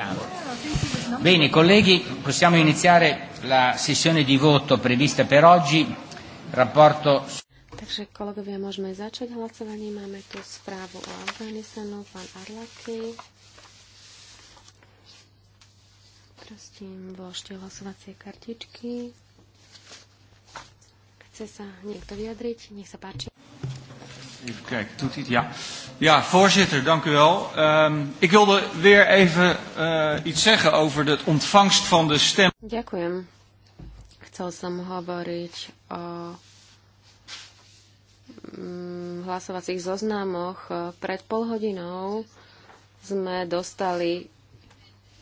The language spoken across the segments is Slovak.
cavolo. Bene, colleghi, possiamo iniziare la sessione di voto prevista per oggi. Rapporto... Takže kolegovia, môžeme začať hlasovanie. Máme tu správu o Afganistanu, pán Arlaky. Prosím, vložte hlasovacie kartičky. Chce sa niekto vyjadriť? Nech sa páči. Even kijken, doet hij het? Ja. Ja, voorzitter, dank u wel. Um, ik wilde weer even uh, iets zeggen over de ontvangst van de stem. Dank u Ďakujem. Chcel som over o mm, hlasovacích zoznamoch. Pred pol hodinou sme dostali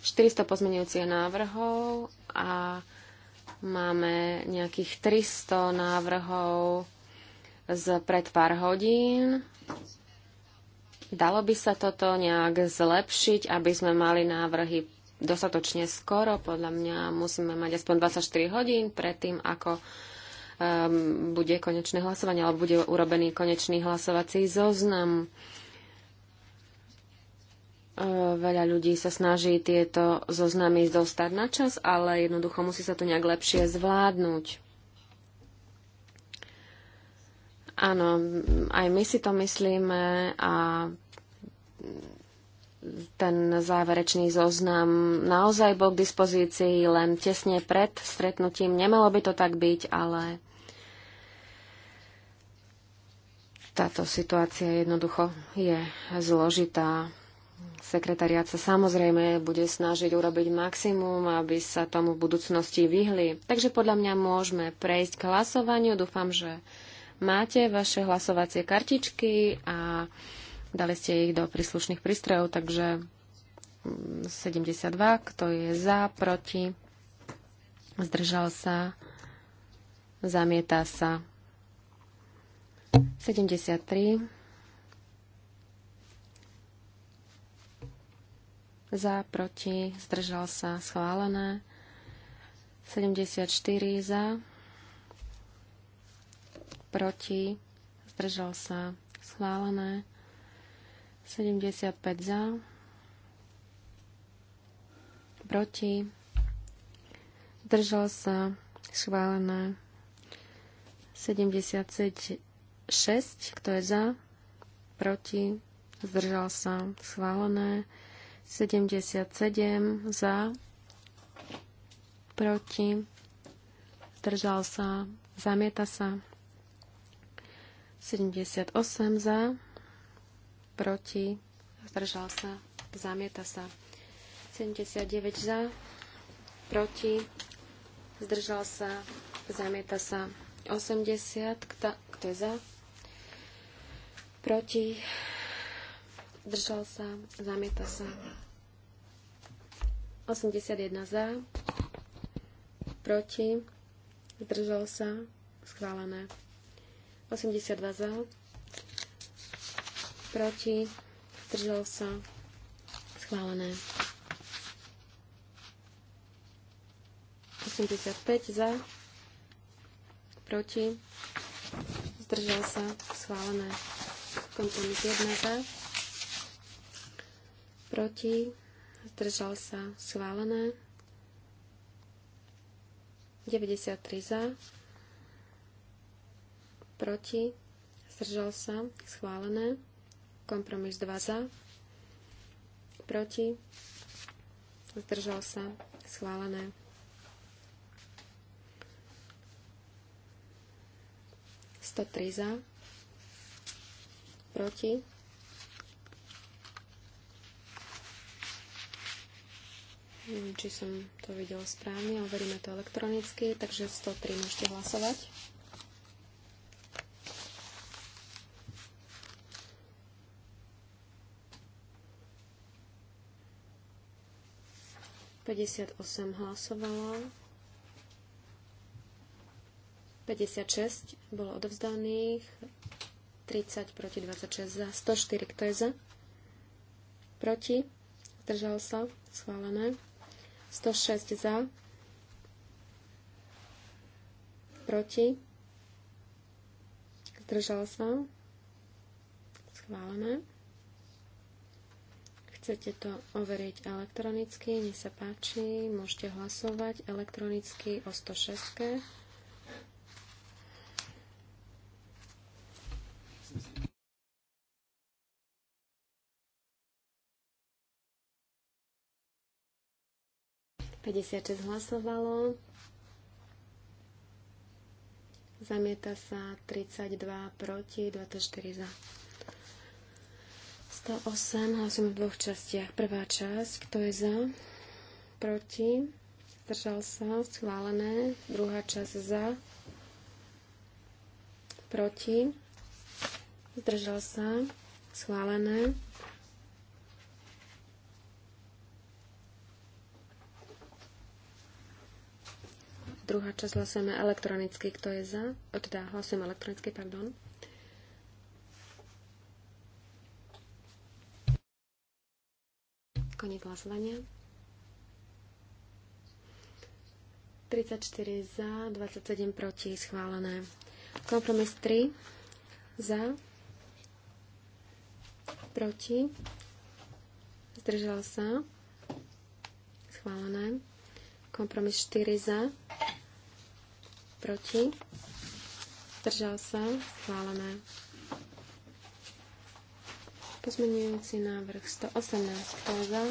400 pozmenujúcich návrhov a máme nejakých 300 návrhov z pred pár hodín. Dalo by sa toto nejak zlepšiť, aby sme mali návrhy dostatočne skoro. Podľa mňa musíme mať aspoň 24 hodín pred tým, ako um, bude konečné hlasovanie, alebo bude urobený konečný hlasovací zoznam. Uh, veľa ľudí sa snaží tieto zoznamy dostať na čas, ale jednoducho musí sa to nejak lepšie zvládnuť. Áno, aj my si to myslíme a ten záverečný zoznam naozaj bol k dispozícii len tesne pred stretnutím. Nemalo by to tak byť, ale táto situácia jednoducho je zložitá. Sekretariat sa samozrejme bude snažiť urobiť maximum, aby sa tomu v budúcnosti vyhli. Takže podľa mňa môžeme prejsť k hlasovaniu. Dúfam, že máte vaše hlasovacie kartičky a dali ste ich do príslušných prístrojov, takže 72, mm, kto je za, proti, zdržal sa, zamieta sa. 73 za, proti, zdržal sa, schválené. 74 za, proti, zdržal sa, schválené. 75 za, proti, zdržal sa, schválené. 76, kto je za, proti, zdržal sa, schválené. 77 za, proti, zdržal sa, zamieta sa. 78 za, proti, zdržal sa, zamieta sa. 79 za, proti, zdržal sa, zamieta sa. 80, kto, kto je za, proti, zdržal sa, zamieta sa. 81 za, proti, zdržal sa, schválené. 82 za, proti, zdržal sa, schválené. 85 za, proti, zdržal sa, schválené. Kompromis 1 za, proti, zdržal sa, schválené. 93 za, proti, zdržal sa, schválené. Kompromis 2 za, proti, zdržal sa, schválené. Sto tri za, proti, Neviem, či som to videl správne, overíme to elektronicky, takže 103 môžete hlasovať. 58 hlasovalo. 56 bolo odovzdaných. 30 proti 26 za. 104 kto je za? Proti. Zdržal sa. Schválené. 106 za. Proti. Zdržal sa. Schválené. Chcete to overiť elektronicky, nech sa páči, môžete hlasovať elektronicky o 106. Päťdesiatšesť hlasovalo. Zamieta sa 32 proti, 24 za. 108 hlasujem v dvoch častiach. Prvá časť, kto je za, proti, zdržal sa, schválené. Druhá časť za, proti, zdržal sa, schválené. Druhá časť hlasujeme elektronicky, kto je za, teda hlasujeme elektronicky, pardon. Koniec hlasovania. 34 za, 27 proti, schválené. Kompromis 3 za, proti, zdržal sa, schválené. Kompromis 4 za, proti, zdržal sa, schválené. Pozmenujúci návrh 118. Kto je za?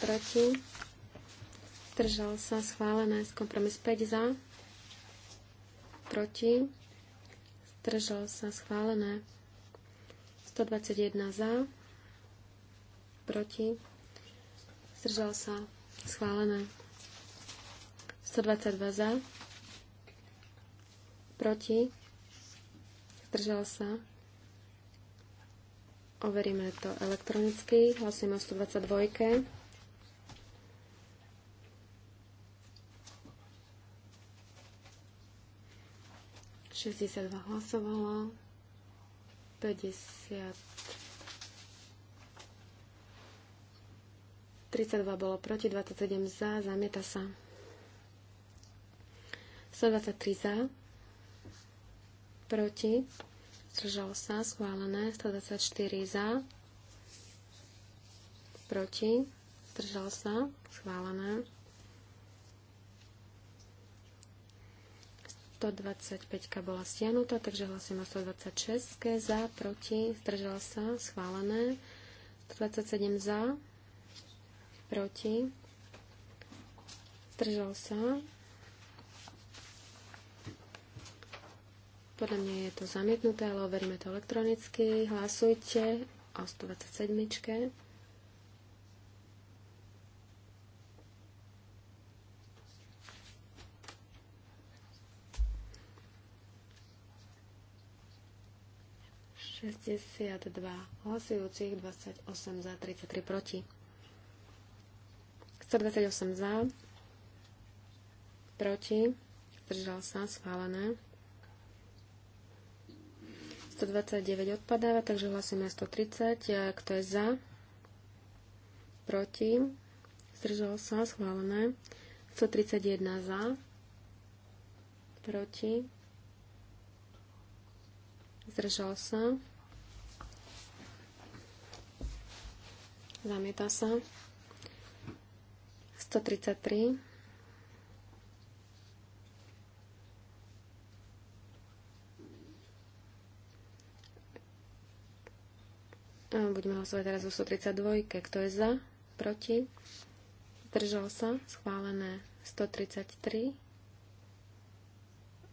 Proti? Držal sa. Schválené. Kompromis 5 za. Proti? Držal sa. Schválené. 121 za. Proti? Zdržal sa. Schválené. 122 za. Proti? Zdržal sa. Overíme to elektronicky. Hlasujeme o 122. dva hlasovalo. 50. 32 bolo proti, 27 za, zamieta sa. 123 za, proti zdržal sa, schválené, 124 za, proti, zdržal sa, schválené, 125 bola stiahnutá, takže hlasujem o 126 za, proti, zdržal sa, schválené, 127 za, proti, zdržal sa, Podľa mňa je to zamietnuté, ale overíme to elektronicky. Hlasujte o 127. Šesťdesiatdva hlasujúcich, 28 za, 33 proti. 128 za, proti, zdržal sa, schválené. 129 odpadáva, takže hlasujeme 130. A kto je za? Proti? Zdržal sa? Schválené. 131 za. Proti? Zdržal sa? Zamieta sa. 133 Budeme hlasovať teraz o 132. Kto je za? Proti? Zdržal sa? Schválené 133.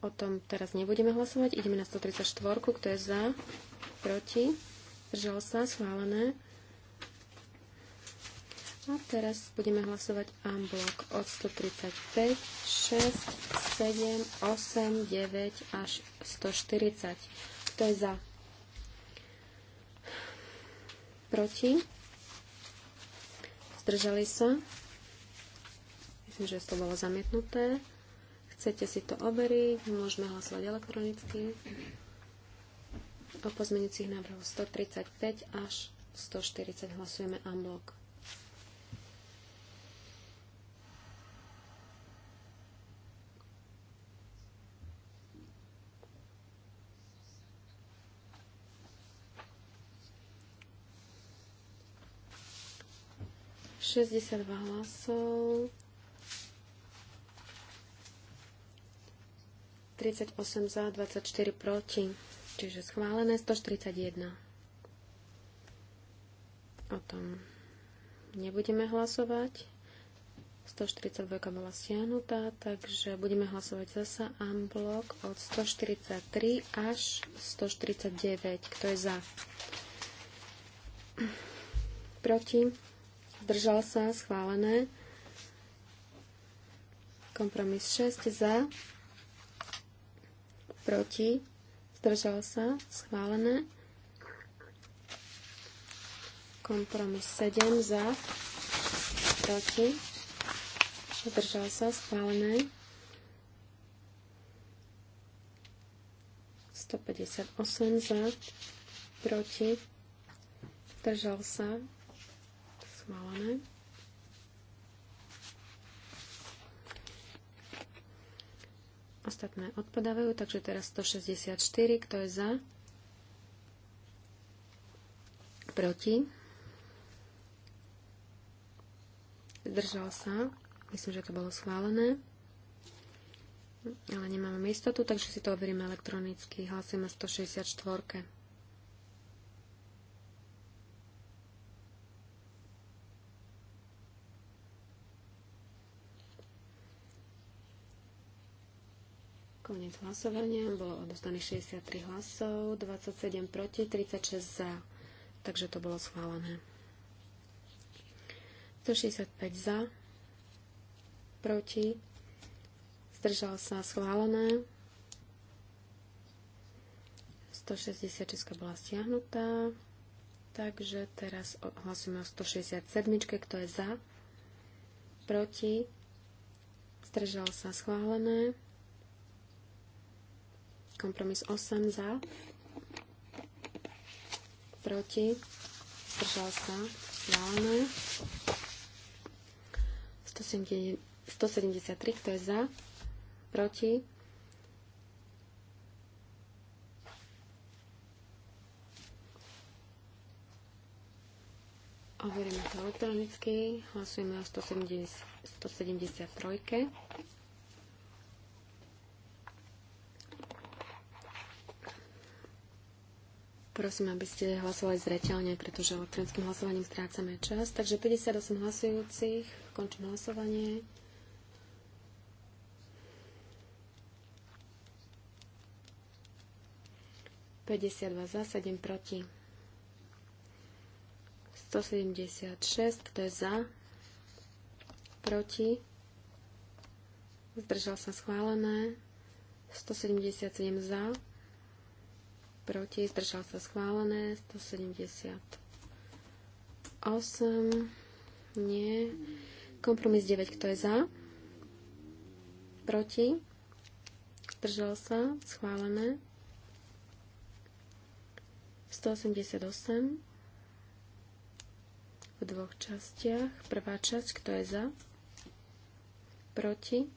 O tom teraz nebudeme hlasovať. Ideme na 134. Kto je za? Proti? Zdržal sa? Schválené. A teraz budeme hlasovať unblock od 135, 6, 7, 8, 9 až 140. Kto je za? proti, zdržali sa. Myslím, že to bolo zamietnuté. Chcete si to overiť, môžeme hlasovať elektronicky o pozmenujúcich návrhoch 135 až 140 hlasujeme unblock. 62 hlasov. 38 za, 24 proti. Čiže schválené 141. O tom nebudeme hlasovať. 142 bola stiahnutá, takže budeme hlasovať zasa unblock od 143 až 149. Kto je za? Proti? zdržal sa, schválené. Kompromis 6 za, proti, zdržal sa, schválené. Kompromis 7 za, proti, zdržal sa, schválené. 158 za, proti, zdržal sa, schválené. Ostatné odpadávajú, takže teraz 164, kto je za? Proti? Zdržal sa. Myslím, že to bolo schválené. Ale nemáme istotu, takže si to overíme elektronicky. Hlasujeme 164. Koniec hlasovania. Bolo odostaných 63 hlasov, 27 proti, 36 za. Takže to bolo schválené. 165 za, proti, zdržal sa schválené. 166 bola stiahnutá. Takže teraz hlasujeme o 167, kto je za, proti, zdržal sa schválené. Kompromis 8 za. Proti. Zdržal sa. Schválené. 173, kto je za? Proti? Overíme to elektronicky. Hlasujeme o 173. Prosím, aby ste hlasovali zreteľne, pretože elektronickým hlasovaním strácame čas. Takže 58 hlasujúcich, končím hlasovanie. za, 7 proti. 176, kto je za, proti, zdržal sa schválené, 177 za, proti, zdržal sa schválené, 178, nie, kompromis 9, kto je za, proti, zdržal sa, schválené, 188, v dvoch častiach, prvá časť, kto je za, proti,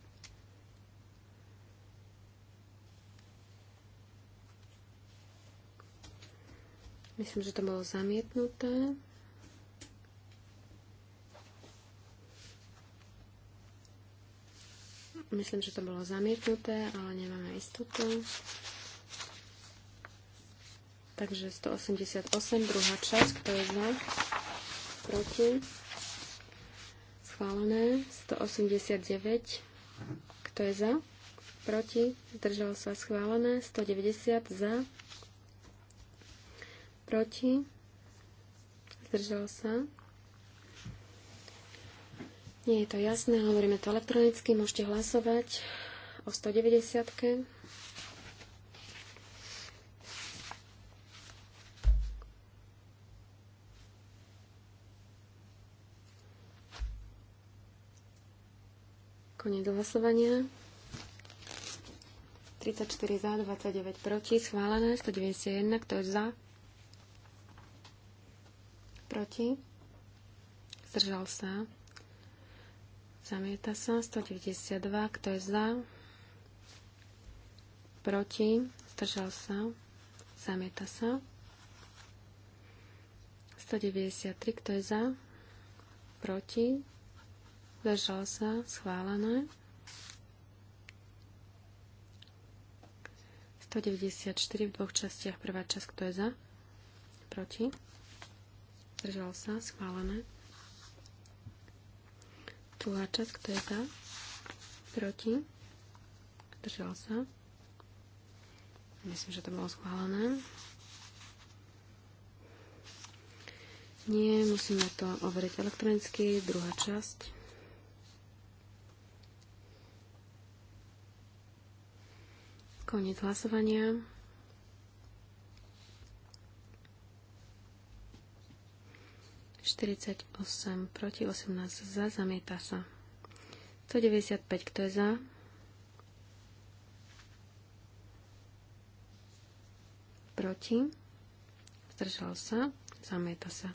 Myslím, že to bolo zamietnuté. Myslím, že to bolo zamietnuté, ale nemáme istotu. Takže 188, druhá časť, kto je za, proti, schválené. 189, kto je za, proti, zdržal sa, schválené. 190, za, proti, zdržal sa. Nie je to jasné, hovoríme to elektronicky, môžete hlasovať o 190. Koniec hlasovania. 34 za, 29 proti, schválené, 191, kto je za? proti, zdržal sa, zamieta sa, 192, kto je za, proti, zdržal sa, zamieta sa, 193, kto je za, proti, zdržal sa, schválené, 194 v dvoch častiach. Prvá časť, kto je za? Proti? zdržal sa, schválené. Druhá časť, kto je za, proti, zdržal sa. Myslím, že to bolo schválené. Nie, musíme to overiť elektronicky, druhá časť. Koniec hlasovania. 48 proti 18 za, zamieta sa. 195, kto je za? Proti? Zdržal sa? Zamieta sa.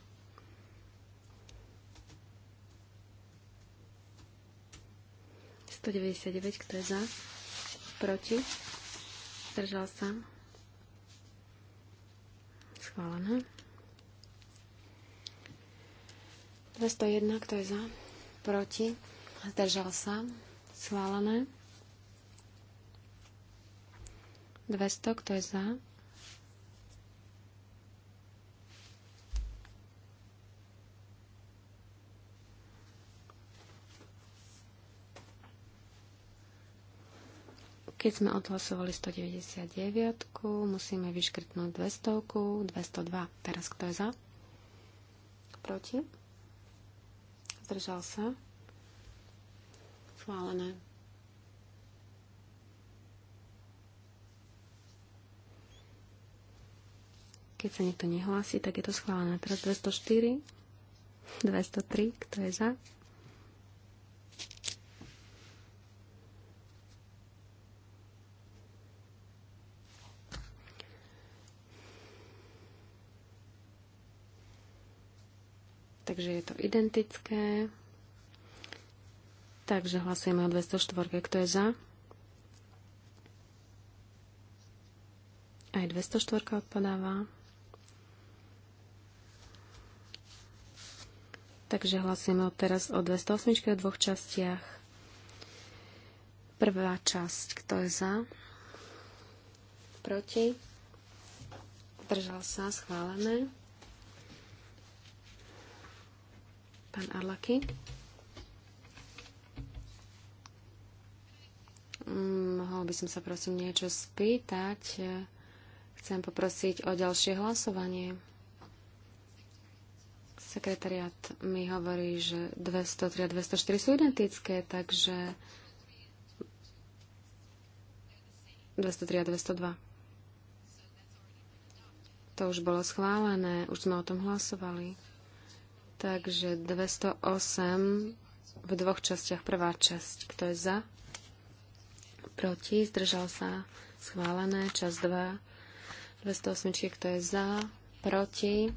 Stodeväťdesiatdeväť, kto je za? Proti? Zdržal sa? Schválené. 201, kto je za? Proti? Zdržal sa? Schválené. 200, kto je za? Keď sme odhlasovali 199, musíme vyškrtnúť 200, 202. Teraz kto je za? Proti? zdržal sa, schválené. Keď sa niekto nehlási, tak je to schválené. Teraz 204, 203, kto je za, takže je to identické. Takže hlasujeme o 204. Kto je za? Aj 204 odpadáva. Takže hlasujeme teraz o 208 v dvoch častiach. Prvá časť, kto je za? Proti? Držal sa, schválené. Pán Arlaky. Mm, mohol by som sa prosím niečo spýtať. Chcem poprosiť o ďalšie hlasovanie. Sekretariat mi hovorí, že 203 a 204 sú identické, takže 203 a 202. To už bolo schválené, už sme o tom hlasovali. Takže 208 v dvoch častiach. Prvá časť, kto je za, proti, zdržal sa, schválené. Čas 2, 208, kto je za, proti,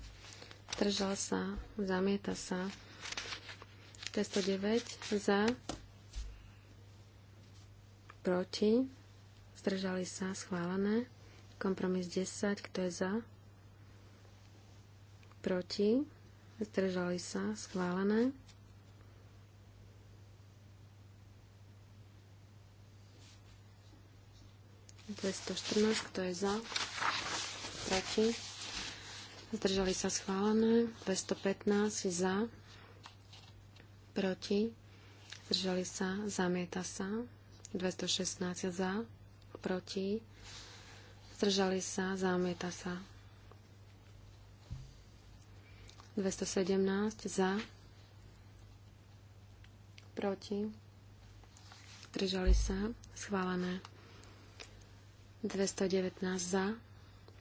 zdržal sa, zamieta sa. 209 za, proti, zdržali sa, schválené. Kompromis 10, kto je za, proti, Zdržali sa. Schválené. Dvesto Kto je za? Proti. Zdržali sa. Schválené. 215 za. Proti. Zdržali sa. Zamieta sa. 216 za. Proti. Zdržali sa. Zamieta sa. 217 za, proti, držali sa, schválené. 219 za,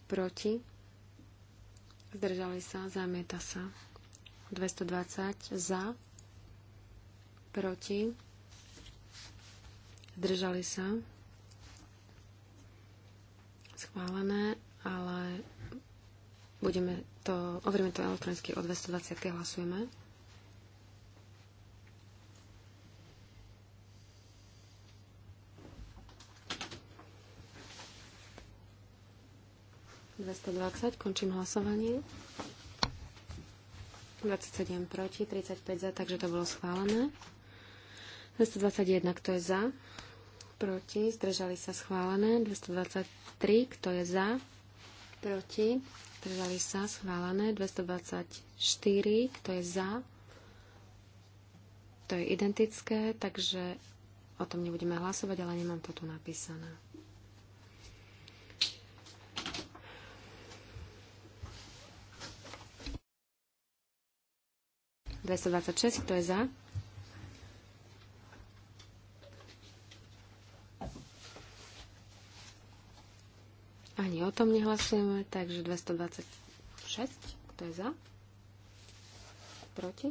proti, zdržali sa, zamieta sa. 220 za, proti, zdržali sa, schválené, ale Budeme to, overíme to elektronicky o 220. hlasujeme. ...220, končím hlasovanie. 27 proti, 35 za, takže to bolo schválené. 221, kto je za? Proti, zdržali sa schválené. 223, kto je za? Proti, Zdržali sa schválené 224, kto je za. To je identické, takže o tom nebudeme hlasovať, ale nemám to tu napísané. Dvestodvadsaťšesť, kto je za? Ani o tom nehlasujeme, takže 226. Kto je za? Proti?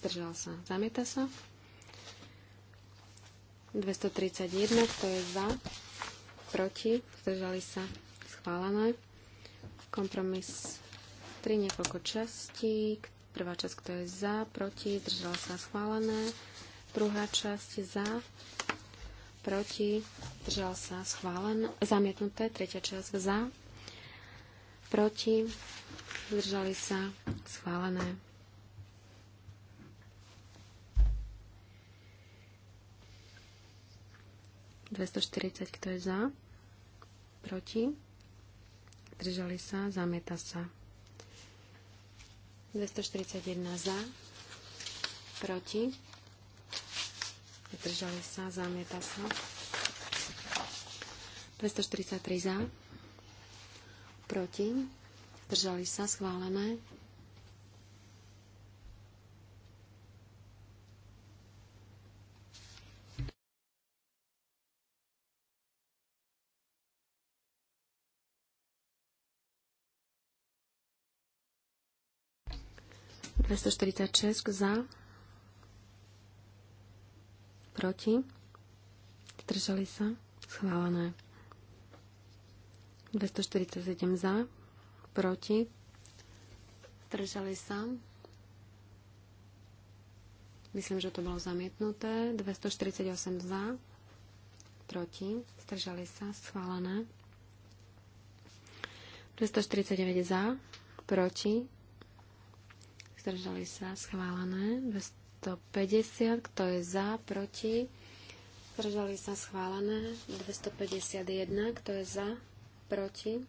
Zdržal sa. Zamieta sa. 231. Kto je za? Proti? Zdržali sa. Schválené. Kompromis 3, niekoľko častí. Prvá časť, kto je za, proti, zdržala sa schválené. Druhá časť za, proti, držal sa schválen, zamietnuté, tretia časť za, proti, držali sa schválené. Dvestoštyridsať, kto je za, proti, držali sa, zamieta sa. 241 za, proti, zdržali sa, zamieta sa. 243 za, proti, zdržali sa, schválené. Dvestoštyridsaťšesť za, proti, zdržali sa, schválené. 247 za, proti, zdržali sa. Myslím, že to bolo zamietnuté. 248 za, proti, zdržali sa, schválené. 249 za, proti, zdržali sa, schválené. 200 250, kto je za, proti, zdržali sa schválené. 251, kto je za, proti,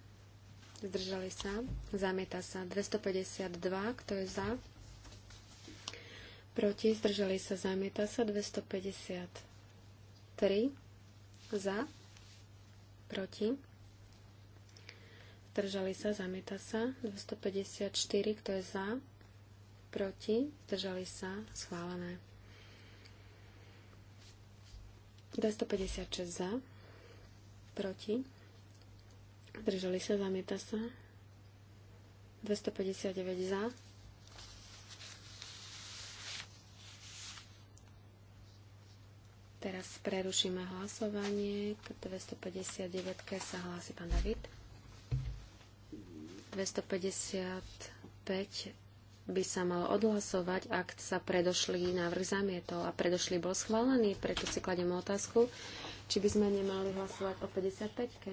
zdržali sa, zamieta sa. 252, kto je za, proti, zdržali sa, zamieta sa. 253, za, proti, zdržali sa, zamieta sa. 254, kto je za, proti, zdržali sa, schválené. 256 za, proti, zdržali sa, zamieta sa. 259 za, Teraz prerušíme hlasovanie. K 259 sa hlási pán David. 255 by sa malo odhlasovať, ak sa predošli návrh zamietol a predošli bol schválený, preto si kladiem otázku, či by sme nemali hlasovať o 55-ke.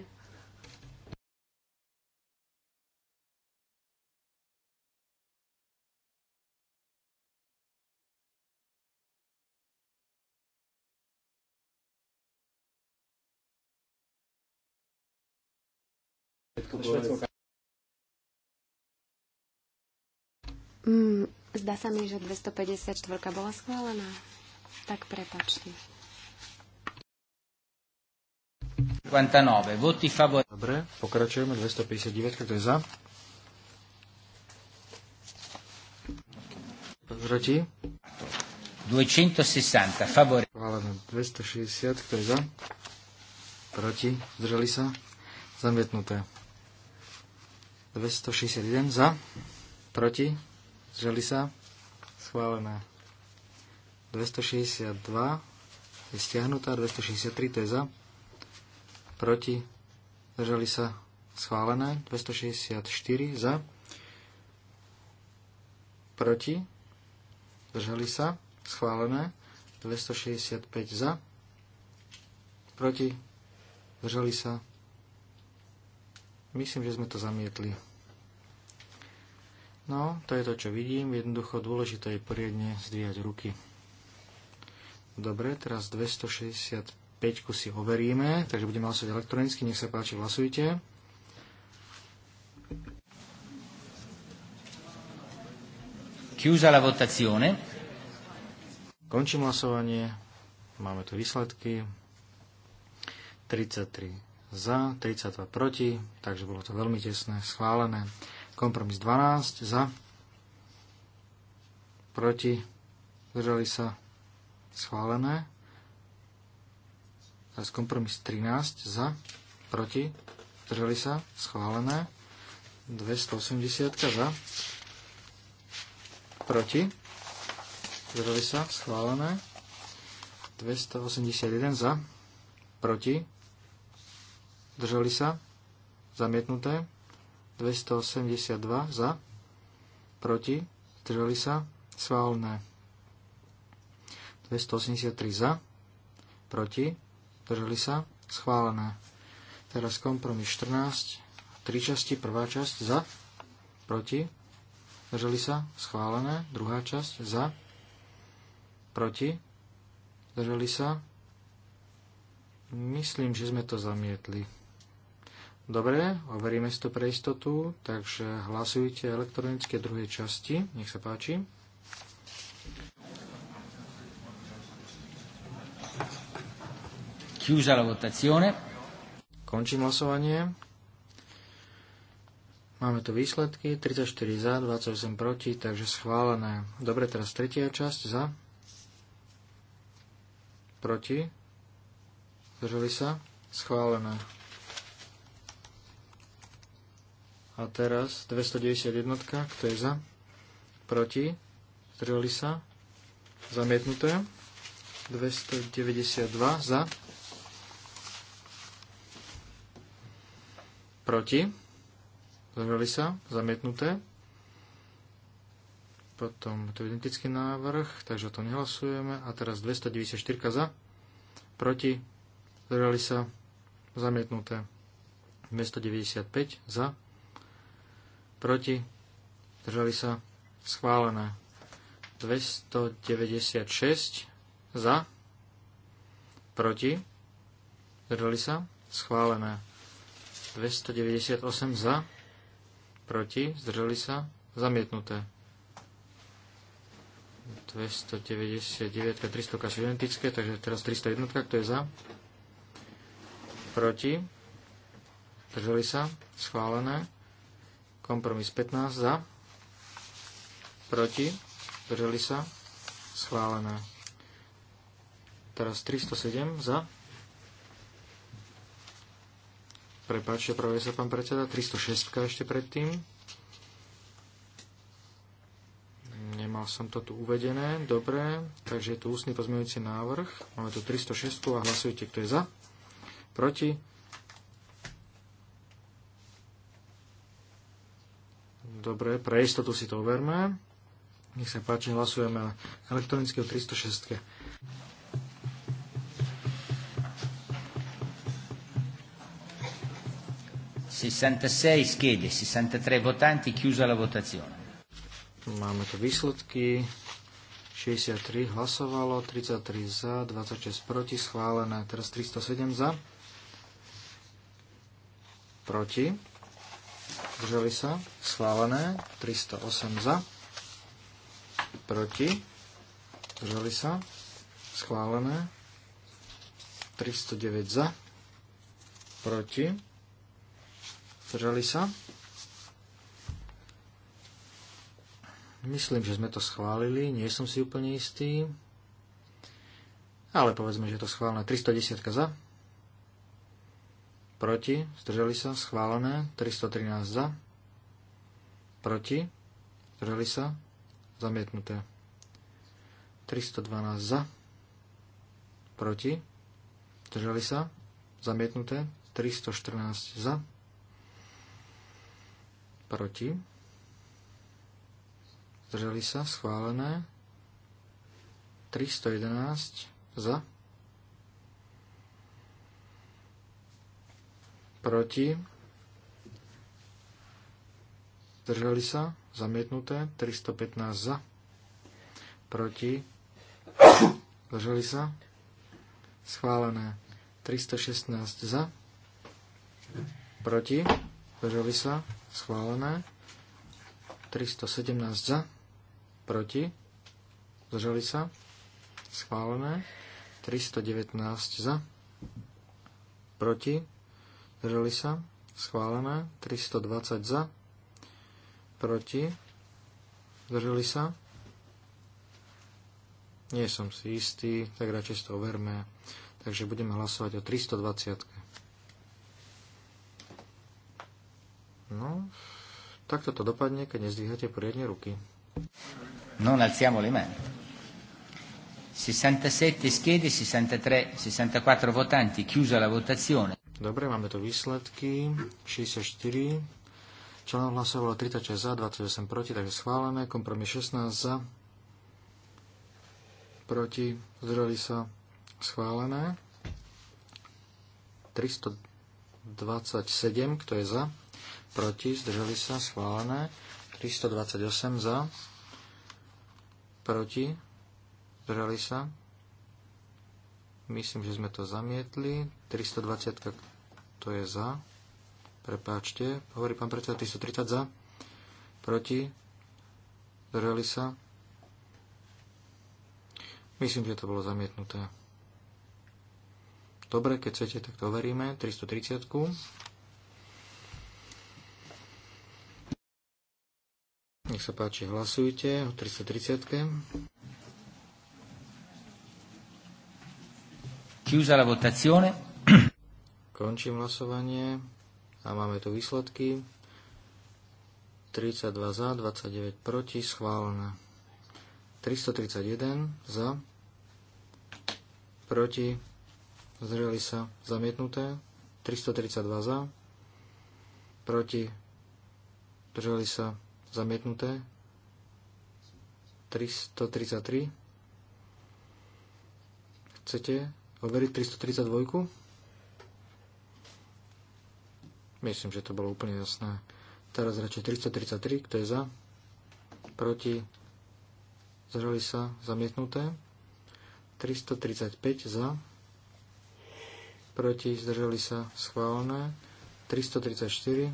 Všetko Zdá sa mi, že 254 bola schválená. Tak prepačte. 59. Voti Dobre, pokračujeme 259, kto je za? Proti? 260 favore. Schválené 260, kto je za? Proti? Zdržali sa? Zamietnuté. 261 za? Proti? Zdržali sa? Schválené. 262 je stiahnutá, 263 to je za. Proti? Zdržali sa? Schválené. 264 za. Proti? Zdržali sa? Schválené. 265 za. Proti? Zdržali sa? Myslím, že sme to zamietli. No, to je to, čo vidím. Jednoducho dôležité je poriadne zdvíjať ruky. Dobre, teraz 265 si overíme, takže budeme hlasovať elektronicky. Nech sa páči, hlasujte. Chiusa la votazione. Končím hlasovanie. Máme tu výsledky. 33 za, 32 proti, takže bolo to veľmi tesné, schválené. Kompromis 12 za. Proti. Zdržali sa. Schválené. Teraz kompromis 13 za. Proti. Zdržali sa. Schválené. 280 za. Proti. Zdržali sa. Schválené. 281 za. Proti. Zdržali sa. Zamietnuté. 282 za, proti, zdržali sa, schválené. 283 za, proti, zdržali sa, schválené. Teraz kompromis 14, 3 časti, prvá časť za, proti, zdržali sa, schválené, druhá časť za, proti, zdržali sa, myslím, že sme to zamietli. Dobre, overíme si to pre istotu, takže hlasujte elektronické druhej časti, nech sa páči. Chiusa la votazione. Končím hlasovanie. Máme tu výsledky, 34 za, 28 proti, takže schválené. Dobre, teraz tretia časť za, proti, zdržali sa, schválené. A teraz 291, kto je za? Proti? Zdržali sa? Zamietnuté. 292 za. Proti? Zdržali sa? Zamietnuté. Potom to je identický návrh, takže to nehlasujeme. A teraz 294 za. Proti? Zdržali sa? Zamietnuté. 295 za proti, držali sa, schválené. 296 za, proti, zdržali sa, schválené. 298 za, proti, zdržali sa, zamietnuté. 299 a 300 sú identické, takže teraz 301, kto je za? Proti? držali sa? Schválené. Kompromis 15 za. Proti. Drželi sa. Schválené. Teraz 307 za. Prepáčte, pravie sa pán predseda. 306 ešte predtým. Nemal som to tu uvedené. Dobre. Takže je tu ústny pozmeňujúci návrh. Máme tu 306 a hlasujte, kto je za. Proti Dobre, pre istotu si to overme. Nech sa páči, hlasujeme elektronicky o 306. schede, 63 votanti, chiusa la votazione. Máme tu výsledky. 63 hlasovalo, 33 za, 26 proti, schválené. Teraz 307 za. Proti zdržali sa, schválené, 308 za, proti, zdržali sa, schválené, 309 za, proti, zdržali sa. Myslím, že sme to schválili, nie som si úplne istý, ale povedzme, že je to schválené, 310 za, proti, Zdrželi sa, schválené, 313 za, proti, Zdrželi sa, zamietnuté, 312 za, proti, Zdrželi sa, zamietnuté, 314 za, proti, Zdrželi sa, schválené, 311 za, proti, zdržali sa, zamietnuté, 315 za, proti, zdržali sa, schválené, 316 za, proti, zdržali sa, schválené, 317 za, proti, zdržali sa, schválené, 319 za, proti, Zdržali sa? Schválené. 320 za. Proti. Zdržali sa? Nie som si istý, tak radšej to overme. Takže budeme hlasovať o 320. No, takto to dopadne, keď nezdvíhate poriadne ruky. No alziamo le mani. 67 schede, 63, 64 votanti, chiusa la votazione. Dobre, máme tu výsledky. 64. Členov hlasovalo 36 za, 28 proti, takže schválené. Kompromis 16 za, proti, zdrali sa, schválené. 327, kto je za, proti, zdržali sa, schválené. 328 za, proti, zdržali sa, Myslím, že sme to zamietli. 320, to je za. Prepáčte, hovorí pán predseda, 330 za. Proti. Zdržali sa. Myslím, že to bolo zamietnuté. Dobre, keď chcete, tak to overíme. 330. Nech sa páči, hlasujte o 330. Chiusa la votazione. Končím hlasovanie a máme tu výsledky. 32 za, 29 proti, schválené. 331 za, proti, zreli sa, zamietnuté. 332 za, proti, zreli sa, zamietnuté. 333 chcete overiť 332? Myslím, že to bolo úplne jasné. Teraz radšej 333, kto je za? Proti? Zrali sa? Zamietnuté? 335 za? Proti? Zdržali sa? Schválené? 334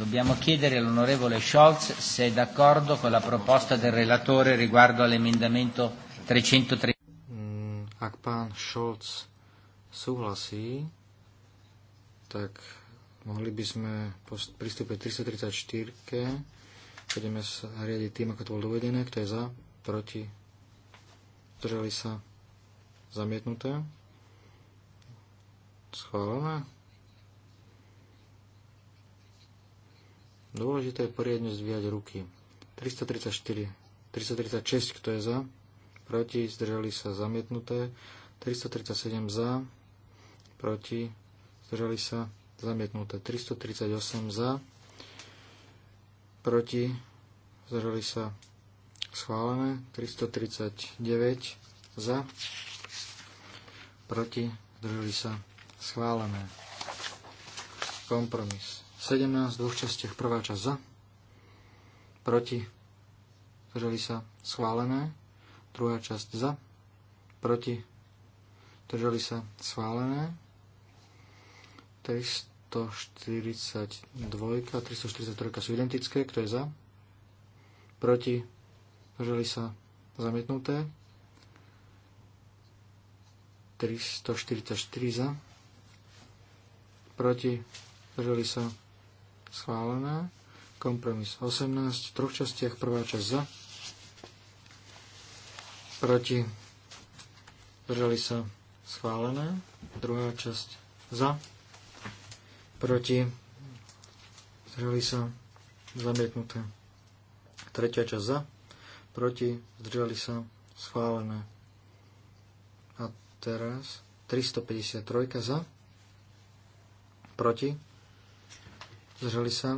Dobbiamo chiedere all'onorevole Scholz se è d'accordo con la proposta del relatore riguardo all'emendamento 330. Mm, ak pán Scholz súhlasí, tak mohli by sme pristúpiť 334-ke. Budeme sa riadiť tým, ako to bolo uvedené. Kto je za? Proti? Zdržali sa? Zamietnuté? Schválené? Dôležité je poriadne zdvíjať ruky. 334, 336, kto je za, proti, zdržali sa zamietnuté. 337 za, proti, zdržali sa zamietnuté. 338 za, proti, zdržali sa schválené. 339 za, proti, zdržali sa schválené. Kompromis 17 v dvoch častiach. Prvá časť za, proti, zdržali sa schválené. Druhá časť za, proti, zdržali sa schválené. 342 343 sú identické. Kto je za? Proti, zdržali sa zamietnuté. 344 za, proti, zdržali sa schválená. Kompromis 18 v troch častiach. Prvá časť za. Proti. Zdržali sa schválené. Druhá časť za. Proti. Zdržali sa zamietnuté. Tretia časť za. Proti. Zdržali sa schválené. A teraz 353 za. Proti zdržali sa,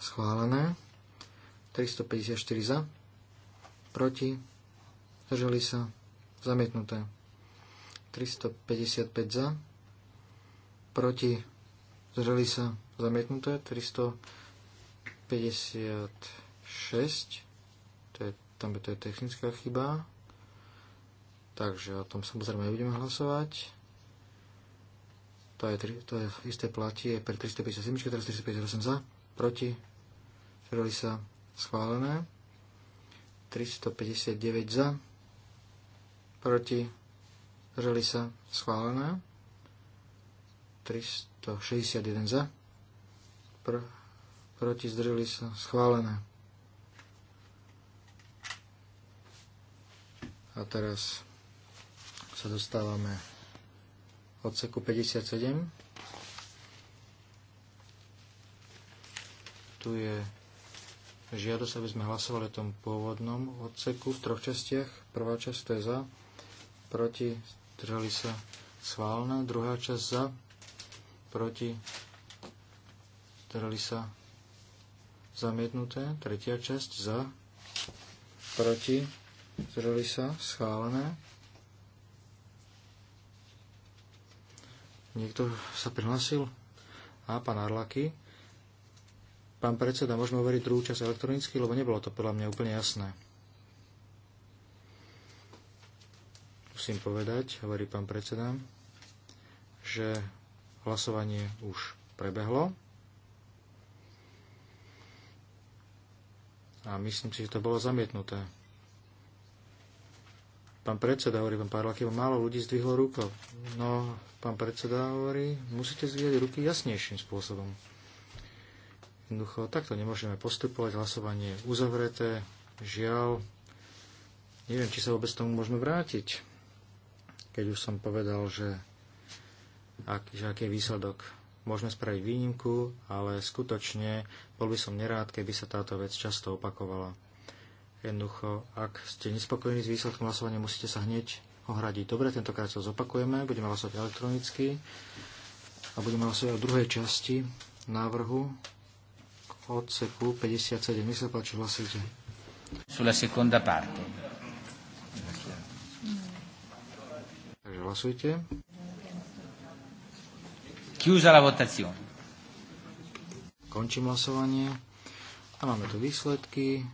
schválené. 354 za, proti, zdržali sa, zamietnuté. 355 za, proti, zdržali sa, zamietnuté. 356, to je, tam je, to je technická chyba. Takže o tom samozrejme budeme hlasovať. To je, to je isté je pre 357, teraz 358 za, proti, zdržali sa schválené. 359 za, proti, zdržali sa schválené. 361 za, pr, proti, zdržali sa schválené. A teraz sa dostávame odseku 57. Tu je žiadosť, aby sme hlasovali o tom pôvodnom odseku v troch častiach. Prvá časť to je za, proti, držali sa schválne. Druhá časť za, proti, držali sa zamietnuté. Tretia časť za, proti, zdržali sa, schválené. Niekto sa prihlásil? A pán Arlaky. Pán predseda, môžeme overiť druhú časť elektronicky, lebo nebolo to podľa mňa úplne jasné. Musím povedať, hovorí pán predseda, že hlasovanie už prebehlo. A myslím si, že to bolo zamietnuté. Pán predseda hovorí, pán Parlaky, málo ľudí zdvihlo rukou. No, pán predseda hovorí, musíte zdvíhať ruky jasnejším spôsobom. Jednoducho, takto nemôžeme postupovať, hlasovanie je uzavreté, žiaľ, neviem, či sa vôbec tomu môžeme vrátiť. Keď už som povedal, že, ak, že aký je výsledok, môžeme spraviť výnimku, ale skutočne bol by som nerád, keby sa táto vec často opakovala. Jednoducho, ak ste nespokojní s výsledkom hlasovania, musíte sa hneď ohradiť. Dobre, tentokrát to zopakujeme, budeme hlasovať elektronicky a budeme hlasovať o druhej časti návrhu k odseku 57. Nech sa páči, hlasujte. Sulla seconda parte. Takže hlasujte. Chiusa la votazione. Končím hlasovanie. A máme tu výsledky.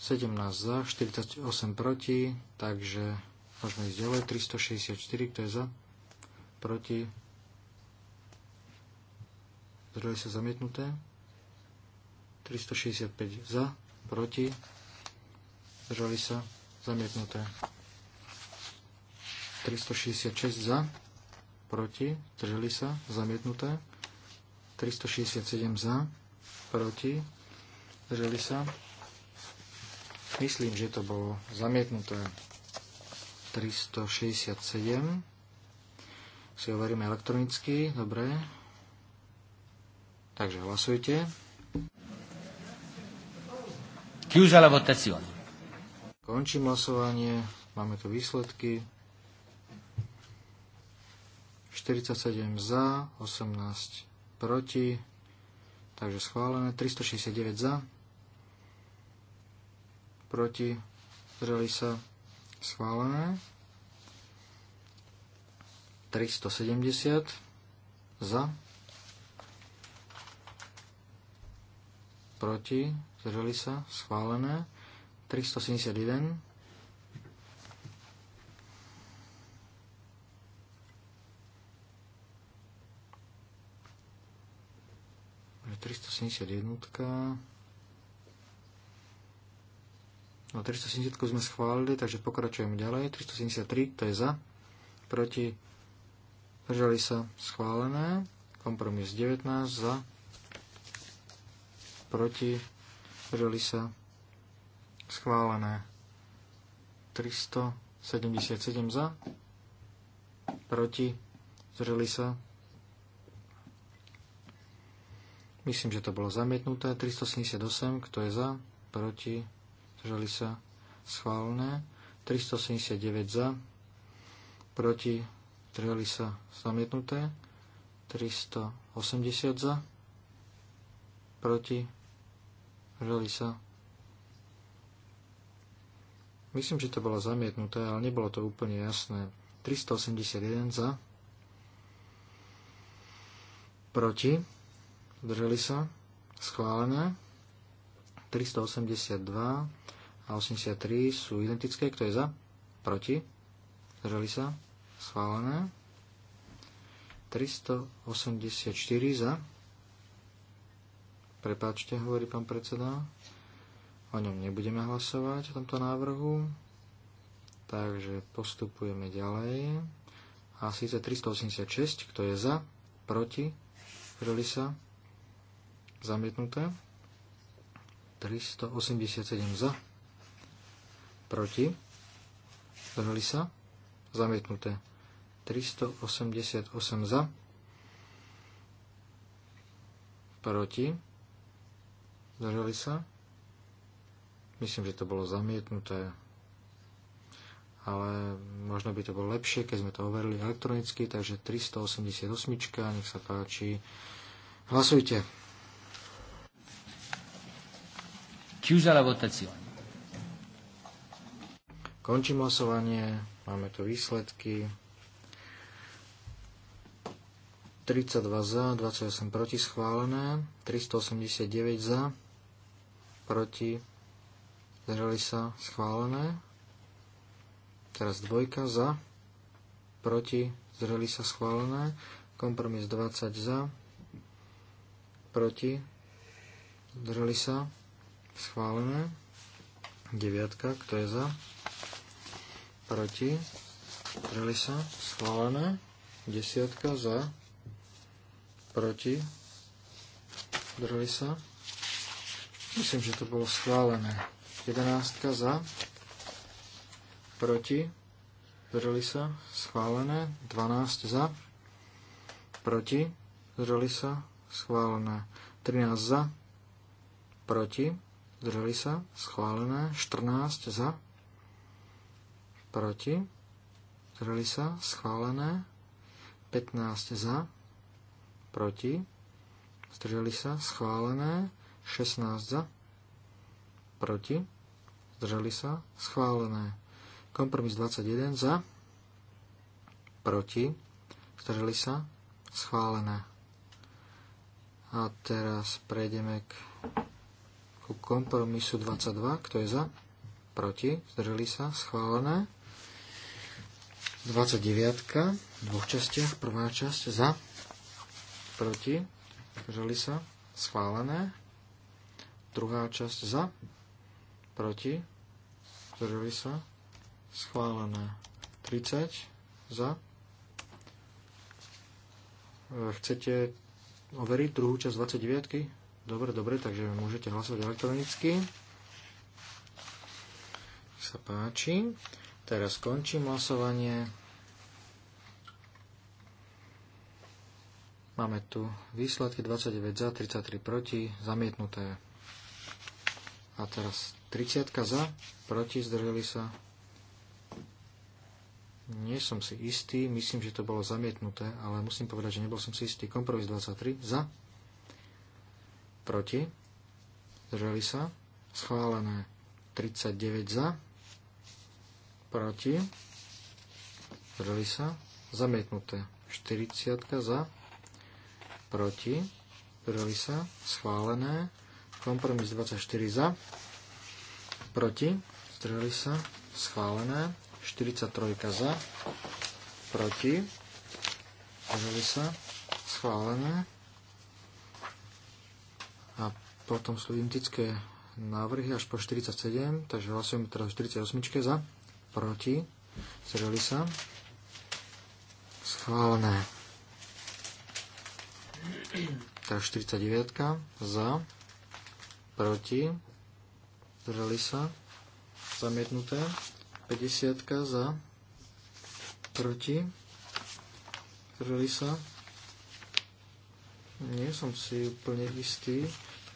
17 za, 48 proti, takže môžeme ísť ďalej. 364, kto je za, proti, zdroje sa zamietnuté. 365 za, proti, zdroje sa, zamietnuté. 366 za, proti, zdržali sa, zamietnuté. 367 za, proti, zdržali sa, Myslím, že to bolo zamietnuté 367. Si overíme elektronicky, dobre. Takže hlasujte. Chiusa la votazione. Končím hlasovanie, máme tu výsledky. 47 za, 18 proti, takže schválené, 369 za, proti, zreli sa schválené. 370 za, proti, zreli sa, schválené. 371 371 No 370 sme schválili, takže pokračujeme ďalej. 373, to je za. Proti. Držali sa schválené. Kompromis 19 za. Proti. Držali sa schválené. 377 za. Proti. Zdržali sa. Myslím, že to bolo zamietnuté. 378, kto je za? Proti zdržali sa schválené, 379 za, proti, zdržali sa zamietnuté, 380 za, proti, zdržali sa. Myslím, že to bolo zamietnuté, ale nebolo to úplne jasné. 381 za, proti, zdržali sa, schválené, 382 a 83 sú identické. Kto je za? Proti? Zdržali sa? Schválené. 384 za. Prepáčte, hovorí pán predseda. O ňom nebudeme hlasovať, o tomto návrhu. Takže postupujeme ďalej. A síce 386, kto je za, proti, zdržali sa, zamietnuté. 387 za, proti, zdržali sa, zamietnuté. 388 za, proti, zdržali sa. Myslím, že to bolo zamietnuté, ale možno by to bolo lepšie, keď sme to overili elektronicky, takže 388, nech sa páči. Hlasujte. Chiusa la votazione. Končím hlasovanie, máme tu výsledky. 32 za, 28 proti schválené, 389 za, proti, zdržali sa schválené. Teraz dvojka za, proti, zdržali sa schválené, kompromis 20 za, proti, zdržali sa schválené. Deviatka, kto je za? proti, zdržali sa, schválené. Desiatka za, proti, zdržali sa. Myslím, že to bolo schválené. Jedenáctka za, proti, zdržali sa, schválené. 12 za, proti, zdržali sa, schválené. 13 za, proti, zdržali sa, schválené. 14 za, proti, zdržali sa, schválené, 15 za, proti, zdržali sa, schválené, 16 za, proti, zdržali sa, schválené. Kompromis 21 za, proti, zdržali sa, schválené. A teraz prejdeme k, ku kompromisu 22, kto je za, proti, zdrželi sa, schválené. 29 v dvoch častiach. Prvá časť za, proti, zdržali sa, schválené. Druhá časť za, proti, zdržali sa, schválené. 30 za. E, chcete overiť druhú časť 29? Dobre, dobre, takže môžete hlasovať elektronicky. sa páči. Teraz končím hlasovanie. Máme tu výsledky 29 za, 33 proti, zamietnuté. A teraz 30 za, proti, zdržali sa. Nie som si istý, myslím, že to bolo zamietnuté, ale musím povedať, že nebol som si istý. Kompromis 23 za, proti, zdržali sa. Schválené 39 za, proti, Zdrali sa, zamietnuté. 40 za, proti, Zdrali sa, schválené. Kompromis 24 za, proti, Zdrali sa, schválené. 43 za, proti, Zdrali sa, schválené. A potom sú identické návrhy až po 47, takže hlasujeme teraz 48 za, proti, zdržali sa, schválené. Tak 49 za, proti, zdržali sa, zamietnuté, 50 za, proti, zdržali sa, nie som si úplne istý,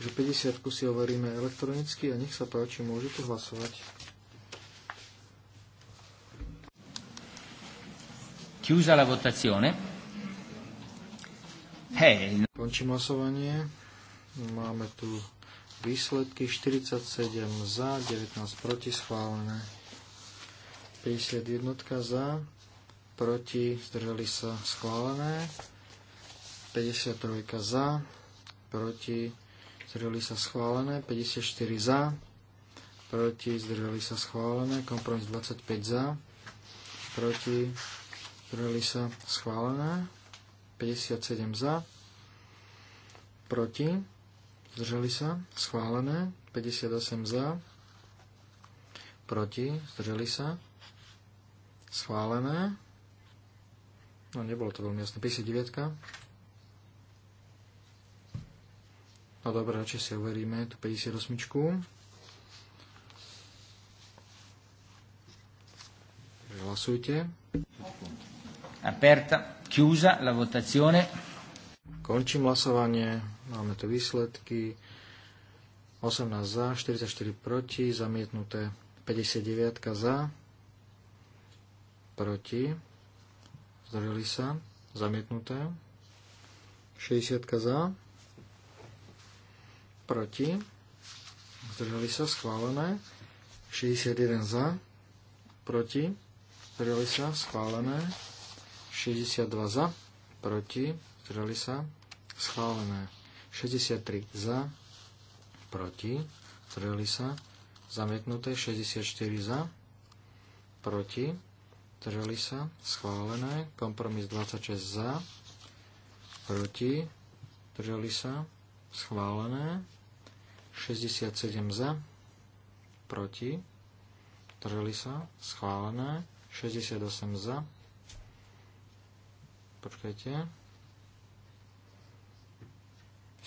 takže 50 si overíme elektronicky a nech sa páči, môžete hlasovať. Chiusa la votazione. Eh, Končím hlasovanie. Máme tu výsledky 47 za, 19 proti schválené. 51 za, proti, zdržali sa schválené. 53 za, proti, zdržali sa schválené. 54 za, proti, zdržali sa schválené. Kompromis 25 za, proti, Zdržali sa schválené. 57 za. Proti. Zdržali sa schválené. 58 za. Proti. Zdržali sa. Schválené. No nebolo to veľmi jasné. 59. No dobré, radšej si overíme tú 58. -čku. Hlasujte. Aperta, chiusa la votazione. Končím hlasovanie. Máme tu výsledky. 18 za, 44 proti, zamietnuté 59 za, proti, zdržali sa, zamietnuté 60 za, proti, zdržali sa, schválené 61 za, proti, zdržali sa, schválené 62 za, proti, zdrali sa, schválené. 63 za, proti, zdrali sa, zamietnuté. 64 za, proti, zdrali sa, schválené. Kompromis 26 za, proti, zdrali sa, schválené. 67 za, proti, zdrali sa, schválené. 68 za, Počkajte.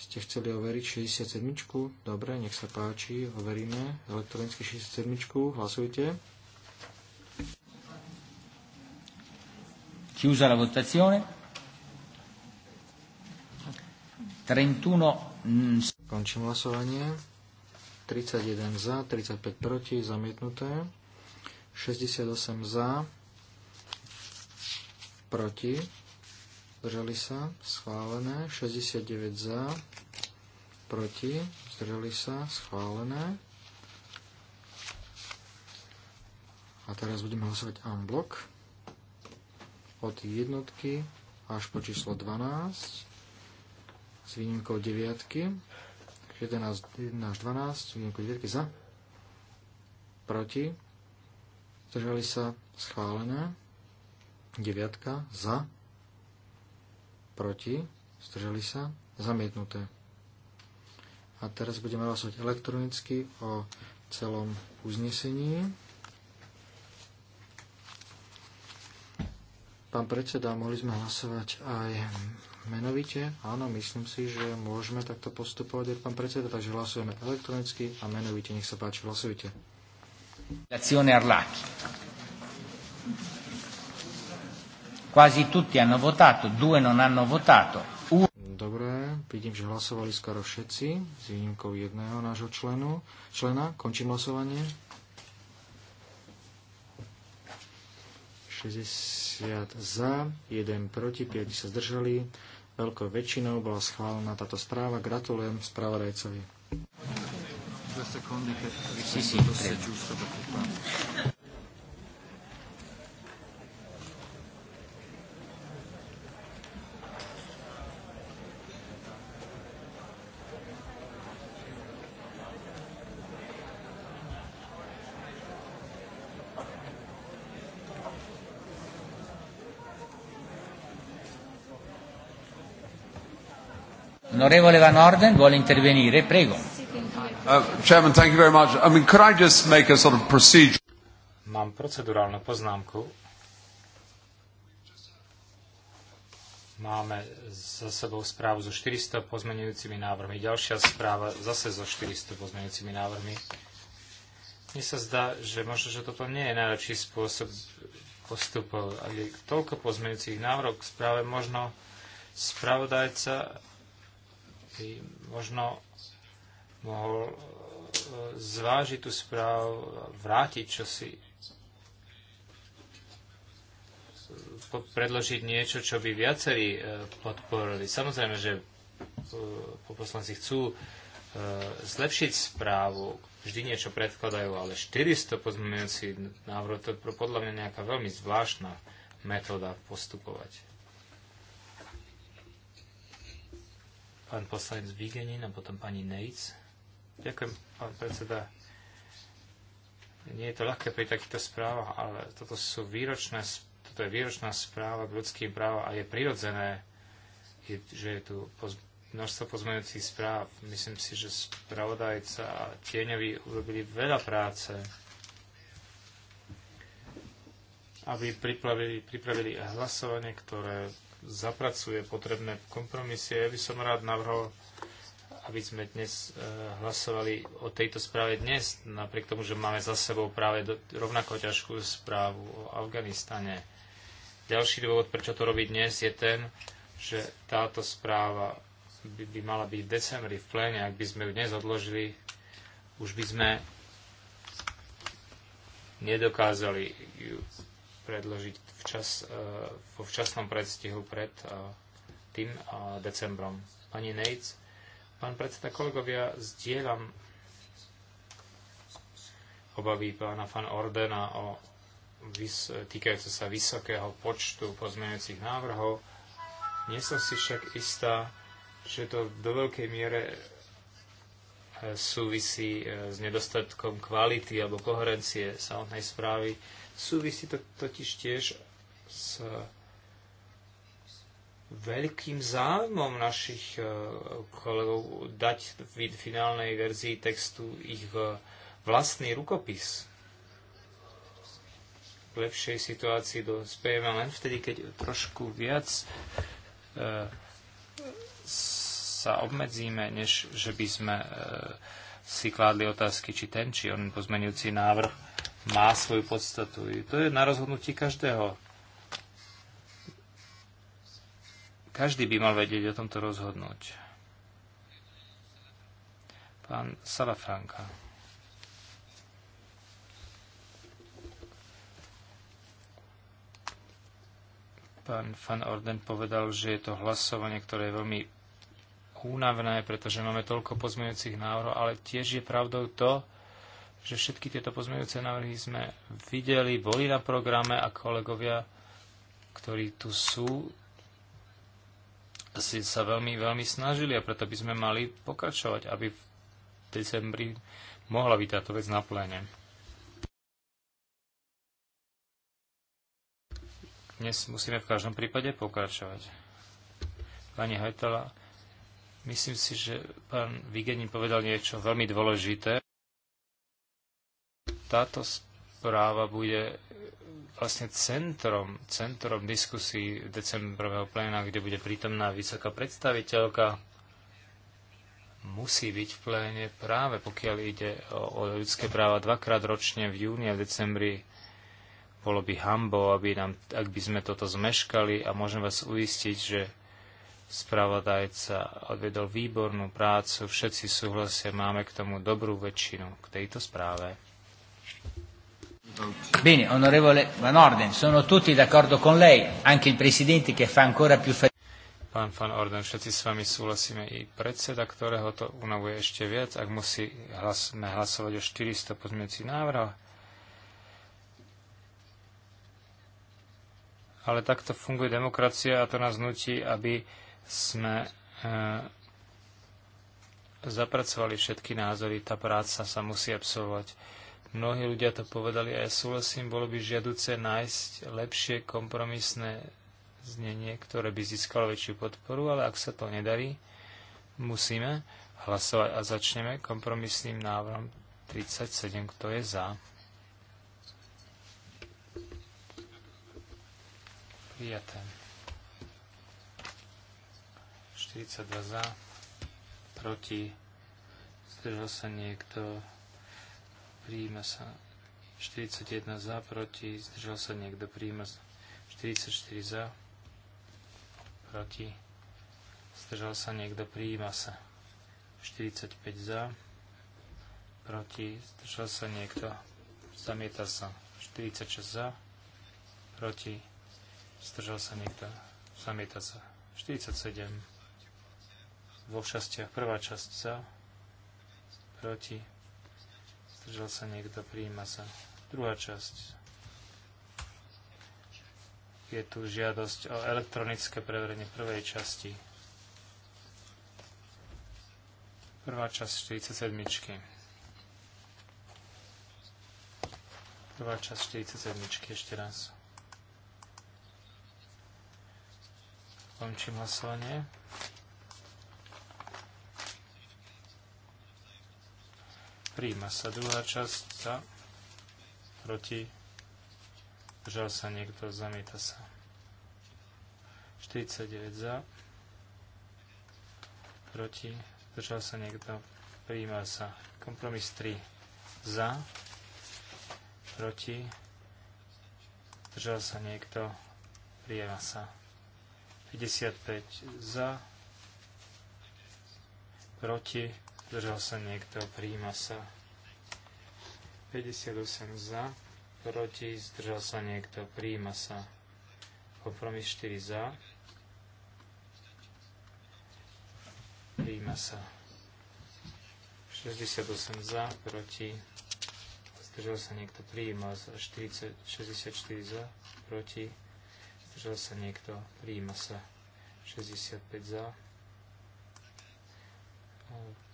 Ste chceli overiť 67? Dobre, nech sa páči, overíme elektronicky 67. Hlasujte. Chiusa la votazione. 31... Mm, Končím hlasovanie. 31 za, 35 proti, zamietnuté. 68 za, proti zdržali sa, schválené, 69 za, proti, zdržali sa, schválené. A teraz budeme hlasovať en blok od jednotky až po číslo 12 s výnimkou 9 11, až 12 s výnimkou 9 za proti zdržali sa schválené 9 za proti, zdrželi sa, zamietnuté. A teraz budeme hlasovať elektronicky o celom uznesení. Pán predseda, mohli sme hlasovať aj menovite. Áno, myslím si, že môžeme takto postupovať aj pán predseda, takže hlasujeme elektronicky a menovite. Nech sa páči, hlasujte. Arlacchi. Quasi tutti hanno votato, due non hanno votato. Dobre, vidím, že hlasovali skoro všetci, s výnimkou jedného nášho členu. Člena, končím hlasovanie. 60 za, 1 proti, 5 sa zdržali. Veľkou väčšinou bola schválená táto správa. Gratulujem spravodajcovi. Sì, sì, prego. Onorevole Van Orden vuole intervenire, prego. Uh, Mám procedurálnu poznámku. Máme za sebou správu so 400 pozmenujúcimi návrhmi. Ďalšia správa zase so 400 pozmenujúcimi návrhmi. Mne sa zdá, že možno, že toto nie je najlepší spôsob postupov. Ak je toľko pozmenujúcich návrhov k správe, možno spravodajca by možno mohol e, zvážiť tú správu, vrátiť čosi, predložiť niečo, čo by viacerí e, podporili. Samozrejme, že e, poslanci chcú zlepšiť správu, vždy niečo predkladajú, ale 400 pozmeňujúcich návrh, to je podľa mňa nejaká veľmi zvláštna metóda postupovať. pán poslanec Vigenin a potom pani Nejc. Ďakujem, pán predseda. Nie je to ľahké pri takýchto správach, ale toto, sú výročné, toto je výročná správa k ľudským právam a je prirodzené, že je tu poz, množstvo pozmeňujúcich správ. Myslím si, že spravodajca a tieňovi urobili veľa práce, aby pripravili, pripravili hlasovanie, ktoré zapracuje potrebné kompromisy. Ja by som rád navrhol, aby sme dnes e, hlasovali o tejto správe dnes, napriek tomu, že máme za sebou práve rovnako ťažkú správu o Afganistane. Ďalší dôvod, prečo to robiť dnes, je ten, že táto správa by, by mala byť v decembri v pléne. Ak by sme ju dnes odložili, už by sme nedokázali ju predložiť včas, e, vo včasnom predstihu pred e, tým e, decembrom. Pani Nates, pán predseda, kolegovia, zdieľam obavy pána Fan Ordena o vys- týkajúce sa vysokého počtu pozmeňujúcich návrhov. Nie som si však istá, že to do veľkej miere súvisí s nedostatkom kvality alebo koherencie samotnej správy Súvisí to totiž tiež s veľkým záujmom našich e, kolegov dať v finálnej verzii textu ich vlastný rukopis. V lepšej situácii dospejeme len vtedy, keď trošku viac e, sa obmedzíme, než že by sme e, si kládli otázky, či ten, či on pozmenujúci návrh má svoju podstatu. I to je na rozhodnutí každého. Každý by mal vedieť o tomto rozhodnúť. Pán Salafranka. Pán Van Orden povedal, že je to hlasovanie, ktoré je veľmi únavné, pretože máme toľko pozmeňujúcich návrhov, ale tiež je pravdou to, že všetky tieto pozmeňujúce návrhy sme videli, boli na programe a kolegovia, ktorí tu sú, si sa veľmi, veľmi snažili a preto by sme mali pokračovať, aby v decembri mohla byť táto vec na pléne. Dnes musíme v každom prípade pokračovať. Pani Hajtala, myslím si, že pán Vigenin povedal niečo veľmi dôležité. Táto správa bude vlastne centrom, centrom diskusí decembrového pléna, kde bude prítomná vysoká predstaviteľka. Musí byť v pléne práve pokiaľ ide o, o ľudské práva dvakrát ročne v júni a v decembri. Bolo by hambou, aby nám, ak by sme toto zmeškali a môžem vás uistiť, že spravodajca odvedol výbornú prácu, všetci súhlasia, máme k tomu dobrú väčšinu, k tejto správe. Bene, onorevole Van Orden, sono tutti d'accordo con lei, anche il Presidente che fa ancora più fatica. Pán Van Orden, všetci s vami súhlasíme i predseda, ktorého to unavuje ešte viac, ak musíme hlas, hlasovať o 400 pozmeňujúcich návrhoch. Ale takto funguje demokracia a to nás nutí, aby sme e, zapracovali všetky názory. Tá práca sa musí absolvovať Mnohí ľudia to povedali a ja súhlasím, bolo by žiaduce nájsť lepšie kompromisné znenie, ktoré by získalo väčšiu podporu, ale ak sa to nedarí, musíme hlasovať a začneme kompromisným návrhom 37, kto je za. Prijaté. 42 za, proti, zdržal sa niekto, príjma sa 41 za, proti, zdržal sa niekto, príjma sa 44 za, proti, zdržal sa niekto, príjma sa 45 za, proti, zdržal sa niekto, zamieta sa 46 za, proti, zdržal sa niekto, zamieta sa 47 vo šastiach prvá časť za, proti, Zdržal sa niekto, prijíma sa. Druhá časť. Je tu žiadosť o elektronické preverenie prvej časti. Prvá časť 47. Prvá časť 47. Ešte raz. Končím hlasovanie. Príjma sa druhá časť za, proti, zdržal sa niekto, zamieta sa. 49 za, proti, držal sa niekto, príjma sa. Kompromis 3 za, proti, zdržal sa niekto, príjma sa. 55 za, proti, Zdržal sa niekto, príjma sa. 58 za, proti, zdržal sa niekto, príjma sa. Kompromis 4 za, príjma sa. 68 za, proti, zdržal sa niekto, príjma sa. 64 za, proti, zdržal sa niekto, príjma sa. 65 za,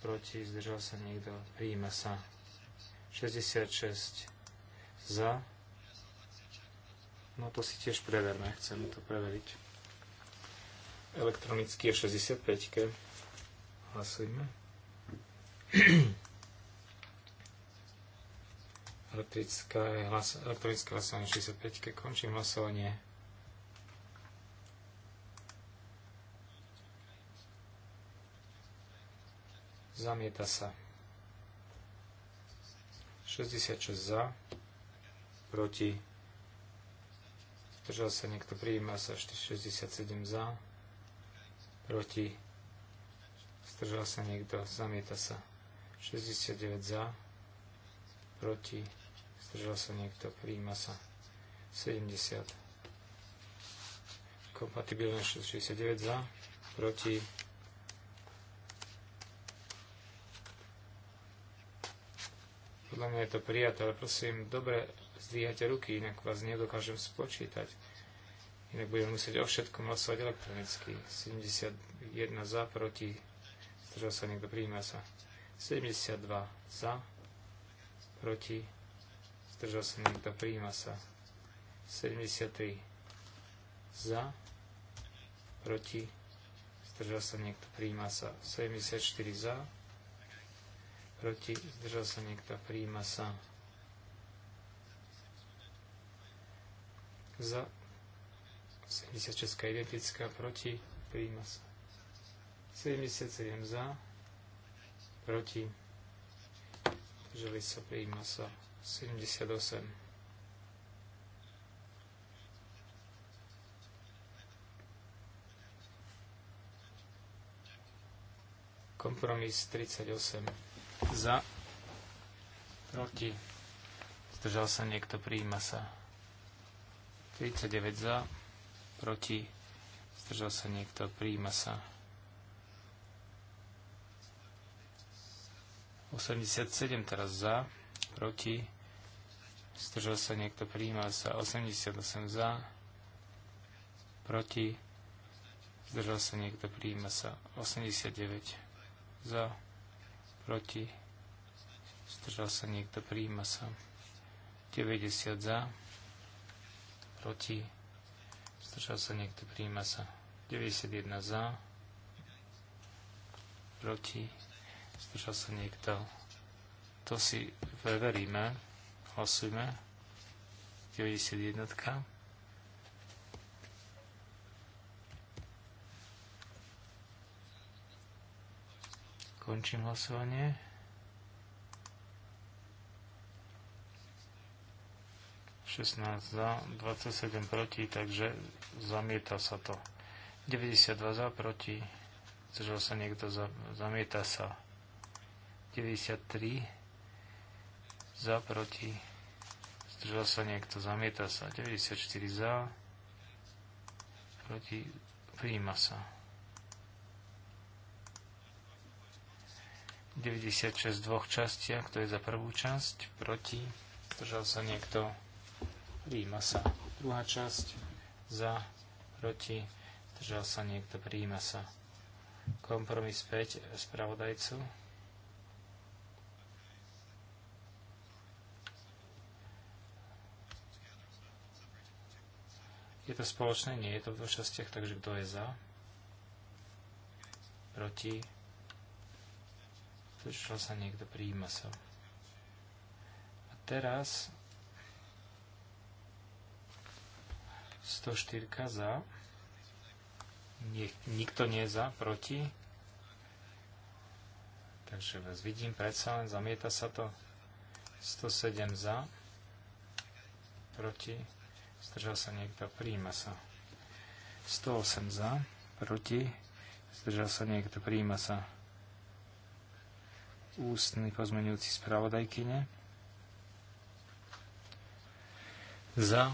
proti, zdržal sa niekto, prijíma sa. 66 za. No to si tiež preverme, chcem to preveriť. Elektronicky je 65. -ke. Hlasujme. Elektrická, hlas, elektronické hlasovanie 65. -ke. Končím hlasovanie. Zamieta sa. 66 za. Proti. Zdržal sa niekto. Prijíma sa. 67 za. Proti. Zdržal sa niekto. Zamieta sa. 69 za. Proti. Zdržal sa niekto. Prijíma sa. 70. Kompatibilné 69 za. Proti Podľa mňa je to prijaté, ale prosím, dobre zdvíhajte ruky, inak vás nedokážem spočítať. Inak budeme musieť o všetkom hlasovať elektronicky. 71 za, proti, zdržal sa niekto, príjma sa. 72 za, proti, zdržal sa niekto, príjma sa. 73 za, proti, zdržal sa niekto, príjma sa. 74 za, proti, zdržal sa niekto, príjima sa. Za 76 identická, proti, príjima sa. 77 za, proti, zdržali sa, príjima sa. 78 kompromis 38 za, proti, zdržal sa niekto, prijíma sa. 39 za, proti, zdržal sa niekto, prijíma sa. 87 teraz za, proti, zdržal sa niekto, prijíma sa. 88 za, proti, zdržal sa niekto, prijíma sa. 89 za, proti, zdržal sa niekto, prijíma sa. 90 za, proti, zdržal sa niekto, prijíma sa. 91 za, proti, zdržal sa niekto. To si preveríme, hlasujme. 91. Končím hlasovanie. za, 27 proti, takže zamieta sa to. 92 za, proti, zdržal sa niekto, za, zamieta sa. 93 za, proti, zdržal sa niekto, zamieta sa. 94 za, proti, prijíma sa. 96 v dvoch častiach, to je za prvú časť, proti, zdržal sa niekto, príjima sa. Druhá časť, za, proti, zdržal sa niekto, príjima sa. Kompromis 5 spravodajcu. Je to spoločné? Nie je to v dvoch častiach, takže kto je za? Proti? Zdržal sa niekto, prijíma sa. A teraz 104 za. nikto nie za, proti. Takže vás vidím, predsa len zamieta sa to. 107 za, proti. Zdržal sa niekto, prijíma sa. 108 za, proti. Zdržal sa niekto, prijíma sa ústny pozmenujúci spravodajkyne. Za.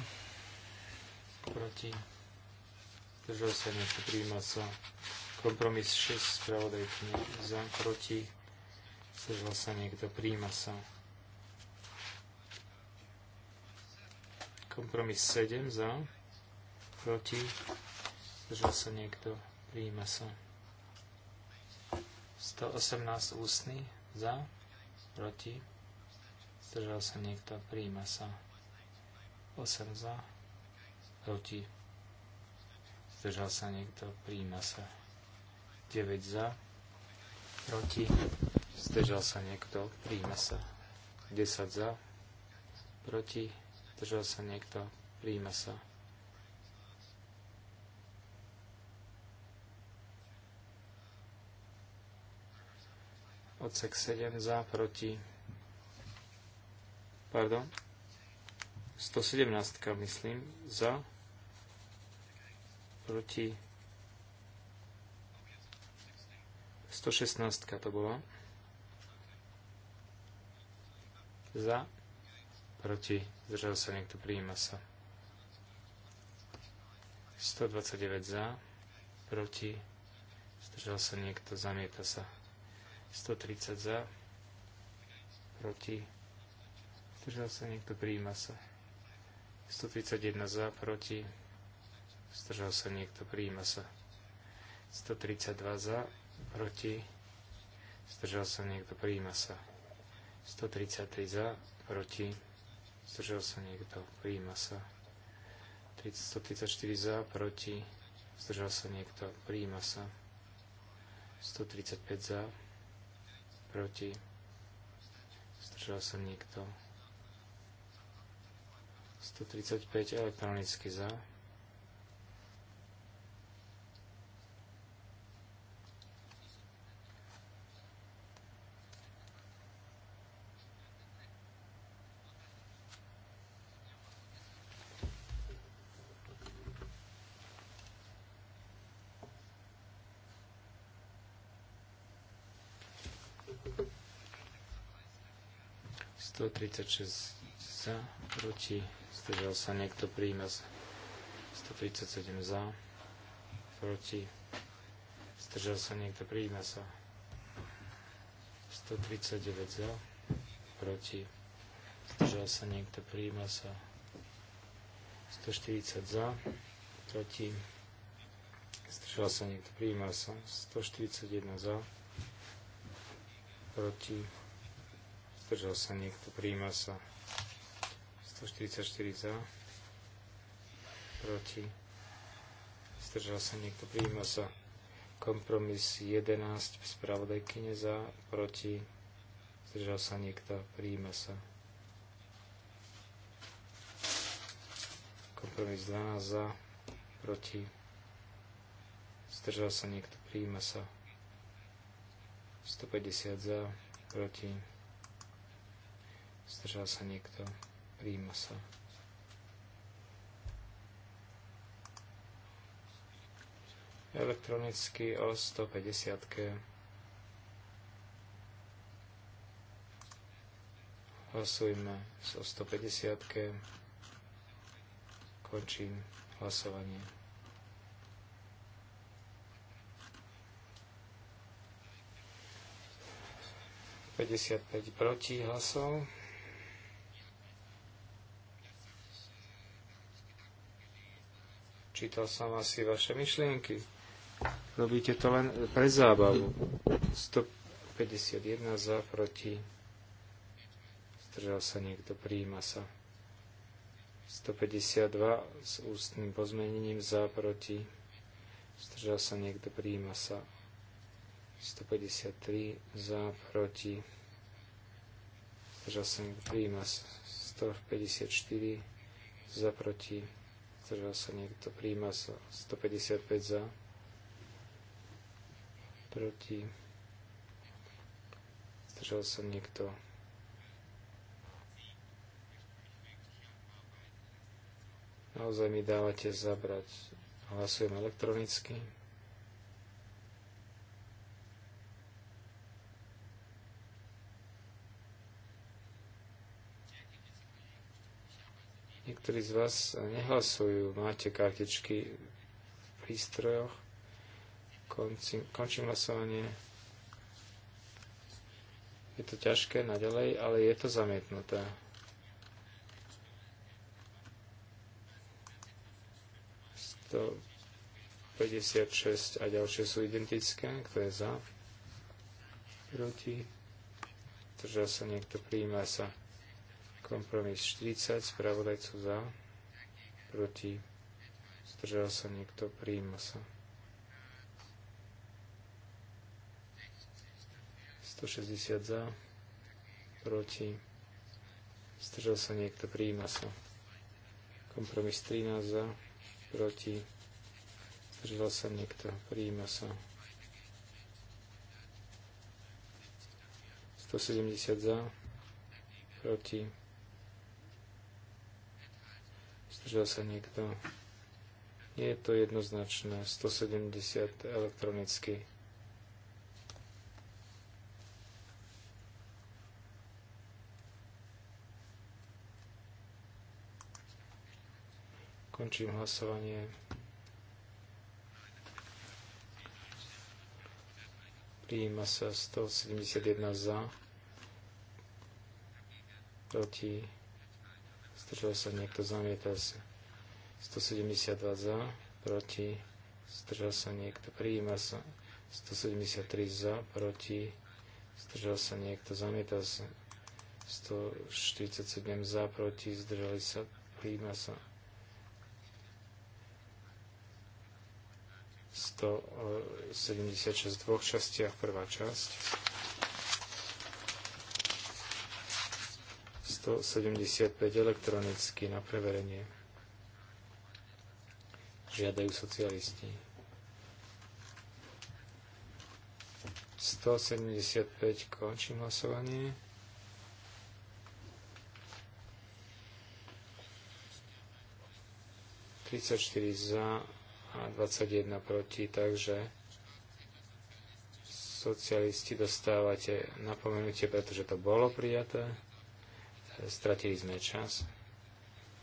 Proti. Držal sa niekto, prijímal sa. Kompromis 6 spravodajkyne. Za. Proti. Držal sa niekto, prijíma sa. Kompromis 7 za. Proti. Držal sa niekto, prijíma sa. 118 ústnych za, proti, zdržal sa niekto, príjma sa. 8 za, proti, zdržal sa niekto, príjma sa. 9 za, proti, zdržal sa niekto, príjma sa. 10 za, proti, zdržal sa niekto, príjma sa. Odsek 7 za, proti. Pardon. 117, myslím, za, proti. 116 to bola. Za, proti, zdržal sa niekto, prijíma sa. 129 za, proti, zdržal sa niekto, zamieta sa. 130 za, proti, zdržal sa niekto, prijíma sa. 131 za, proti, zdržal sa niekto, prijíma sa. 132 za, proti, zdržal sa niekto, prijíma sa. 133 za, proti, zdržal sa niekto, prijíma sa. 134 za, proti, zdržal sa niekto, prijíma sa. 135 za, proti, zdržal sa nikto. 135 elektronicky za. 136 za, proti, zdržal sa niekto, príjme 137 za, proti, zdržal sa niekto, príjme sa 139 za, proti, zdržal sa niekto, príjme sa 140 za, proti, zdržal sa niekto, príjme sa 141 za, proti, Zdržal sa niekto, príjma sa. 144 za. Proti. Zdržal sa niekto, príjma sa. Kompromis 11, spravodajkyne za, proti. Zdržal sa niekto, príjma sa. Kompromis 12 za, proti. Zdržal sa niekto, príjma sa. 150 za, proti Zdržal sa niekto? Príjima sa. Elektronicky o 150. -ke. Hlasujme o 150. Končím hlasovanie. päťdesiatpäť proti hlasov. Čítal som asi vaše myšlienky. Robíte to len pre zábavu. 151 za, proti. Zdržal sa niekto, prijíma sa. 152 s ústnym pozmenením za, proti. Zdržal sa niekto, prijíma sa. 153 za, proti. Zdržal sa niekto, prijíma sa. 154 za, proti Zdržal sa niekto. Príjma sa 155 za. Proti. Zdržal sa niekto. Naozaj mi dávate zabrať. Hlasujem elektronicky. Niektorí z vás nehlasujú, máte kartičky v prístrojoch. Končím, končím hlasovanie. Je to ťažké naďalej, ale je to zamietnuté. To 56 a ďalšie sú identické. Kto je za? Proti? Držia sa niekto, príjme. sa. Kompromis 40, spravodajcu za, proti, zdržal sa niekto, prijíma sa. 160 za, proti, zdržal sa niekto, prijíma sa. Kompromis 13 za, proti, zdržal sa niekto, prijíma sa. 170 za, proti, že sa niekto? Nie je to jednoznačné. 170 elektronicky. Končím hlasovanie. Prijíma sa 171 za. Proti Zdržal sa niekto, zamieta sa. 172 za, proti, Stržal sa niekto, prijíma sa. 173 za, proti, Stržal sa niekto, zamietal sa. 147 za, proti, zdržali sa, prijíma sa. 176 v dvoch častiach, prvá časť 175 elektronicky na preverenie. Žiadajú socialisti. 175 končím hlasovanie. za a 21 proti, takže socialisti dostávate napomenutie, pretože to bolo prijaté. Stratili sme čas.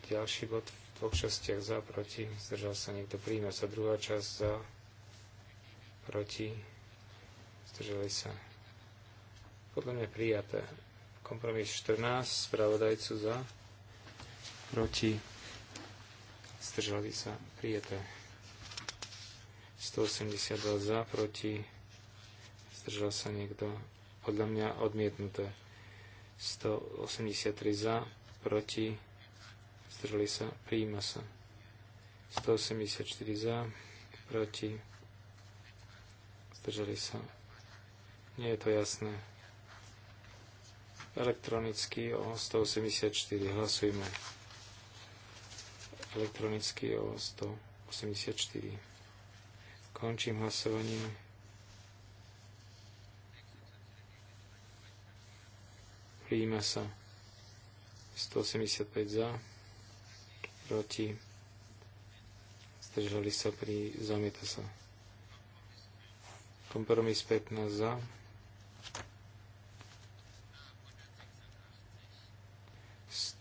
Ďalší bod v dvoch častiach za, proti. Zdržal sa niekto, príjme sa druhá časť za, proti. Zdržali sa. Podľa mňa prijaté. Kompromis 14, spravodajcu za, proti. Zdržali sa, prijaté. 182 za, proti. Zdržal sa niekto. Podľa mňa odmietnuté. 183 za, proti, zdržali sa, prijíma sa. 184 za, proti, zdržali sa. Nie je to jasné. Elektronicky o 184 hlasujme. Elektronicky o 184. Končím hlasovanie. prijíma sa 185 za, proti, zdržali sa pri, zamieta sa. Kompromis 15 za,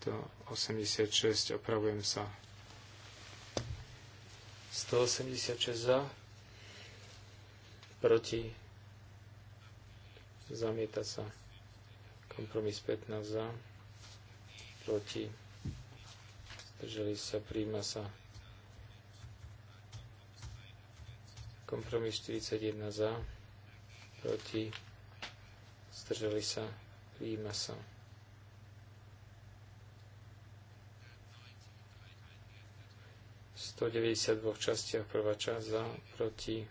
to 86, opravujem sa. 186 za, proti, zamieta sa. Kompromis 15 za, proti, Zdrželi sa, príjma sa. Kompromis 41 za, proti, Zdrželi sa, príjma sa. V 192 častiach prvá časť za, proti,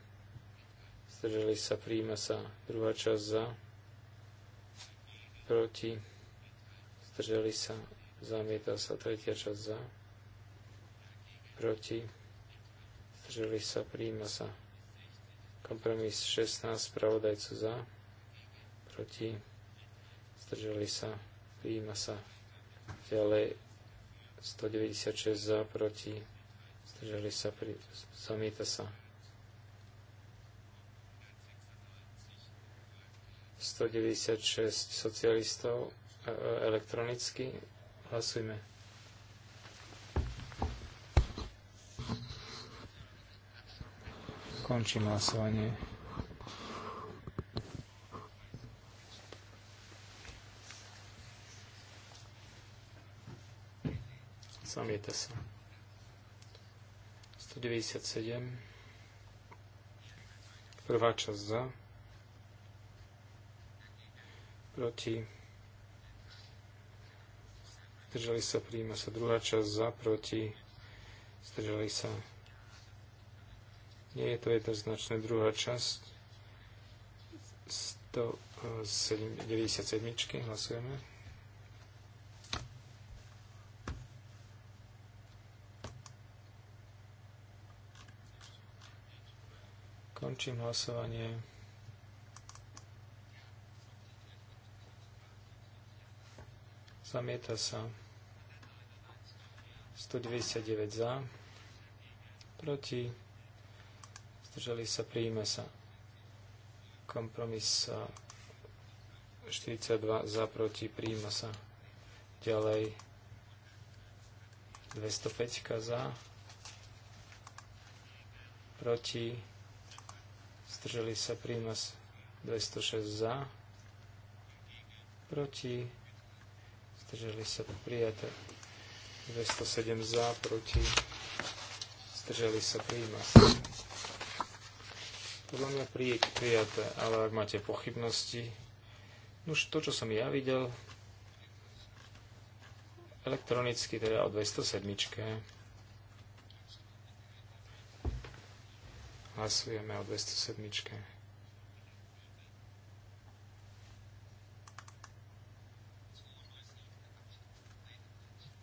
zdržali sa, príjma sa, druhá časť za, proti, zdrželi sa, zamieta sa, tretia časť za, proti, zdrželi sa, príjma sa, kompromis 16, spravodajcu za, proti, zdrželi sa, príjma sa, ďalej 196 za, proti, zdrželi sa, pri, zamieta sa, 196 socialistov e, e, elektronicky. Hlasujme. Končím hlasovanie. Zamieta sa. 197. Prvá časť za proti, zdržali sa, príjma sa druhá časť za, proti, zdržali sa. Nie je to jednoznačné druhá časť 197. E, Hlasujeme. Končím hlasovanie. Zamieta sa. 199 za. Proti. Zdržali sa. Príjme sa. Kompromis 42 eh, za. Proti. Príjma sa. Ďalej. 205 za. Proti. Zdržali sa. Príjma sa. 206 za. Proti zdržali sa prijaté. 207 za, proti, zdržali sa príjma. Podľa mňa prijaté, ale ak máte pochybnosti, no už to, čo som ja videl, elektronicky teda o 207. Hlasujeme o 207.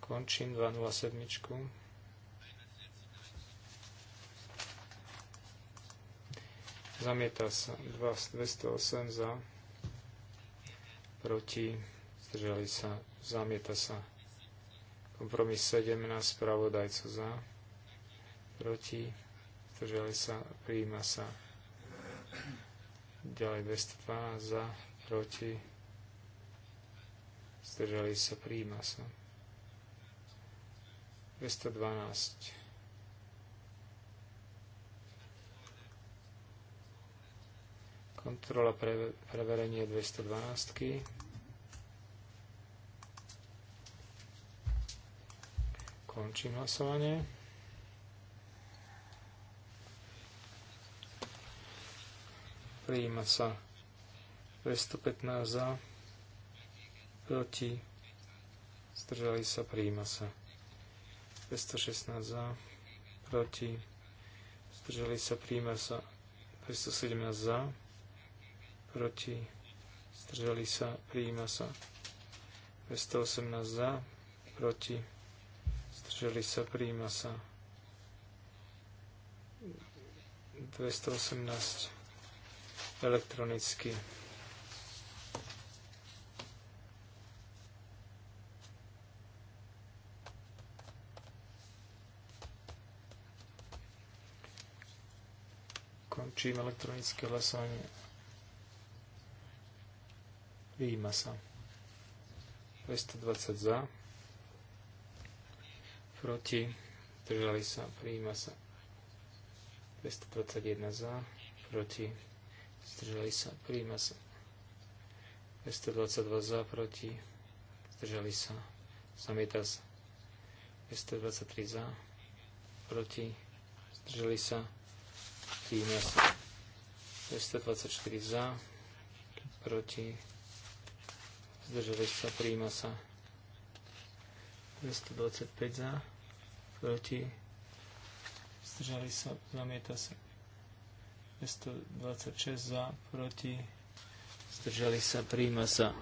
Končím 207. Zamieta sa 208 za. Proti. Zdržali sa. Zamieta sa. Kompromis 17. Spravodajcu za. Proti. Zdržali sa. Prijíma sa. Ďalej 202 za. Proti. Zdržali sa. Prijíma sa. 212. Kontrola pre, preverenie 212. Končím hlasovanie. Prijíma sa 215 za, proti, zdržali sa, prijíma sa. 216 za, proti, zdržali sa, príjma sa 217 za, proti, zdržali sa, príjma sa 218 za, proti, zdržali sa, príjma sa 218 elektronicky. Končím elektronické hlasovanie. Výjima sa. 220 za. Proti. Držali sa. Prijíma sa. 221 za. Proti. Zdržali sa. Prijíma sa. 222 za. Proti. Zdržali sa. Zamieta sa. 223 za. Proti. Zdržali sa. Príjme 224 za, proti, zdržali sa, príjma sa. 225 za, proti, zdržali sa, zamieta sa. 226 za, proti, zdržali sa, príjma sa.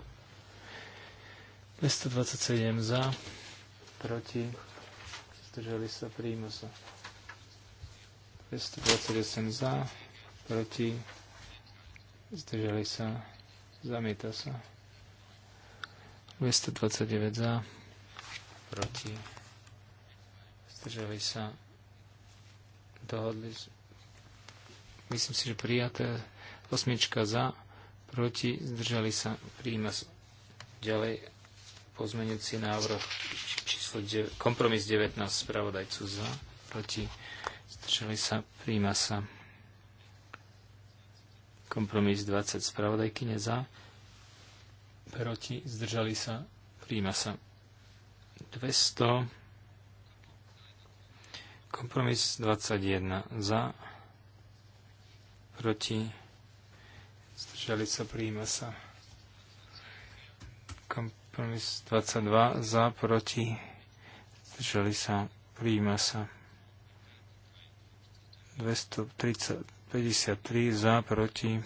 227 za, proti, zdržali sa, príjma sa. 228 za, proti, zdržali sa, zamieta sa. 229 za, proti, zdržali sa, dohodli, myslím si, že prijaté, osmička za, proti, zdržali sa, príjma ďalej pozmenujúci návrh číslo 9, kompromis 19 spravodajcu za, proti, Čili sa, príjma sa. Kompromis 20 spravodajky za. Proti, zdržali sa, príjma sa. 200. Kompromis 21 za. Proti, zdržali sa, príjma sa. Kompromis 22 za, proti, zdržali sa, príjma sa. 253 za, proti,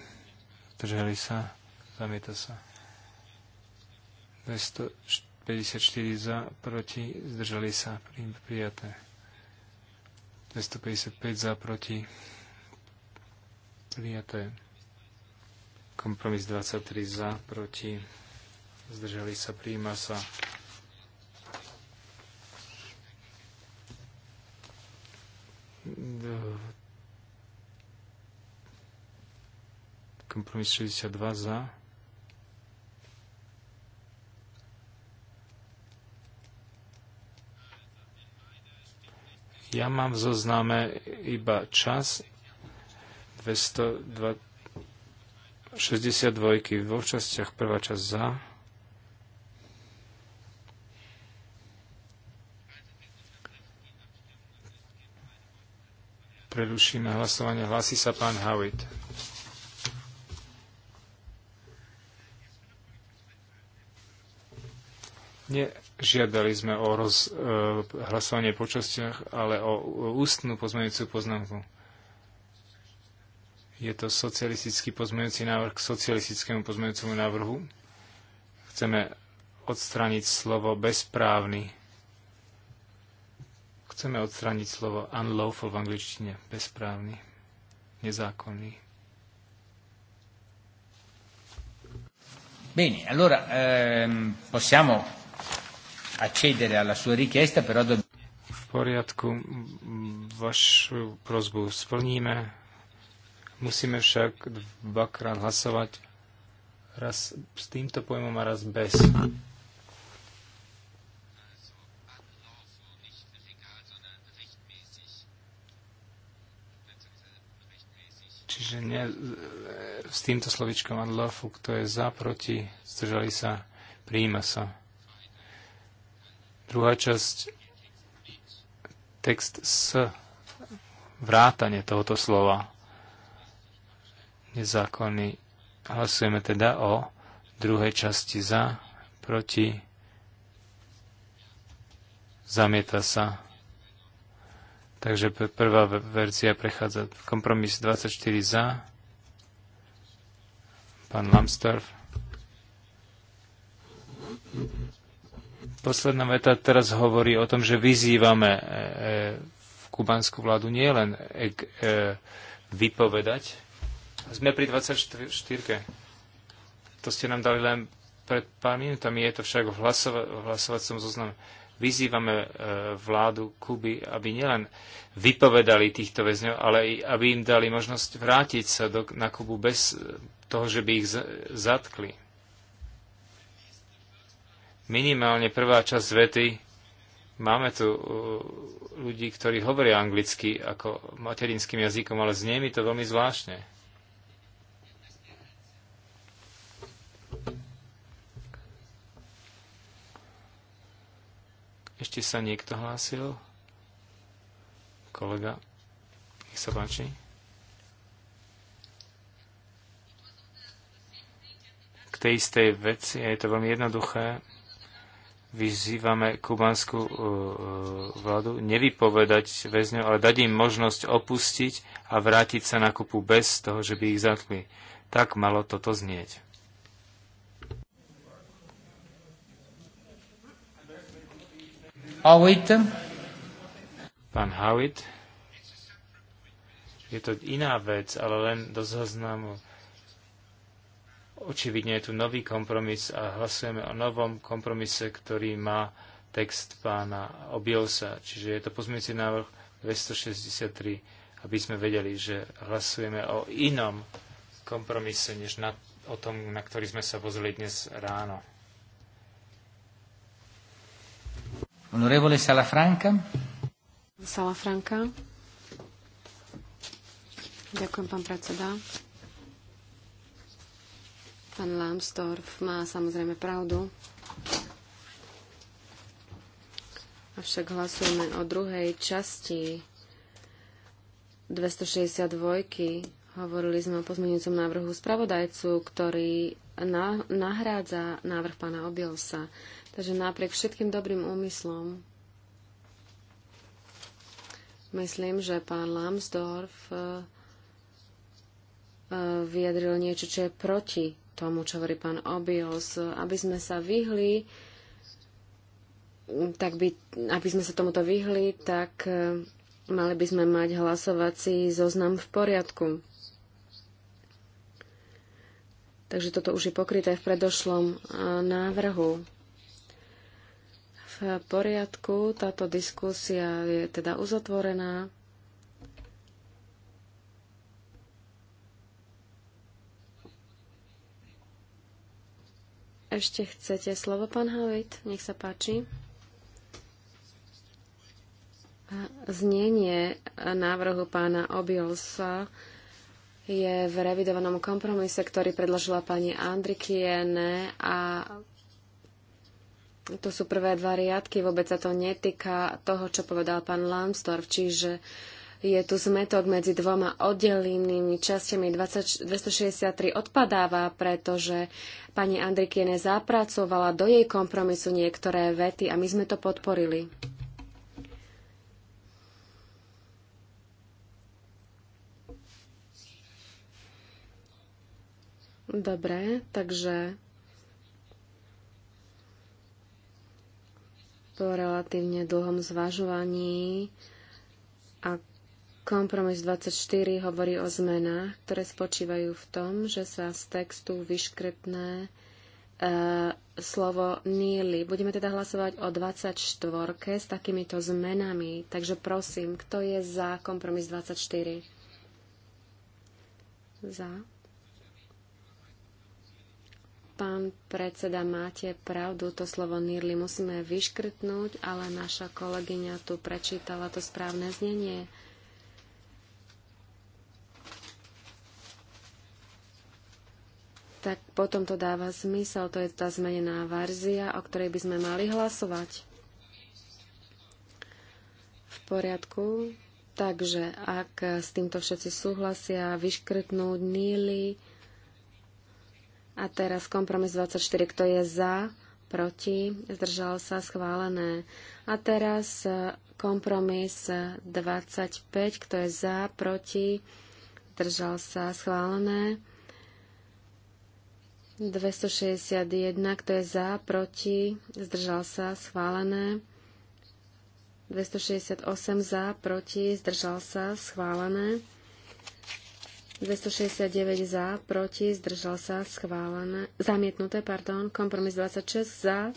zdrželi sa, zamieta sa. 254 za, proti, zdržali sa, prijaté. 255 za, proti, prijaté. Kompromis 23 za, proti, zdržali sa, príjma sa. Kompromis 62 za. Ja mám v zozname iba čas 262 vo častiach prvá časť za. Prerušíme hlasovanie. Hlasí sa pán Howitt. Nežiadali sme o roz, e, hlasovanie po častiach, ale o ústnu pozmeňujúcu poznámku. Je to socialistický pozmeňujúci návrh k socialistickému pozmeňujúcemu návrhu. Chceme odstraniť slovo bezprávny. Chceme odstraniť slovo unlawful v angličtine. Bezprávny. Nezákonný. Bene, allora ehm, possiamo accedere alla sua richiesta, però dobbiamo... V poriadku, vašu prozbu splníme. Musíme však dvakrát hlasovať. Raz s týmto pojmom a raz bez. Čiže nie, s týmto slovičkom adlofu, kto je za, proti, zdržali sa, príjima sa. Druhá časť, text s vrátane tohoto slova. Nezákonný. Hlasujeme teda o druhej časti za, proti, zamieta sa. Takže prvá verzia prechádza kompromis 24 za. Pán Lambsdorff. Posledná veta teraz hovorí o tom, že vyzývame v e, e, kubanskú vládu nielen e, vypovedať. Sme pri 24. To ste nám dali len pred pár minútami, je to však v, hlasova- v hlasovacom zozname. Vyzývame vládu Kuby, aby nielen vypovedali týchto väzňov, ale aby im dali možnosť vrátiť sa do, na Kubu bez toho, že by ich zatkli minimálne prvá časť vety. Máme tu uh, ľudí, ktorí hovoria anglicky ako materinským jazykom, ale znie mi to veľmi zvláštne. Ešte sa niekto hlásil? Kolega, nech sa páči. K tej istej veci, a je to veľmi jednoduché, vyzývame kubanskú e, e, vládu nevypovedať väzňov, ale dať im možnosť opustiť a vrátiť sa na kupu bez toho, že by ich zatkli. Tak malo toto znieť. Howitt. Pán Howitt. Je to iná vec, ale len do zaznamu Očividne je tu nový kompromis a hlasujeme o novom kompromise, ktorý má text pána Obielsa. Čiže je to pozmeňujúci návrh 263, aby sme vedeli, že hlasujeme o inom kompromise, než na, o tom, na ktorý sme sa pozreli dnes ráno. Honorevole Salafranca. Salafranca. Ďakujem, pán predseda. Pán Lambsdorff má samozrejme pravdu. Avšak hlasujeme o druhej časti 262. Hovorili sme o pozmeňujúcom návrhu spravodajcu, ktorý nahrádza návrh pána Obilsa. Takže napriek všetkým dobrým úmyslom myslím, že pán Lambsdorff eh, vyjadril niečo, čo je proti tomu, čo hovorí pán Obios, aby sme sa vyhli, tak by, aby sme sa tomuto vyhli, tak e, mali by sme mať hlasovací zoznam v poriadku. Takže toto už je pokryté v predošlom e, návrhu. V poriadku, táto diskusia je teda uzatvorená. Ešte chcete slovo, pán Havit? Nech sa páči. Znenie návrhu pána Obilsa je v revidovanom kompromise, ktorý predložila pani Andrikiene a to sú prvé dva riadky, vôbec sa to netýka toho, čo povedal pán Lambsdorff, čiže uh, je tu zmetok medzi dvoma oddelenými častiami. 20, 263 odpadáva, pretože pani Andrikiene zapracovala do jej kompromisu niektoré vety a my sme to podporili. Dobre, takže po relatívne dlhom zvažovaní Kompromis 24 hovorí o zmenách, ktoré spočívajú v tom, že sa z textu vyškrtné e, slovo níly. Budeme teda hlasovať o 24 s takýmito zmenami. Takže prosím, kto je za kompromis 24? Za. Pán predseda, máte pravdu, to slovo nírly musíme vyškrtnúť, ale naša kolegyňa tu prečítala to správne znenie. tak potom to dáva zmysel. To je tá zmenená verzia, o ktorej by sme mali hlasovať. V poriadku. Takže ak s týmto všetci súhlasia, vyškrtnú níly. A teraz kompromis 24, kto je za, proti, zdržal sa, schválené. A teraz e, kompromis 25, kto je za, proti, zdržal sa, schválené. 261, kto je za, proti, zdržal sa, schválené. 268 za, proti, zdržal sa, schválené. 269 za, proti, zdržal sa, schválené. Zamietnuté, pardon. Kompromis 26 za,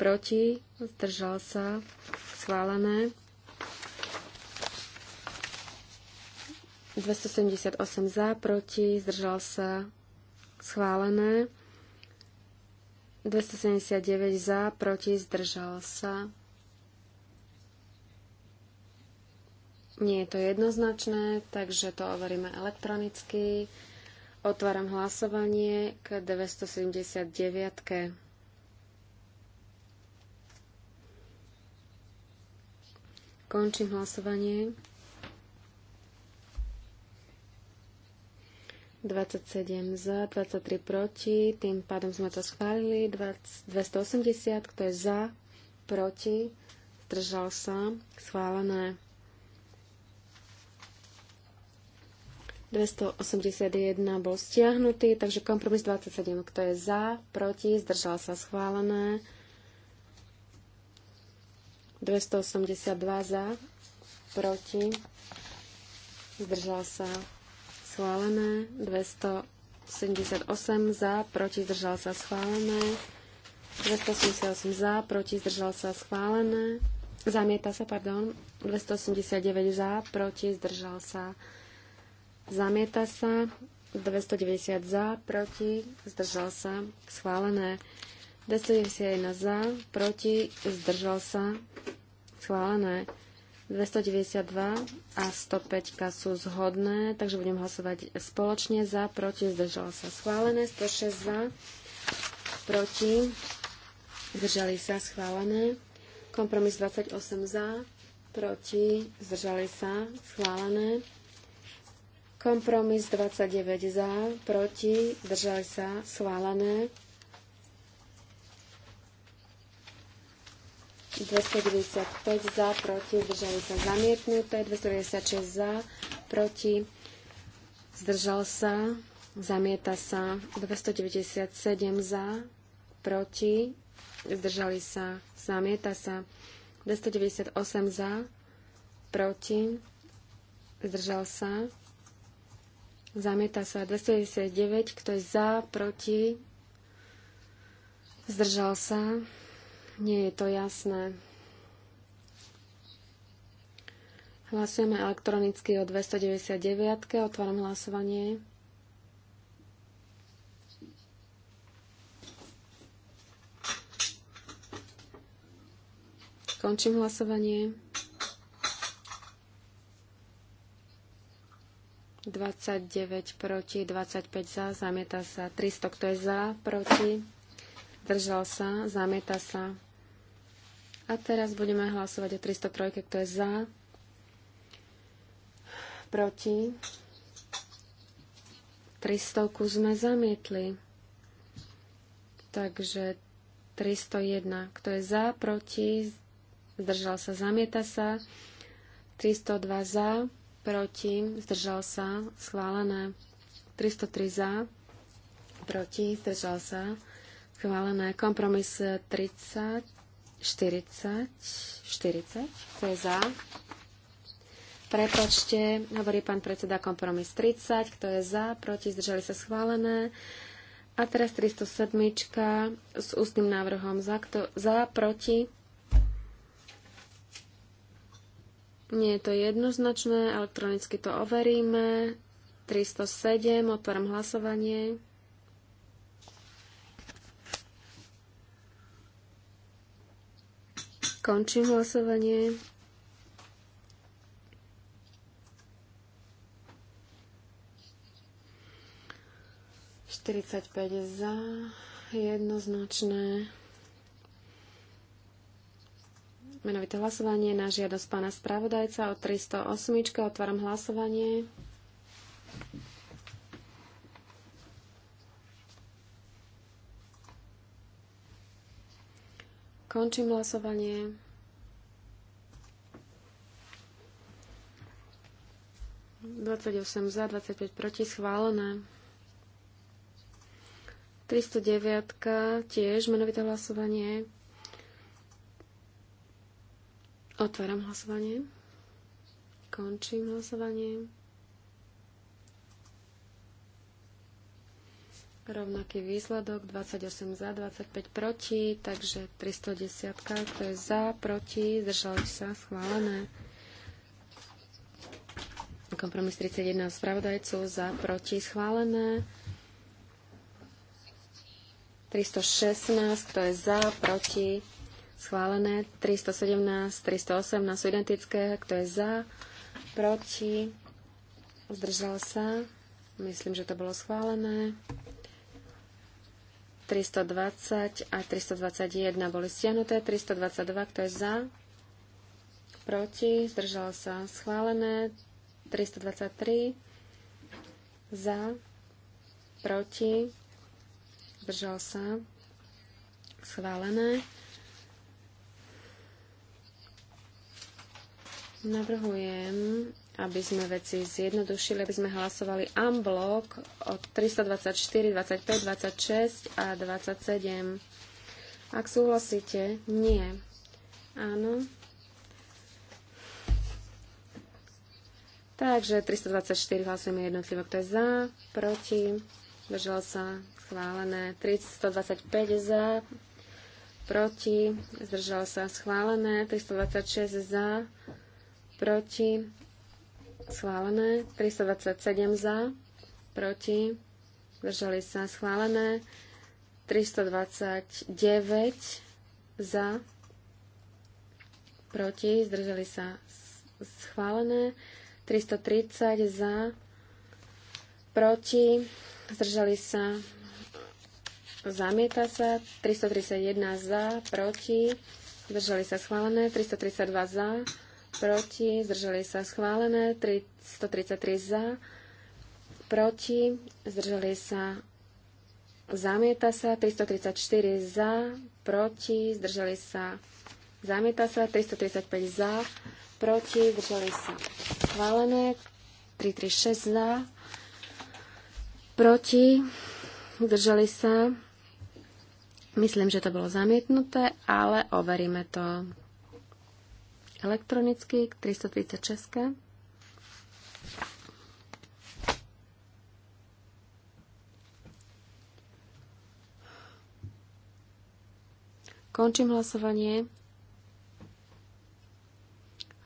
proti, zdržal sa, schválené. 278 za, proti, zdržal sa, schválené. 279 za, proti, zdržal sa. Nie je to jednoznačné, takže to overíme elektronicky. Otváram hlasovanie k 279. -ke. Končím hlasovanie. 27 za, 23 proti, tým pádom sme to schválili, 280, kto je za, proti, zdržal sa, schválené. 281 bol stiahnutý, takže kompromis 27, kto je za, proti, zdržal sa, schválené. 282 za, proti, zdržal sa, schválené, 278 za, proti zdržal sa schválené, 288 za, proti zdržal sa schválené, zamieta sa, pardon, 289 za, proti zdržal sa, zamieta sa, 290 za, proti zdržal sa, schválené, 291 za, proti zdržal sa, schválené, 292 a 105 sú zhodné, takže budem hlasovať spoločne za, proti, zdržala sa schválené, 106 za, proti, zdržali sa schválené, kompromis 28 za, proti, zdržali sa schválené, kompromis 29 za, proti, zdržali sa schválené, 295 za, proti, zdržali sa zamietnuté, 296 za, proti, zdržal sa, zamieta sa, 297 za, proti, zdržali sa, zamieta sa, 298 za, proti, zdržal sa, zamieta sa, 299, kto je za, proti, zdržal sa, nie je to jasné. Hlasujeme elektronicky o 299. Otváram hlasovanie. Končím hlasovanie. 29 proti, 25 za, zamieta sa. 300, kto je za, proti, držal sa, zamieta sa. A teraz budeme hlasovať o 303, kto je za, proti. 300 sme zamietli. Takže 301, kto je za, proti, zdržal sa, zamieta sa. 302 za, proti, zdržal sa, schválené. 303 za, proti, zdržal sa, schválené. Kompromis 30 40, 40, to je za. Prepačte, hovorí pán predseda kompromis 30, kto je za, proti, zdržali sa schválené. A teraz 307 s ústnym návrhom za, kto, za proti. Nie je to jednoznačné, elektronicky to overíme. 307, otváram hlasovanie. Končím hlasovanie. Štyridsaťpäť za, jednoznačné. Menovité hlasovanie na žiadosť pána spravodajca o 308. Otváram hlasovanie. Končím hlasovanie. Dvadsaťosem za, 25 proti, schválené. 309 tiež menovité hlasovanie. Otváram hlasovanie. Končím hlasovanie. Rovnaký výsledok, 28 za, 25 proti, takže 310, kto je za, proti, zdržali sa, schválené. Kompromis 31 spravodajcov, za, proti, schválené. 316, kto je za, proti, schválené. 317, 318 sú identické, kto je za, proti, zdržal sa. Myslím, že to bolo schválené. 320 a 321 boli stiahnuté. 322, kto je za? Proti? Zdržalo sa schválené. 323 za? Proti? Zdržalo sa schválené. Navrhujem aby sme veci zjednodušili, aby sme hlasovali unblock od 324, 25, 26 a 27. Ak súhlasíte, nie. Áno. Takže 324 hlasujeme jednotlivo, kto je za, proti, držal sa, schválené. 325 za, proti, zdržal sa, schválené. 326 za, proti, schválené, 327 za, proti, zdržali sa schválené, 329 za, proti, zdržali sa schválené, 330 za, proti, zdržali sa, zamieta sa, 331 za, proti, zdržali sa schválené, 332 za, proti, zdržali sa schválené, 133 za, proti, zdržali sa, zamieta sa, 334 za, proti, zdržali sa, zamieta sa, 335 za, proti, zdržali sa, schválené, 336 za, proti, zdržali sa, myslím, že to bolo zamietnuté, ale overíme to elektronicky k 336. Končím hlasovanie.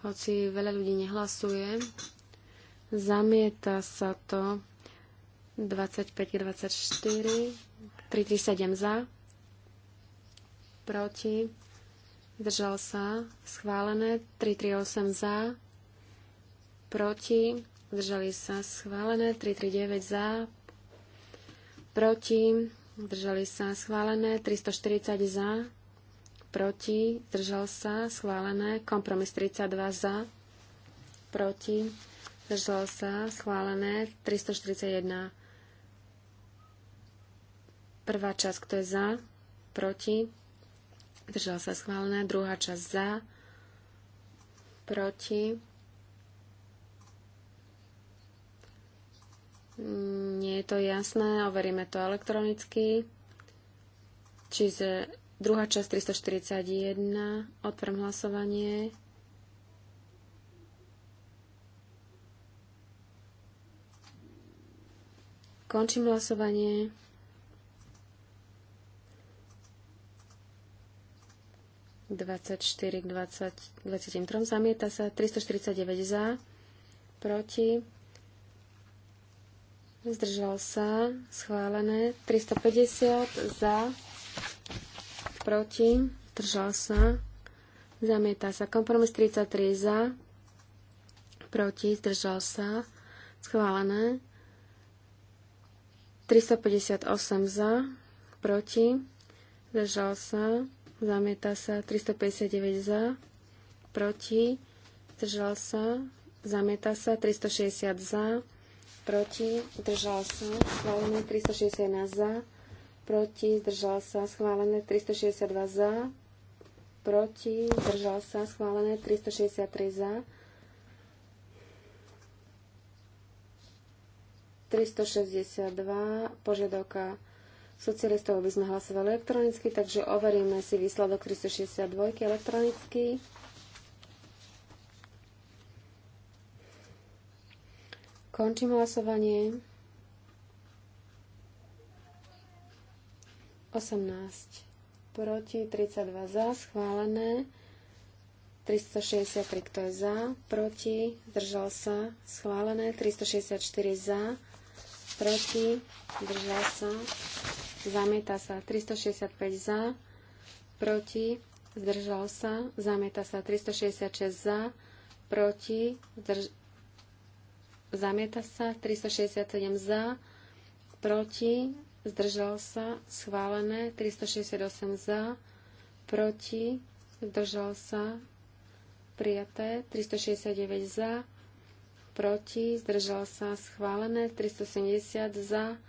Hoci veľa ľudí nehlasuje, zamieta sa to 25 24, 337 za, proti zdržal sa, schválené, 338 za, proti, zdržali sa, schválené, 339 za, proti, zdržali sa, schválené, 340 za, proti, zdržal sa, schválené, kompromis 32 za, proti, zdržal sa, schválené, 341. Prvá časť, kto je za, proti, Držal sa schválené, druhá časť za, proti, nie je to jasné, overíme to elektronicky, čiže druhá časť 341, otvorím hlasovanie, Končím hlasovanie. 24 k 20, 23. Zamieta sa 349 za, proti. Zdržal sa, schválené. 350 za, proti. Zdržal sa, zamieta sa. Kompromis 33 za, proti. Zdržal sa, schválené. 358 za, proti. Zdržal sa, Zamieta sa 359 za, proti, zdržal sa, zamieta sa 360 za, proti, zdržal sa, schválené 361 za, proti, zdržal sa, schválené 362 za, proti, zdržal sa, schválené 363 za, 362, požiadavka socialistov by sme hlasovali elektronicky, takže overíme si výsledok 362 elektronicky. Končím hlasovanie. 18 proti, 32 za, schválené. 363, kto je za, proti, zdržal sa, schválené. 364 za, proti, držal sa, zamieta sa 365 za, proti, zdržal sa, zamieta sa 366 za, proti, zdrž... zamieta sa 367 za, proti, zdržal sa, schválené 368 za, proti, zdržal sa, prijaté 369 za, proti, zdržal sa, schválené 370 za,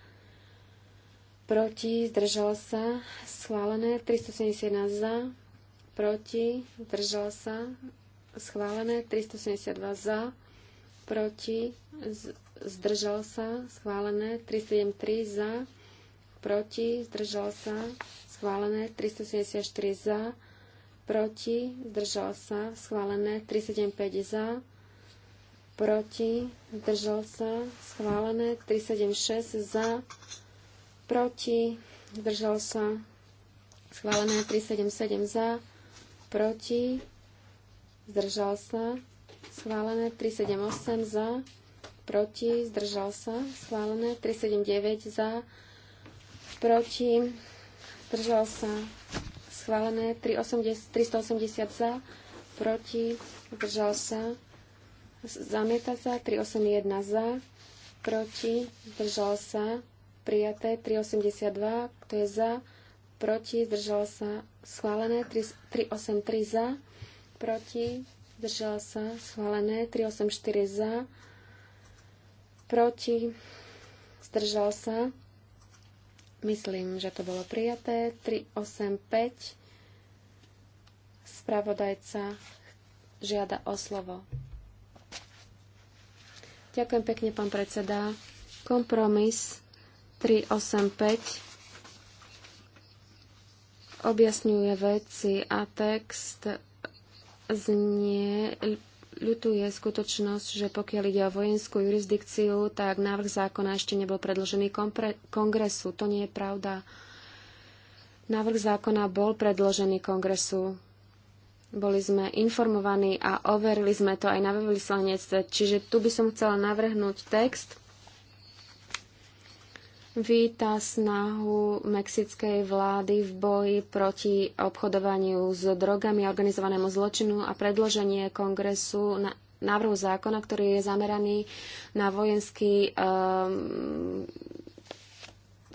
proti, zdržal sa, schválené, 371 za, proti, zdržal sa, schválené, 372 za, proti, zdržal sa, schválené, 373 za, proti, zdržal sa, schválené, 374 za, proti, zdržal sa, schválené, 375 za, proti, zdržal sa, schválené, 376 za, proti, zdržal sa, schválené 377 za, proti, zdržal sa, schválené 378 za, proti, zdržal sa, schválené 379 za, proti, zdržal sa, schválené 380, za, proti, zdržal sa, zamieta sa, 381 za, proti, zdržal sa, prijaté, 382, kto je za, proti, zdržala sa, schválené, 383 za, proti, zdržala sa, schválené, 384 za, proti, zdržal sa, myslím, že to bolo prijaté, 385, spravodajca žiada o slovo. Ďakujem pekne, pán predseda. Kompromis 385 objasňuje veci a text znie ľutuje skutočnosť, že pokiaľ ide o vojenskú jurisdikciu, tak návrh zákona ešte nebol predložený kongresu. To nie je pravda. Návrh zákona bol predložený kongresu. Boli sme informovaní a overili sme to aj na veľvyslanectve. Čiže tu by som chcela navrhnúť text, víta snahu mexickej vlády v boji proti obchodovaniu s drogami a organizovanému zločinu a predloženie kongresu na návrhu zákona, ktorý je zameraný na vojenský um,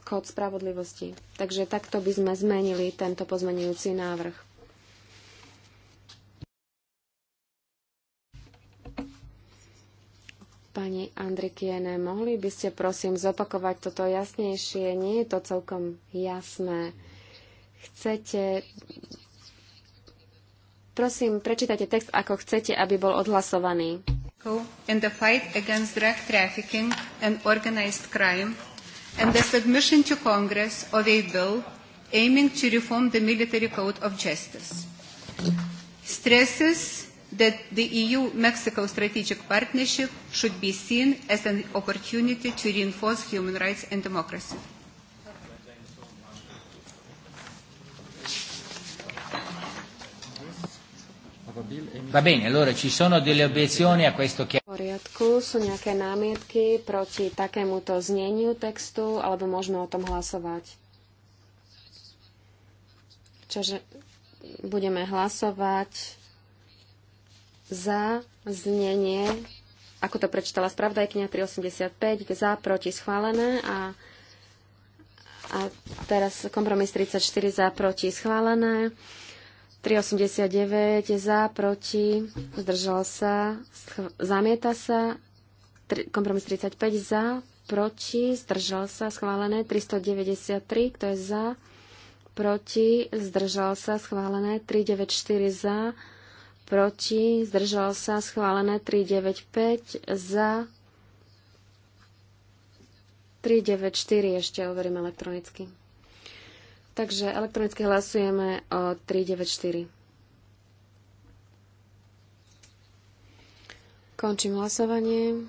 kód spravodlivosti. Takže takto by sme zmenili tento pozmenujúci návrh. Pani Andrikiene, mohli by ste prosím zopakovať toto jasnejšie? Nie je to celkom jasné. Chcete... Prosím, prečítajte text, ako chcete, aby bol odhlasovaný. In the fight against drug trafficking and organized crime and the submission to Congress of a bill aiming to reform the military code of justice. Stresses that the EU-Mexico strategic partnership should be seen as an opportunity to reinforce human rights and democracy. Va bene, allora ci sono delle obiezioni a questo poriadku, sú nejaké námietky proti takémuto zneniu textu, alebo môžeme o tom hlasovať? Čože budeme hlasovať za znenie, ako to prečítala spravodajkňa 385, za, proti, schválené a, a teraz kompromis 34 za, proti, schválené. 389 je za, proti, zdržal sa, zamieta sa, tri, kompromis 35 za, proti, zdržal sa, schválené, 393, kto je za, proti, zdržal sa, schválené, 394 za, proti, zdržal sa, schválené 395 za 394 ešte overím elektronicky. Takže elektronicky hlasujeme o 394. Končím hlasovanie.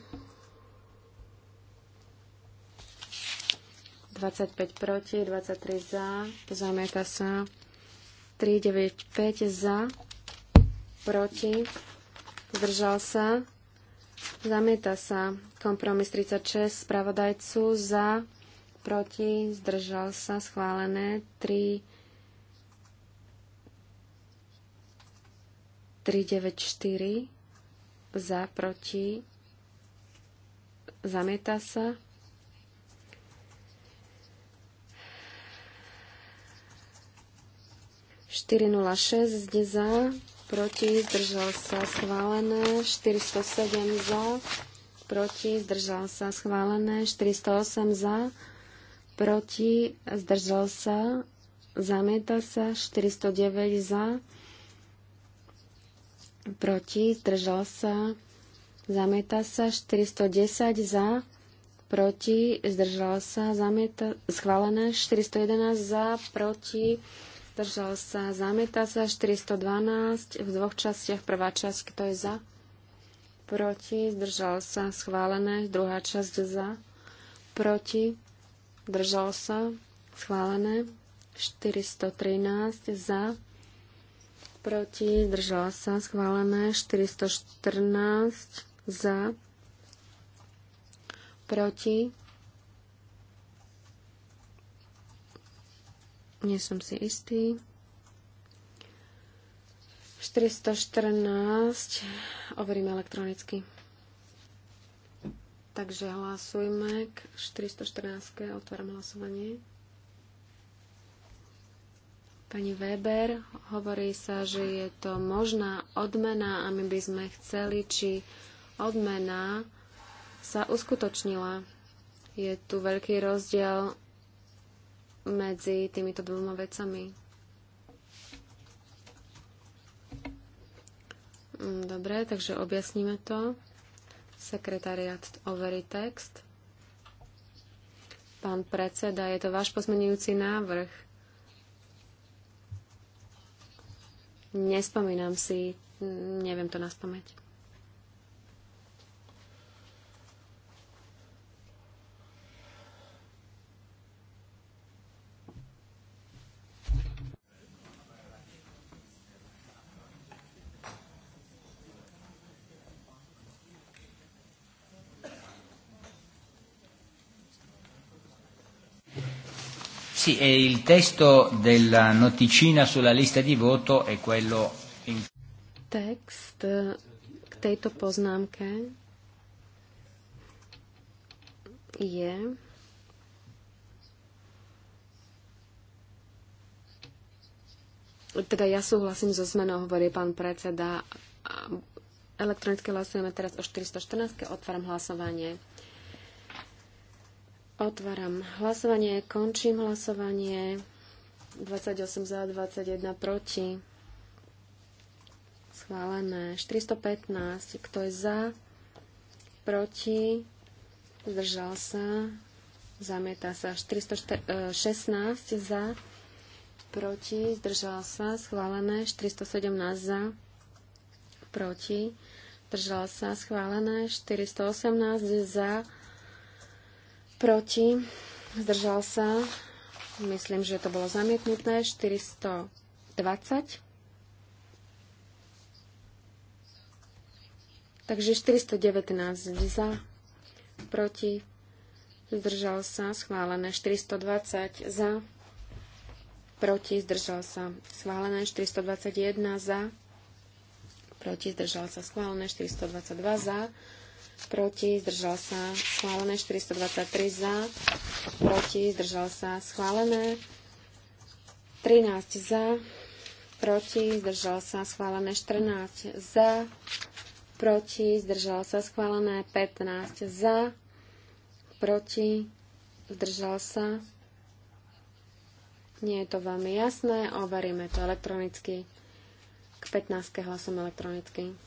25 proti, 23 za, zamieta sa, 395 za, proti, zdržal sa, zamieta sa. Kompromis 36 spravodajcu za, proti, zdržal sa, schválené 3, 3 9 4 za, proti, zamieta sa. Štyri nula šesť zde za, proti, zdržal sa schválené, 407 za, proti, zdržal sa schválené, 408 za, proti, zdržal sa, zamieta sa, 409 za, proti, zdržal sa, zamieta sa, 410 za, proti, zdržal sa, zamieta, schválené, 411 za, proti, zdržal sa, zamieta sa, 412 v dvoch častiach, prvá časť, kto je za, proti, zdržal sa, schválené, druhá časť za, proti, zdržal sa, schválené, 413 za, proti, zdržal sa, schválené, 414 za, proti, Nie som si istý. 414 Overím elektronicky. Takže hlasujme k 414. Otváram hlasovanie. Pani Weber, hovorí sa, že je to možná odmena a my by sme chceli, či odmena sa uskutočnila. Je tu veľký rozdiel medzi týmito dvoma vecami. Mm, dobre, takže objasníme to. Sekretariat overí text. Pán predseda, je to váš pozmenujúci návrh. Nespomínam si, neviem to naspamäť. Sì, e il testo della noticina sulla lista di voto è quello... In... Text eh, k tejto poznámke je Teda ja súhlasím so zmenou, hovorí pán predseda. elektronické hlasujeme teraz o 414. Otváram hlasovanie. Otváram hlasovanie, končím hlasovanie. 28 za, 21 proti. Schválené. 415. Kto je za? Proti? Zdržal sa? Zamieta sa. 416 za? Proti? Zdržal sa? Schválené. 417 za? Proti? Zdržal sa? Schválené. 418 za? proti, zdržal sa, myslím, že to bolo zamietnuté, 420. Takže 419 za, proti, zdržal sa, schválené 420 za, proti, zdržal sa, schválené 421 za, proti, zdržal sa, schválené 422 za, proti, zdržal sa, schválené. 423 za, proti, zdržal sa, schválené. 13 za, proti, zdržal sa, schválené. 14 za, proti, zdržal sa, schválené. 15 za, proti, zdržal sa. Nie je to veľmi jasné, overíme to elektronicky. K 15. hlasom elektronicky.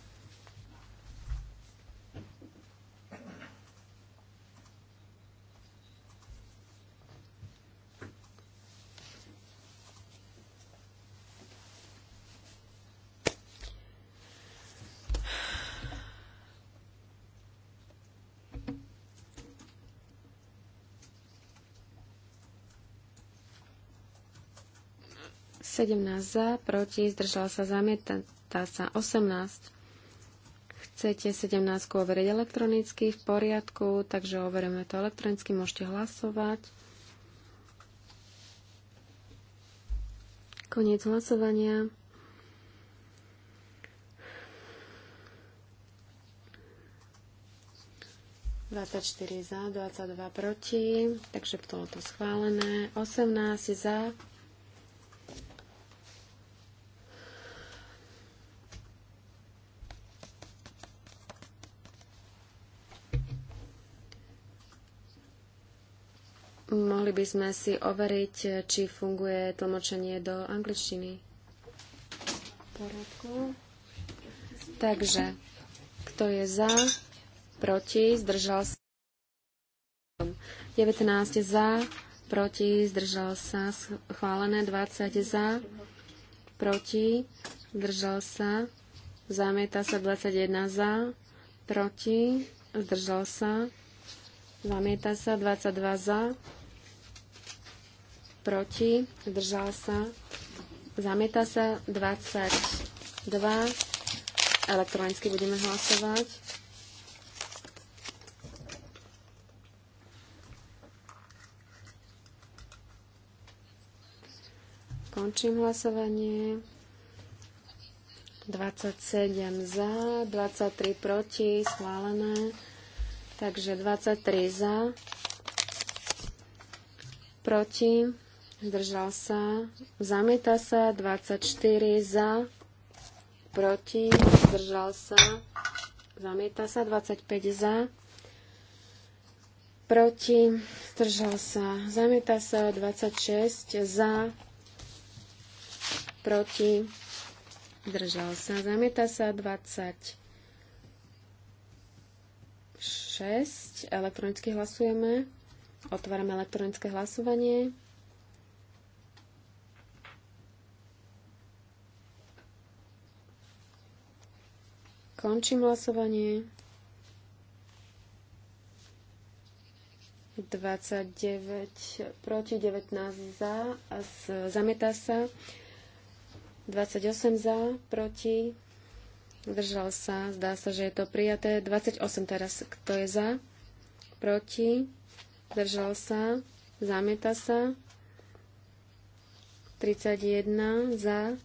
17 za, proti, zdržal sa, zamietá sa 18. Chcete 17 overiť elektronicky, v poriadku, takže overujeme to elektronicky, môžete hlasovať. Koniec hlasovania. Dvadsaťštyri za, 22 proti, takže bolo to schválené. 18 za, Mohli by sme si overiť, či funguje tlmočenie do angličtiny. Poradku. Takže, kto je za, proti, zdržal sa. 19 za, proti, zdržal sa, chválené 20 za, proti, zdržal sa, zamieta sa 21 za, proti, zdržal sa, zamieta sa 22 za, proti, zdržal sa, zamieta sa 22. Elektronicky budeme hlasovať. Končím hlasovanie. 27 za, 23 proti, schválené. Takže 23 za, proti zdržal sa, zamieta sa, 24 za, proti, zdržal sa, zamieta sa, 25 za, proti, zdržal sa, zamieta sa, 26 za, proti, zdržal sa, zamieta sa, 20 6. Elektronicky hlasujeme. Otvárame elektronické hlasovanie. Končím hlasovanie. 29 proti 19 za a z, zamietá sa. 28 za proti. Zdržal sa. Zdá sa, že je to prijaté. 28 teraz. Kto je za? Proti. Zdržal sa. Zamieta sa. 31 za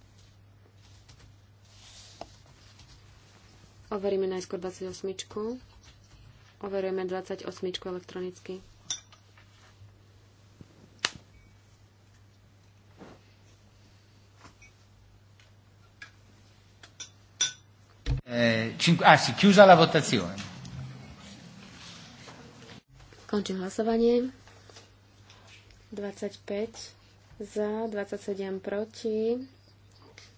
Overíme najskôr 28. Overujeme 28 elektronicky. Eh, ah, si chiusa la votazione. Končím hlasovanie. 25 za, 27 proti.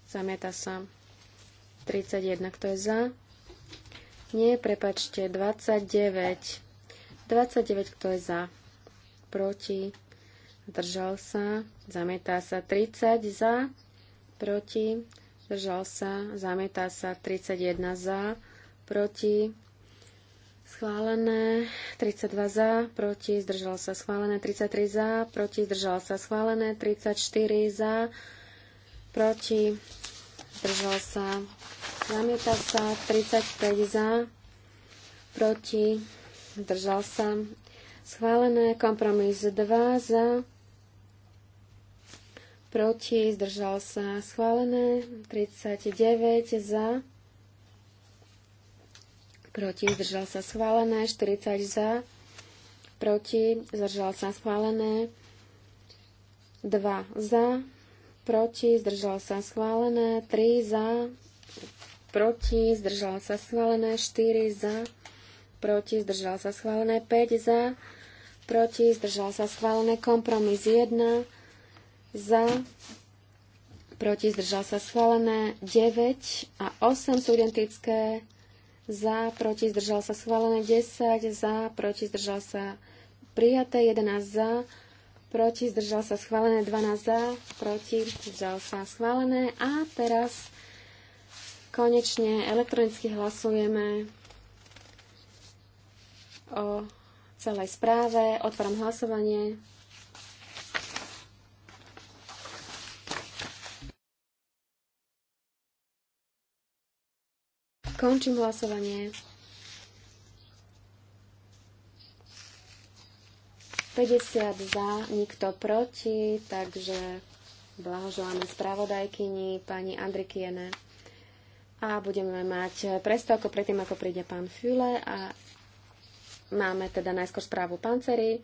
Zamieta sa 31, kto je za, nie, prepačte, 29. 29, kto je za? Proti? Držal sa? Zamietá sa 30 za? Proti? Držal sa? Zamietá sa 31 za? Proti? Schválené 32 za, proti, zdržal sa schválené 33 za, proti, zdržal sa schválené 34 za, proti, zdržal sa Zamieta sa 35 za, proti, zdržal sa. Schválené kompromis 2 za, proti, zdržal sa. Schválené 39 za, proti, zdržal sa. Schválené 40 za, proti, zdržal sa. Schválené 2 za, proti, zdržal sa. Schválené 3 za, proti, zdržala sa schválené 4 za, proti, zdržala sa schválené 5 za, proti, zdržala sa schválené kompromis 1 za, proti, zdržala sa schválené 9 a 8 sú identické, za, proti, zdržala sa schválené 10, za, proti, zdržala sa prijaté 11 za, proti, zdržala sa schválené 12 za, proti, zdržala sa schválené a teraz Konečne elektronicky hlasujeme o celej správe. Otváram hlasovanie. Končím hlasovanie. 50 za, nikto proti, takže blahoželáme spravodajkyni pani Andrikiene a budeme mať prestávku predtým, ako príde pán Füle a máme teda najskôr správu Pancery.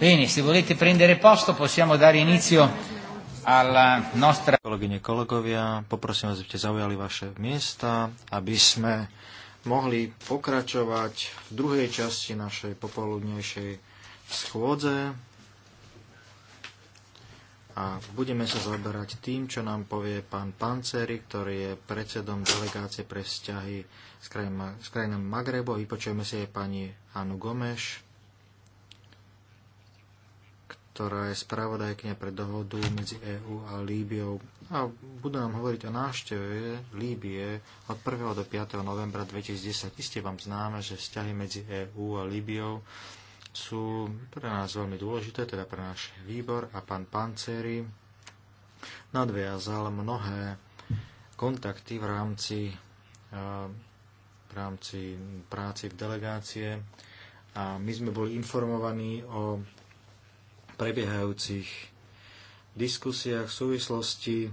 Bene, se volete prendere posto possiamo dare inizio alla nostra... Kolegyne, kolegovia, poprosím vás, aby ste zaujali vaše miesta, aby sme mohli pokračovať v druhej časti našej popoludnejšej schôdze a budeme sa zaberať tým, čo nám povie pán Panceri, ktorý je predsedom delegácie pre vzťahy s krajinami Magrebo. Vypočujeme si aj pani Anu Gomeš, ktorá je spravodajkňa pre dohodu medzi EÚ a Líbiou a budú nám hovoriť o návšteve Líbie od 1. do 5. novembra 2010. Isté vám známe, že vzťahy medzi EÚ a Líbiou sú pre nás veľmi dôležité, teda pre náš výbor a pán Panceri nadviazal mnohé kontakty v rámci, e, v rámci práci v delegácie a my sme boli informovaní o prebiehajúcich diskusiách v súvislosti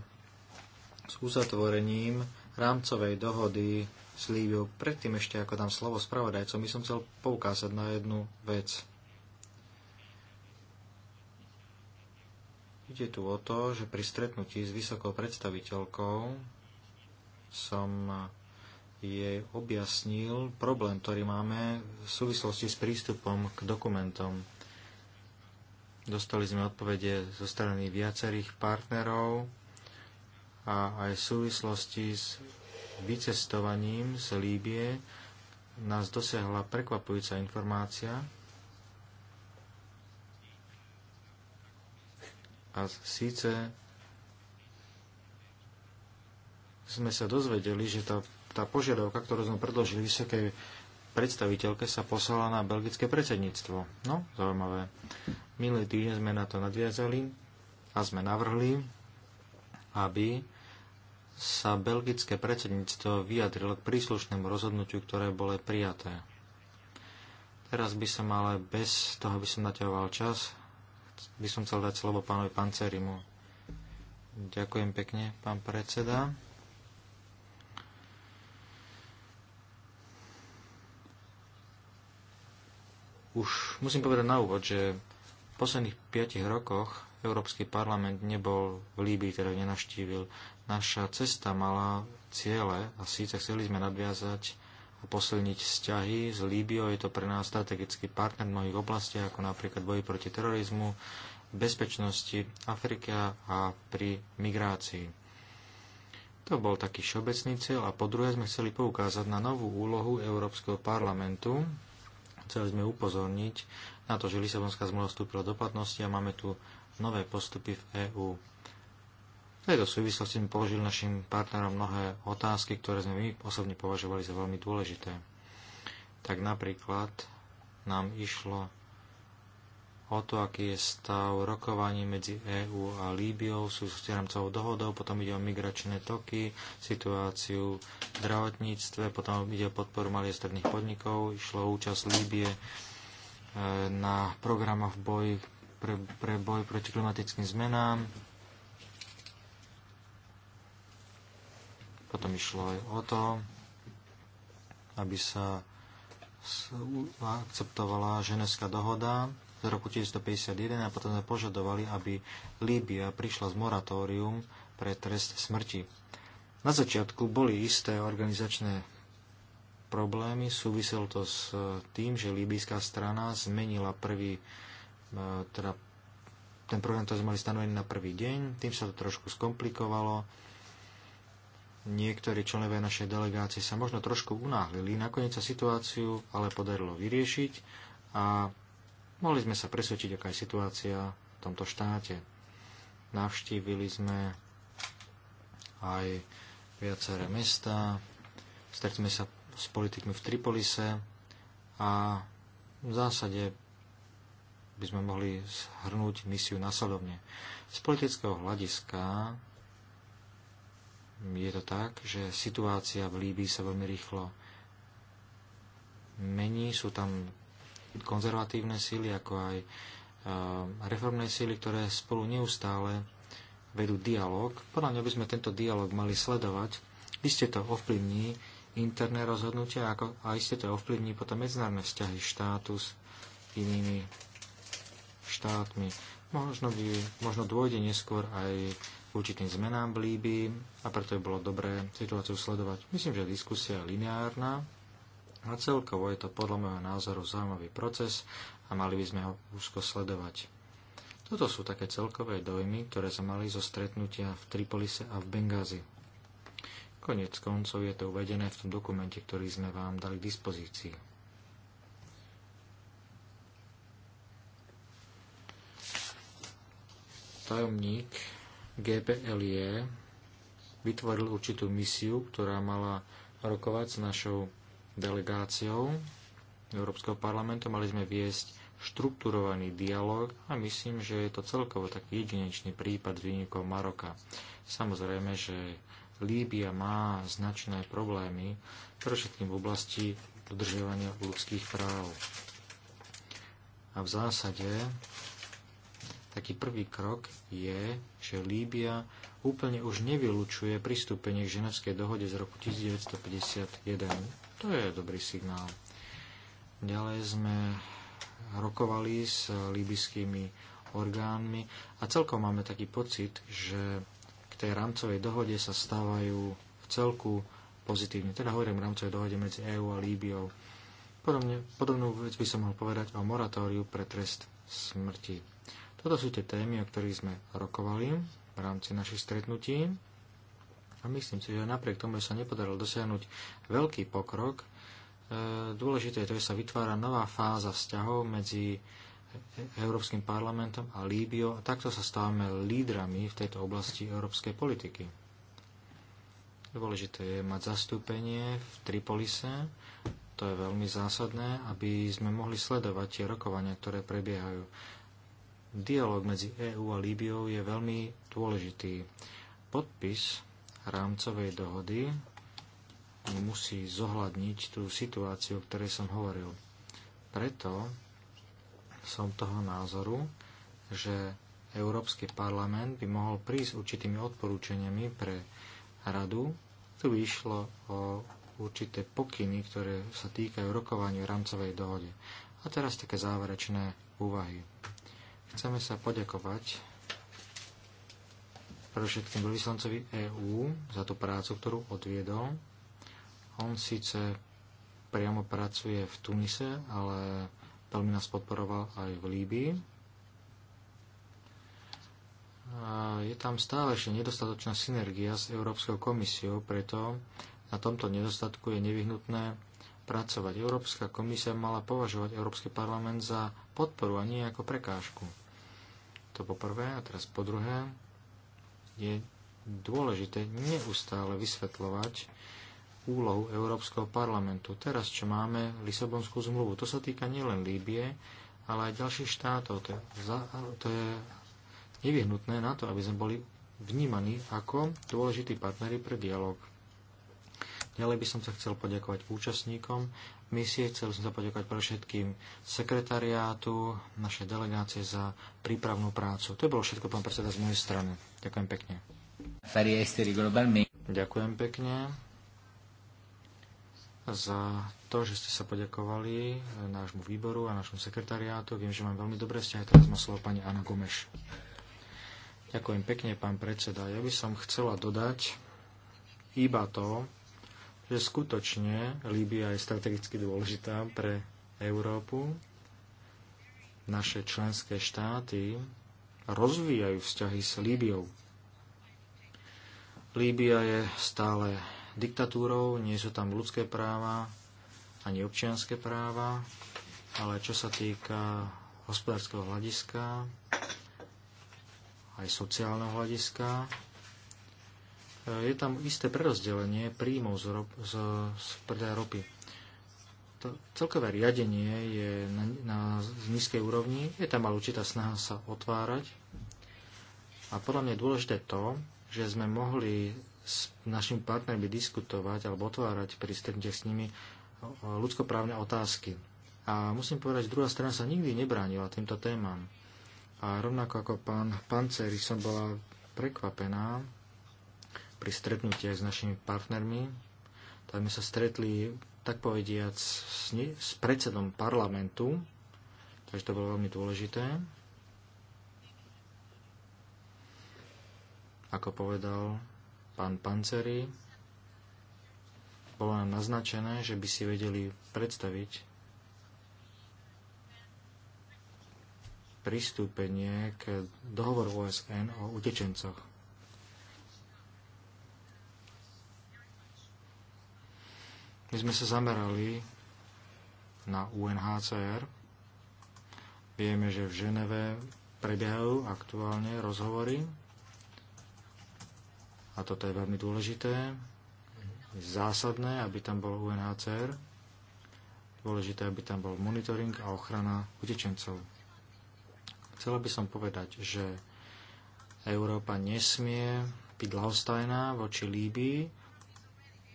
s uzatvorením rámcovej dohody s Líbiou. Predtým ešte, ako dám slovo spravodajcom, by som chcel poukázať na jednu vec. Ide tu o to, že pri stretnutí s vysokou predstaviteľkou som jej objasnil problém, ktorý máme v súvislosti s prístupom k dokumentom. Dostali sme odpovede zo strany viacerých partnerov a aj v súvislosti s vycestovaním z Líbie nás dosiahla prekvapujúca informácia a síce sme sa dozvedeli, že tá, tá požiadavka, ktorú sme predložili Vysokej predstaviteľke sa poslala na belgické predsedníctvo. No, zaujímavé. Minulý týždeň sme na to nadviazali a sme navrhli, aby sa belgické predsedníctvo vyjadrilo k príslušnému rozhodnutiu, ktoré bolo prijaté. Teraz by som ale bez toho, by som naťahoval čas, by som chcel dať slovo pánovi Pancerimu. Ďakujem pekne, pán predseda. Už musím povedať na úvod, že v posledných 5 rokoch Európsky parlament nebol v Líbii, teda nenaštívil. Naša cesta mala ciele a síce chceli sme nadviazať a posilniť vzťahy s Líbiou. Je to pre nás strategický partner v mnohých oblastiach, ako napríklad boji proti terorizmu, bezpečnosti Afriky a pri migrácii. To bol taký všeobecný cieľ a po druhé sme chceli poukázať na novú úlohu Európskeho parlamentu Chceli sme upozorniť na to, že Lisabonská zmluva vstúpila do platnosti a máme tu nové postupy v EÚ. V tejto súvislosti sme položili našim partnerom mnohé otázky, ktoré sme my osobne považovali za veľmi dôležité. Tak napríklad nám išlo o to, aký je stav rokovaní medzi EÚ a Líbiou, sú s rámcovou dohodou, potom ide o migračné toky, situáciu v zdravotníctve, potom ide o podporu malých stredných podnikov, išlo o účasť Líbie e, na programoch boj boji pre, pre boj proti klimatickým zmenám. Potom išlo aj o to, aby sa akceptovala ženevská dohoda, z roku 1951 a potom sme požadovali, aby Líbia prišla z moratórium pre trest smrti. Na začiatku boli isté organizačné problémy, súviselo to s e, tým, že líbyjská strana zmenila prvý, e, teda ten program, ktorý sme mali stanovený na prvý deň, tým sa to trošku skomplikovalo. Niektorí členovia našej delegácie sa možno trošku unáhlili, nakoniec sa situáciu ale podarilo vyriešiť a Mohli sme sa presvedčiť, aká je situácia v tomto štáte. Navštívili sme aj viaceré mesta, stretli sme sa s politikmi v Tripolise a v zásade by sme mohli zhrnúť misiu nasledovne. Z politického hľadiska je to tak, že situácia v Líbii sa veľmi rýchlo mení, sú tam konzervatívne síly, ako aj eh, reformné síly, ktoré spolu neustále vedú dialog. Podľa mňa by sme tento dialog mali sledovať. Isté to ovplyvní interné rozhodnutia ako, a isté to ovplyvní potom medzinárodné vzťahy štátu s inými štátmi. Možno, by, možno dôjde neskôr aj k určitým zmenám v Líbii a preto by bolo dobré situáciu sledovať. Myslím, že diskusia je lineárna, a celkovo je to podľa môjho názoru zaujímavý proces a mali by sme ho úzko sledovať. Toto sú také celkové dojmy, ktoré sme mali zo stretnutia v Tripolise a v Bengázi. Konec koncov je to uvedené v tom dokumente, ktorý sme vám dali k dispozícii. Tajomník GPLE vytvoril určitú misiu, ktorá mala rokovať s našou delegáciou Európskeho parlamentu. Mali sme viesť štrukturovaný dialog a myslím, že je to celkovo taký jedinečný prípad výnikov Maroka. Samozrejme, že Líbia má značné problémy, pre všetkým v oblasti dodržovania ľudských práv. A v zásade taký prvý krok je, že Líbia úplne už nevylučuje pristúpenie k ženevskej dohode z roku 1951 to je dobrý signál. Ďalej sme rokovali s líbyskými orgánmi a celkom máme taký pocit, že k tej rámcovej dohode sa stávajú v celku pozitívne. Teda hovorím rámcovej dohode medzi EÚ a Líbiou. Podobne, podobnú vec by som mohol povedať o moratóriu pre trest smrti. Toto sú tie témy, o ktorých sme rokovali v rámci našich stretnutí a myslím si, že napriek tomu, že sa nepodarilo dosiahnuť veľký pokrok, e, dôležité je to, že sa vytvára nová fáza vzťahov medzi Európskym parlamentom a Líbiou a takto sa stávame lídrami v tejto oblasti európskej politiky. Dôležité je mať zastúpenie v Tripolise, to je veľmi zásadné, aby sme mohli sledovať tie rokovania, ktoré prebiehajú. Dialóg medzi EÚ a Líbiou je veľmi dôležitý. Podpis rámcovej dohody musí zohľadniť tú situáciu, o ktorej som hovoril. Preto som toho názoru, že Európsky parlament by mohol prísť určitými odporúčaniami pre radu. Tu by išlo o určité pokyny, ktoré sa týkajú rokovania rámcovej dohode. A teraz také záverečné úvahy. Chceme sa poďakovať predovšetkým všetkým veľvyslancovi EÚ za tú prácu, ktorú odviedol. On síce priamo pracuje v Tunise, ale veľmi nás podporoval aj v Líbii. A je tam stále ešte nedostatočná synergia s Európskou komisiou, preto na tomto nedostatku je nevyhnutné pracovať. Európska komisia mala považovať Európsky parlament za podporu a nie ako prekážku. To po prvé a teraz po druhé je dôležité neustále vysvetľovať úlohu Európskeho parlamentu. Teraz, čo máme Lisabonskú zmluvu, to sa týka nielen Líbie, ale aj ďalších štátov. To je, za, to je nevyhnutné na to, aby sme boli vnímaní ako dôležití partnery pre dialog. Ďalej by som sa chcel poďakovať účastníkom misie. Chcel som sa poďakovať pre všetkým sekretariátu, našej delegácie za prípravnú prácu. To je bolo všetko, pán predseda, z mojej strany. Ďakujem pekne. Ďakujem pekne za to, že ste sa poďakovali nášmu výboru a nášmu sekretariátu. Viem, že mám veľmi dobré vzťahy. Teraz má slovo pani Anna Gomeš. Ďakujem pekne, pán predseda. Ja by som chcela dodať iba to, že skutočne Líbia je strategicky dôležitá pre Európu. Naše členské štáty rozvíjajú vzťahy s Líbiou. Líbia je stále diktatúrou, nie sú tam ľudské práva, ani občianské práva, ale čo sa týka hospodárskeho hľadiska, aj sociálneho hľadiska, je tam isté prerozdelenie príjmov z, rop, z, z predaja ropy. To celkové riadenie je na, na nízkej úrovni, je tam ale určitá snaha sa otvárať. A podľa mňa je dôležité to, že sme mohli s našimi partnermi diskutovať alebo otvárať pri stretnutiach s nimi ľudskoprávne otázky. A musím povedať, že druhá strana sa nikdy nebránila týmto témam. A rovnako ako pán Panceri som bola prekvapená, pri stretnutiach s našimi partnermi. Tak sme sa stretli, tak povediac, s, s predsedom parlamentu, takže to bolo veľmi dôležité. Ako povedal pán Panceri, bolo nám naznačené, že by si vedeli predstaviť pristúpenie k dohovoru OSN o utečencoch. My sme sa zamerali na UNHCR. Vieme, že v Ženeve prebiehajú aktuálne rozhovory a toto je veľmi dôležité, zásadné, aby tam bol UNHCR, dôležité, aby tam bol monitoring a ochrana utečencov. Chcela by som povedať, že Európa nesmie byť lahostajná voči Líbii,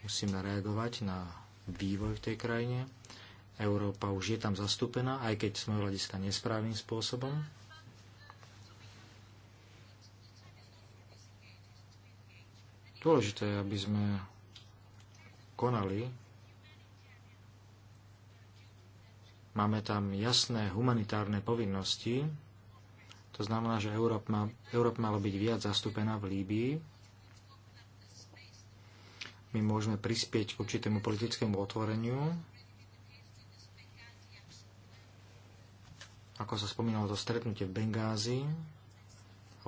musíme reagovať na vývoj v tej krajine. Európa už je tam zastúpená, aj keď z môjho hľadiska nesprávnym spôsobom. Dôležité je, aby sme konali. Máme tam jasné humanitárne povinnosti. To znamená, že Európa, Európa mala byť viac zastúpená v Líbii my môžeme prispieť k určitému politickému otvoreniu. Ako sa spomínalo, to stretnutie v Bengázi,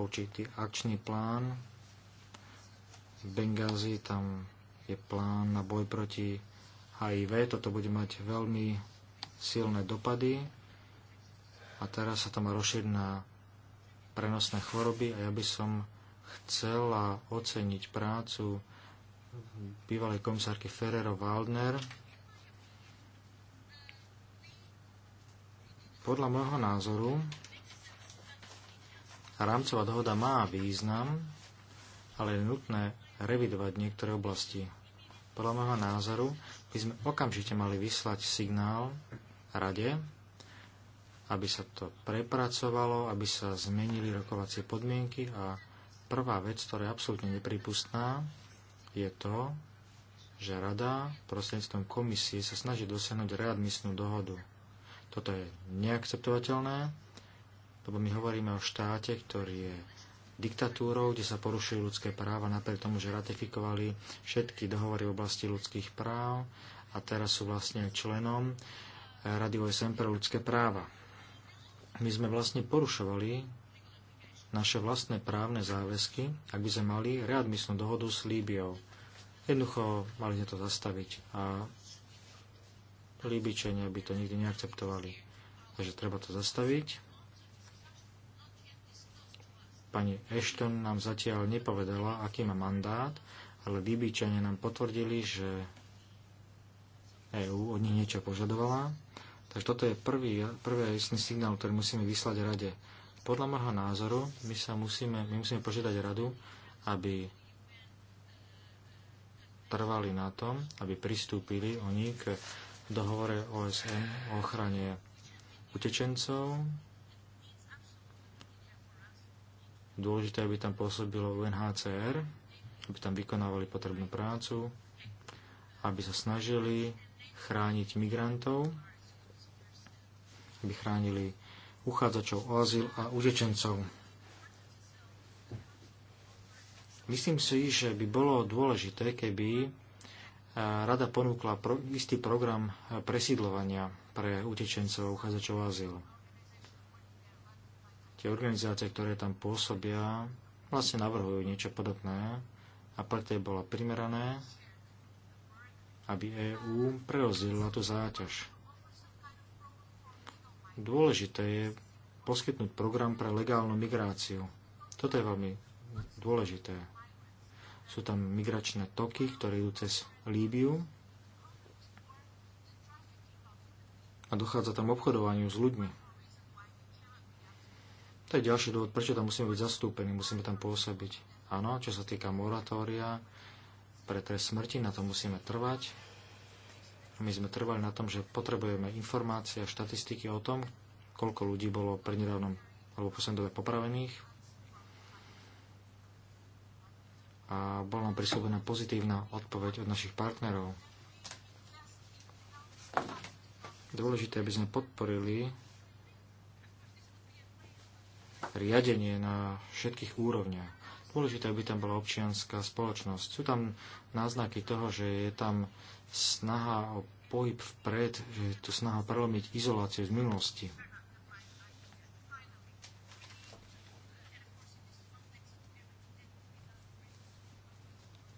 určitý akčný plán. V Bengázi tam je plán na boj proti HIV. Toto bude mať veľmi silné dopady. A teraz sa to má rozšíriť na prenosné choroby a ja by som chcela oceniť prácu bývalej komisárky Ferrero Waldner. Podľa môjho názoru rámcová dohoda má význam, ale je nutné revidovať niektoré oblasti. Podľa môjho názoru by sme okamžite mali vyslať signál rade, aby sa to prepracovalo, aby sa zmenili rokovacie podmienky a prvá vec, ktorá je absolútne nepripustná, je to, že Rada prostredníctvom komisie sa snaží dosiahnuť readmisnú dohodu. Toto je neakceptovateľné, lebo my hovoríme o štáte, ktorý je diktatúrou, kde sa porušujú ľudské práva, napriek tomu, že ratifikovali všetky dohovory v oblasti ľudských práv a teraz sú vlastne členom eh, Rady OSN pre ľudské práva. My sme vlastne porušovali naše vlastné právne záväzky, ak by sme mali readmisnú dohodu s Líbiou. Jednoducho mali sme to zastaviť a Líbičania by to nikdy neakceptovali. Takže treba to zastaviť. Pani Ashton nám zatiaľ nepovedala, aký má mandát, ale Líbičania nám potvrdili, že EÚ od nich niečo požadovala. Takže toto je prvý, prvý jasný signál, ktorý musíme vyslať rade. Podľa môjho názoru my sa musíme, my musíme požiadať radu, aby trvali na tom, aby pristúpili oni k dohovore OSN o ochrane utečencov. Dôležité, aby tam pôsobilo UNHCR, aby tam vykonávali potrebnú prácu, aby sa snažili chrániť migrantov, aby chránili uchádzačov o azyl a utečencov. Myslím si, že by bolo dôležité, keby eh, rada ponúkla pro, istý program eh, presídlovania pre utečencov a uchádzačov o azyl. Tie organizácie, ktoré tam pôsobia, vlastne navrhujú niečo podobné a preto je bolo primerané, aby EÚ prerozdelila tú záťaž. Dôležité je poskytnúť program pre legálnu migráciu. Toto je veľmi dôležité. Sú tam migračné toky, ktoré idú cez Líbiu a dochádza tam obchodovaniu s ľuďmi. To je ďalší dôvod, prečo tam musíme byť zastúpení, musíme tam pôsobiť. Áno, čo sa týka moratória, pre trest smrti, na to musíme trvať. My sme trvali na tom, že potrebujeme informácie a štatistiky o tom, koľko ľudí bolo prednedávnom alebo poslednom dobe popravených. A bola nám prislúbená pozitívna odpoveď od našich partnerov. Dôležité, aby sme podporili riadenie na všetkých úrovniach. Dôležité, aby tam bola občianská spoločnosť. Sú tam náznaky toho, že je tam snaha o pohyb vpred, že je tu snaha prelomiť izoláciu z minulosti.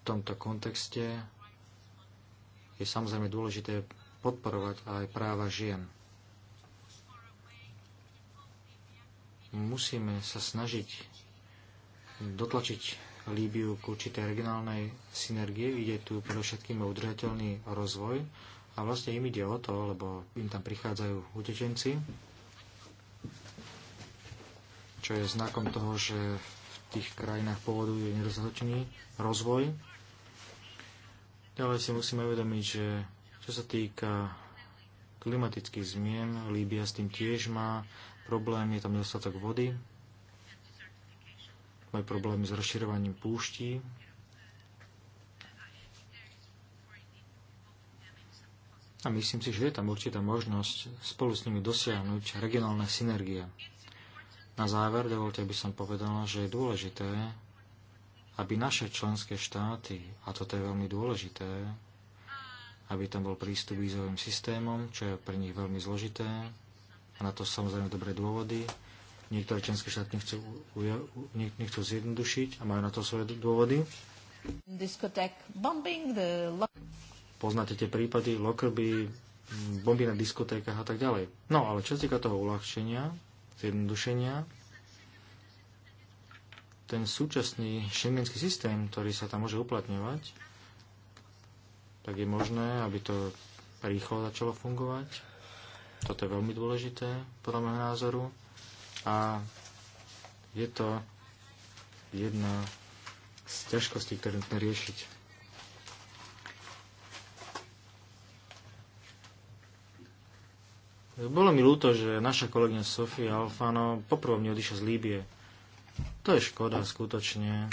V tomto kontexte je samozrejme dôležité podporovať aj práva žien. Musíme sa snažiť dotlačiť Líbiu k určitej regionálnej synergie. Ide tu predovšetkým o udržateľný rozvoj, a vlastne im ide o to, lebo im tam prichádzajú utečenci, čo je znakom toho, že v tých krajinách pôvodu je nerozhodný rozvoj. Ďalej si musíme uvedomiť, že čo sa týka klimatických zmien, Líbia s tým tiež má problém, je tam nedostatok vody, majú problémy s rozširovaním púští, A myslím si, že je tam určitá možnosť spolu s nimi dosiahnuť regionálne synergie. Na záver dovolte, aby som povedala, že je dôležité, aby naše členské štáty, a toto je veľmi dôležité, aby tam bol prístup vízovým systémom, čo je pre nich veľmi zložité, a na to samozrejme dobré dôvody, niektoré členské štáty nechcú, nechcú zjednodušiť a majú na to svoje dôvody. Bombing, the... Poznáte tie prípady lokrby, bomby na diskotékach a tak ďalej. No, ale čo týka toho uľahčenia, zjednodušenia, ten súčasný šengenský systém, ktorý sa tam môže uplatňovať, tak je možné, aby to rýchlo začalo fungovať. Toto je veľmi dôležité, podľa môjho názoru. A je to jedna z ťažkostí, ktoré musíme riešiť. Bolo mi ľúto, že naša kolegyňa Sofia Alfano poprvom neodišla z Líbie. To je škoda, skutočne.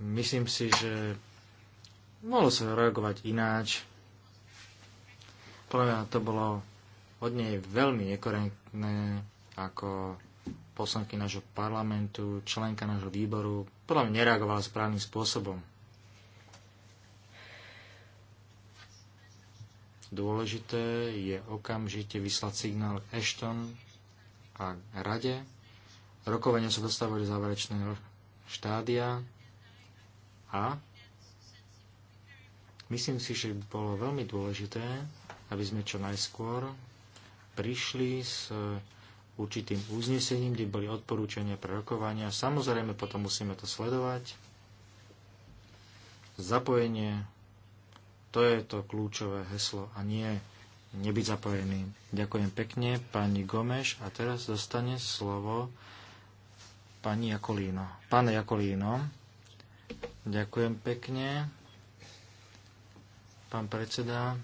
Myslím si, že mohlo sa reagovať ináč. Podľa to bolo od nej veľmi nekorektné ako poslanky nášho parlamentu, členka nášho výboru, podľa mňa nereagovala správnym spôsobom. Dôležité je okamžite vyslať signál Ashton a Rade. Rokovania sa dostávali do záverečného štádia a myslím si, že by bolo veľmi dôležité, aby sme čo najskôr prišli s určitým uznesením, kde boli odporúčania pre rokovania. Samozrejme, potom musíme to sledovať. Zapojenie, to je to kľúčové heslo a nie nebyť zapojený. Ďakujem pekne, pani Gomeš. A teraz dostane slovo pani Jakolíno. Pane Jakolíno, ďakujem pekne. Pán predseda,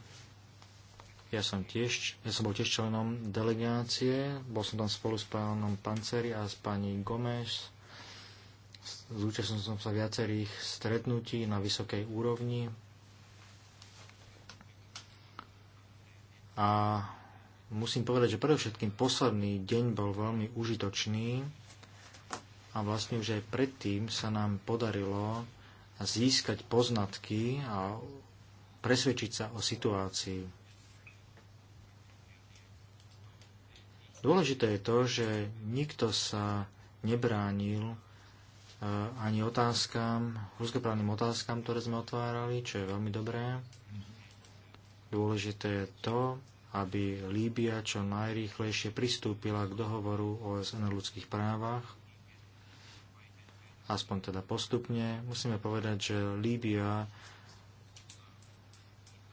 ja som, tiež, ja som bol tiež členom delegácie, bol som tam spolu s pánom Panceri a s pani Gomes. Zúčastnil som sa viacerých stretnutí na vysokej úrovni. A musím povedať, že predovšetkým posledný deň bol veľmi užitočný a vlastne už aj predtým sa nám podarilo získať poznatky a presvedčiť sa o situácii. Dôležité je to, že nikto sa nebránil e, ani otázkam, ľudskoprávnym otázkam, ktoré sme otvárali, čo je veľmi dobré. Dôležité je to, aby Líbia čo najrýchlejšie pristúpila k dohovoru OSN o ľudských právach. Aspoň teda postupne. Musíme povedať, že Líbia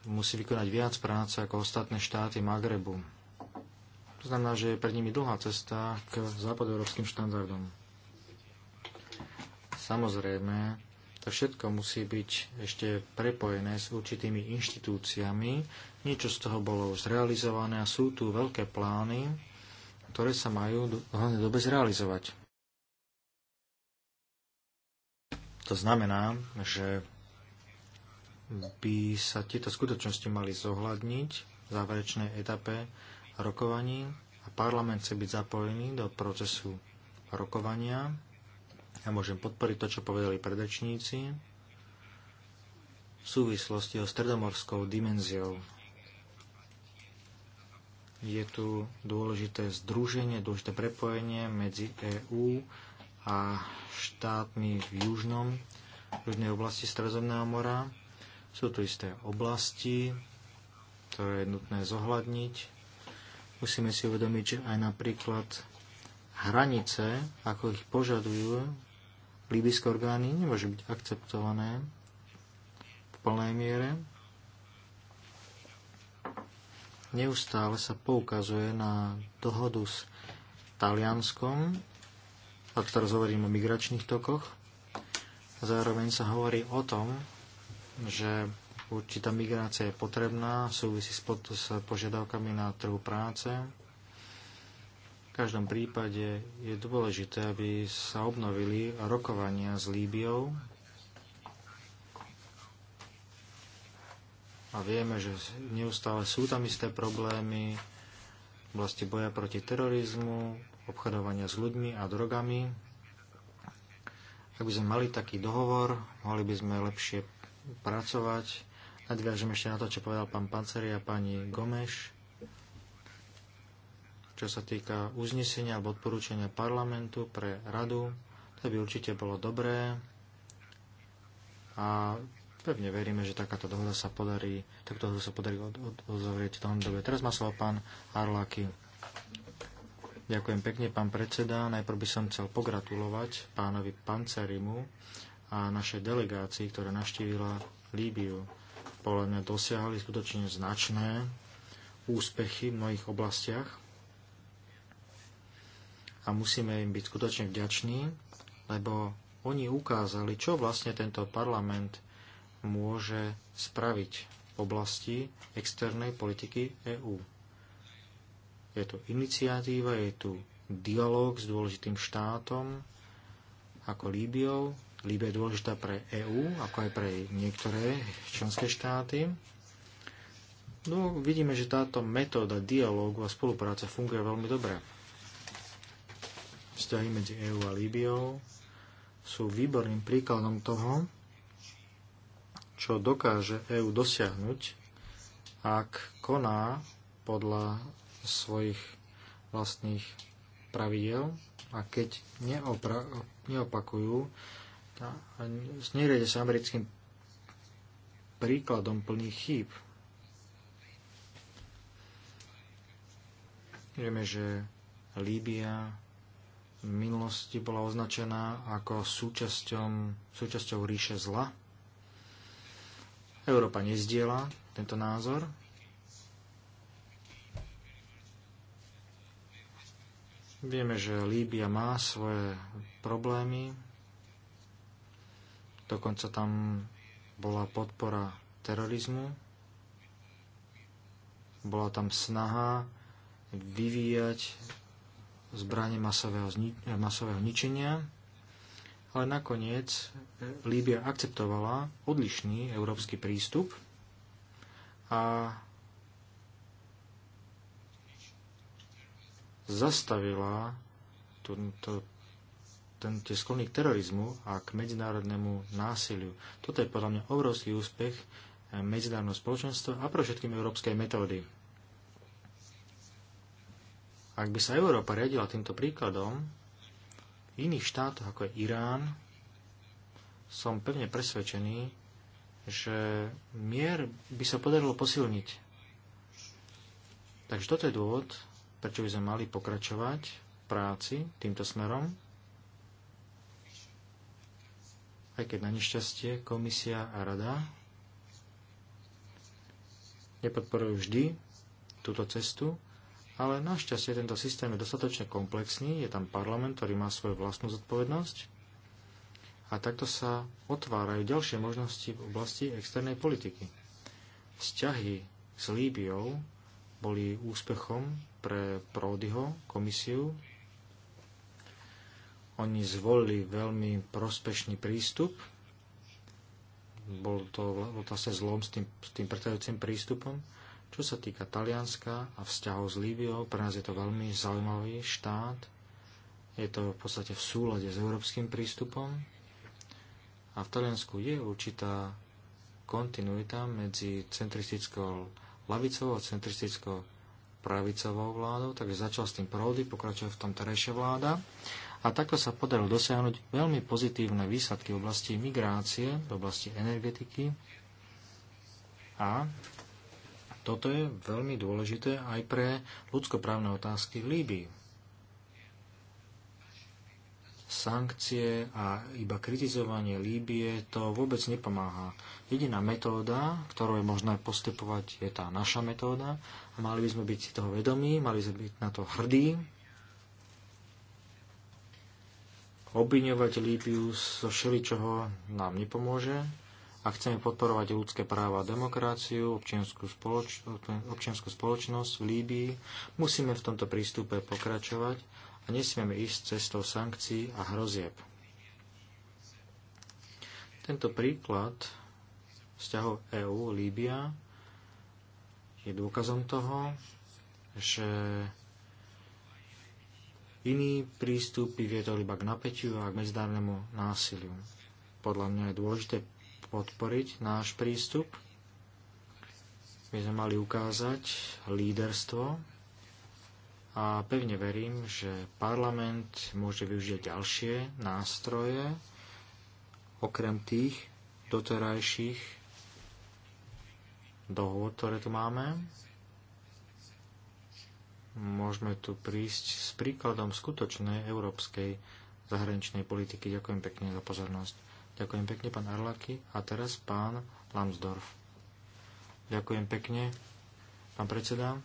musí vykonať viac práce ako ostatné štáty Magrebu to znamená, že je pred nimi dlhá cesta k západoeurópskym štandardom. Samozrejme, to všetko musí byť ešte prepojené s určitými inštitúciami. Niečo z toho bolo už zrealizované a sú tu veľké plány, ktoré sa majú v hlavnej dobe zrealizovať. To znamená, že by sa tieto skutočnosti mali zohľadniť v záverečnej etape rokovaní a parlament chce byť zapojený do procesu rokovania. Ja môžem podporiť to, čo povedali predrečníci v súvislosti o stredomorskou dimenziou. Je tu dôležité združenie, dôležité prepojenie medzi EÚ a štátmi v južnom, v južnej oblasti Stredozemného mora. Sú tu isté oblasti, ktoré je nutné zohľadniť Musíme si uvedomiť, že aj napríklad hranice, ako ich požadujú líbyské orgány, nemôžu byť akceptované v plnej miere. Neustále sa poukazuje na dohodu s Talianskom, a teraz hovorím o migračných tokoch. Zároveň sa hovorí o tom, že Určitá migrácia je potrebná, súvisí s, pod, s požiadavkami na trhu práce. V každom prípade je dôležité, aby sa obnovili rokovania s Líbiou. A vieme, že neustále sú tam isté problémy v oblasti boja proti terorizmu, obchodovania s ľuďmi a drogami. Ak by sme mali taký dohovor, mohli by sme lepšie pracovať Nadviažem ešte na to, čo povedal pán Panceri a pani Gomeš, čo sa týka uznesenia alebo odporúčania parlamentu pre radu. To by určite bolo dobré a pevne veríme, že takáto dohoda sa podarí, takto dohoda sa podarí od, od, v tom dobe. Teraz má slovo pán Arlaky. Ďakujem pekne, pán predseda. Najprv by som chcel pogratulovať pánovi Pancerimu a našej delegácii, ktorá navštívila Líbiu spolene dosiahli skutočne značné úspechy v mnohých oblastiach a musíme im byť skutočne vďační, lebo oni ukázali, čo vlastne tento parlament môže spraviť v oblasti externej politiky EÚ. Je tu iniciatíva, je tu dialog s dôležitým štátom ako Líbiou Líbia je dôležitá pre EÚ, ako aj pre niektoré členské štáty. No, vidíme, že táto metóda dialógu a spolupráce funguje veľmi dobre. Vzťahy medzi EÚ a Líbiou sú výborným príkladom toho, čo dokáže EÚ dosiahnuť, ak koná podľa svojich vlastných pravidel a keď neopakujú a sneriete sa americkým príkladom plných chýb. Vieme, že Líbia v minulosti bola označená ako súčasťom, súčasťou ríše zla. Európa nezdiela tento názor. Vieme, že Líbia má svoje problémy, dokonca tam bola podpora terorizmu, bola tam snaha vyvíjať zbranie masového, eh, masového ničenia, ale nakoniec eh, Líbia akceptovala odlišný európsky prístup a zastavila túto ten, tie sklony k terorizmu a k medzinárodnému násiliu. Toto je podľa mňa obrovský úspech eh, medzinárodného spoločenstva a pro všetkým európskej metódy. Ak by sa Európa riadila týmto príkladom, v iných štátoch ako je Irán, som pevne presvedčený, že mier by sa podarilo posilniť. Takže toto je dôvod, prečo by sme mali pokračovať v práci týmto smerom. aj keď na nešťastie komisia a rada nepodporujú vždy túto cestu, ale našťastie tento systém je dostatočne komplexný, je tam parlament, ktorý má svoju vlastnú zodpovednosť a takto sa otvárajú ďalšie možnosti v oblasti externej politiky. Vzťahy s Líbiou boli úspechom pre Prodyho komisiu oni zvolili veľmi prospešný prístup. Bol to, bol sa zlom s tým, s tým predchádzajúcim prístupom. Čo sa týka Talianska a vzťahov s Líbiou, pre nás je to veľmi zaujímavý štát. Je to v podstate v súlade s európskym prístupom. A v Taliansku je určitá kontinuita medzi centristickou lavicovou a centristickou pravicovou vládou, takže začal s tým Prody, pokračuje v tom terajšia vláda a takto sa podarilo dosiahnuť veľmi pozitívne výsledky v oblasti migrácie, v oblasti energetiky a toto je veľmi dôležité aj pre ľudskoprávne otázky v Líbii. Sankcie a iba kritizovanie Líbie to vôbec nepomáha. Jediná metóda, ktorou je možné postupovať, je tá naša metóda a mali by sme byť toho vedomí, mali by sme byť na to hrdí, Obviňovať Líbiu zo všeličoho nám nepomôže. Ak chceme podporovať ľudské práva a demokraciu, občianskú, spoloč- občianskú spoločnosť v Líbii, musíme v tomto prístupe pokračovať a nesmieme ísť cestou sankcií a hrozieb. Tento príklad vzťahov EÚ-Líbia je dôkazom toho, že Iný prístup by viedol iba k napätiu a k medzinárodnému násiliu. Podľa mňa je dôležité podporiť náš prístup. My sme mali ukázať líderstvo a pevne verím, že parlament môže využiť ďalšie nástroje, okrem tých doterajších dohôd, ktoré tu máme môžeme tu prísť s príkladom skutočnej európskej zahraničnej politiky. Ďakujem pekne za pozornosť. Ďakujem pekne, pán Arlaky. A teraz pán Lambsdorff. Ďakujem pekne, pán predseda.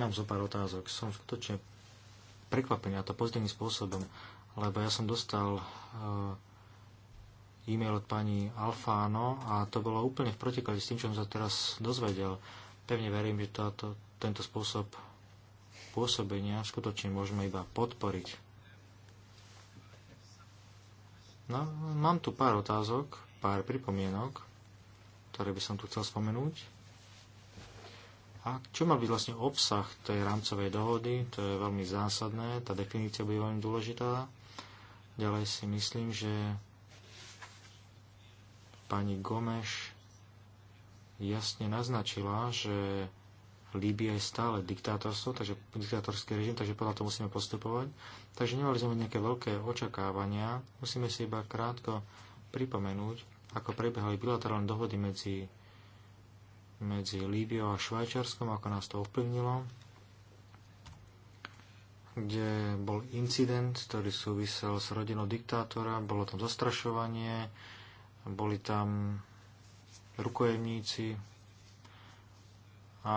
Mám zo pár otázok. Som skutočne prekvapený, a to pozdeným spôsobom, lebo ja som dostal eh, e-mail od pani Alfáno a to bolo úplne v protiklade s tým, čo som sa teraz dozvedel. Pevne verím, že táto, tento spôsob pôsobenia skutočne môžeme iba podporiť. No, mám tu pár otázok, pár pripomienok, ktoré by som tu chcel spomenúť. A čo má byť vlastne obsah tej rámcovej dohody, to je veľmi zásadné, tá definícia bude veľmi dôležitá. Ďalej si myslím, že pani Gomeš jasne naznačila, že Líbia je stále diktátorstvo, takže diktátorský režim, takže podľa toho musíme postupovať. Takže nemali sme nejaké veľké očakávania, musíme si iba krátko pripomenúť, ako prebiehali bilaterálne dohody medzi, medzi Líbiou a Švajčarskom, ako nás to ovplyvnilo, kde bol incident, ktorý súvisel s rodinou diktátora, bolo tam zastrašovanie, boli tam rukojemníci, a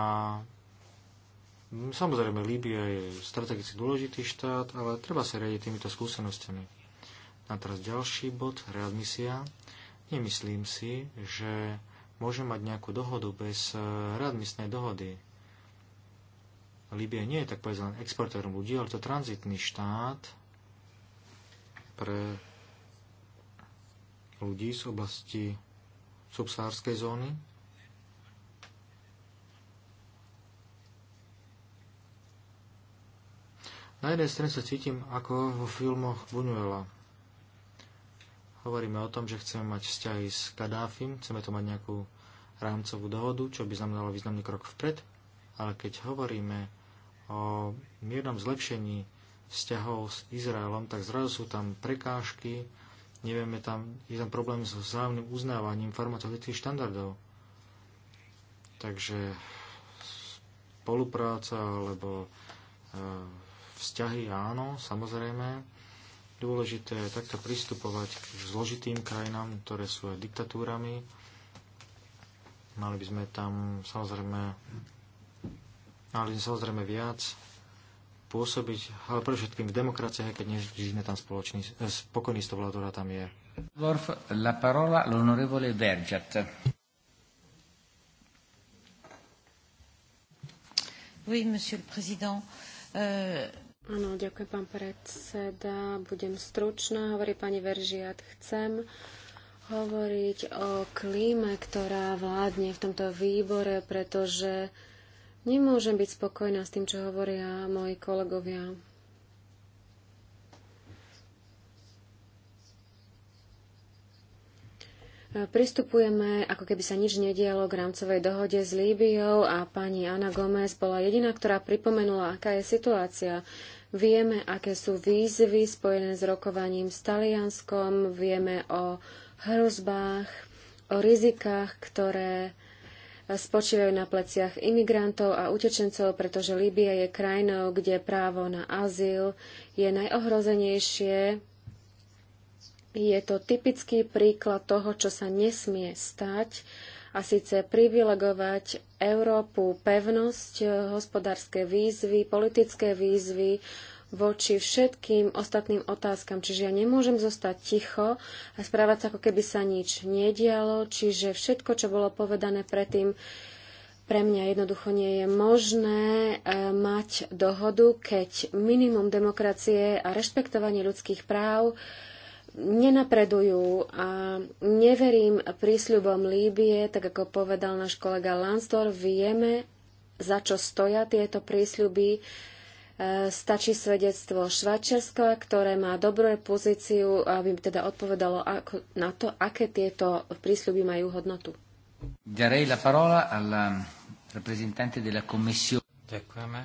mm, samozrejme, Líbia je strategicky dôležitý štát, ale treba sa riadiť týmito skúsenostiami. A teraz ďalší bod, readmisia. Nemyslím si, že môže mať nejakú dohodu bez eh, readmisnej dohody. Líbia nie je tak povedať len exportérom ľudí, ale to tranzitný štát pre ľudí z oblasti subsárskej zóny, Na jednej strane sa cítim ako vo filmoch Buñuela. Hovoríme o tom, že chceme mať vzťahy s Kadáfim, chceme to mať nejakú rámcovú dohodu, čo by znamenalo významný krok vpred, ale keď hovoríme o miernom zlepšení vzťahov s Izraelom, tak zrazu sú tam prekážky, nevieme tam, je tam problém s vzájomným uznávaním farmaceutických štandardov. Takže spolupráca alebo e, Vzťahy áno, samozrejme. Dôležité je takto pristupovať k zložitým krajinám, ktoré sú aj diktatúrami. Mali by sme tam samozrejme, mali by samozrejme viac pôsobiť, ale pre všetkým v demokraciách, keď nežijeme tam spoločný, eh, spokojný s tou tam je. Dorf, la parola l'onorevole Vergiat. Oui, monsieur le président. Euh, Áno, ďakujem, pán predseda. Budem stručná, hovorí pani Veržiat. Chcem hovoriť o klíme, ktorá vládne v tomto výbore, pretože nemôžem byť spokojná s tým, čo hovoria moji kolegovia. Pristupujeme, ako keby sa nič nedialo k rámcovej dohode s Líbiou a pani Ana Gomez bola jediná, ktorá pripomenula, aká je situácia. Vieme, aké sú výzvy spojené s rokovaním s Talianskom, vieme o hrozbách, o rizikách, ktoré spočívajú na pleciach imigrantov a utečencov, pretože Líbia je krajinou, kde právo na azyl je najohrozenejšie je to typický príklad toho, čo sa nesmie stať, a síce privilegovať Európu pevnosť, eh, hospodárske výzvy, politické výzvy voči všetkým ostatným otázkam. Čiže ja nemôžem zostať ticho a správať sa, ako keby sa nič nedialo. Čiže všetko, čo bolo povedané predtým, pre mňa jednoducho nie je možné eh, mať dohodu, keď minimum demokracie a rešpektovanie ľudských práv nenapredujú a neverím prísľubom Líbie, tak ako povedal náš kolega Lansdor, vieme, za čo stoja tieto prísľuby. E, stačí svedectvo Švajčiarska, ktoré má dobrú pozíciu, aby teda odpovedalo na to, aké tieto prísľuby majú hodnotu. Ehm, Ďakujeme.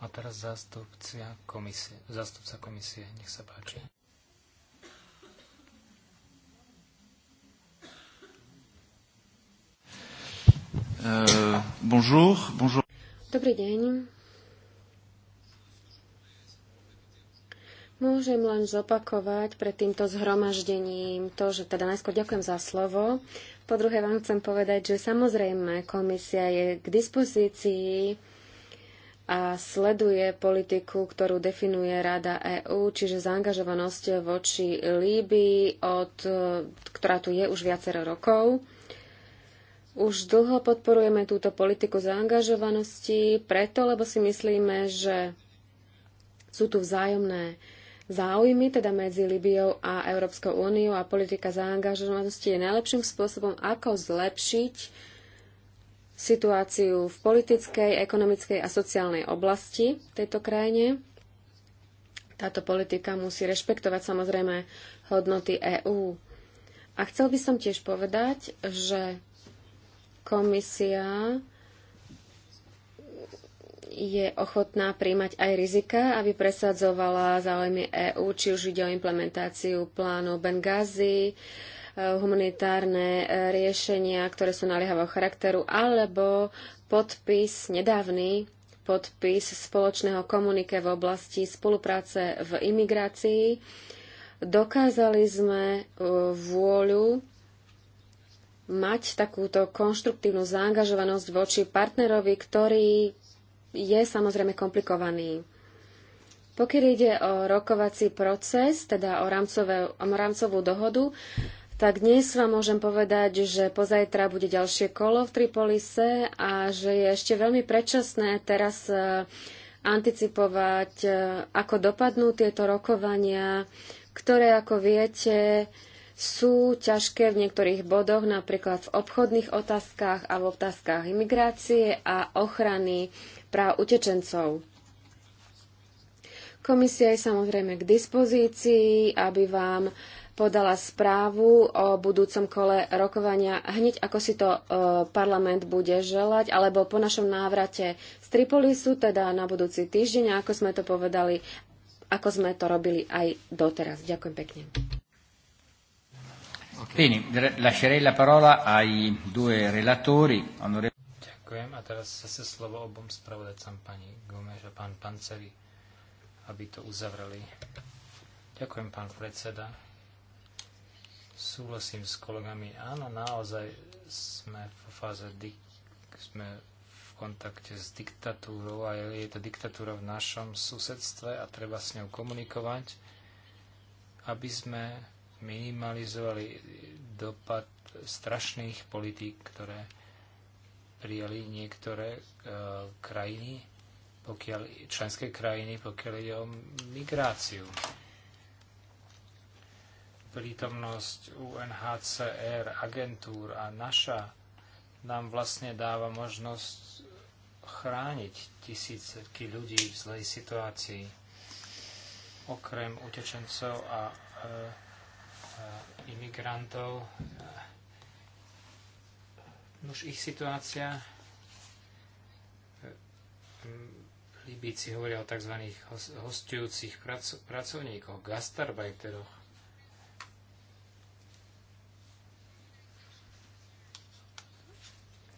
A teraz zástupca komisie. Zástupca komisie, nech sa páči. Eh, bonjour, bonjour. Dobrý deň. Môžem len zopakovať pred týmto zhromaždením to, že teda najskôr ďakujem za slovo. Po druhé vám chcem povedať, že samozrejme komisia je k dispozícii a sleduje politiku, ktorú definuje Rada EÚ, čiže zaangažovanosť voči Líbii, od, eh, ktorá tu je už viacero rokov. Už dlho podporujeme túto politiku zaangažovanosti, preto, lebo si myslíme, že sú tu vzájomné záujmy, teda medzi Libiou a Európskou úniou a politika zaangažovanosti je najlepším spôsobom, ako zlepšiť situáciu v politickej, ekonomickej a sociálnej oblasti v tejto krajine. Táto politika musí rešpektovať samozrejme hodnoty EÚ. A chcel by som tiež povedať, že Komisia je ochotná príjmať aj rizika, aby presadzovala záujmy EÚ, či už ide o implementáciu plánu Benghazi, eh, humanitárne eh, riešenia, ktoré sú naliehavého charakteru, alebo podpis nedávny podpis spoločného komunike v oblasti spolupráce v imigrácii. Dokázali sme eh, vôľu mať takúto konštruktívnu zaangažovanosť voči partnerovi, ktorý je samozrejme komplikovaný. Pokiaľ ide o rokovací proces, teda o, rámcové, o rámcovú dohodu, tak dnes vám môžem povedať, že pozajtra bude ďalšie kolo v Tripolise a že je ešte veľmi predčasné teraz e, anticipovať, e, ako dopadnú tieto rokovania, ktoré, ako viete, sú ťažké v niektorých bodoch, napríklad v obchodných otázkach a v otázkach imigrácie a ochrany práv utečencov. Komisia je samozrejme k dispozícii, aby vám podala správu o budúcom kole rokovania hneď ako si to e, parlament bude želať, alebo po našom návrate z Tripolisu, teda na budúci týždeň, ako sme to povedali, ako sme to robili aj doteraz. Ďakujem pekne. Bene, lascerei la parola ai due relatori. Ďakujem a teraz zase slovo obom spravodajcom pani Gomeš a pán Panceri, aby to uzavreli. Ďakujem, pán predseda. Súhlasím s kolegami. Áno, naozaj sme v fáze sme v kontakte s diktatúrou a je to diktatúra v našom susedstve a treba s ňou komunikovať, aby sme minimalizovali dopad strašných politík, ktoré prijali niektoré e, krajiny, pokiaľ, členské krajiny, pokiaľ ide o migráciu. Prítomnosť UNHCR, agentúr a naša nám vlastne dáva možnosť chrániť tisícky ľudí v zlej situácii, okrem utečencov a e, imigrantov. Už ich situácia Libíci hovoria o tzv. hostujúcich prac, pracovníkoch, gastarbajteroch.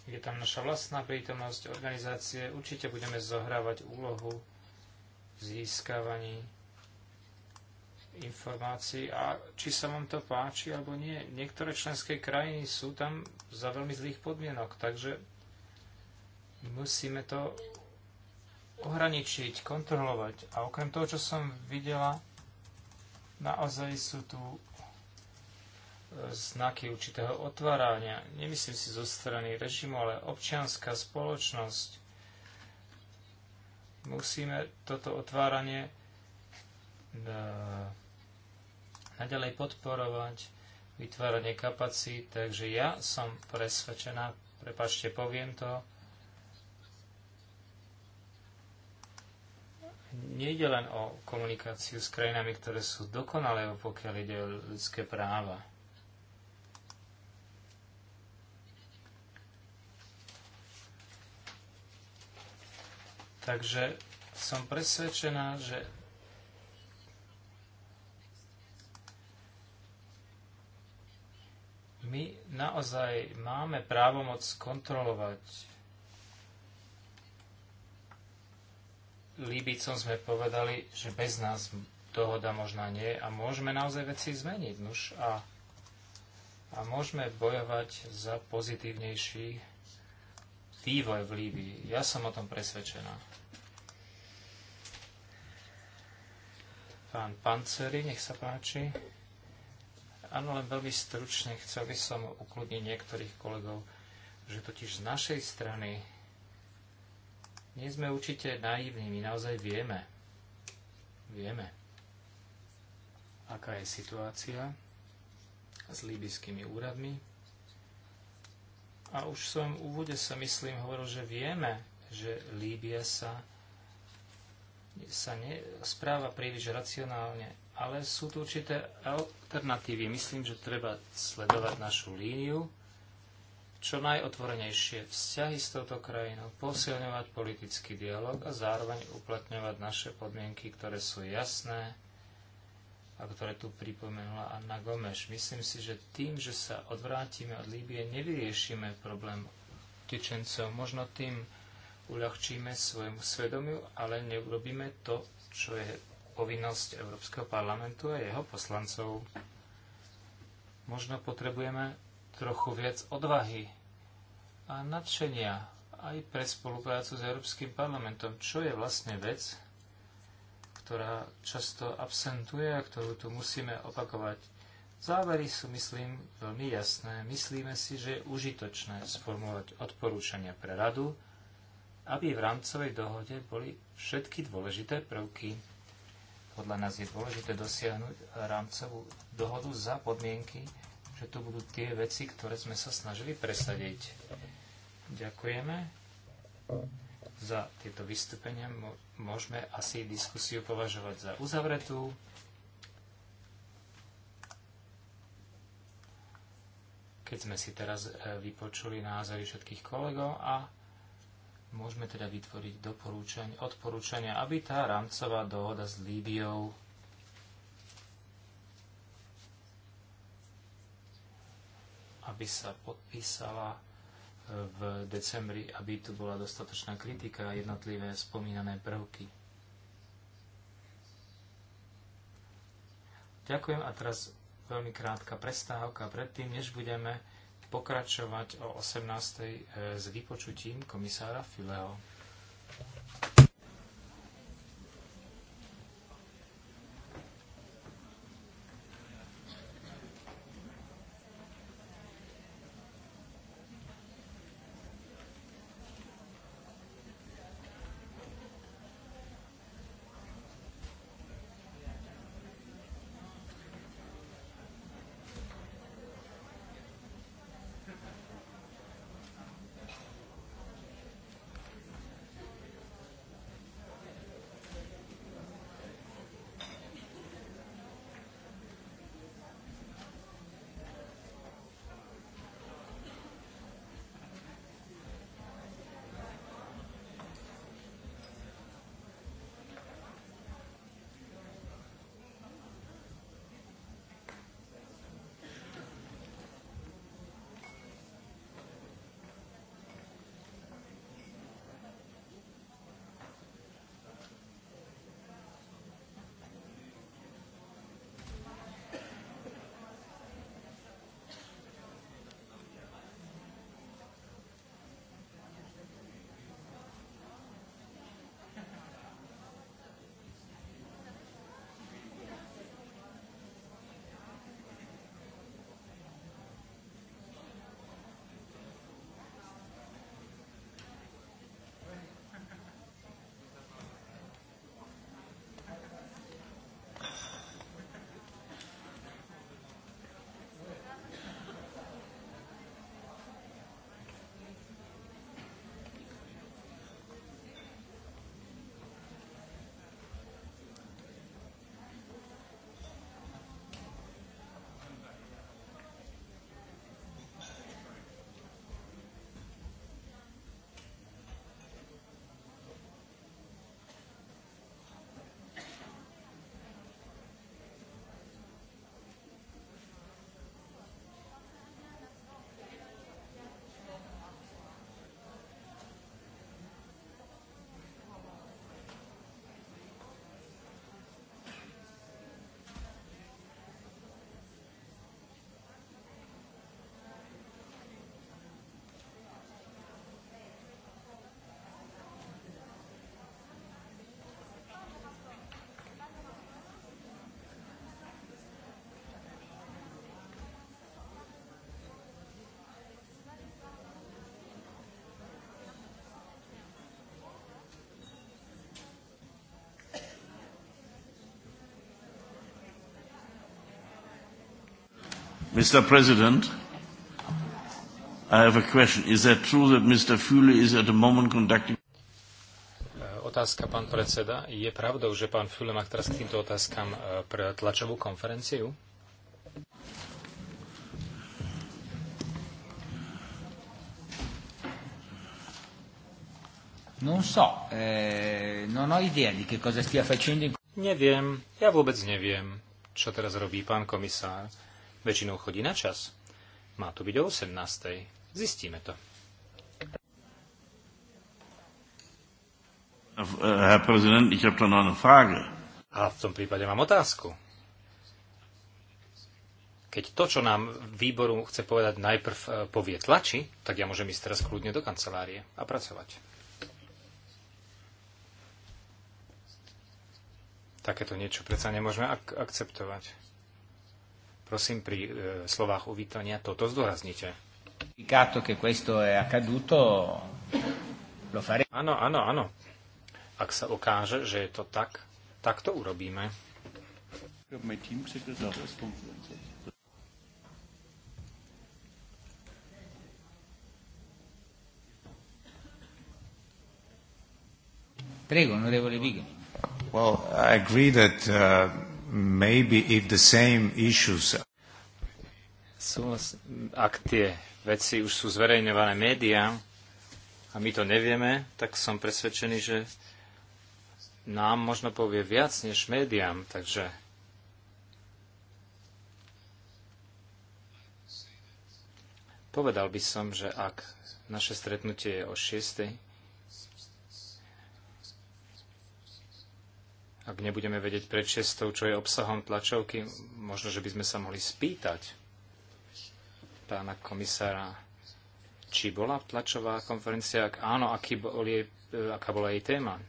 Je tam naša vlastná prítomnosť organizácie. Určite budeme zohrávať úlohu v získavaní informácií a či sa vám to páči alebo nie. Niektoré členské krajiny sú tam za veľmi zlých podmienok, takže musíme to ohraničiť, kontrolovať. A okrem toho, čo som videla, naozaj sú tu e, znaky určitého otvárania. Nemyslím si zo strany režimu, ale občianská spoločnosť. Musíme toto otváranie e, naďalej podporovať vytváranie kapacít, takže ja som presvedčená, prepačte, poviem to, nejde len o komunikáciu s krajinami, ktoré sú dokonalé, pokiaľ ide o ľudské práva. Takže som presvedčená, že My naozaj máme právomoc kontrolovať. Líbicom sme povedali, že bez nás dohoda možná nie a môžeme naozaj veci zmeniť. Nuž a, a môžeme bojovať za pozitívnejší vývoj v Líbii. Ja som o tom presvedčená. Pán Panceri, nech sa páči. Áno, len veľmi stručne chcel by som ukludniť niektorých kolegov, že totiž z našej strany nie sme určite naivní, my naozaj vieme. Vieme, aká je situácia s líbyskými úradmi. A už som svojom úvode sa myslím hovoril, že vieme, že Líbia sa, sa ne, správa príliš racionálne ale sú tu určité alternatívy. Myslím, že treba sledovať našu líniu, čo najotvorenejšie vzťahy s touto krajinou, posilňovať politický dialog a zároveň uplatňovať naše podmienky, ktoré sú jasné a ktoré tu pripomenula Anna Gomeš. Myslím si, že tým, že sa odvrátime od Líbie, nevyriešime problém tečencov. Možno tým uľahčíme svojmu svedomiu, ale neurobíme to, čo je povinnosť Európskeho parlamentu a jeho poslancov. Možno potrebujeme trochu viac odvahy a nadšenia aj pre spoluprácu s Európskym parlamentom, čo je vlastne vec, ktorá často absentuje a ktorú tu musíme opakovať. Závery sú, myslím, veľmi jasné. Myslíme si, že je užitočné sformulovať odporúčania pre radu, aby v rámcovej dohode boli všetky dôležité prvky. Podľa nás je dôležité dosiahnuť rámcovú dohodu za podmienky, že tu budú tie veci, ktoré sme sa snažili presadiť. Ďakujeme za tieto vystúpenia. Môžeme asi diskusiu považovať za uzavretú. Keď sme si teraz e, vypočuli názory všetkých kolegov a Môžeme teda vytvoriť odporúčania, aby tá rámcová dohoda s Líbiou aby sa podpísala e, v decembri, aby tu bola dostatočná kritika a jednotlivé spomínané prvky. Ďakujem a teraz veľmi krátka prestávka predtým, než budeme pokračovať o 18.00 eh, s vypočutím komisára Fileho. Mr. President, I have a question. Is that true that Mr. Fuley is at the moment conducting eh, Otázka, pán predseda. Je pravdou, že pán Füle má teraz k týmto otázkam eh, pre tlačovú konferenciu? Non so, eh, non ho idea di che cosa stia facendo. Neviem, ja vôbec neviem, čo teraz robí pán komisár. Väčšinou chodí na čas. Má to byť o 18. Zistíme to. Herr Präsident, ich habe da noch eine Frage. A v tom prípade mám otázku. Keď to, čo nám výboru chce povedať, najprv e, povie tlači, tak ja môžem ísť teraz kľudne do kancelárie a pracovať. Takéto niečo predsa nemôžeme ak- akceptovať. Prosím, pri e, slovách uvítania toto zdôraznite. Áno, áno, áno. Ak sa ukáže, že je to tak, tak to urobíme. Prego, onorevole Vigo. Well, I agree that uh, maybe if the same issues sú, ak tie veci už sú zverejňované médiá a my to nevieme, tak som presvedčený, že nám možno povie viac než médiám. Takže povedal by som, že ak naše stretnutie je o 6, ak nebudeme vedieť pred šestou, čo je obsahom tlačovky, možno, že by sme sa mohli spýtať pána komisára, či bola tlačová konferencia, ak áno, aký bol jej, aká bola jej téma.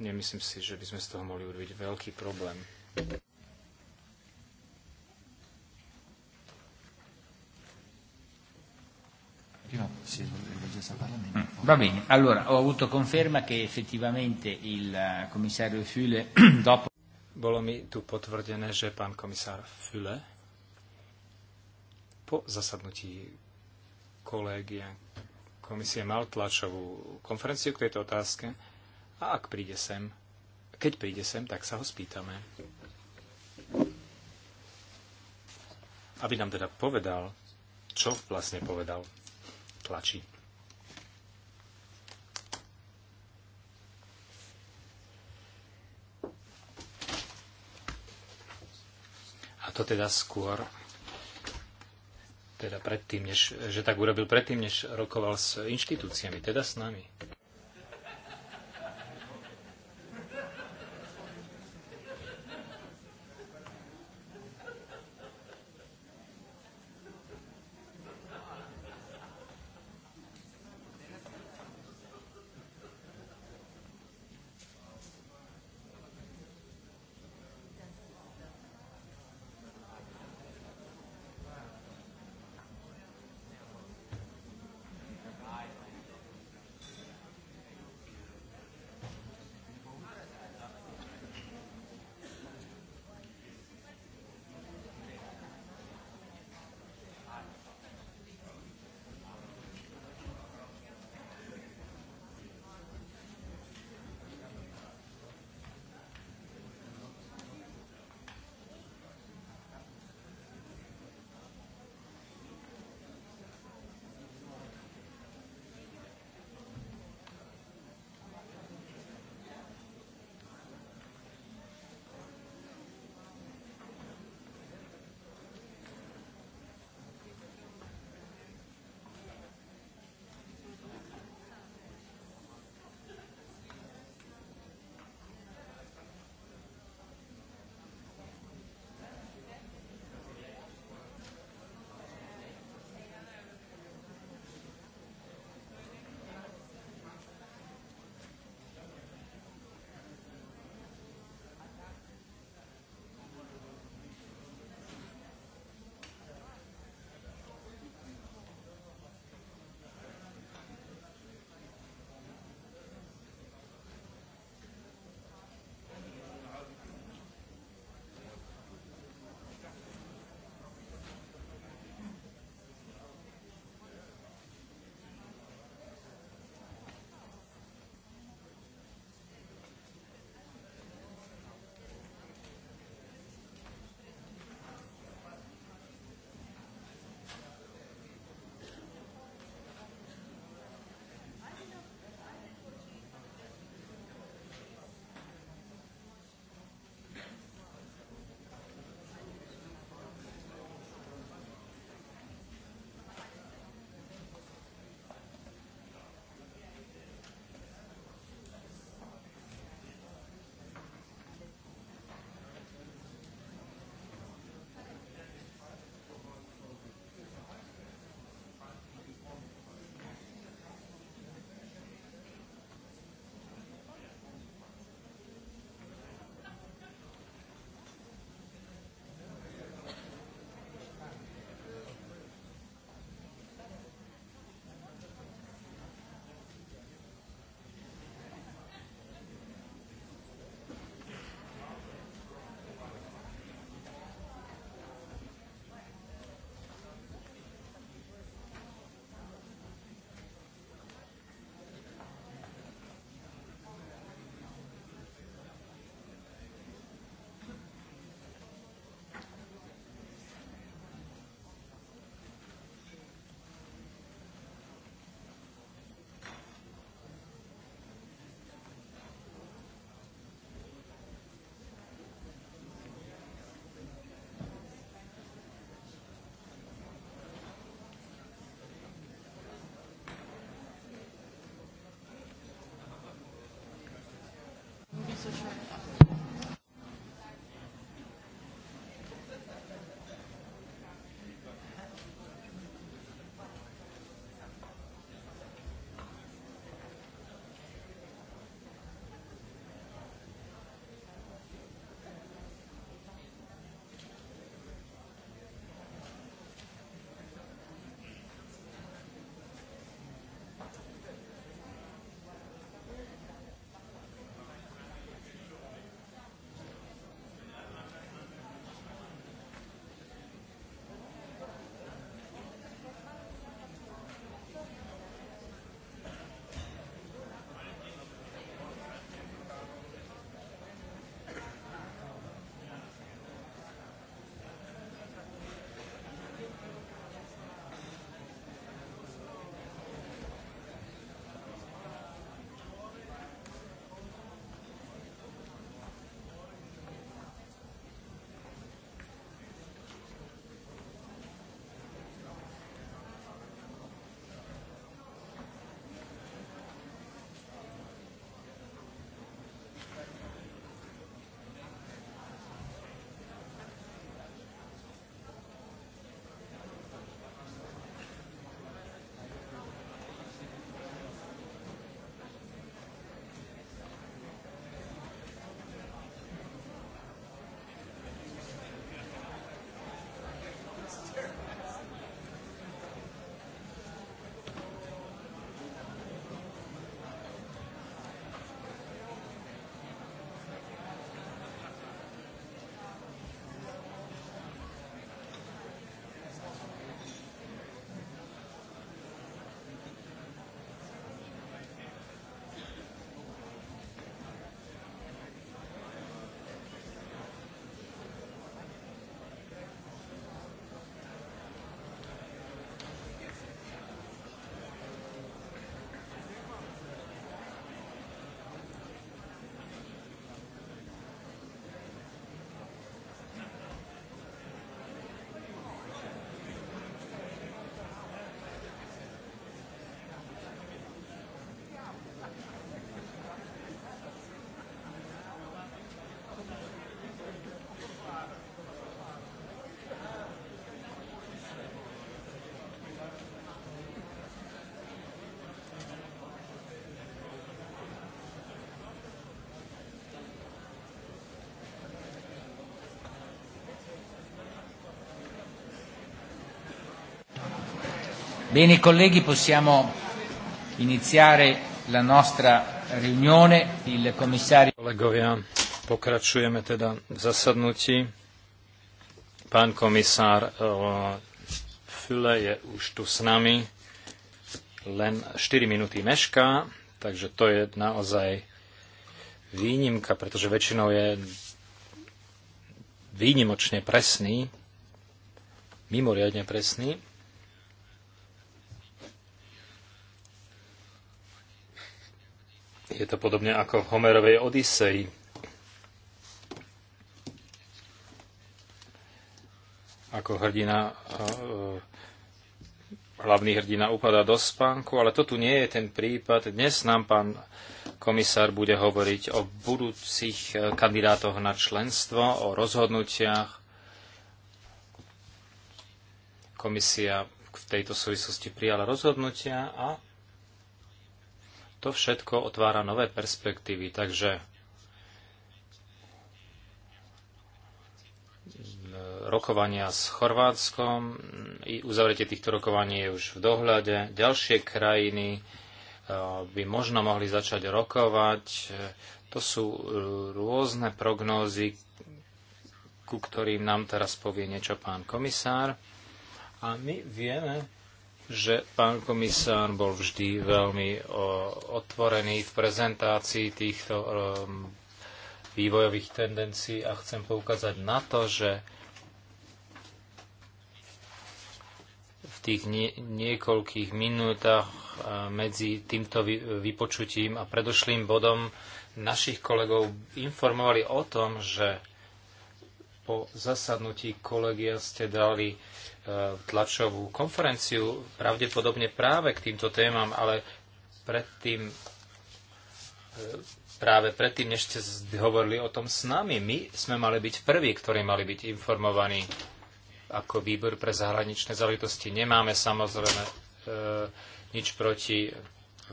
Nemyslím si, že by sme z toho mohli urobiť veľký problém. Mm, va bene, allora ho avuto conferma che effettivamente il eh, commissario Füle dopo... Bolo mi tu potvrdené, že pán komisár Füle po zasadnutí kolegia komisie mal tlačovú konferenciu k tejto otázke a ak príde sem, keď príde sem, tak sa ho spýtame. Aby nám teda povedal, čo vlastne povedal tlači. A to teda skôr, teda predtým, než, že tak urobil predtým, než rokoval s inštitúciami, teda s nami. Bene colleghi, possiamo iniziare la nostra riunione. Il commissario... Kolegovia, pokračujeme teda v zasadnutí. Pán komisár eh, Füle je už tu s nami. Len 4 minúty mešká, takže to je naozaj výnimka, pretože väčšinou je výnimočne presný, mimoriadne presný. podobne ako v Homerovej Odiseji. Ako hrdina, eh, hlavný hrdina upadá do spánku, ale to tu nie je ten prípad. Dnes nám pán komisár bude hovoriť o budúcich eh, kandidátoch na členstvo, o rozhodnutiach. Komisia v tejto súvislosti prijala rozhodnutia a to všetko otvára nové perspektívy, takže mm, rokovania s Chorvátskom, i uzavretie týchto rokovaní je už v dohľade. Ďalšie krajiny e, by možno mohli začať rokovať. To sú e, rôzne prognózy, ku ktorým nám teraz povie niečo pán komisár. A my vieme, že pán komisár bol vždy veľmi otvorený v prezentácii týchto vývojových tendencií a chcem poukázať na to, že v tých niekoľkých minútach medzi týmto vypočutím a predošlým bodom našich kolegov informovali o tom, že po zasadnutí kolegia ste dali tlačovú konferenciu, pravdepodobne práve k týmto témam, ale predtým, e, práve predtým, než ste hovorili o tom s nami, my sme mali byť prví, ktorí mali byť informovaní ako výbor pre zahraničné záležitosti. Nemáme samozrejme e, nič proti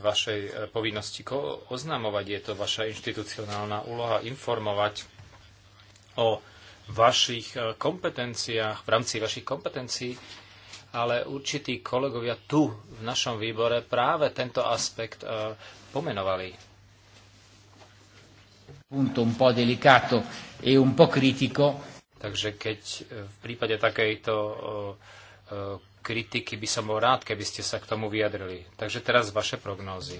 vašej e, povinnosti oznamovať. Je to vaša inštitucionálna úloha informovať o vašich eh, kompetenciách, v rámci vašich kompetencií, ale určití kolegovia tu v našom výbore práve tento aspekt eh, pomenovali. E Takže keď eh, v prípade takejto kritiky by som bol rád, keby ste sa k tomu vyjadrili. Takže teraz vaše prognózy.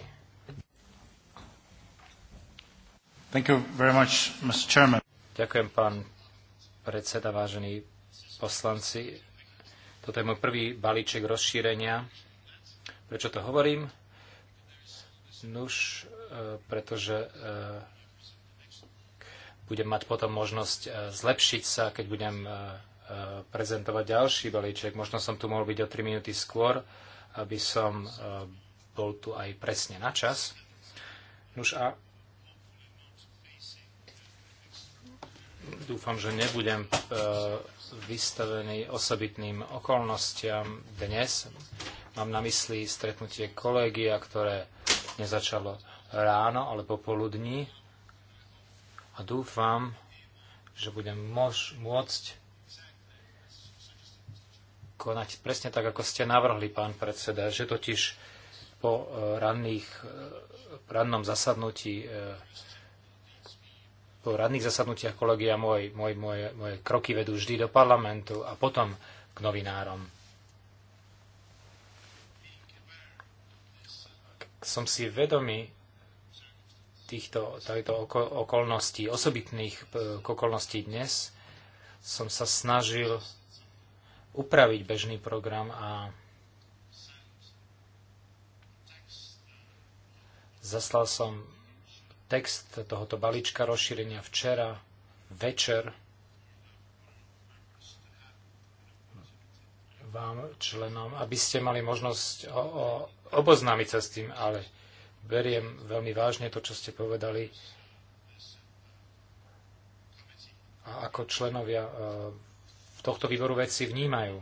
Much, Ďakujem, pán predseda, vážení poslanci. Toto je môj prvý balíček rozšírenia. Prečo to hovorím? Nuž, e, pretože e, budem mať potom možnosť e, zlepšiť sa, keď budem prezentovať ďalší balíček. Možno som tu mohol byť o 3 minúty skôr, aby som bol tu aj presne na čas. Nuž a Dúfam, že nebudem e, vystavený osobitným okolnostiam dnes. Mám na mysli stretnutie kolegia, ktoré nezačalo ráno, ale popoludní. A dúfam, že budem môž, môcť konať presne tak, ako ste navrhli, pán predseda, že totiž po e, ranných, e, rannom zasadnutí po radných zasadnutiach kolegia môj, môj, moje, moje kroky vedú vždy do parlamentu a potom k novinárom. Som si vedomý týchto, týchto okolností, osobitných e, okolností dnes. Som sa snažil upraviť bežný program a zaslal som text tohoto balíčka rozšírenia včera večer vám, členom, aby ste mali možnosť o, o, oboznámiť sa s tým, ale beriem veľmi vážne to, čo ste povedali. A ako členovia v e, tohto výboru veci vnímajú.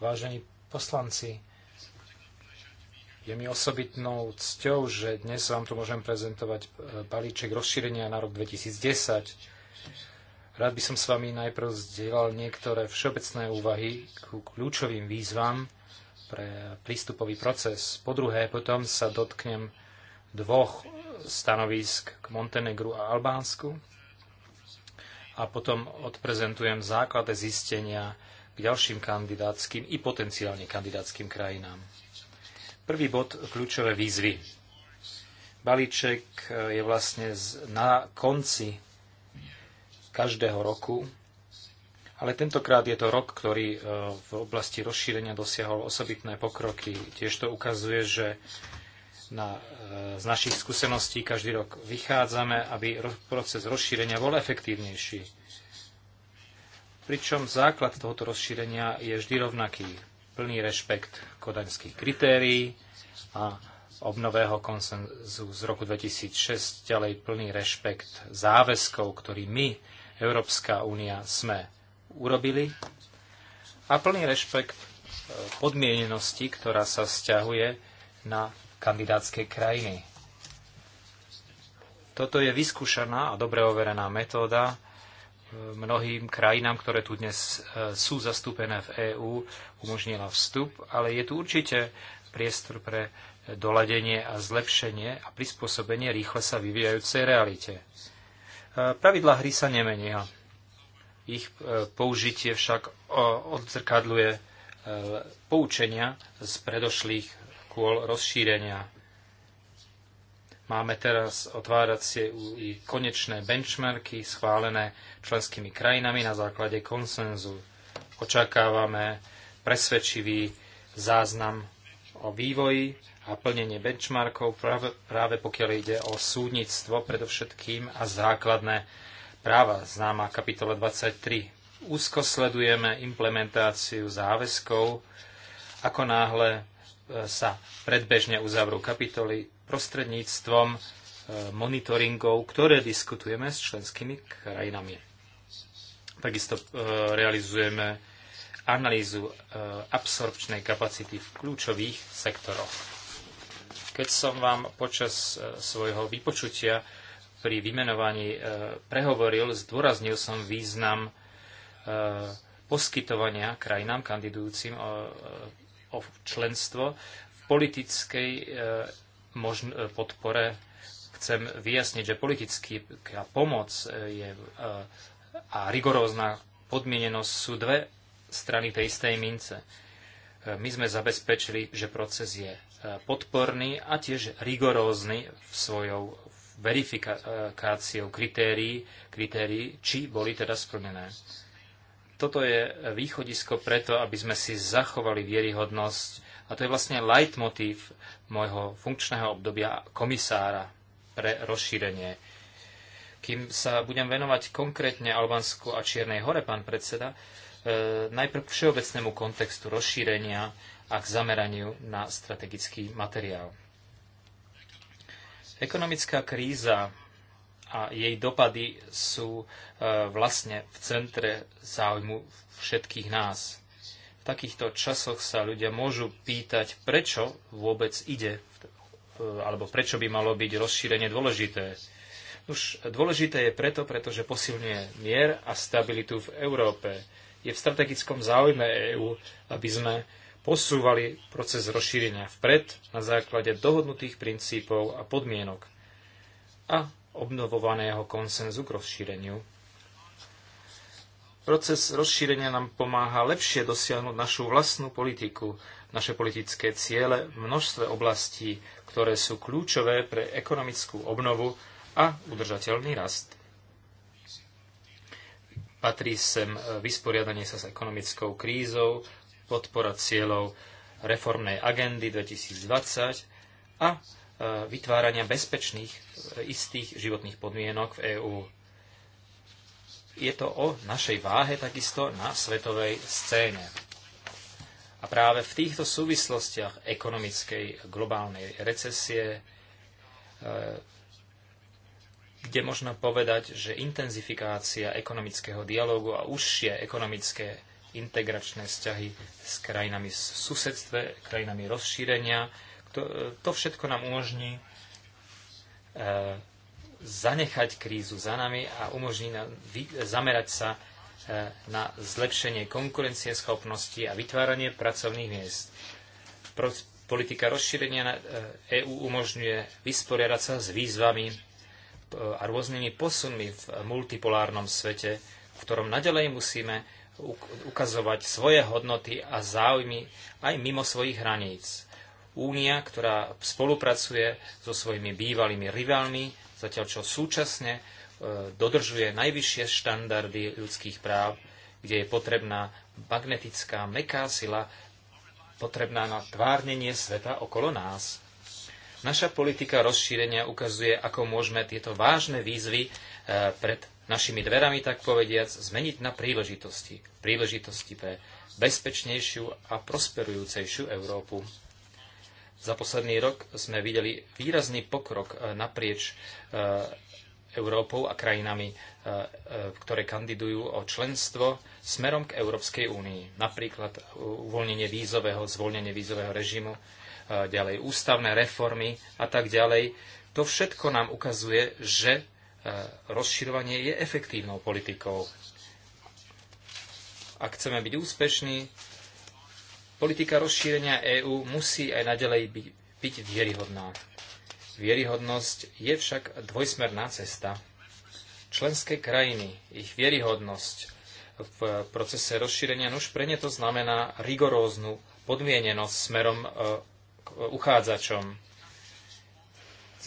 Vážení poslanci, je mi osobitnou cťou, že dnes vám tu môžem prezentovať e, balíček rozšírenia na rok 2010. Rád by som s vami najprv zdieľal niektoré všeobecné úvahy k kľúčovým výzvam pre prístupový proces. Po druhé, potom sa dotknem dvoch stanovisk k Montenegru a Albánsku. A potom odprezentujem základe zistenia k ďalším kandidátským i potenciálne kandidátským krajinám. Prvý bod, kľúčové výzvy. Balíček e, je vlastne na konci každého roku, ale tentokrát je to rok, ktorý e, v oblasti rozšírenia dosiahol osobitné pokroky. Tiež to ukazuje, že na, e, z našich skúseností každý rok vychádzame, aby proces rozšírenia bol efektívnejší. Pričom základ tohoto rozšírenia je vždy rovnaký plný rešpekt kodaňských kritérií a obnového konsenzu z roku 2006, ďalej plný rešpekt záväzkov, ktorý my, Európska únia, sme urobili a plný rešpekt e, podmienenosti, ktorá sa vzťahuje na kandidátske krajiny. Toto je vyskúšaná a dobre overená metóda, mnohým krajinám, ktoré tu dnes e, sú zastúpené v EÚ, umožnila vstup, ale je tu určite priestor pre doladenie a zlepšenie a prispôsobenie rýchle sa vyvíjajúcej realite. E, pravidlá hry sa nemenia. Ich e, použitie však odzrkadluje poučenia z predošlých kôl rozšírenia Máme teraz otváracie i konečné benchmarky schválené členskými krajinami na základe konsenzu. Očakávame presvedčivý záznam o vývoji a plnenie benchmarkov práve, práve pokiaľ ide o súdnictvo predovšetkým a základné práva, známa kapitola 23. Úzko sledujeme implementáciu záväzkov, ako náhle e, sa predbežne uzavrú kapitoly, prostredníctvom eh, monitoringov, ktoré diskutujeme s členskými krajinami. Takisto eh, realizujeme analýzu eh, absorpčnej kapacity v kľúčových sektoroch. Keď som vám počas svojho vypočutia pri vymenovaní prehovoril, zdôraznil som význam poskytovania krajinám kandidujúcim o, členstvo v politickej možn- eh, podpore chcem vyjasniť, že politická pomoc eh, je, eh, a rigorózna podmienenosť sú dve strany tej istej mince. My sme zabezpečili, že proces je podporný a tiež rigorózny v svojou verifikáciou kritérií, kritérií, či boli teda splnené. Toto je východisko preto, aby sme si zachovali vieryhodnosť a to je vlastne leitmotív môjho funkčného obdobia komisára pre rozšírenie. Kým sa budem venovať konkrétne Albánsku a Čiernej hore, pán predseda, e, najprv k všeobecnému kontextu rozšírenia a k zameraniu na strategický materiál. Ekonomická kríza a jej dopady sú e, vlastne v centre záujmu všetkých nás. V takýchto časoch sa ľudia môžu pýtať, prečo vôbec ide, e, alebo prečo by malo byť rozšírenie dôležité. Už dôležité je preto, pretože posilňuje mier a stabilitu v Európe. Je v strategickom záujme EÚ, aby sme posúvali proces rozšírenia vpred na základe dohodnutých princípov a podmienok a obnovovaného konsenzu k rozšíreniu Proces rozšírenia nám pomáha lepšie dosiahnuť našu vlastnú politiku, naše politické ciele v množstve oblastí, ktoré sú kľúčové pre ekonomickú obnovu a udržateľný rast. Patrí sem vysporiadanie sa s ekonomickou krízou, podpora cieľov reformnej agendy 2020 a e, vytvárania bezpečných e, istých životných podmienok v EÚ je to o našej váhe takisto na svetovej scéne. A práve v týchto súvislostiach ekonomickej globálnej recesie, e, kde možno povedať, že intenzifikácia ekonomického dialogu a užšie ekonomické integračné vzťahy s krajinami v susedstve, krajinami rozšírenia, to, to všetko nám umožní e, zanechať krízu za nami a umožní nám zamerať sa e, na zlepšenie konkurencieschopnosti a vytváranie pracovných miest. Politika rozšírenia EÚ e umožňuje vysporiadať sa s výzvami e, a rôznymi posunmi v multipolárnom svete, v ktorom nadalej musíme ukazovať svoje hodnoty a záujmy aj mimo svojich hraníc. Únia, ktorá spolupracuje so svojimi bývalými rivalmi, zatiaľ čo súčasne e, dodržuje najvyššie štandardy ľudských práv, kde je potrebná magnetická meká sila, potrebná na tvárnenie sveta okolo nás. Naša politika rozšírenia ukazuje, ako môžeme tieto vážne výzvy e, pred našimi dverami, tak povediac, zmeniť na príležitosti. Príležitosti pre bezpečnejšiu a prosperujúcejšiu Európu. Za posledný rok sme videli výrazný pokrok e, naprieč e, Európou a krajinami, e, ktoré kandidujú o členstvo smerom k Európskej únii. Napríklad uvoľnenie vízového, zvoľnenie vízového režimu, ďalej ústavné reformy a tak ďalej. To všetko nám ukazuje, že rozširovanie je efektívnou politikou. Ak chceme byť úspešní, Politika rozšírenia EÚ musí aj naďalej byť, byť vieryhodná. Vieryhodnosť je však dvojsmerná cesta. Členské krajiny, ich vieryhodnosť v procese rozšírenia, nuž pre ne to znamená rigoróznu podmienenosť smerom e, k uchádzačom.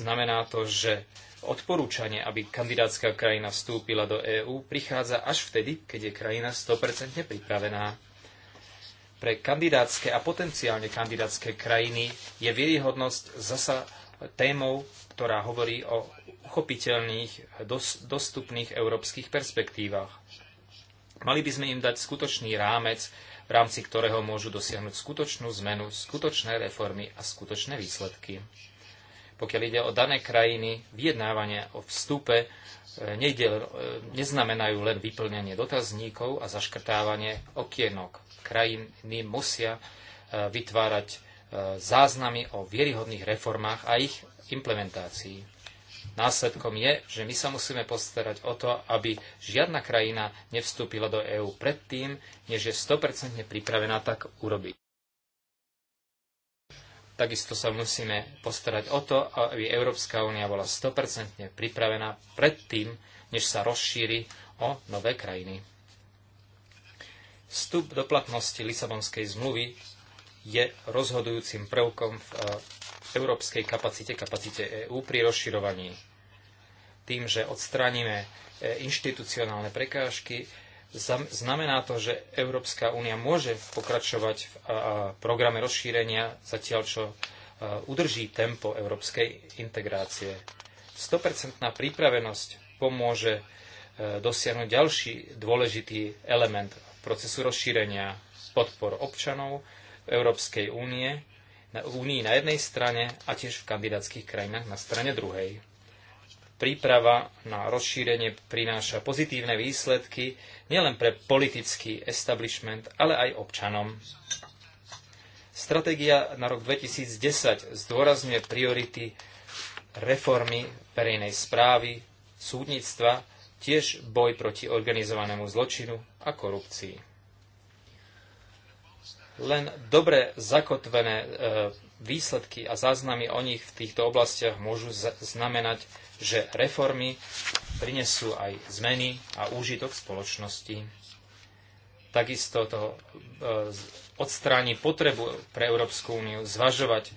Znamená to, že odporúčanie, aby kandidátska krajina vstúpila do EÚ, prichádza až vtedy, keď je krajina 100% pripravená pre kandidátske a potenciálne kandidátske krajiny je vieryhodnosť zasa témou, ktorá hovorí o uchopiteľných, dos, dostupných európskych perspektívach. Mali by sme im dať skutočný rámec, v rámci ktorého môžu dosiahnuť skutočnú zmenu, skutočné reformy a skutočné výsledky. Pokiaľ ide o dané krajiny, vyjednávania o vstupe e, nejde, e, neznamenajú len vyplňanie dotazníkov a zaškrtávanie okienok krajiny musia e, vytvárať e, záznamy o vieryhodných reformách a ich implementácii. Následkom je, že my sa musíme postarať o to, aby žiadna krajina nevstúpila do EÚ predtým, než je 100% pripravená tak urobiť. Takisto sa musíme postarať o to, aby Európska únia bola 100% pripravená predtým, než sa rozšíri o nové krajiny. Vstup do platnosti Lisabonskej zmluvy je rozhodujúcim prvkom v e, európskej kapacite, kapacite EÚ pri rozširovaní. Tým, že odstránime e, inštitucionálne prekážky, znamená to, že Európska únia môže pokračovať v programe rozšírenia, zatiaľ čo e, udrží tempo európskej integrácie. 100% pripravenosť pomôže dosiahnuť ďalší dôležitý element procesu rozšírenia podpor občanov Európskej únie na únii na jednej strane a tiež v kandidátskych krajinách na strane druhej. Príprava na rozšírenie prináša pozitívne výsledky nielen pre politický establishment, ale aj občanom. Stratégia na rok 2010 zdôrazňuje priority reformy verejnej správy, súdnictva, tiež boj proti organizovanému zločinu a korupcii. Len dobre zakotvené e, výsledky a záznamy o nich v týchto oblastiach môžu znamenať, že reformy prinesú aj zmeny a úžitok spoločnosti. Takisto to e, odstráni potrebu pre Európsku úniu zvažovať e,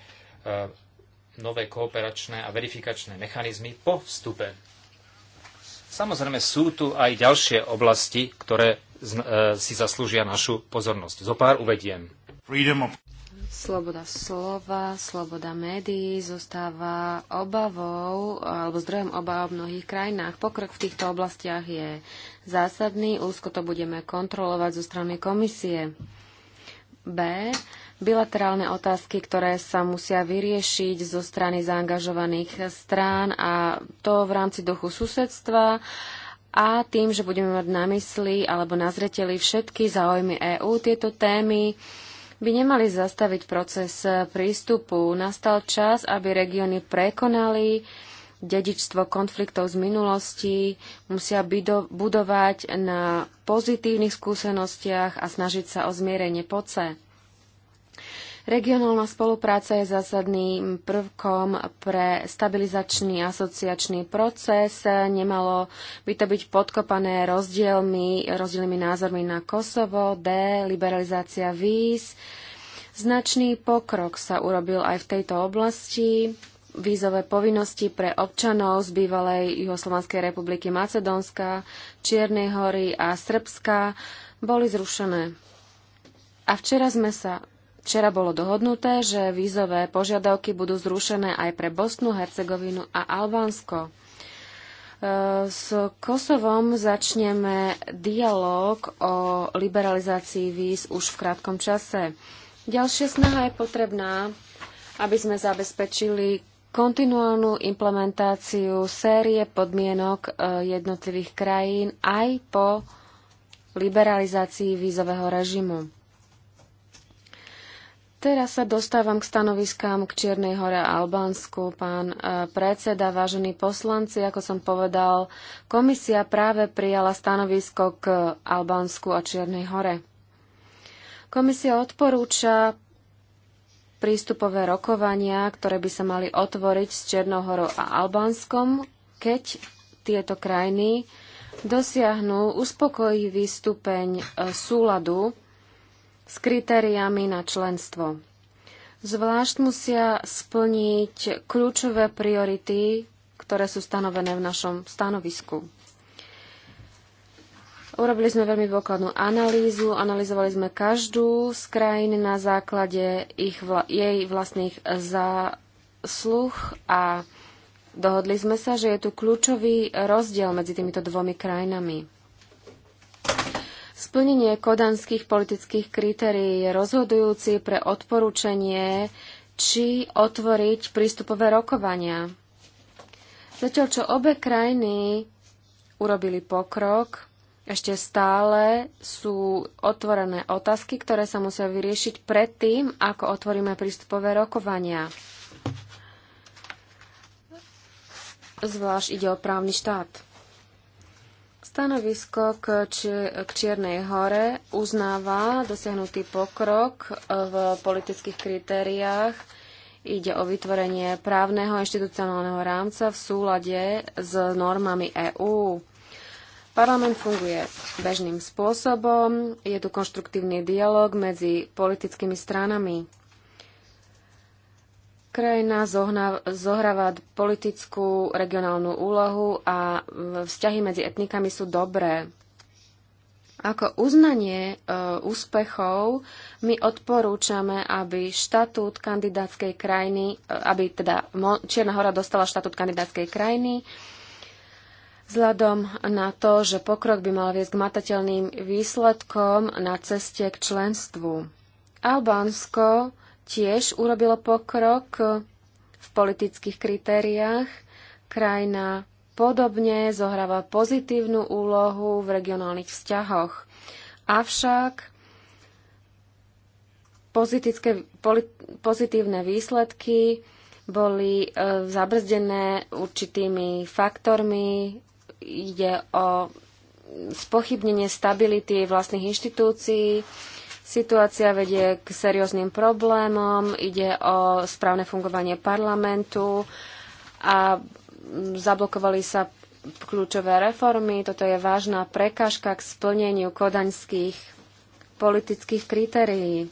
nové kooperačné a verifikačné mechanizmy po vstupe Samozrejme sú tu aj ďalšie oblasti, ktoré e, si zaslúžia našu pozornosť. Zopár uvediem. Sloboda slova, sloboda médií zostáva obavou alebo zdrojom obav v mnohých krajinách. Pokrok v týchto oblastiach je zásadný. Úzko to budeme kontrolovať zo strany komisie. B bilaterálne otázky, ktoré sa musia vyriešiť zo strany zaangažovaných strán a to v rámci duchu susedstva a tým, že budeme mať na mysli alebo na zreteli všetky záujmy EÚ tieto témy, by nemali zastaviť proces prístupu. Nastal čas, aby regióny prekonali dedičstvo konfliktov z minulosti, musia budovať na pozitívnych skúsenostiach a snažiť sa o zmierenie poce. Regionálna spolupráca je zásadným prvkom pre stabilizačný asociačný proces. Nemalo by to byť podkopané rozdielmi, rozdielmi názormi na Kosovo, D, liberalizácia víz. Značný pokrok sa urobil aj v tejto oblasti vízové povinnosti pre občanov z bývalej Juhoslovanskej republiky Macedónska, Čiernej hory a Srbska boli zrušené. A včera sme sa Včera bolo dohodnuté, že vízové požiadavky budú zrušené aj pre Bosnu, Hercegovinu a Albánsko. E, s Kosovom začneme dialog o liberalizácii víz už v krátkom čase. Ďalšia snaha je potrebná, aby sme zabezpečili kontinuálnu implementáciu série podmienok e, jednotlivých krajín aj po liberalizácii vízového režimu. Teraz sa dostávam k stanoviskám k Čiernej hore a Albánsku. Pán e, predseda, vážení poslanci, ako som povedal, komisia práve prijala stanovisko k Albánsku a Čiernej hore. Komisia odporúča prístupové rokovania, ktoré by sa mali otvoriť s Čiernou horou a Albánskom, keď tieto krajiny dosiahnu uspokojivý stupeň e, súladu s kritériami na členstvo. Zvlášť musia splniť kľúčové priority, ktoré sú stanovené v našom stanovisku. Urobili sme veľmi dôkladnú analýzu, analyzovali sme každú z krajín na základe ich vla- jej vlastných zásluh a dohodli sme sa, že je tu kľúčový rozdiel medzi týmito dvomi krajinami. Splnenie kodanských politických kritérií je rozhodujúci pre odporúčanie, či otvoriť prístupové rokovania. Zatiaľ, čo obe krajiny urobili pokrok, ešte stále sú otvorené otázky, ktoré sa musia vyriešiť predtým, ako otvoríme prístupové rokovania. Zvlášť ide o právny štát. Stanovisko k, či, k Čiernej hore uznáva dosiahnutý pokrok v politických kritériách. Ide o vytvorenie právneho inštitucionálneho rámca v súlade s normami EÚ. Parlament funguje bežným spôsobom, je tu konštruktívny dialog medzi politickými stranami. Krajina zohráva politickú regionálnu úlohu a vzťahy medzi etnikami sú dobré. Ako uznanie e, úspechov my odporúčame, aby štatút kandidátskej krajiny, e, aby teda Čierna hora dostala štatút kandidátskej krajiny, vzhľadom na to, že pokrok by mal viesť k matateľným výsledkom na ceste k členstvu. Albánsko tiež urobilo pokrok v politických kritériách. Krajina podobne zohráva pozitívnu úlohu v regionálnych vzťahoch. Avšak pozitívne výsledky boli e, zabrzdené určitými faktormi. Ide o spochybnenie stability vlastných inštitúcií, Situácia vedie k serióznym problémom, ide o správne fungovanie parlamentu a zablokovali sa kľúčové reformy. Toto je vážna prekážka k splneniu kodaňských politických kritérií.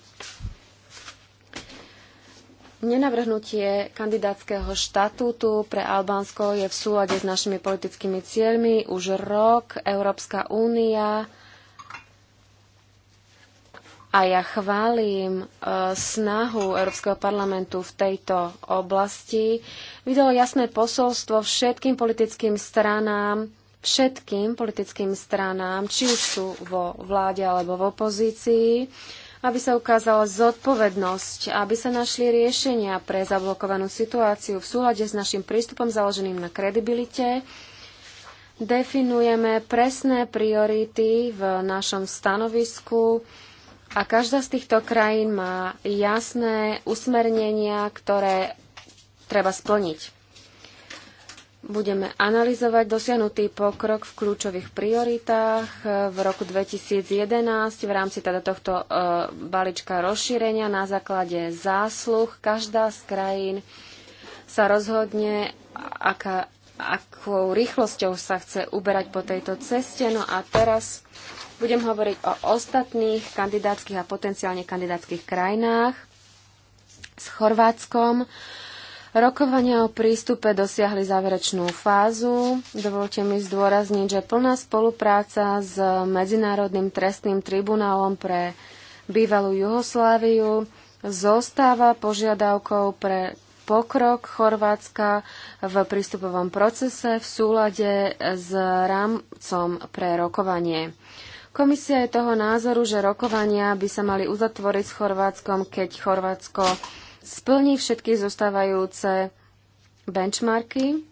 Nenavrhnutie kandidátskeho štatútu pre Albánsko je v súlade s našimi politickými cieľmi. Už rok Európska únia a ja chválim e, snahu Európskeho parlamentu v tejto oblasti. Vydalo jasné posolstvo všetkým politickým stranám, všetkým politickým stranám, či už sú vo vláde alebo v opozícii, aby sa ukázala zodpovednosť, aby sa našli riešenia pre zablokovanú situáciu v súlade s našim prístupom založeným na kredibilite. Definujeme presné priority v našom stanovisku a každá z týchto krajín má jasné usmernenia, ktoré treba splniť. Budeme analyzovať dosiahnutý pokrok v kľúčových prioritách v roku 2011 v rámci teda tohto e, balíčka rozšírenia na základe zásluh. Každá z krajín sa rozhodne, aká, akou rýchlosťou sa chce uberať po tejto ceste. No a teraz budem hovoriť o ostatných kandidátskych a potenciálne kandidátskych krajinách s Chorvátskom. Rokovania o prístupe dosiahli záverečnú fázu. Dovolte mi zdôrazniť, že plná spolupráca s Medzinárodným trestným tribunálom pre bývalú Juhosláviu zostáva požiadavkou pre pokrok Chorvátska v prístupovom procese v súlade s rámcom pre rokovanie. Komisia je toho názoru, že rokovania by sa mali uzatvoriť s Chorvátskom, keď Chorvátsko splní všetky zostávajúce benchmarky,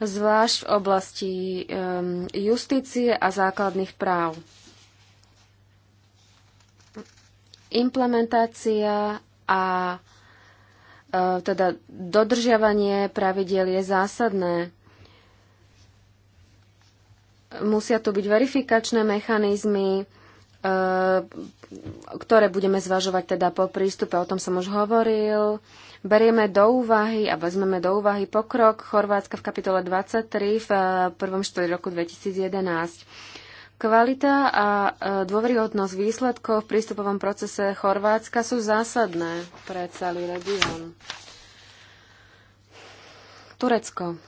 zvlášť v oblasti um, justície a základných práv. Implementácia a uh, teda dodržiavanie pravidel je zásadné Musia tu byť verifikačné mechanizmy, e, ktoré budeme zvažovať teda po prístupe, o tom som už hovoril. Berieme do úvahy a vezmeme do úvahy pokrok Chorvátska v kapitole 23 v e, prvom štvrť roku 2011. Kvalita a e, dôveryhodnosť výsledkov v prístupovom procese Chorvátska sú zásadné pre celý región. Turecko.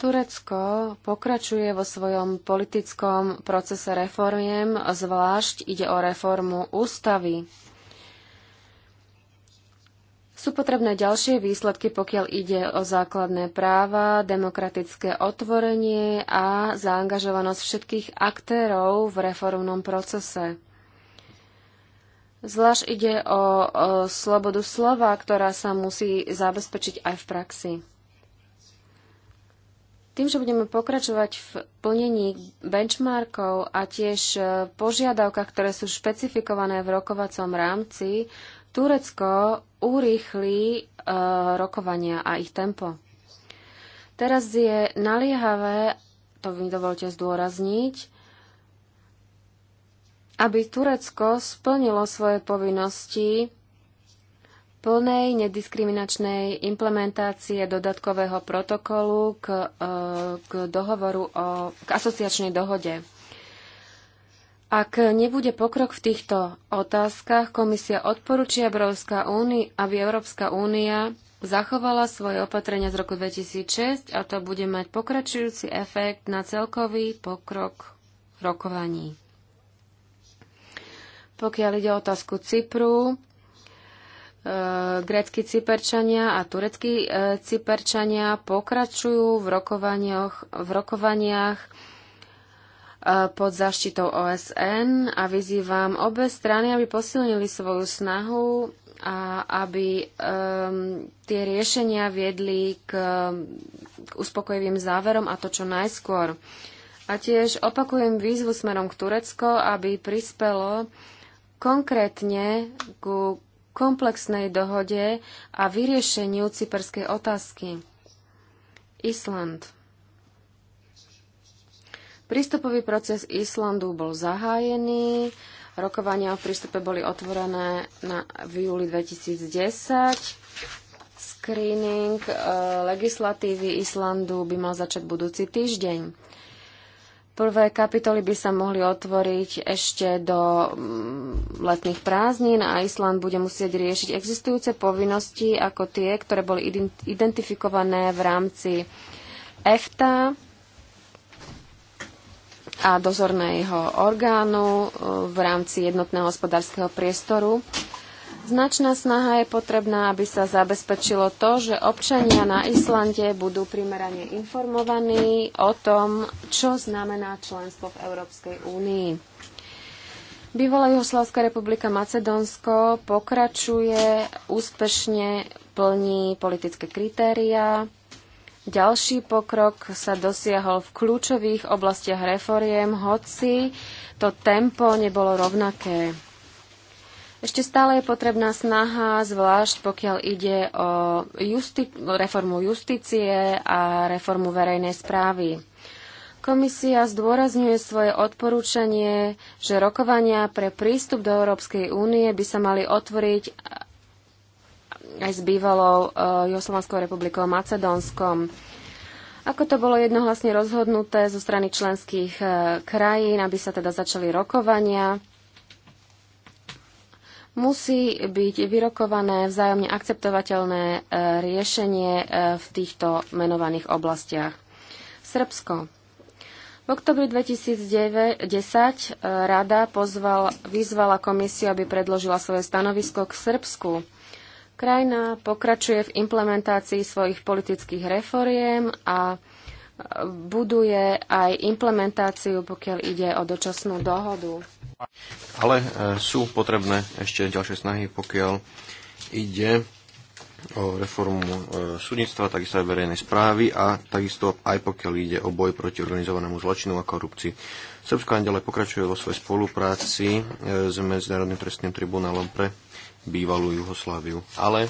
Turecko pokračuje vo svojom politickom procese reformiem, zvlášť ide o reformu ústavy. Sú potrebné ďalšie výsledky, pokiaľ ide o základné práva, demokratické otvorenie a zaangažovanosť všetkých aktérov v reformnom procese. Zvlášť ide o, o slobodu slova, ktorá sa musí zabezpečiť aj v praxi. Tým, že budeme pokračovať v plnení benchmarkov a tiež e, požiadavkách, ktoré sú špecifikované v rokovacom rámci, Turecko urýchli e, rokovania a ich tempo. Teraz je naliehavé, to mi dovolte zdôrazniť, aby Turecko splnilo svoje povinnosti plnej nediskriminačnej implementácie dodatkového protokolu k, e, k dohovoru o k asociačnej dohode. Ak nebude pokrok v týchto otázkach, komisia odporúčia Európska únia, aby Európska únia zachovala svoje opatrenia z roku 2006 a to bude mať pokračujúci efekt na celkový pokrok rokovaní. Pokiaľ ide o otázku Cypru, E, grécky cyperčania a tureckí e, cyperčania pokračujú v, rokovaniach, v rokovaniach e, pod zaštitou OSN a vyzývam obe strany, aby posilnili svoju snahu a aby um, tie riešenia viedli k, k uspokojivým záverom a to čo najskôr. A tiež opakujem výzvu smerom k Turecko, aby prispelo konkrétne ku komplexnej dohode a vyriešeniu cyperskej otázky. Island. Prístupový proces Islandu bol zahájený, rokovania o prístupe boli otvorené na, v júli 2010. Screening e, legislatívy Islandu by mal začať budúci týždeň. Prvé kapitoly by sa mohli otvoriť ešte do mm, letných prázdnin a Island bude musieť riešiť existujúce povinnosti ako tie, ktoré boli identifikované v rámci EFTA a dozorného orgánu e, v rámci jednotného hospodárskeho priestoru Značná snaha je potrebná, aby sa zabezpečilo to, že občania na Islande budú primerane informovaní o tom, čo znamená členstvo v Európskej únii. Bývalá Juhoslavská republika Macedónsko pokračuje, úspešne plní politické kritériá. Ďalší pokrok sa dosiahol v kľúčových oblastiach reforiem, hoci to tempo nebolo rovnaké. Ešte stále je potrebná snaha, zvlášť pokiaľ ide o justi- reformu justície a reformu verejnej správy. Komisia zdôrazňuje svoje odporúčanie, že rokovania pre prístup do Európskej únie by sa mali otvoriť aj s bývalou uh, republikou Macedónskom. Ako to bolo jednohlasne rozhodnuté zo strany členských uh, krajín, aby sa teda začali rokovania, musí byť vyrokované vzájomne akceptovateľné e, riešenie e, v týchto menovaných oblastiach. Srbsko. V oktobri 2010 e, Rada pozval, vyzvala komisiu, aby predložila svoje stanovisko k Srbsku. Krajina pokračuje v implementácii svojich politických reforiem a buduje aj implementáciu, pokiaľ ide o dočasnú dohodu. Ale e, sú potrebné ešte ďalšie snahy, pokiaľ ide o reformu e, súdnictva, takisto aj verejnej správy a takisto aj pokiaľ ide o boj proti organizovanému zločinu a korupcii. Srbsko naďalej pokračuje vo svojej spolupráci e, s Medzinárodným trestným tribunálom pre bývalú Jugosláviu. Ale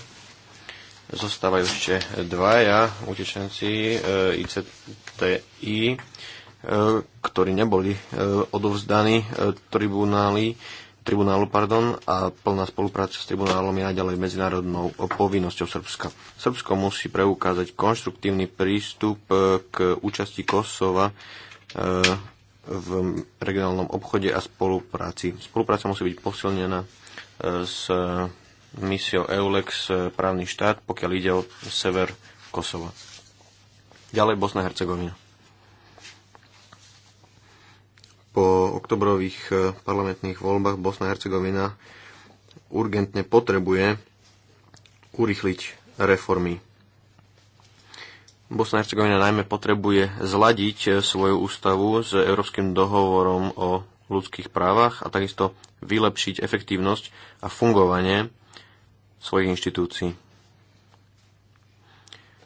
zostávajú ešte dvaja utečenci ICTI E, ktorí neboli e, odovzdaní e, tribunáli, tribunálu pardon, a plná spolupráca s tribunálom je naďalej medzinárodnou povinnosťou Srbska. Srbsko musí preukázať konštruktívny prístup k účasti Kosova v regionálnom obchode a spolupráci. Spolupráca musí byť posilnená s misiou EULEX právny štát, pokiaľ ide o sever Kosova. Ďalej Bosna-Hercegovina po oktobrových eh, parlamentných voľbách Bosna a Hercegovina urgentne potrebuje urychliť reformy. Bosna a Hercegovina najmä potrebuje zladiť eh, svoju ústavu s Európskym dohovorom o ľudských právach a takisto vylepšiť efektívnosť a fungovanie svojich inštitúcií.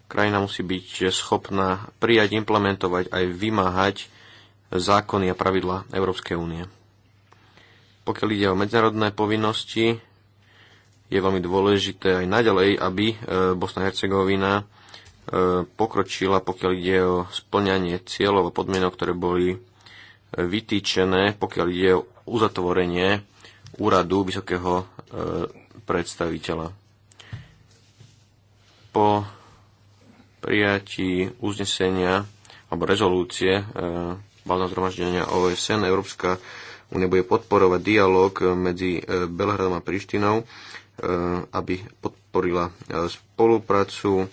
Krajina musí byť eh, schopná prijať, implementovať aj vymáhať zákony a pravidla Európskej únie. Pokiaľ ide o medzinárodné povinnosti, je veľmi dôležité aj naďalej, aby e, Bosna a Hercegovina e, pokročila, pokiaľ ide o splňanie cieľov a podmienok, ktoré boli e, vytýčené, pokiaľ ide o uzatvorenie úradu vysokého predstaviteľa. Po prijatí uznesenia alebo rezolúcie valného zhromaždenia OSN. Európska únia bude podporovať dialog medzi e, Belhradom a Prištinou, e, aby podporila e, spoluprácu,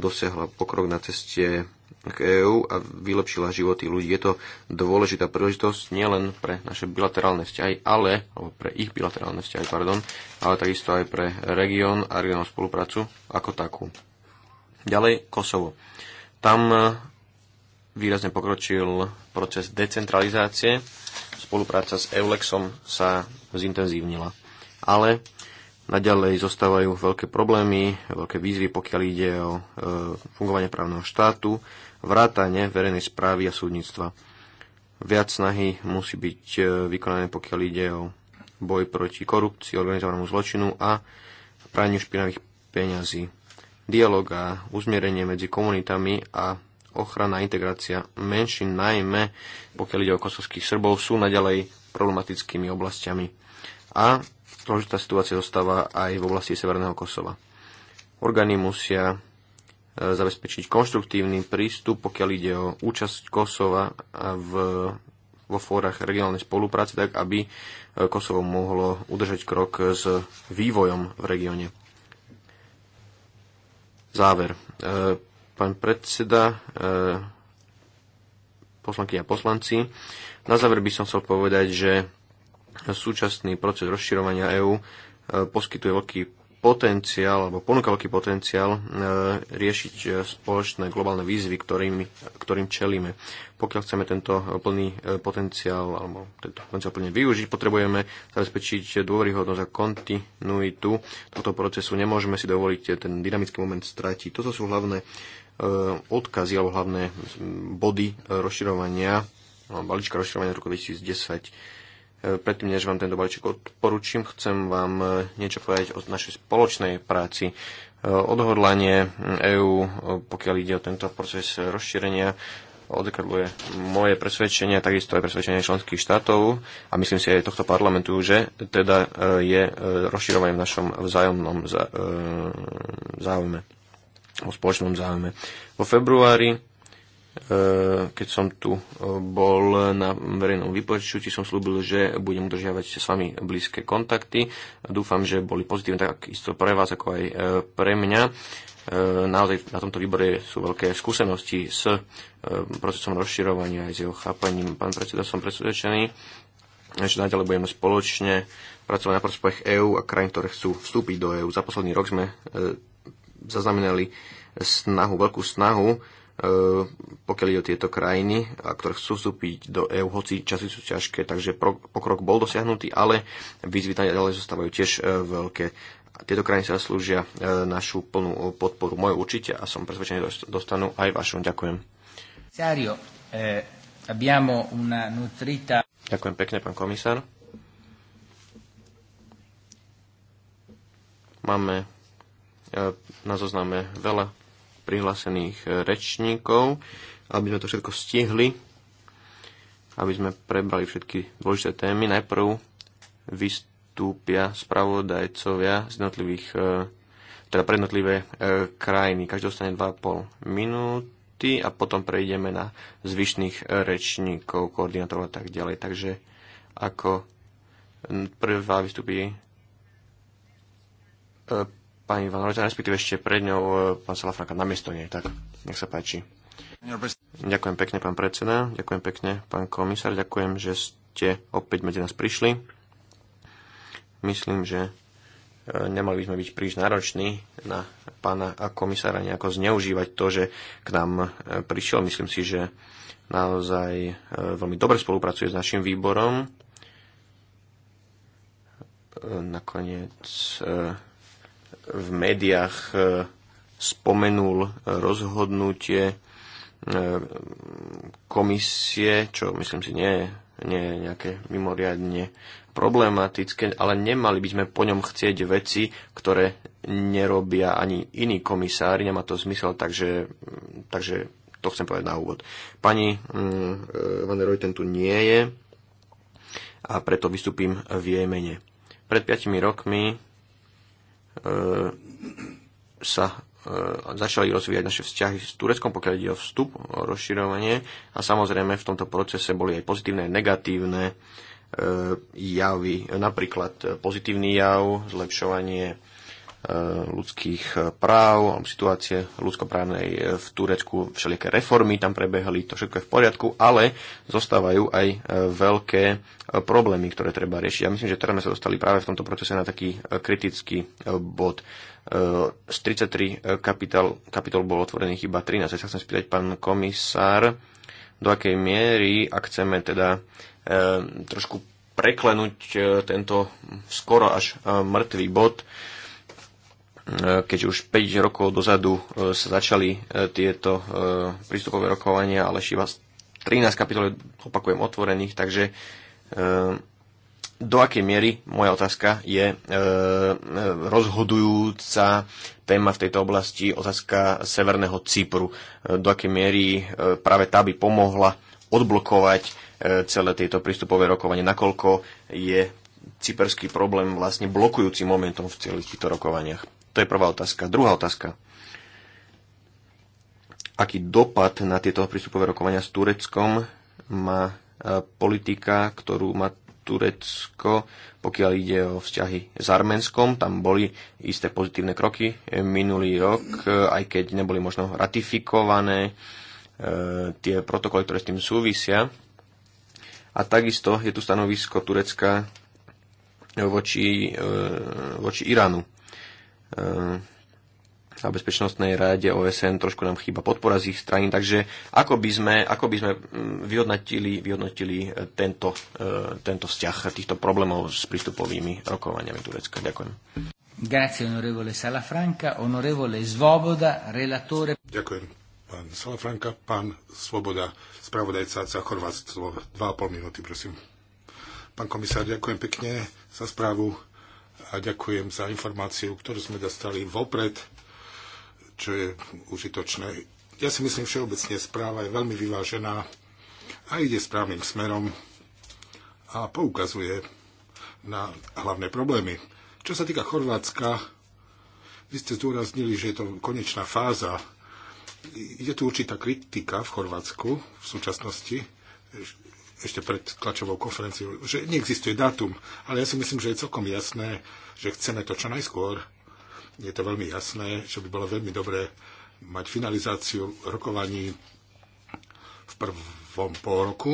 dosiahla pokrok na ceste k EÚ a vylepšila životy ľudí. Je to dôležitá príležitosť nielen pre naše bilaterálne vzťahy, ale, alebo pre ich bilaterálne vzťahy, pardon, ale takisto aj pre región a regionálnu spoluprácu ako takú. Ďalej Kosovo. Tam výrazne pokročil proces decentralizácie, spolupráca s Eulexom sa zintenzívnila. Ale naďalej zostávajú veľké problémy, veľké výzvy, pokiaľ ide o e, fungovanie právneho štátu, vrátanie verejnej správy a súdnictva. Viac snahy musí byť e, vykonané, pokiaľ ide o boj proti korupcii, organizovanému zločinu a praniu špinavých peňazí. Dialóg a uzmierenie medzi komunitami a ochrana a integrácia menšín, najmä pokiaľ ide o kosovských Srbov, sú naďalej problematickými oblastiami. A zložitá situácia zostáva aj v oblasti Severného Kosova. Orgány musia e, zabezpečiť konštruktívny prístup, pokiaľ ide o účasť Kosova v, vo fórach regionálnej spolupráce, tak aby e, Kosovo mohlo udržať krok s vývojom v regióne. Záver. E, pán predseda, eh, poslanky a poslanci. Na záver by som chcel povedať, že súčasný proces rozširovania EÚ eh, poskytuje veľký potenciál, alebo ponúka veľký potenciál e, riešiť spoločné globálne výzvy, ktorým, ktorým čelíme. Pokiaľ chceme tento plný potenciál, alebo tento potenciál plne využiť, potrebujeme zabezpečiť dôveryhodnosť a kontinuitu tohto procesu. Nemôžeme si dovoliť ten dynamický moment stratiť. Toto sú hlavné E, odkazy alebo hlavné mm, body rozširovania, balíčka rozširovania roku 2010. E, predtým, než vám tento balíček odporučím, chcem vám e, niečo povedať o našej spoločnej práci. Odhodlanie EÚ, pokiaľ ide o tento proces rozšírenia, odekadluje moje presvedčenie, takisto aj presvedčenie členských štátov a myslím si aj tohto parlamentu, že teda je rozširovanie v našom vzájomnom záujme o spoločnom záujme. Vo februári, e, keď som tu e, bol na verejnom vypočutí, som slúbil, že budem udržiavať s vami blízke kontakty. Dúfam, že boli pozitívne takisto pre vás, ako aj e, pre mňa. Naozaj na tomto výbore sú veľké skúsenosti s procesom rozširovania aj s jeho chápaním. Pán predseda, som presvedčený, že naďalej budeme spoločne pracovať na prospech EÚ a krajín, ktoré chcú vstúpiť do EÚ. Za posledný rok sme zaznamenali snahu, veľkú snahu, e, pokiaľ ide o tieto krajiny, a ktoré chcú vstúpiť do EÚ, hoci časy sú ťažké, takže pokrok bol dosiahnutý, ale výzvy ďalej zostávajú tiež e, veľké. Tieto krajiny sa slúžia e, našu plnú podporu, moju určite, a som presvedčený, dostanú aj vašu. Ďakujem. Sario, eh, abbiamo una nutrita... Ďakujem pekne, pán komisár. Máme E, na zozname veľa prihlásených e, rečníkov, aby sme to všetko stihli, aby sme prebrali všetky dôležité témy. Najprv vystúpia spravodajcovia z jednotlivých, e, teda prednotlivé krajiny. Každý dostane 2,5 minúty a potom prejdeme na zvyšných rečníkov, koordinátorov a tak ďalej. Takže ako prvá vystúpi pani Van Rojten, respektíve ešte pred ňou e, pán Salafranka miesto nie, Tak, nech sa páči. Ďakujem pekne, pán predseda, ďakujem pekne, pán komisár, ďakujem, že ste opäť medzi nás prišli. Myslím, že e, nemali by sme byť príliš nároční na pána a komisára nejako zneužívať to, že k nám e, prišiel. Myslím si, že naozaj veľmi dobre spolupracuje s našim výborom. Nakoniec v médiách e, spomenul rozhodnutie e, komisie, čo myslím si nie je, nie nejaké mimoriadne problematické, ale nemali by sme po ňom chcieť veci, ktoré nerobia ani iní komisári, nemá to zmysel, takže, takže to chcem povedať na úvod. Pani mm, e, Van der Reuten tu nie je a preto vystúpim v jej mene. Pred 5 rokmi E, sa e, začali rozvíjať naše vzťahy s Tureckom, pokiaľ ide o vstup, o rozširovanie a samozrejme v tomto procese boli aj pozitívne aj negatívne e, javy, napríklad pozitívny jav, zlepšovanie Eh, ľudských eh, práv, situácie ľudskoprávnej eh, v Turecku, všelijaké reformy tam prebehli, to všetko je v poriadku, ale zostávajú aj veľké problémy, ktoré treba riešiť. Ja myslím, že teraz sme sa dostali práve v tomto procese na taký kritický bod. Z 33 kapitol, kapitol bolo otvorených iba 13. Ja sa chcem spýtať, pán komisár, do akej miery, ak chceme teda trošku preklenúť tento skoro až mŕtvý bod, E, keď už 5 rokov dozadu e, sa začali e, tieto prístupové rokovania, ale šíva 13 kapitol opakujem otvorených, takže do akej miery, moja otázka, je rozhodujúca téma v tejto oblasti otázka Severného Cypru. Do akej miery práve tá by pomohla odblokovať celé tieto prístupové rokovanie, nakoľko je cyperský problém vlastne blokujúci momentom v celých týchto rokovaniach. To je prvá otázka. Druhá otázka. Aký dopad na tieto prístupové rokovania s Tureckom má e, politika, ktorú má Turecko, pokiaľ ide o vzťahy s Arménskom. Tam boli isté pozitívne kroky minulý rok, e, aj keď neboli možno ratifikované e, tie protokoly, ktoré s tým súvisia. A takisto je tu stanovisko Turecka voči, voči Iránu na eh, Bezpečnostnej rade OSN, trošku nám chýba podpora z ich strany, takže ako by sme, ako by sme mm, vyhodnotili, vyhodnotili eh, tento, eh, tento vzťah týchto problémov s prístupovými rokovaniami Turecka. Ďakujem. Grazie onorevole Salafranca, onorevole Svoboda, relatore. Ďakujem. Pán Salafranca, pán Svoboda, spravodajca za Chorvátstvo. pol minúty, prosím. Pán komisár, ďakujem pekne za správu a ďakujem za informáciu, ktorú sme dostali vopred, čo je užitočné. Ja si myslím, že všeobecne správa je veľmi vyvážená a ide správnym smerom a poukazuje na hlavné problémy. Čo sa týka Chorvátska, vy ste zdôraznili, že je to konečná fáza. Je tu určitá kritika v Chorvátsku v súčasnosti, ešte pred tlačovou konferenciou, že neexistuje dátum, ale ja si myslím, že je celkom jasné, že chceme to čo najskôr. Je to veľmi jasné, že by bolo veľmi dobré mať finalizáciu rokovaní v prvom pol roku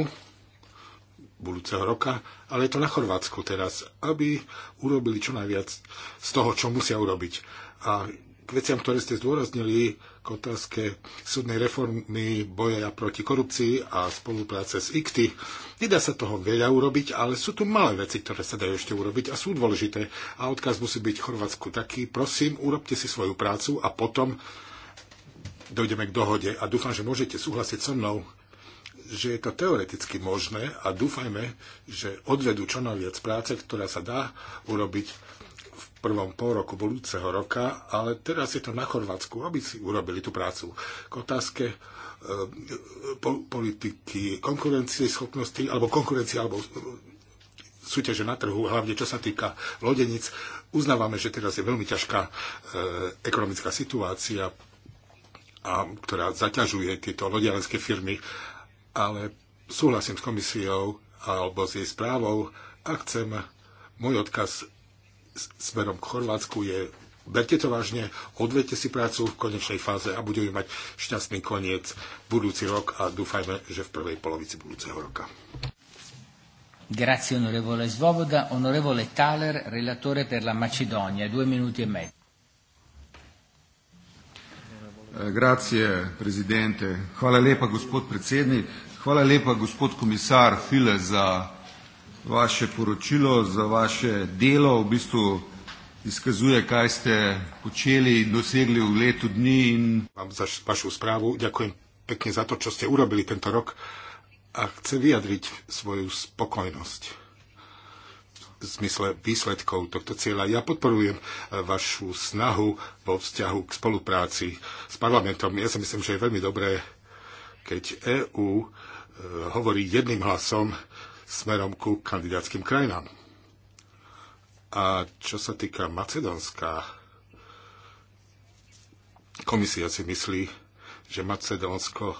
budúceho roka, ale je to na Chorvátsku teraz, aby urobili čo najviac z toho, čo musia urobiť. A k veciam, ktoré ste zdôraznili, k otázke súdnej reformy boja proti korupcii a spolupráce s ICTY. Nedá sa toho veľa urobiť, ale sú tu malé veci, ktoré sa dajú ešte urobiť a sú dôležité. A odkaz musí byť Chorvátsku taký. Prosím, urobte si svoju prácu a potom dojdeme k dohode. A dúfam, že môžete súhlasiť so mnou, že je to teoreticky možné a dúfajme, že odvedú čo najviac práce, ktorá sa dá urobiť prvom pol roku budúceho roka, ale teraz je to na Chorvátsku, aby si urobili tú prácu. K otázke e, po, politiky konkurencie schopnosti, alebo konkurencie, alebo e, súťaže na trhu, hlavne čo sa týka lodenic. Uznávame, že teraz je veľmi ťažká e, ekonomická situácia, a, ktorá zaťažuje tieto lodiarenské firmy, ale súhlasím s komisiou alebo s jej správou a chcem môj odkaz smerom k Chorvátsku je Berte to vážne, odvete si prácu v konečnej fáze a budeme mať šťastný koniec budúci rok a dúfajme, že v prvej polovici budúceho roka. Grazie onorevole Svoboda. Onorevole Thaler, relatore per la Macedonia, due minuti e mezzo. Eh, grazie, presidente. Hvala lepa, gospod predsednik. Hvala lepa, gospod komisar File, za vaše poročilo, za vaše delo, v bistvu izkazuje, kaj ste počeli, dosegli v letu dni. In... Vam za vašu správu ďakujem pekne za to, čo ste urobili tento rok a chcem vyjadriť svoju spokojnosť v zmysle výsledkov tohto cieľa. Ja podporujem eh, vašu snahu vo vzťahu k spolupráci s parlamentom. Ja si myslím, že je veľmi dobré, keď EÚ eh, hovorí jedným hlasom smerom ku kandidátskym krajinám. A čo sa týka Macedónska, komisia si myslí, že Macedónsko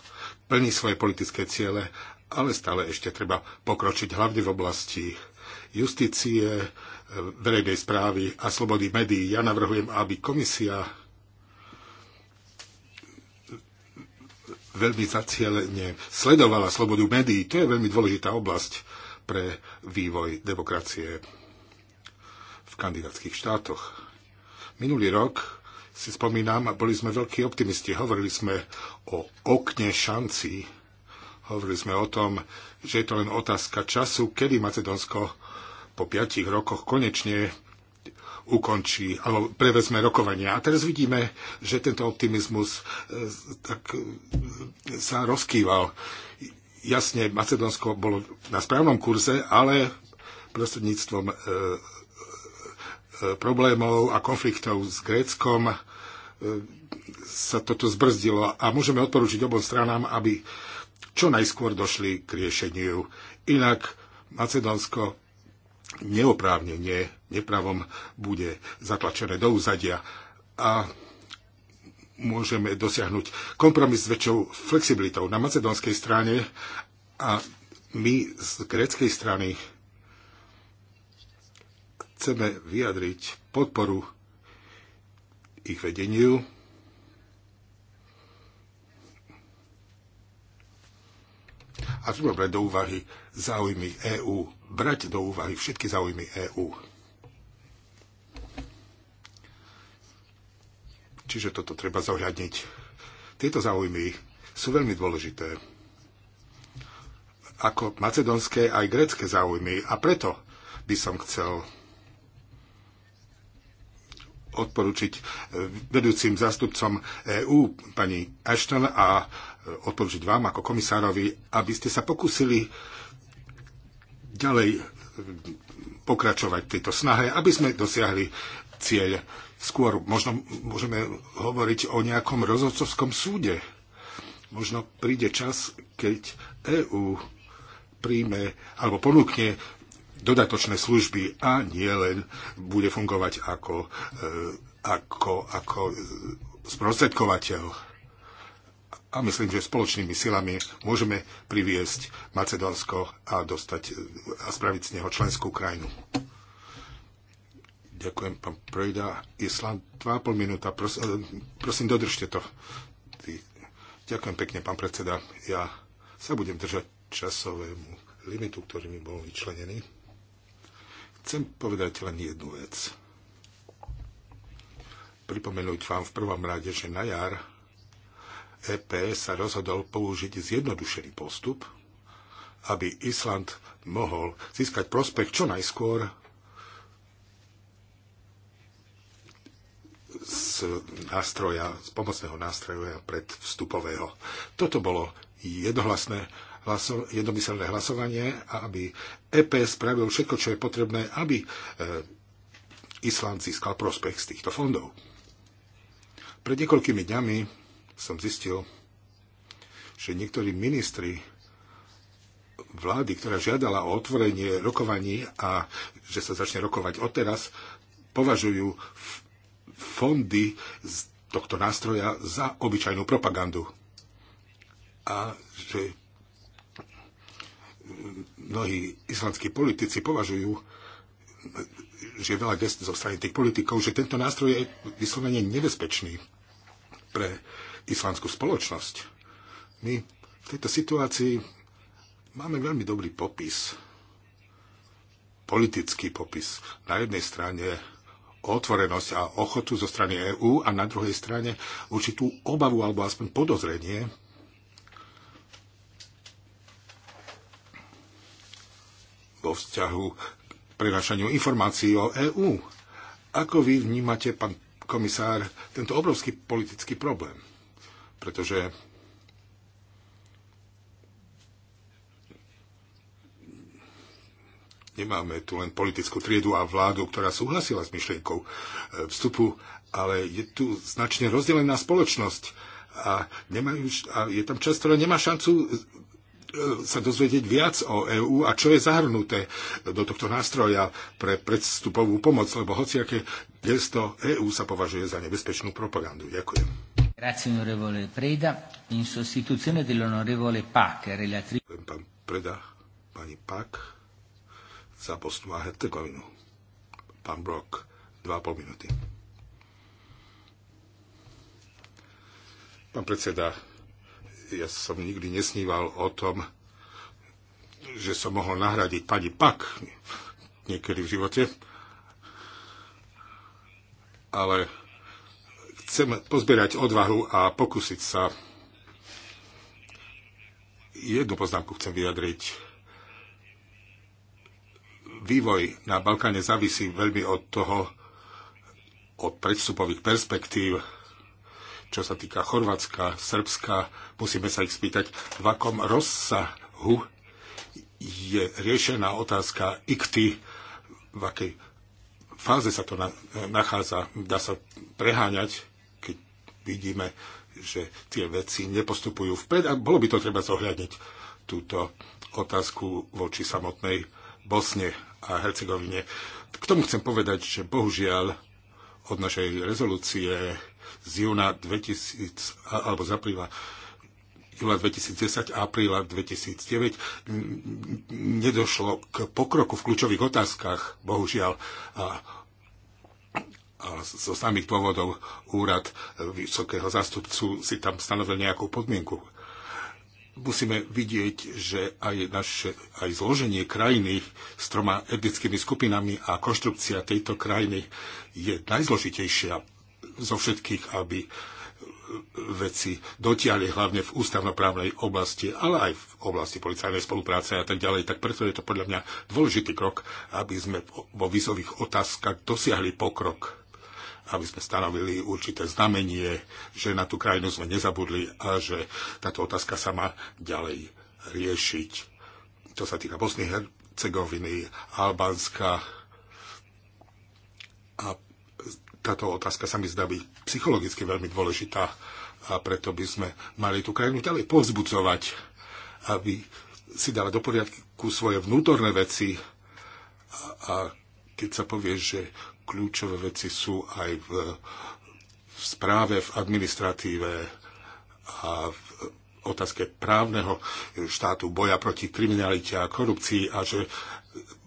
plní svoje politické ciele, ale stále ešte treba pokročiť hlavne v oblasti justície, verejnej správy a slobody médií. Ja navrhujem, aby komisia veľmi zacielenie sledovala slobodu médií. To je veľmi dôležitá oblasť pre vývoj demokracie v kandidátskych štátoch. Minulý rok, si spomínam, boli sme veľkí optimisti. Hovorili sme o okne šanci. Hovorili sme o tom, že je to len otázka času, kedy Macedónsko po piatich rokoch konečne ukončí alebo prevezme rokovania. A teraz vidíme, že tento optimizmus e, tak e, sa rozkýval. Jasne, Macedónsko bolo na správnom kurze, ale prostredníctvom e, e, problémov a konfliktov s Gréckom e, sa toto zbrzdilo a môžeme odporúčiť obom stranám, aby čo najskôr došli k riešeniu. Inak Macedónsko neoprávnenie, nepravom bude zatlačené do úzadia. A môžeme dosiahnuť kompromis s väčšou flexibilitou na macedónskej strane a my z gréckej strany chceme vyjadriť podporu ich vedeniu. A treba brať do úvahy záujmy EÚ. Brať do úvahy všetky záujmy EÚ. Čiže toto treba zohľadniť. Tieto záujmy sú veľmi dôležité. Ako macedonské aj grecké záujmy. A preto by som chcel odporučiť eh, vedúcim zástupcom EÚ, pani Ashton, a eh, odporučiť vám ako komisárovi, aby ste sa pokúsili ďalej eh, pokračovať v tejto snahe, aby sme dosiahli cieľ. Skôr možno môžeme hovoriť o nejakom rozhodcovskom súde. Možno príde čas, keď EÚ príjme alebo ponúkne dodatočné služby a nie len bude fungovať ako, e, ako, ako sprostredkovateľ a myslím, že spoločnými silami môžeme priviesť Macedónsko a dostať a spraviť z neho členskú krajinu. Ďakujem, pán Projda. Island, 2,5 minúta. Pros, eh, prosím, dodržte to. Ty. Ďakujem pekne, pán predseda. Ja sa budem držať časovému limitu, ktorý mi bol vyčlenený. Chcem povedať len jednu vec. Pripomenúť vám v prvom rade, že na jar EP sa rozhodol použiť zjednodušený postup, aby Island mohol získať prospech čo najskôr z nástroja, z pomocného nástroja predvstupového. Toto bolo jednohlasné hlaso, jednomyselné hlasovanie a aby EP spravil všetko, čo je potrebné, aby e, Island získal prospech z týchto fondov. Pred niekoľkými dňami som zistil, že niektorí ministri vlády, ktorá žiadala o otvorenie rokovaní a že sa začne rokovať odteraz, považujú fondy z tohto nástroja za obyčajnú propagandu. A že mnohí islandskí politici považujú, že je veľa gest zo strany tých politikov, že tento nástroj je vyslovene nebezpečný pre islandskú spoločnosť. My v tejto situácii máme veľmi dobrý popis, politický popis. Na jednej strane otvorenosť a ochotu zo strany EÚ a na druhej strane určitú obavu alebo aspoň podozrenie, vo vzťahu k prenašaniu informácií o EÚ. Ako vy vnímate, pán komisár, tento obrovský politický problém? Pretože Nemáme tu len politickú triedu a vládu, ktorá súhlasila s myšlienkou e, vstupu, ale je tu značne rozdelená spoločnosť a, nemajú, a je tam časť, ktorá nemá šancu e, sa dozvedieť viac o EÚ a čo je zahrnuté do tohto nástroja pre predstupovú pomoc, lebo hociaké gesto EÚ sa považuje za nebezpečnú propagandu. Ďakujem. Ďakujem, Pán Preda, pani Pak za Bosnu a Hercegovinu. Pán Brok, 2,5 minúty. Pán predseda, ja som nikdy nesníval o tom, že som mohol nahradiť pani Pak niekedy v živote, ale chcem pozbierať odvahu a pokúsiť sa. Jednu poznámku chcem vyjadriť vývoj na Balkáne závisí veľmi od toho, od predstupových perspektív, čo sa týka Chorvátska, Srbska, musíme sa ich spýtať, v akom rozsahu je riešená otázka ikty, v akej fáze sa to na, nachádza. Dá sa preháňať, keď vidíme, že tie veci nepostupujú vpred a bolo by to treba zohľadniť túto otázku voči samotnej Bosne a Hercegovine. K tomu chcem povedať, že bohužiaľ od našej rezolúcie z júna 2000, alebo z apríla júla 2010 a apríla 2009 nedošlo k pokroku v kľúčových otázkach, bohužiaľ. A zo samých dôvodov úrad vysokého zástupcu si tam stanovil nejakú podmienku musíme vidieť, že aj, naše, aj zloženie krajiny s troma etnickými skupinami a konštrukcia tejto krajiny je najzložitejšia zo všetkých, aby veci dotiali hlavne v ústavnoprávnej oblasti, ale aj v oblasti policajnej spolupráce a tak ďalej. Tak preto je to podľa mňa dôležitý krok, aby sme vo vizových otázkach dosiahli pokrok aby sme stanovili určité znamenie, že na tú krajinu sme nezabudli a že táto otázka sa má ďalej riešiť. To sa týka Bosny, Hercegoviny, Albánska. A táto otázka sa mi zdá byť psychologicky veľmi dôležitá a preto by sme mali tú krajinu ďalej povzbudzovať, aby si dala do poriadku svoje vnútorné veci a, a keď sa povie, že kľúčové veci sú aj v, v správe, v administratíve a v otázke právneho štátu, boja proti kriminalite a korupcii a že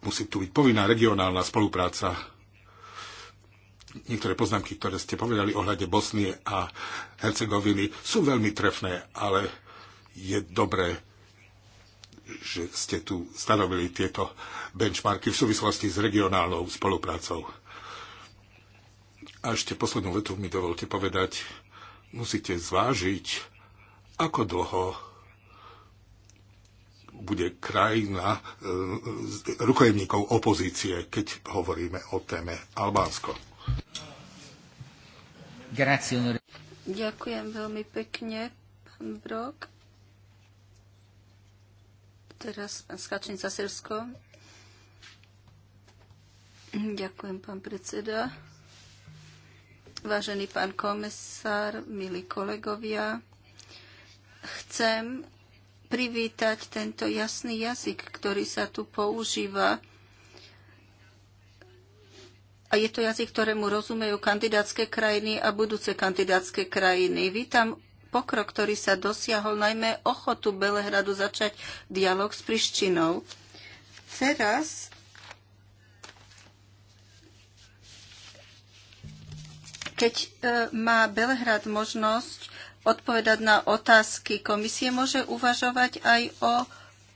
musí tu byť povinná regionálna spolupráca. Niektoré poznámky, ktoré ste povedali ohľade Bosny a Hercegoviny, sú veľmi trefné, ale je dobré, že ste tu stanovili tieto benchmarky v súvislosti s regionálnou spoluprácou a ešte poslednú vetu mi dovolte povedať. Musíte zvážiť, ako dlho bude krajina e, rukojemníkov opozície, keď hovoríme o téme Albánsko. Ďakujem veľmi pekne, pán Brok. Teraz pán Skačnica Srbsko. Hm, ďakujem, pán predseda. Vážený pán komisár, milí kolegovia, chcem privítať tento jasný jazyk, ktorý sa tu používa. A je to jazyk, ktorému rozumejú kandidátske krajiny a budúce kandidátske krajiny. Vítam pokrok, ktorý sa dosiahol, najmä ochotu Belehradu začať dialog s Prištinou. Teraz Keď e, má Belehrad možnosť odpovedať na otázky komisie, môže uvažovať aj o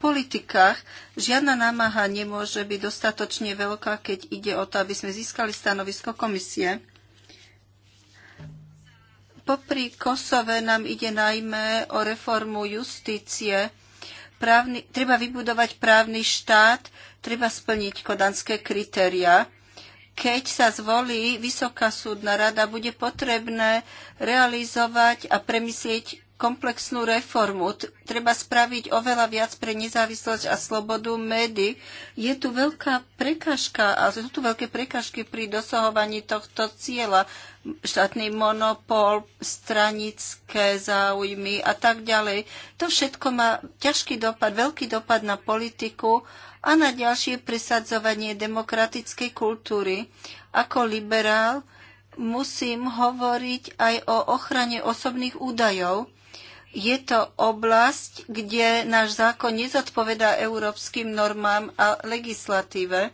politikách. Žiadna námaha nemôže byť dostatočne veľká, keď ide o to, aby sme získali stanovisko komisie. Popri Kosove nám ide najmä o reformu justície. Právny, treba vybudovať právny štát, treba splniť kodanské kritéria keď sa zvolí Vysoká súdna rada, bude potrebné realizovať a premyslieť komplexnú reformu. Treba spraviť oveľa viac pre nezávislosť a slobodu médií. Je tu veľká prekažka a sú tu veľké prekažky pri dosahovaní tohto cieľa. Štátny monopol, stranické záujmy a tak ďalej. To všetko má ťažký dopad, veľký dopad na politiku a na ďalšie presadzovanie demokratickej kultúry. Ako liberál musím hovoriť aj o ochrane osobných údajov. Je to oblasť, kde náš zákon nezodpovedá európskym normám a legislatíve.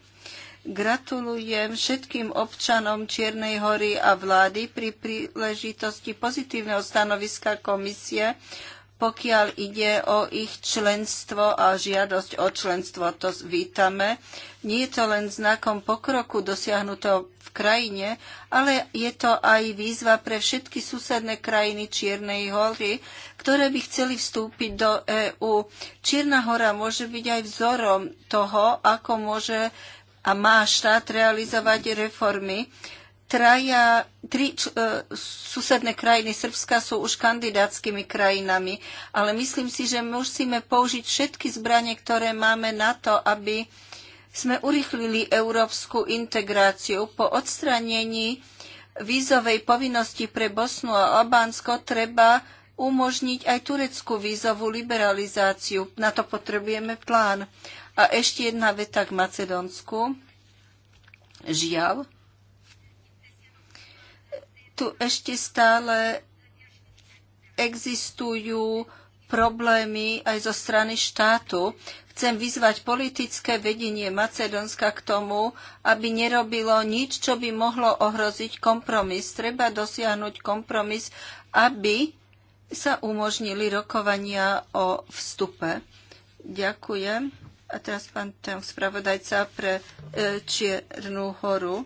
Gratulujem všetkým občanom Čiernej hory a vlády pri príležitosti pozitívneho stanoviska komisie pokiaľ ide o ich členstvo a žiadosť o členstvo. To vítame. Nie je to len znakom pokroku dosiahnutého v krajine, ale je to aj výzva pre všetky susedné krajiny Čiernej hory, ktoré by chceli vstúpiť do EÚ. Čierna hora môže byť aj vzorom toho, ako môže a má štát realizovať reformy traja, tri č, e, susedné krajiny Srbska sú už kandidátskymi krajinami, ale myslím si, že musíme použiť všetky zbranie, ktoré máme na to, aby sme urychlili európsku integráciu. Po odstranení vízovej povinnosti pre Bosnu a Albánsko treba umožniť aj tureckú vízovú liberalizáciu. Na to potrebujeme plán. A ešte jedna veta k Macedónsku. Žiaľ, tu ešte stále existujú problémy aj zo strany štátu. Chcem vyzvať politické vedenie Macedónska k tomu, aby nerobilo nič, čo by mohlo ohroziť kompromis. Treba dosiahnuť kompromis, aby sa umožnili rokovania o vstupe. Ďakujem. A teraz pán spravodajca pre e, Čiernu horu.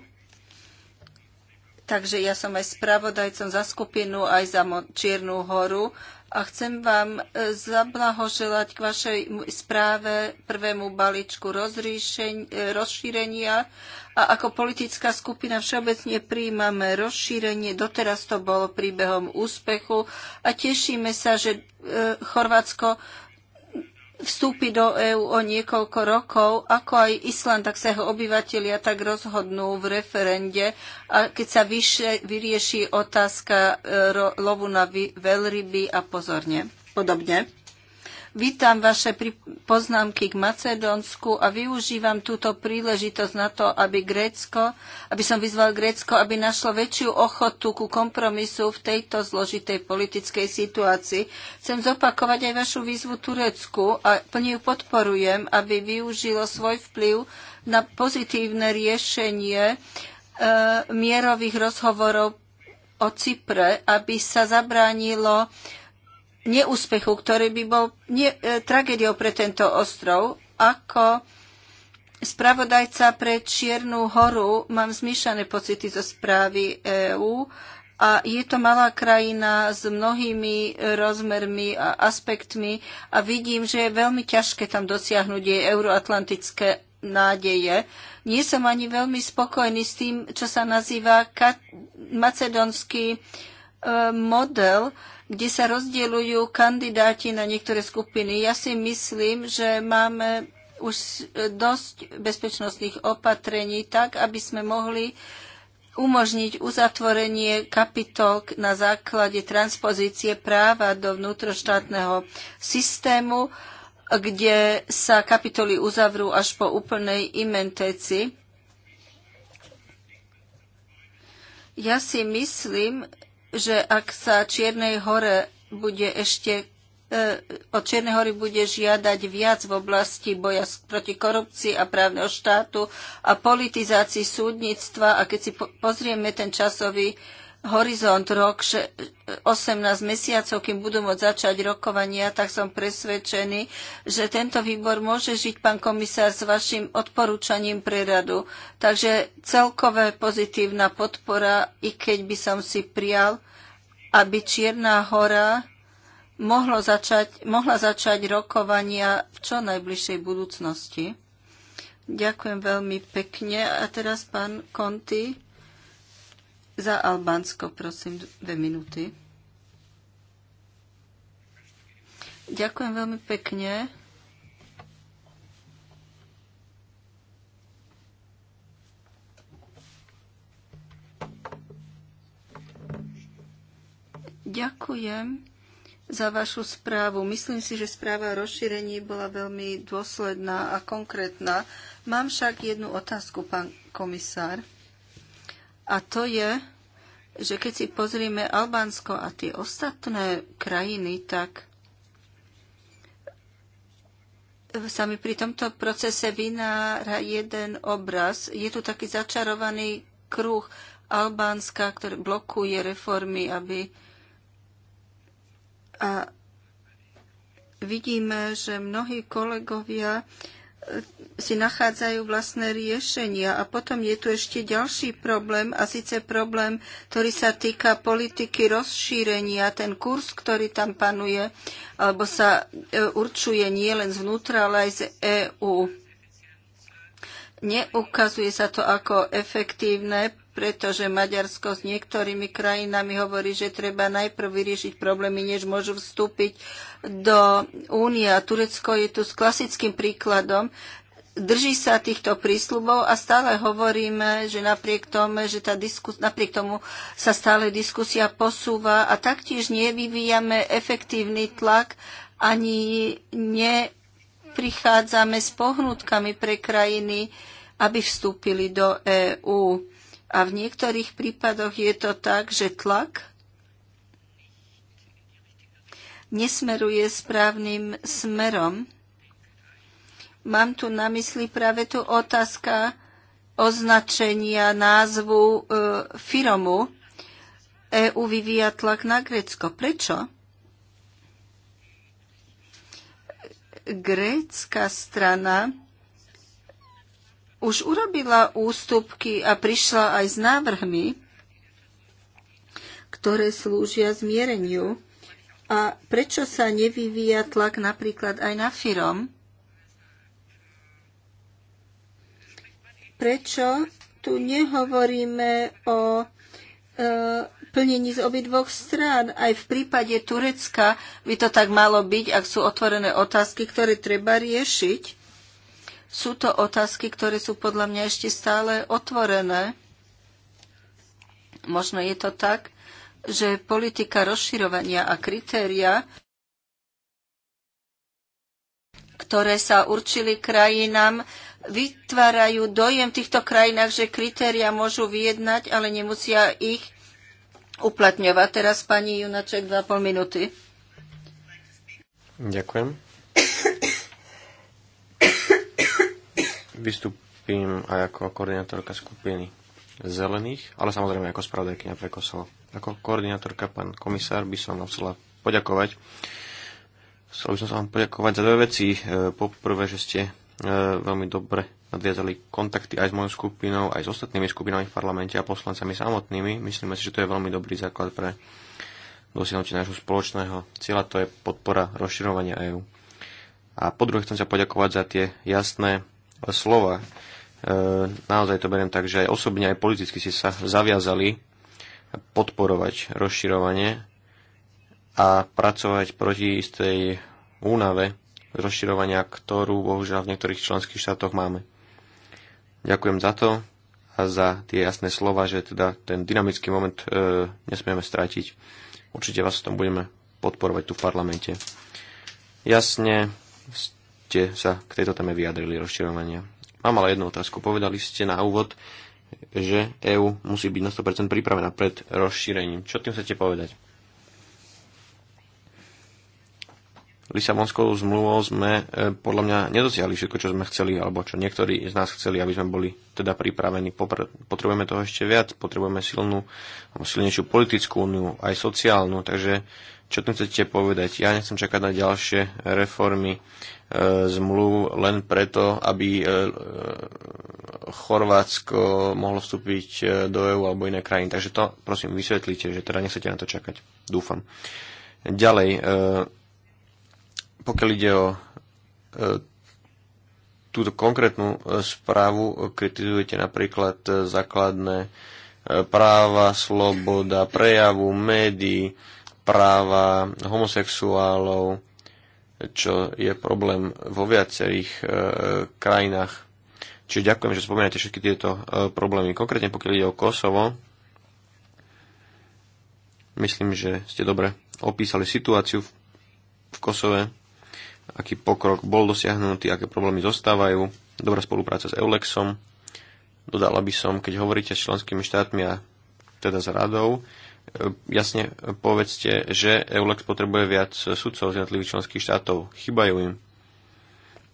Takže ja som aj spravodajcom za skupinu, aj za Čiernu horu a chcem vám e, zablahoželať k vašej správe prvému balíčku e, rozšírenia a ako politická skupina všeobecne príjmame rozšírenie. Doteraz to bolo príbehom úspechu a tešíme sa, že e, Chorvátsko vstúpi do EÚ o niekoľko rokov, ako aj Island, tak sa jeho obyvatelia tak rozhodnú v referende. A keď sa vyše, vyrieši otázka e, ro, lovu na veľryby a pozorne, podobne. Vítam vaše poznámky k Macedónsku a využívam túto príležitosť na to, aby Grécko, aby som vyzval Grécko, aby našlo väčšiu ochotu ku kompromisu v tejto zložitej politickej situácii. Chcem zopakovať aj vašu výzvu Turecku a plne ju podporujem, aby využilo svoj vplyv na pozitívne riešenie e, mierových rozhovorov o Cypre, aby sa zabránilo neúspechu, ktorý by bol ne, e, tragédiou pre tento ostrov. Ako spravodajca pre Čiernu horu mám zmiešané pocity zo správy EÚ a je to malá krajina s mnohými rozmermi a aspektmi a vidím, že je veľmi ťažké tam dosiahnuť jej euroatlantické nádeje. Nie som ani veľmi spokojný s tým, čo sa nazýva Macedonský e, model, kde sa rozdielujú kandidáti na niektoré skupiny. Ja si myslím, že máme už dosť bezpečnostných opatrení tak, aby sme mohli umožniť uzatvorenie kapitol na základe transpozície práva do vnútroštátneho systému, kde sa kapitoly uzavrú až po úplnej imentéci. Ja si myslím, že ak sa Čiernej hore bude ešte e, od Čiernej hory bude žiadať viac v oblasti boja proti korupcii a právneho štátu a politizácii súdnictva. A keď si pozrieme ten časový horizont rok 18 mesiacov, kým budú môcť začať rokovania, tak som presvedčený, že tento výbor môže žiť, pán komisár, s vašim odporúčaním pre radu. Takže celkové pozitívna podpora, i keď by som si prijal, aby Čierna hora mohlo začať, mohla začať rokovania v čo najbližšej budúcnosti. Ďakujem veľmi pekne. A teraz pán Konti. Za Albánsko, prosím, dve minúty. Ďakujem veľmi pekne. Ďakujem za vašu správu. Myslím si, že správa o rozšírení bola veľmi dôsledná a konkrétna. Mám však jednu otázku, pán komisár. A to je, že keď si pozrieme Albánsko a tie ostatné krajiny, tak sa mi pri tomto procese vynára jeden obraz. Je tu taký začarovaný kruh Albánska, ktorý blokuje reformy, aby a vidíme, že mnohí kolegovia si nachádzajú vlastné riešenia. A potom je tu ešte ďalší problém, a síce problém, ktorý sa týka politiky rozšírenia, ten kurz, ktorý tam panuje, alebo sa e, určuje nie len zvnútra, ale aj z EÚ. Neukazuje sa to ako efektívne pretože Maďarsko s niektorými krajinami hovorí, že treba najprv vyriešiť problémy, než môžu vstúpiť do únie. A Turecko je tu s klasickým príkladom. Drží sa týchto prísľubov a stále hovoríme, že napriek tomu, že tá diskus, napriek tomu sa stále diskusia posúva a taktiež nevyvíjame efektívny tlak ani neprichádzame s pohnutkami pre krajiny, aby vstúpili do EÚ. A v niektorých prípadoch je to tak, že tlak nesmeruje správnym smerom. Mám tu na mysli práve tu otázka označenia názvu e, firomu. EU vyvíja tlak na Grécko. Prečo? Grécka strana už urobila ústupky a prišla aj s návrhmi, ktoré slúžia zmiereniu. A prečo sa nevyvíja tlak napríklad aj na firom? Prečo tu nehovoríme o e, plnení z obidvoch strán? Aj v prípade Turecka by to tak malo byť, ak sú otvorené otázky, ktoré treba riešiť. Sú to otázky, ktoré sú podľa mňa ešte stále otvorené. Možno je to tak, že politika rozširovania a kritéria, ktoré sa určili krajinám, vytvárajú dojem v týchto krajinách, že kritéria môžu vyjednať, ale nemusia ich uplatňovať. Teraz pani Junaček, 2,5 minúty. Ďakujem. Vystúpim aj ako koordinátorka skupiny zelených, ale samozrejme ako spravodajkynia pre Kosovo. Ako koordinátorka, pán komisár, by som vám chcela poďakovať. Chcel by som sa vám poďakovať za dve veci. E, poprvé, že ste e, veľmi dobre nadviazali kontakty aj s mojou skupinou, aj s ostatnými skupinami v parlamente a poslancami samotnými. Myslíme si, že to je veľmi dobrý základ pre dosiahnutie nášho spoločného cieľa, to je podpora rozširovania EÚ. A po druhé chcem sa poďakovať za tie jasné slova. E, naozaj to beriem tak, že aj osobne, aj politicky si sa zaviazali podporovať rozširovanie a pracovať proti istej únave rozširovania, ktorú bohužiaľ v niektorých členských štátoch máme. Ďakujem za to a za tie jasné slova, že teda ten dynamický moment e, nesmieme strátiť. Určite vás v tom budeme podporovať tu v parlamente. Jasne, ste sa k tejto téme vyjadrili rozširovania. Mám ale jednu otázku. Povedali ste na úvod, že EÚ musí byť na 100% pripravená pred rozšírením. Čo tým chcete povedať? Lisabonskou zmluvou sme e, podľa mňa nedosiahli všetko, čo sme chceli, alebo čo niektorí z nás chceli, aby sme boli teda pripravení. Popr potrebujeme toho ešte viac, potrebujeme silnú, silnejšiu politickú úniu, aj sociálnu, takže čo tým chcete povedať? Ja nechcem čakať na ďalšie reformy zmluv len preto, aby e, Chorvátsko mohlo vstúpiť e, do EÚ alebo iné krajiny. Takže to prosím vysvetlite, že teda nechcete na to čakať. Dúfam. Ďalej, e, pokiaľ ide o túto konkrétnu správu, kritizujete napríklad základné práva, sloboda prejavu, médií, práva homosexuálov, čo je problém vo viacerých e, krajinách. Čiže ďakujem, že spomínate všetky tieto e, problémy. Konkrétne pokiaľ ide o Kosovo, myslím, že ste dobre opísali situáciu v, v Kosove, aký pokrok bol dosiahnutý, aké problémy zostávajú, dobrá spolupráca s Eulexom. Dodala by som, keď hovoríte s členskými štátmi a teda s radou, jasne povedzte, že EULEX potrebuje viac sudcov z jednotlivých členských štátov. Chýbajú im.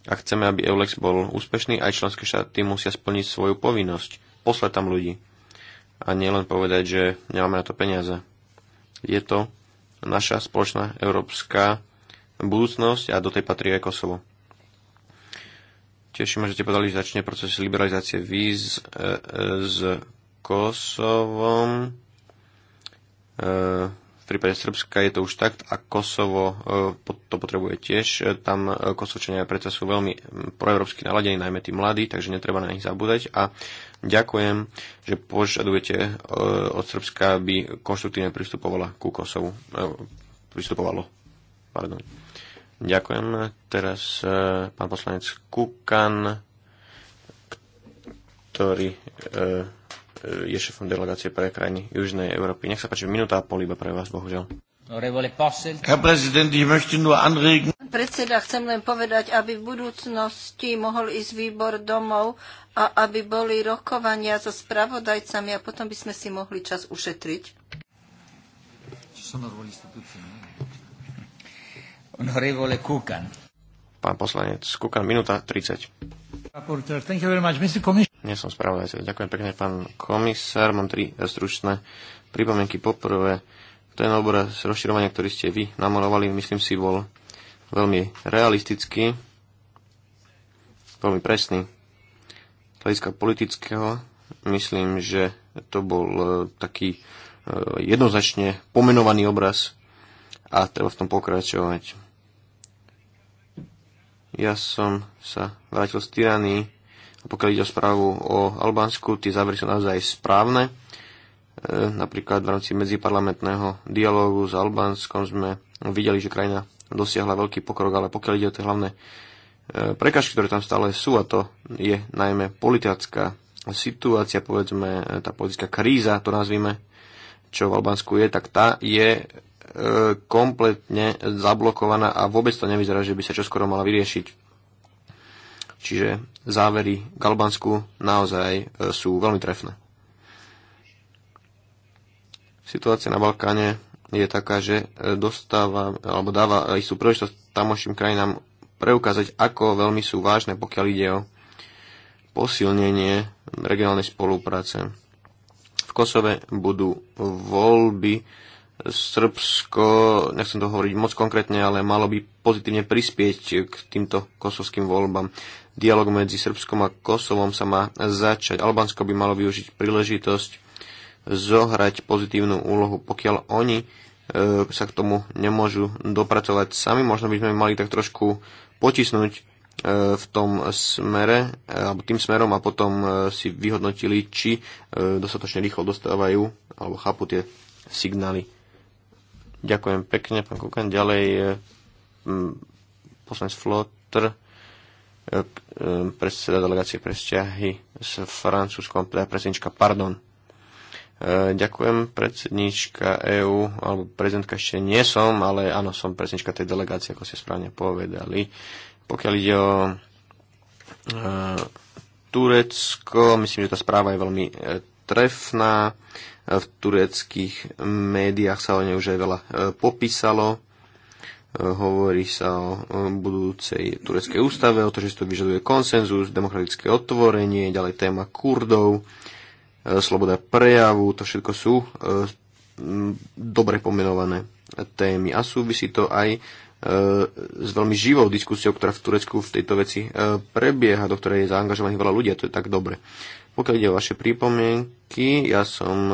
A chceme, aby EULEX bol úspešný, aj členské štáty musia splniť svoju povinnosť. Poslať tam ľudí. A nielen povedať, že nemáme na to peniaze. Je to naša spoločná európska budúcnosť a do tej patrí aj Kosovo. Teším, že ste podali, že začne proces liberalizácie víz e, e, s Kosovom v prípade Srbska je to už tak a Kosovo e, to potrebuje tiež. E, tam e, Kosovčania predsa sú veľmi proeurópsky naladení, najmä tí mladí, takže netreba na nich zabúdať. A ďakujem, že požadujete od Srbska, aby konštruktívne pristupovala ku Kosovu. Pristupovalo. Pardon. Ďakujem. Teraz pán poslanec Kukan, ktorý E, je šefom delegácie pre krajiny Južnej Európy. Nech sa páči, minúta a pol iba pre vás, bohužiaľ. Herr Präsident, ich möchte nur anregen. Predseda, chcem len povedať, aby v budúcnosti mohol ísť výbor domov a aby boli rokovania so spravodajcami a potom by sme si mohli čas ušetriť. Honorevole Kukan. Pán poslanec Kukan, minúta 30. Mr. Nie som spravodajca. Ďakujem pekne, pán komisár. Mám tri stručné pripomienky. Poprvé, ten obraz rozširovania, ktorý ste vy namorovali, myslím si, bol veľmi realistický, veľmi presný. Z hľadiska politického, myslím, že to bol e, taký e, jednoznačne pomenovaný obraz a treba v tom pokračovať. Ja som sa vrátil z tyranii a pokiaľ ide o správu o Albánsku, tie závery sú naozaj správne. E, napríklad v rámci medziparlamentného dialógu s Albánskom sme videli, že krajina dosiahla veľký pokrok, ale pokiaľ ide o tie hlavné e, prekažky, ktoré tam stále sú, a to je najmä politická situácia, povedzme e, tá politická kríza, to nazvime, čo v Albánsku je, tak tá je e, kompletne zablokovaná a vôbec to nevyzerá, že by sa čoskoro mala vyriešiť. Čiže závery k Albánsku naozaj e, sú veľmi trefné. Situácia na Balkáne je taká, že e, dostáva alebo dáva e, istú príležitosť tamošným krajinám preukázať, ako veľmi sú vážne, pokiaľ ide o posilnenie regionálnej spolupráce. V Kosove budú voľby. Srbsko, nechcem to hovoriť moc konkrétne, ale malo by pozitívne prispieť k týmto kosovským voľbám. Dialog medzi Srbskom a Kosovom sa má začať. Albánsko by malo využiť príležitosť zohrať pozitívnu úlohu, pokiaľ oni e, sa k tomu nemôžu dopracovať sami. Možno by sme mali tak trošku potisnúť e, v tom smere, e, alebo tým smerom a potom e, si vyhodnotili, či e, dostatočne rýchlo dostávajú alebo chápu tie signály. Ďakujem pekne, pán Kukan. Ďalej e, poslanec Flotr E, predseda delegácie pre vzťahy s Francúzskom, teda predsednička, pardon. E, ďakujem, predsednička EÚ, alebo prezidentka ešte nie som, ale áno, som predsednička tej delegácie, ako ste správne povedali. Pokiaľ ide o e, Turecko, myslím, že tá správa je veľmi trefná. V tureckých médiách sa o nej už aj veľa popísalo hovorí sa o budúcej tureckej ústave, o to, že si to vyžaduje konsenzus, demokratické otvorenie, ďalej téma kurdov, e, sloboda prejavu, to všetko sú e, dobre pomenované témy a súvisí to aj e, s veľmi živou diskusiou, ktorá v Turecku v tejto veci prebieha, do ktorej je zaangažovaných veľa ľudí a to je tak dobre. Pokiaľ ide o vaše prípomienky, ja som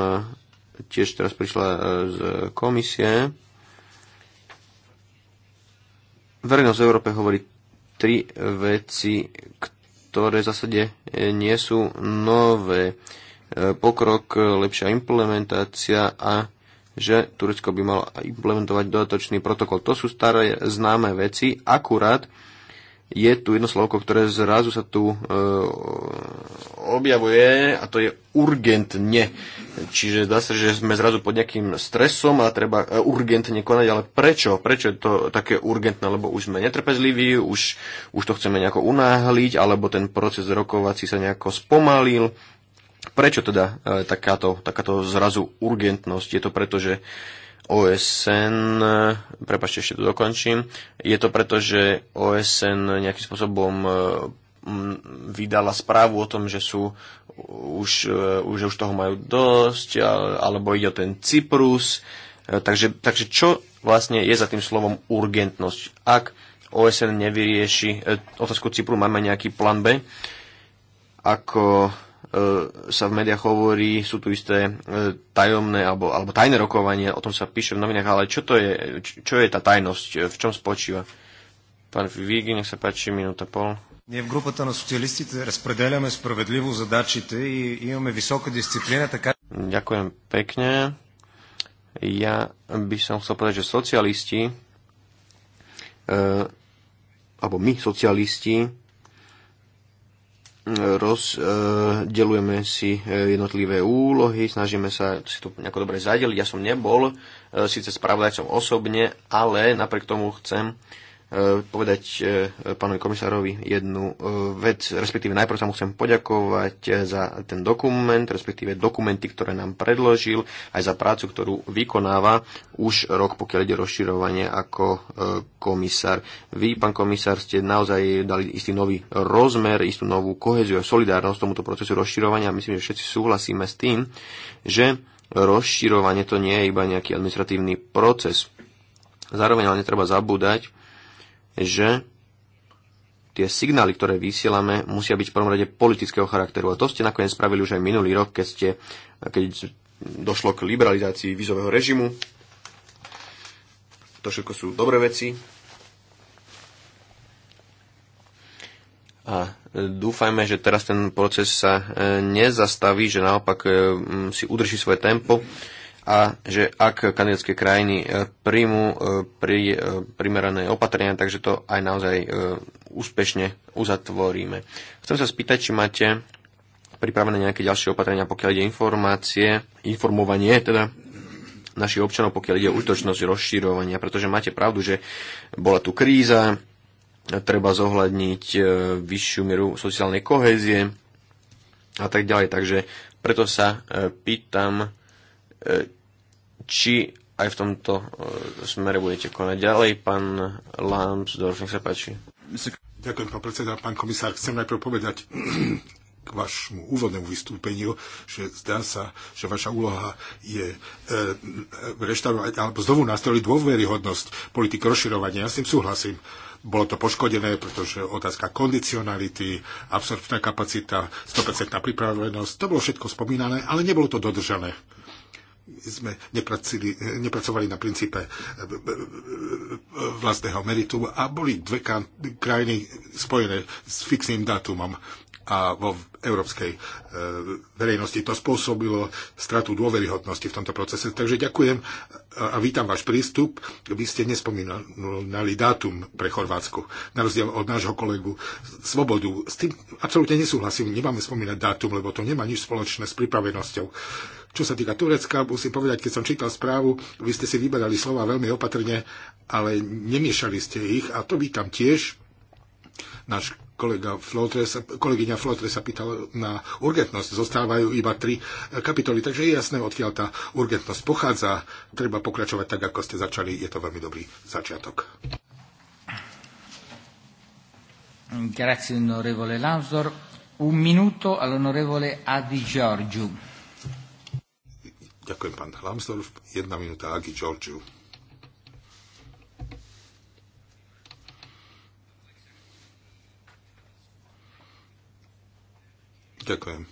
tiež teraz prišla z komisie verejnosť v Európe hovorí tri veci, ktoré v zásade e, nie sú nové. E, pokrok, e, lepšia implementácia a že Turecko by malo implementovať dodatočný protokol. To sú staré známe veci, akurát je tu jedno slovko, ktoré zrazu sa tu e, objavuje a to je urgentne. Čiže zdá sa, že sme zrazu pod nejakým stresom a treba e, urgentne konať, ale prečo? Prečo je to také urgentné? Lebo už sme netrpezliví, už, už to chceme nejako unáhliť, alebo ten proces rokovací sa nejako spomalil. Prečo teda e, takáto, takáto zrazu urgentnosť? Je to preto, že OSN, prepačte, ešte to dokončím, je to preto, že OSN nejakým spôsobom e, vydala správu o tom, že sú už, e, že už toho majú dosť, alebo ide o ten Cyprus. E, takže, takže čo vlastne je za tým slovom urgentnosť? Ak OSN nevyrieši otázku Cypru, máme nejaký plán B, ako E, sa v médiách hovorí, sú tu isté e, tajomné alebo, alebo tajné rokovanie, o tom sa píše v novinách, ale čo to je, čo je tá tajnosť, e, v čom spočíva? Pán Vigi, nech sa páči, minúta pol. Ние в групата на социалистите разпределяме справедливо задачите и имаме висока дисциплина, така... Ďakujem pekne. Ja by som chcel povedať, že socialisti, e, alebo my socialisti, rozdelujeme si e, jednotlivé úlohy, snažíme sa si to nejako dobre zadeliť. Ja som nebol e, síce spravodajcom osobne, ale napriek tomu chcem Eh, povedať eh, pánovi komisárovi jednu eh, vec, respektíve najprv sa mu chcem poďakovať za ten dokument, respektíve dokumenty, ktoré nám predložil, aj za prácu, ktorú vykonáva už rok, pokiaľ ide rozširovanie ako komisár. Vy, pán komisár, ste naozaj dali istý nový rozmer, istú novú koheziu a solidárnosť tomuto procesu rozširovania a myslím, že všetci súhlasíme s tým, že rozširovanie to nie je iba nejaký administratívny proces. Zároveň ale netreba zabúdať, že tie signály, ktoré vysielame, musia byť v prvom rade politického charakteru. A to ste nakoniec spravili už aj minulý rok, keď, ste, keď došlo k liberalizácii vízového režimu. To všetko sú dobré veci. A dúfajme, že teraz ten proces sa e, nezastaví, že naopak e, si udrží svoje tempo a že ak kanadské krajiny e, príjmu e, pri, e, primerané opatrenia, takže to aj naozaj úspešne uzatvoríme. Chcem sa spýtať, či máte pripravené nejaké ďalšie opatrenia, pokiaľ ide informácie, informovanie teda našich občanov, pokiaľ ide o útočnosť rozširovania, pretože máte pravdu, že bola tu kríza, treba zohľadniť vyššiu mieru sociálnej kohézie a tak ďalej. Takže preto sa pýtam, E, či aj v tomto e, smere budete konať ďalej. Pán Lambsdorff, nech sa páči. Ďakujem, pán predseda. Pán komisár, chcem najprv povedať k vašmu úvodnému vystúpeniu, že zdá sa, že vaša úloha je e, e reštaurovať alebo znovu nastroliť dôveryhodnosť politiky rozširovania. Ja s tým súhlasím. Bolo to poškodené, pretože otázka kondicionality, absorpčná kapacita, 100% pripravenosť, to bolo všetko spomínané, ale nebolo to dodržané sme nepracovali na princípe eh, eh, eh, vlastného meritu a boli dve krajiny spojené s fixným dátumom a vo európskej verejnosti to spôsobilo stratu dôveryhodnosti v tomto procese. Takže ďakujem a vítam váš prístup. Vy ste nespomínali dátum pre Chorvátsku, na rozdiel od nášho kolegu Svobodu. S tým absolútne nesúhlasím, nemáme spomínať dátum, lebo to nemá nič spoločné s pripravenosťou čo sa týka Turecka, musím povedať, keď som čítal správu, vy ste si vyberali slova veľmi opatrne, ale nemiešali ste ich a to vítam tiež. Náš kolega Flotres, kolegyňa Flotres sa pýtal na urgentnosť. Zostávajú iba tri kapitoly, takže je jasné, odkiaľ tá urgentnosť pochádza. Treba pokračovať tak, ako ste začali. Je to veľmi dobrý začiatok. Grazie, onorevole Lanzor. Un minuto all'onorevole Adi Giorgio. Ďakujem, pán Hlamsdorf. Jedna minúta, Agi Čorčiu. Ďakujem.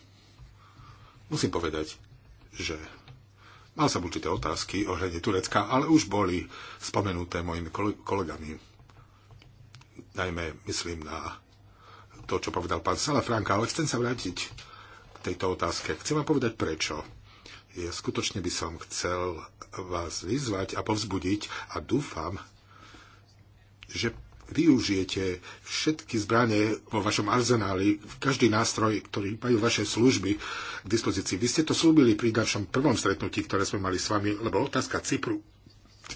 Musím povedať, že mal som určité otázky ohľadne Turecka, ale už boli spomenuté mojimi kolegami. Najmä myslím na to, čo povedal pán Salafranka, ale chcem sa vrátiť k tejto otázke. Chcem vám povedať prečo ja skutočne by som chcel vás vyzvať a povzbudiť a dúfam, že využijete všetky zbranie vo vašom arzenáli, každý nástroj, ktorý majú vaše služby k dispozícii. Vy ste to slúbili pri našom prvom stretnutí, ktoré sme mali s vami, lebo otázka Cypru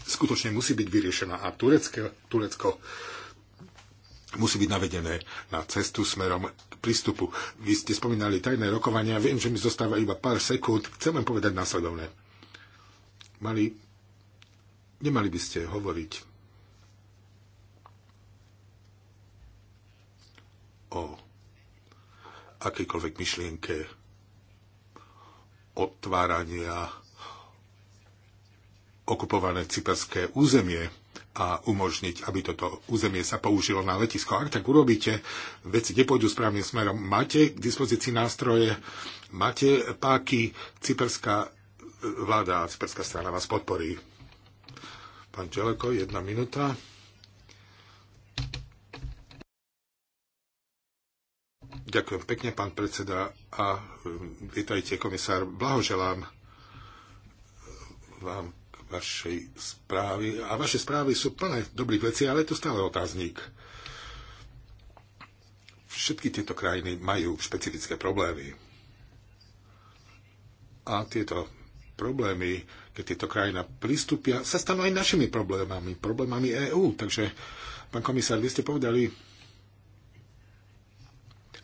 skutočne musí byť vyriešená a Turecké, Turecko, Turecko musí byť navedené na cestu smerom prístupu. Vy ste spomínali tajné rokovania, viem, že mi zostáva iba pár sekúnd, chcem len povedať následovné. Mali, nemali by ste hovoriť o akejkoľvek myšlienke otvárania okupované cyperské územie a umožniť, aby toto územie sa použilo na letisko. Ak tak urobíte, veci nepôjdu správnym smerom. Máte k dispozícii nástroje, máte páky, cyperská e, vláda a cyperská strana vás podporí. Pán Čeleko, jedna minúta. Ďakujem pekne, pán predseda, a e, vítajte, komisár. Blahoželám e, vám vašej správy. A vaše správy sú plné dobrých vecí, ale je to stále otáznik. Všetky tieto krajiny majú špecifické problémy. A tieto problémy, keď tieto krajina pristúpia, sa stanú aj našimi problémami, problémami EÚ. Takže, pán komisár, vy ste povedali,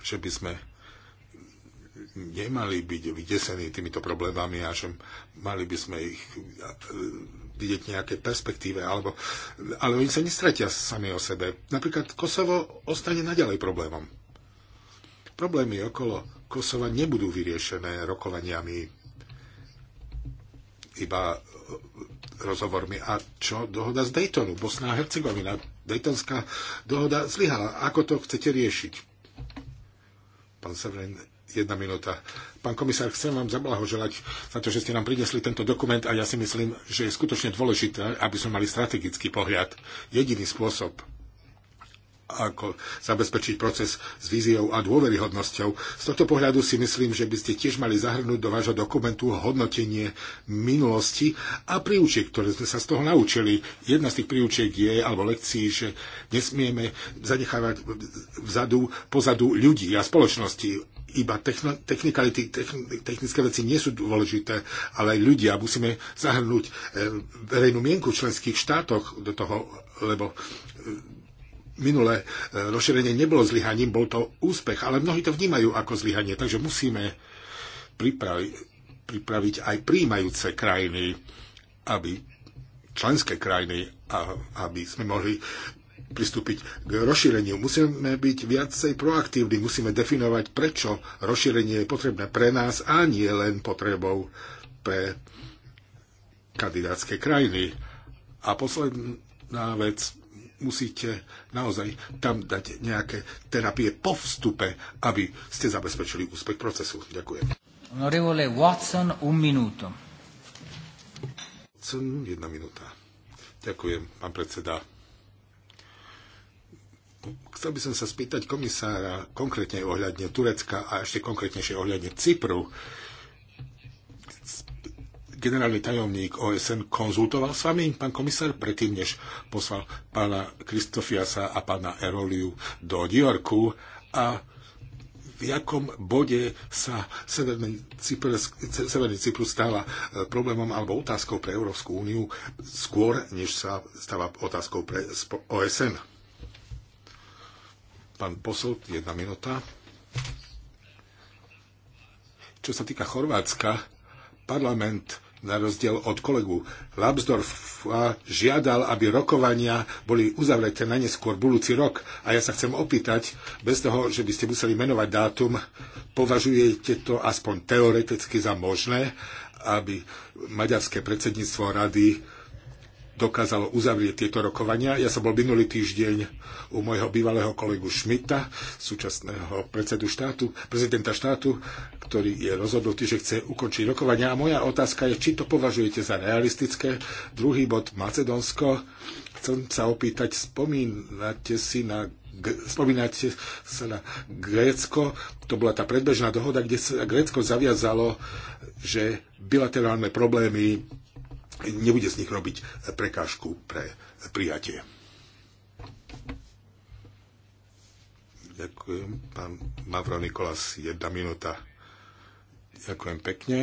že by sme nemali byť vydesení týmito problémami a že mali by sme ich vidieť nejaké perspektíve, alebo, ale oni sa nestratia sami o sebe. Napríklad Kosovo ostane naďalej problémom. Problémy okolo Kosova nebudú vyriešené rokovaniami iba rozhovormi. A čo dohoda z Daytonu? Bosná a Hercegovina. Daytonská dohoda zlyhala. Ako to chcete riešiť? Pán Severin jedna minúta. Pán komisár, chcem vám zablahoželať za to, že ste nám prinesli tento dokument a ja si myslím, že je skutočne dôležité, aby sme mali strategický pohľad. Jediný spôsob, ako zabezpečiť proces s víziou a dôveryhodnosťou. Z tohto pohľadu si myslím, že by ste tiež mali zahrnúť do vášho dokumentu hodnotenie minulosti a príučiek, ktoré sme sa z toho naučili. Jedna z tých príučiek je, alebo lekcií, že nesmieme zanechávať vzadu, pozadu ľudí a spoločnosti iba technikality, technické veci nie sú dôležité, ale aj ľudia. Musíme zahrnúť e, verejnú mienku v členských štátoch do toho, lebo e, minulé e, rozšírenie nebolo zlyhaním, bol to úspech, ale mnohí to vnímajú ako zlyhanie, takže musíme pripravi, pripraviť aj príjmajúce krajiny, aby členské krajiny, aby sme mohli pristúpiť k rozšíreniu. Musíme byť viacej proaktívni, musíme definovať, prečo rozšírenie je potrebné pre nás a nie len potrebou pre kandidátske krajiny. A posledná vec, musíte naozaj tam dať nejaké terapie po vstupe, aby ste zabezpečili úspech procesu. Ďakujem. Honorevole Watson, un minuto. Watson, jedna minúta. Ďakujem, pán predseda. Chcel by som sa spýtať komisára konkrétne ohľadne Turecka a ešte konkrétnejšie ohľadne Cypru. Generálny tajomník OSN konzultoval s vami, pán komisár, predtým, než poslal pána Kristofiasa a pána Eroliu do New Yorku a v jakom bode sa Severný Cyprus, Severný Cyprus stáva e, problémom alebo otázkou pre Európsku úniu skôr, než sa stáva otázkou pre OSN. Pán jedna minúta. Čo sa týka Chorvátska, parlament na rozdiel od kolegu Lambsdorfa, žiadal, aby rokovania boli uzavreté na neskôr budúci rok. A ja sa chcem opýtať, bez toho, že by ste museli menovať dátum, považujete to aspoň teoreticky za možné, aby maďarské predsedníctvo rady dokázalo uzavrieť tieto rokovania. Ja som bol minulý týždeň u môjho bývalého kolegu Šmita, súčasného predsedu štátu, prezidenta štátu, ktorý je rozhodnutý, že chce ukončiť rokovania. A moja otázka je, či to považujete za realistické. Druhý bod Macedónsko. Chcem sa opýtať, spomínate si na spomínate sa na Grécko, to bola tá predbežná dohoda, kde sa Grécko zaviazalo, že bilaterálne problémy nebude z nich robiť prekážku pre prijatie. Ďakujem. Pán Mavro Nikolas, jedna minúta. Ďakujem pekne.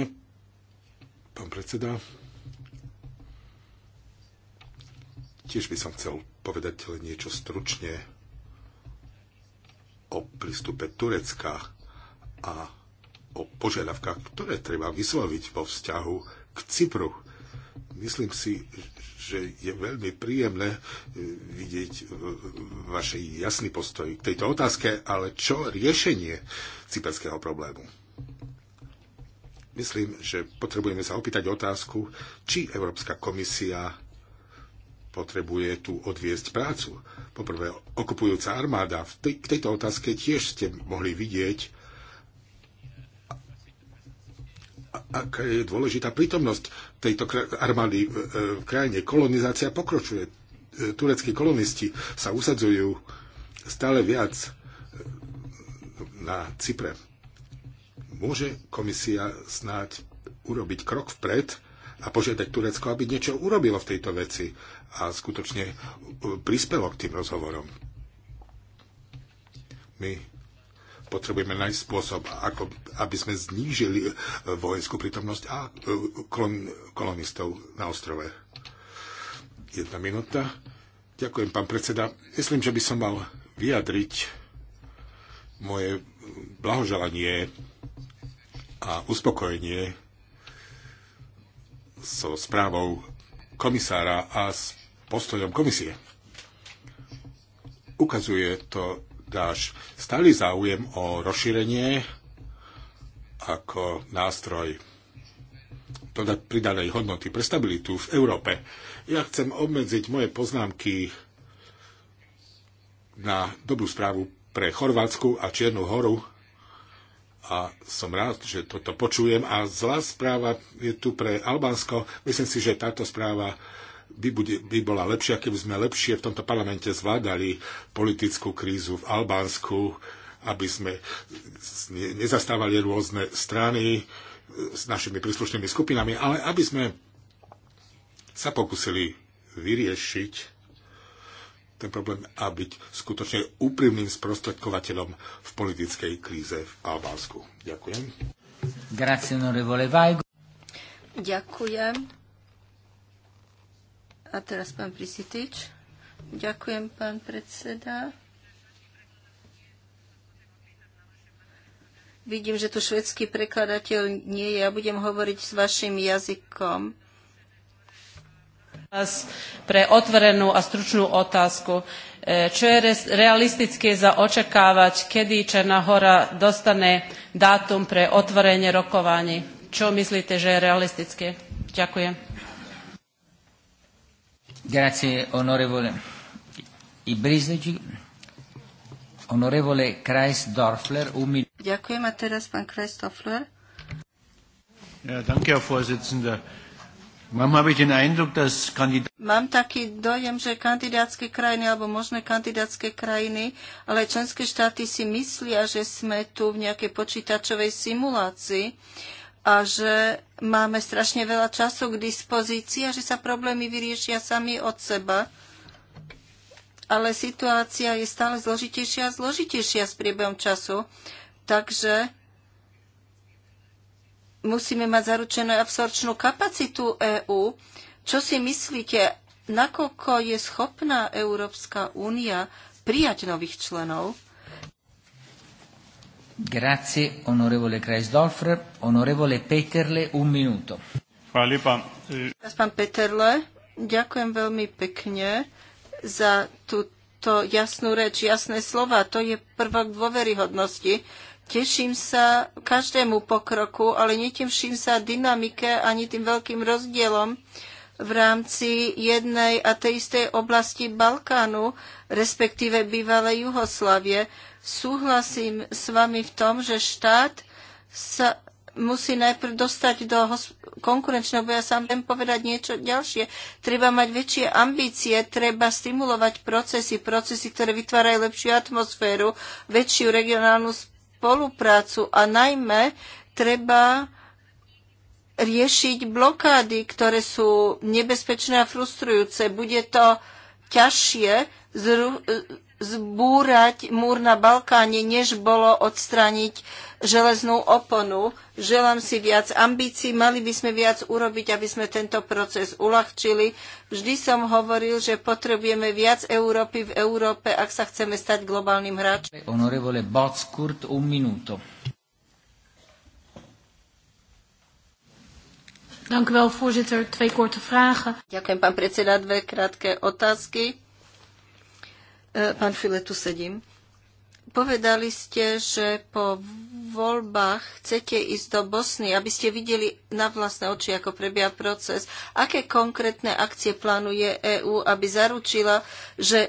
Pán predseda. Tiež by som chcel povedať len niečo stručne o prístupe Turecka a o požiadavkách, ktoré treba vysloviť vo vzťahu k Cypru Myslím si, že je veľmi príjemné e, vidieť vaš jasný postoj k tejto otázke, ale čo riešenie cyperského problému? Myslím, že potrebujeme sa opýtať otázku, či Európska komisia potrebuje tu odviesť prácu. Poprvé, okupujúca armáda. V tej, k tejto otázke tiež ste mohli vidieť, aká je dôležitá prítomnosť tejto armády e, v krajine. Kolonizácia pokročuje. E, tureckí kolonisti sa usadzujú stále viac e, na Cypre. Môže komisia snáď urobiť krok vpred a požiadať Turecko, aby niečo urobilo v tejto veci a skutočne prispelo k tým rozhovorom. My potrebujeme nájsť spôsob, ako, aby sme znížili e, vojenskú prítomnosť a e, kolon, kolonistov na ostrove. Jedna minúta. Ďakujem, pán predseda. Myslím, že by som mal vyjadriť moje blahoželanie a uspokojenie so správou komisára a s postojom komisie. Ukazuje to dáš stály záujem o rozšírenie ako nástroj teda pridanej hodnoty pre stabilitu v Európe. Ja chcem obmedziť moje poznámky na dobrú správu pre Chorvátsku a Čiernu horu. A som rád, že toto počujem. A zlá správa je tu pre Albánsko. Myslím si, že táto správa by, bude, by bola lepšia, keby sme lepšie v tomto parlamente zvládali politickú krízu v Albánsku, aby sme nezastávali rôzne strany s našimi príslušnými skupinami, ale aby sme sa pokúsili vyriešiť ten problém a byť skutočne úprimným sprostredkovateľom v politickej kríze v Albánsku. Ďakujem. Grazie, Ďakujem. A teraz pán Prisitič. Ďakujem, pán predseda. Vidím, že tu švedský prekladateľ nie je. Ja budem hovoriť s vašim jazykom. Pre otvorenú a stručnú otázku. E, čo je realistické za očakávať, kedy Černá hora dostane dátum pre otvorenie rokovaní? Čo myslíte, že je realistické? Ďakujem. Grazie onorevole Onorevole Ďakujem a teraz pán Kreis danke, Herr Vorsitzender. Mám taký dojem, že kandidátske krajiny alebo možné kandidátske krajiny, ale členské štáty si myslia, že sme tu v nejakej počítačovej simulácii a že máme strašne veľa času k dispozícii a že sa problémy vyriešia sami od seba. Ale situácia je stále zložitejšia a zložitejšia s priebehom času. Takže musíme mať zaručenú absorčnú kapacitu EÚ. Čo si myslíte, nakoľko je schopná Európska únia prijať nových členov? Grazie, onorevole Kreisdorfer. Onorevole Peterle, un Hvala Pán Peterle, ďakujem veľmi pekne za túto jasnú reč, jasné slova. To je prvok dôveryhodnosti. Teším sa každému pokroku, ale neteším sa dynamike ani tým veľkým rozdielom v rámci jednej a tej istej oblasti Balkánu, respektíve bývalej Juhoslavie. Súhlasím s vami v tom, že štát sa musí najprv dostať do konkurenčného boja. Sám viem povedať niečo ďalšie. Treba mať väčšie ambície, treba stimulovať procesy, procesy, ktoré vytvárajú lepšiu atmosféru, väčšiu regionálnu spoluprácu a najmä treba riešiť blokády, ktoré sú nebezpečné a frustrujúce. Bude to ťažšie, zbúrať múr na Balkáne, než bolo odstrániť železnú oponu. Želám si viac ambícií, mali by sme viac urobiť, aby sme tento proces uľahčili. Vždy som hovoril, že potrebujeme viac Európy v Európe, ak sa chceme stať globálnym hráčom. Honorevole Botskurt, un minuto. Dank u wel, voorzitter. Twee korte vragen. Ďakujem, pán predseda. Dve krátke otázky E, pán File, tu sedím. Povedali ste, že po voľbách chcete ísť do Bosny, aby ste videli na vlastné oči, ako prebieha proces. Aké konkrétne akcie plánuje EÚ, aby zaručila, že e,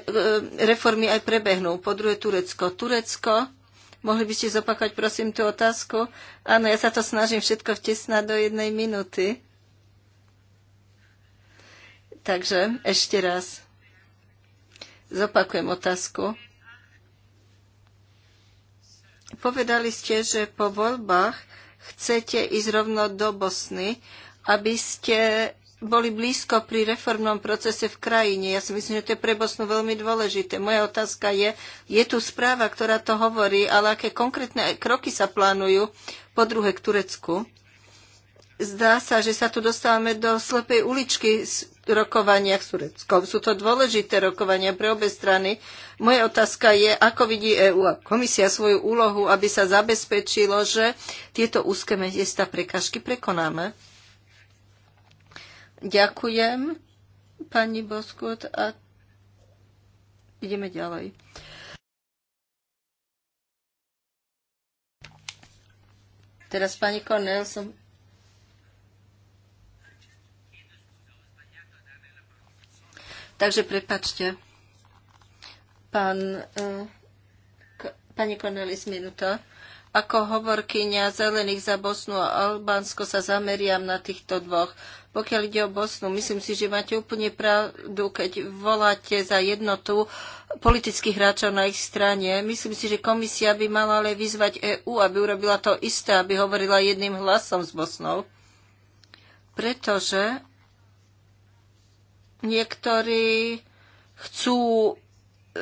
reformy aj prebehnú? Po druhé Turecko. Turecko, mohli by ste zopakovať prosím tú otázku? Áno, ja sa to snažím všetko vtesnať do jednej minúty. Takže ešte raz. Zopakujem otázku. Povedali ste, že po voľbách chcete ísť rovno do Bosny, aby ste boli blízko pri reformnom procese v krajine. Ja si myslím, že to je pre Bosnu veľmi dôležité. Moja otázka je, je tu správa, ktorá to hovorí, ale aké konkrétne kroky sa plánujú po druhé k Turecku? Zdá sa, že sa tu dostávame do slepej uličky s rokovania s Tureckom. Sú to dôležité rokovania pre obe strany. Moja otázka je, ako vidí EÚ a komisia svoju úlohu, aby sa zabezpečilo, že tieto úzke mesta prekažky prekonáme. Ďakujem, pani Boskut, a ideme ďalej. Teraz pani Cornel som Takže prepačte. Pán, e, pani Cornelis Minuta. Ako hovorkyňa zelených za Bosnu a Albánsko sa zameriam na týchto dvoch. Pokiaľ ide o Bosnu, myslím si, že máte úplne pravdu, keď voláte za jednotu politických hráčov na ich strane. Myslím si, že komisia by mala ale vyzvať EÚ, aby urobila to isté, aby hovorila jedným hlasom s Bosnou. Pretože Niektorí chcú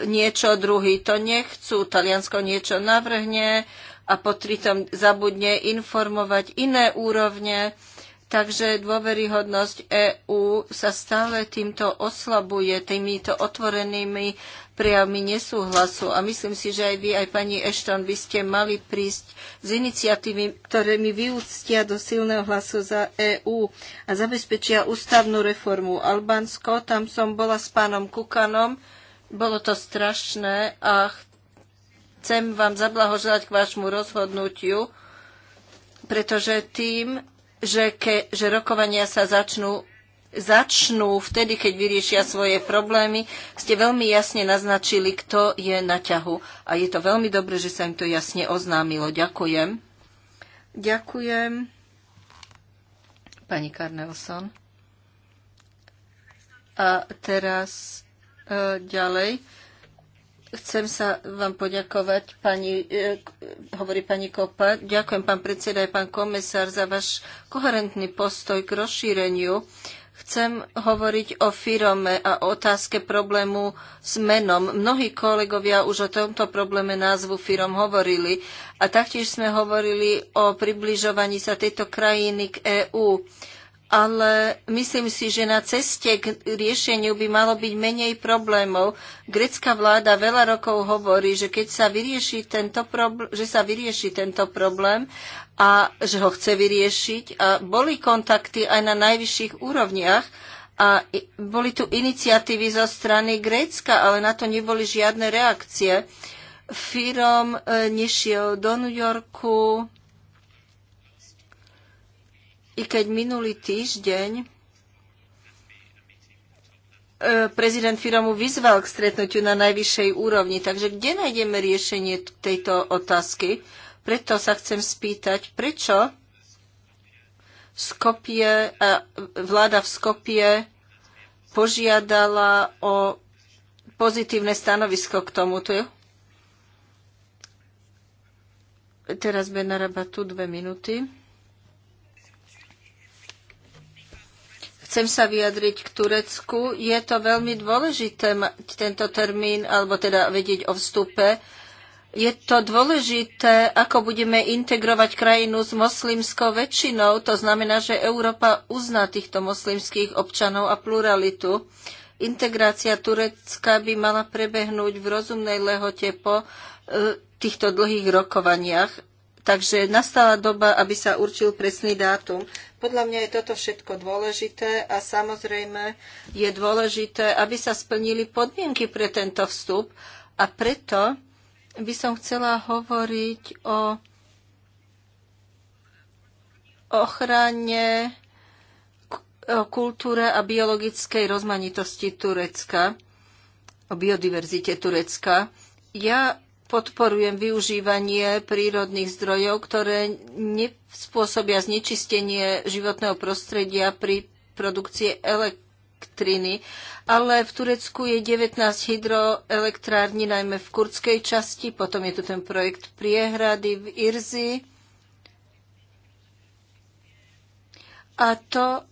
niečo, druhý to nechcú. Taliansko niečo navrhne a potom zabudne informovať iné úrovne Takže dôveryhodnosť EÚ sa stále týmto oslabuje, týmito otvorenými prejavmi nesúhlasu. A myslím si, že aj vy, aj pani Ashton, by ste mali prísť s iniciatívy, ktoré mi vyúctia do silného hlasu za EÚ a zabezpečia ústavnú reformu. Albánsko, tam som bola s pánom Kukanom, bolo to strašné a chcem vám zablahoželať k vášmu rozhodnutiu, pretože tým že, ke, že rokovania sa začnú začnú vtedy, keď vyriešia svoje problémy, ste veľmi jasne naznačili, kto je na ťahu. A je to veľmi dobré, že sa im to jasne oznámilo. Ďakujem. Ďakujem. Pani Karnelson. A teraz e, ďalej. Chcem sa vám poďakovať, pani, eh, hovorí pani Kopa. Ďakujem, pán predseda aj pán komisár, za váš koherentný postoj k rozšíreniu. Chcem hovoriť o firome a o otázke problému s menom. Mnohí kolegovia už o tomto probléme názvu firom hovorili a taktiež sme hovorili o približovaní sa tejto krajiny k EÚ ale myslím si, že na ceste k riešeniu by malo byť menej problémov. Grecká vláda veľa rokov hovorí, že keď sa vyrieši tento problém, že sa vyrieši tento problém a že ho chce vyriešiť. A boli kontakty aj na najvyšších úrovniach a boli tu iniciatívy zo strany Grécka, ale na to neboli žiadne reakcie. Firom e, nešiel do New Yorku, i keď minulý týždeň e, prezident Firomu vyzval k stretnutiu na najvyššej úrovni. Takže kde nájdeme riešenie tejto otázky? Preto sa chcem spýtať, prečo Skopie, e, vláda v Skopie požiadala o pozitívne stanovisko k tomuto. Teraz Benaraba tu dve minúty. Chcem sa vyjadriť k Turecku. Je to veľmi dôležité mať tento termín, alebo teda vedieť o vstupe. Je to dôležité, ako budeme integrovať krajinu s moslimskou väčšinou. To znamená, že Európa uzná týchto moslimských občanov a pluralitu. Integrácia Turecka by mala prebehnúť v rozumnej lehote po e, týchto dlhých rokovaniach. Takže nastala doba, aby sa určil presný dátum. Podľa mňa je toto všetko dôležité a samozrejme je dôležité, aby sa splnili podmienky pre tento vstup a preto by som chcela hovoriť o ochrane kultúre a biologickej rozmanitosti Turecka, o biodiverzite Turecka. Ja podporujem využívanie prírodných zdrojov, ktoré nespôsobia znečistenie životného prostredia pri produkcie elektriny. Ale v Turecku je 19 hydroelektrární, najmä v kurdskej časti. Potom je tu ten projekt Priehrady v Irzi. A to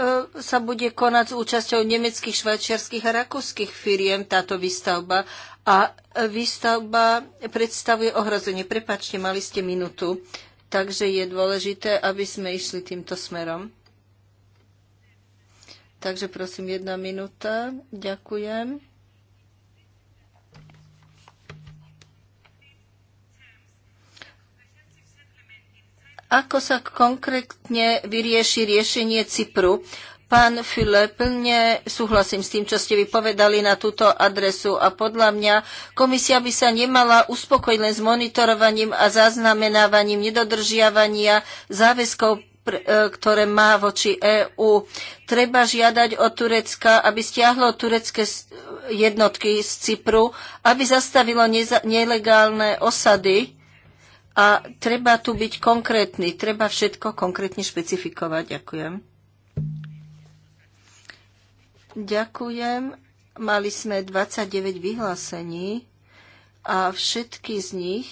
E, sa bude konať s účasťou nemeckých, švajčiarských a rakúskych firiem táto výstavba. A výstavba predstavuje ohrozenie. Prepačte, mali ste minútu. Takže je dôležité, aby sme išli týmto smerom. Takže prosím, jedna minúta. Ďakujem. Ako sa konkrétne vyrieši riešenie Cypru? Pán Filip, plne súhlasím s tým, čo ste vypovedali na túto adresu a podľa mňa komisia by sa nemala uspokojiť len s monitorovaním a zaznamenávaním nedodržiavania záväzkov e, ktoré má voči EÚ. Treba žiadať od Turecka, aby stiahlo turecké jednotky z Cypru, aby zastavilo nelegálne osady a treba tu byť konkrétny, treba všetko konkrétne špecifikovať. Ďakujem. Ďakujem. Mali sme 29 vyhlásení a všetky z nich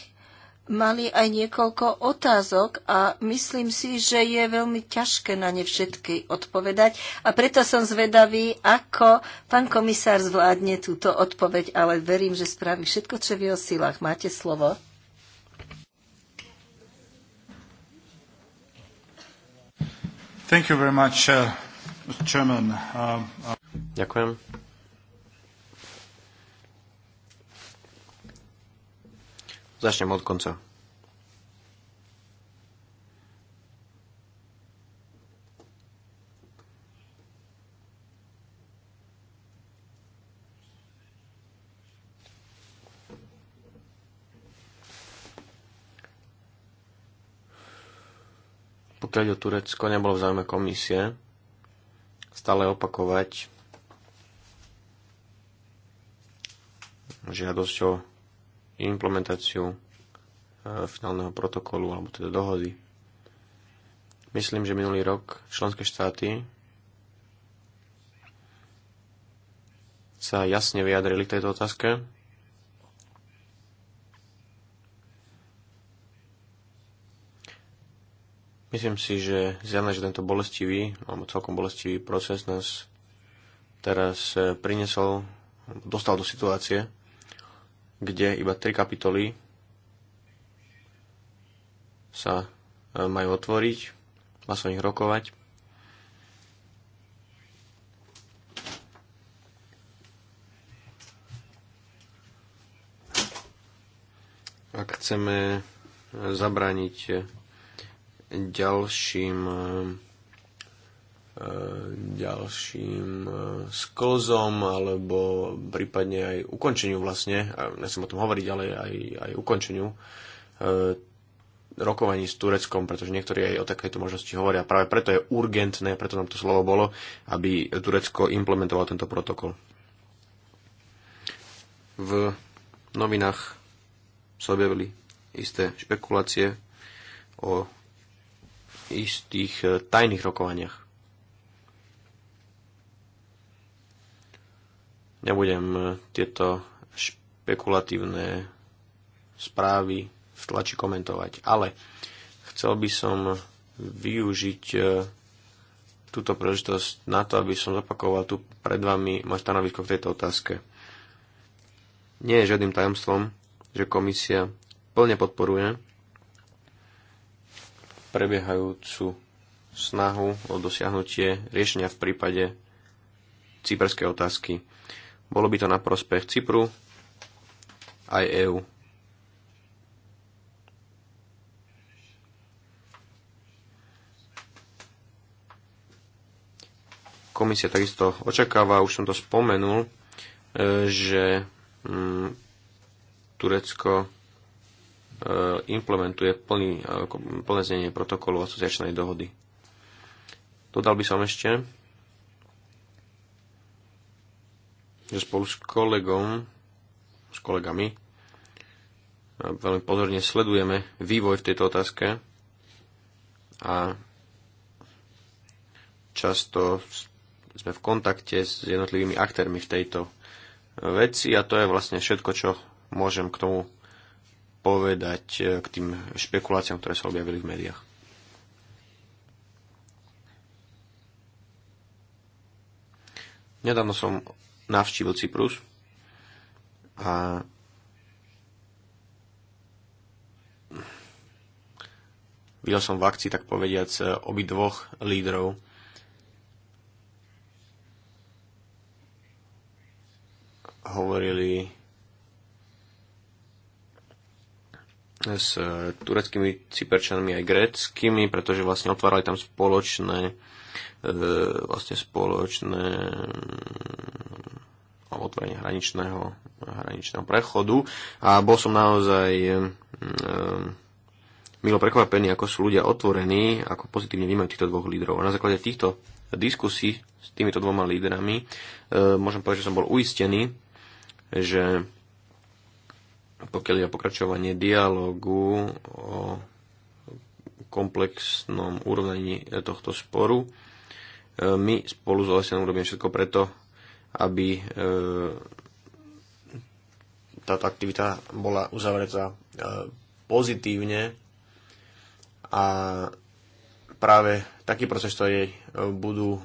mali aj niekoľko otázok a myslím si, že je veľmi ťažké na ne všetky odpovedať a preto som zvedavý, ako pán komisár zvládne túto odpoveď, ale verím, že spraví všetko, čo v jeho silách. Máte slovo. Thank you very much, uh, Chairman. Uh, uh... Ďakujem. Začnem od konca. Pokiaľ o Turecko, nebolo v záujme komisie stále opakovať žiadosť o implementáciu e, finálneho protokolu alebo teda dohody. Myslím, že minulý rok členské štáty sa jasne vyjadrili k tejto otázke Myslím si, že zjavne, že tento bolestivý, alebo celkom bolestivý proces nás teraz e, prinesol, dostal do situácie, kde iba tri kapitoly sa e, majú otvoriť, má sa o nich rokovať. Ak chceme e, zabrániť ďalším e, e, ďalším e, sklzom alebo prípadne aj ukončeniu vlastne, nechcem o tom hovoriť, ale aj, aj ukončeniu rokovaní s Tureckom, pretože niektorí aj o takejto možnosti hovoria. Práve preto je urgentné, preto nám to slovo bolo, aby Turecko implementovalo tento protokol. V novinách sa objavili isté špekulácie o istých e, tajných rokovaniach. Nebudem e, tieto špekulatívne správy v tlači komentovať, ale chcel by som využiť e, túto príležitosť na to, aby som zopakoval tu pred vami moje stanovisko k tejto otázke. Nie je žiadnym tajomstvom, že komisia plne podporuje prebiehajúcu snahu o dosiahnutie riešenia v prípade cyperskej otázky. Bolo by to na prospech Cypru aj EÚ. Komisia takisto očakáva, už som to spomenul, e, že mm, Turecko E, implementuje plný, e, plné znenie protokolu asociačnej dohody. Dodal by som ešte, že spolu s kolegom, s kolegami, e, veľmi pozorne sledujeme vývoj v tejto otázke a často sme v kontakte s jednotlivými aktérmi v tejto veci a to je vlastne všetko, čo môžem k tomu povedať e, k tým špekuláciám, ktoré sa objavili v médiách. Nedávno som navštívil Cyprus a videl som v akcii, tak povediac, e, obi dvoch lídrov. Hovorili s e, tureckými cyperčanmi aj gréckými, pretože vlastne otvárali tam spoločné e, vlastne spoločné otvorenie hraničného, hraničného prechodu a bol som naozaj e, milo prekvapený, ako sú ľudia otvorení, ako pozitívne vnímajú týchto dvoch lídrov. A na základe týchto diskusí s týmito dvoma lídrami môžem povedať, že som bol uistený, že pokiaľ je pokračovanie dialogu o komplexnom úrovnaní e, tohto sporu. E, my spolu s OSN urobíme všetko preto, aby e, táto aktivita bola uzavretá pozitívne a práve taký proces, ktorý budú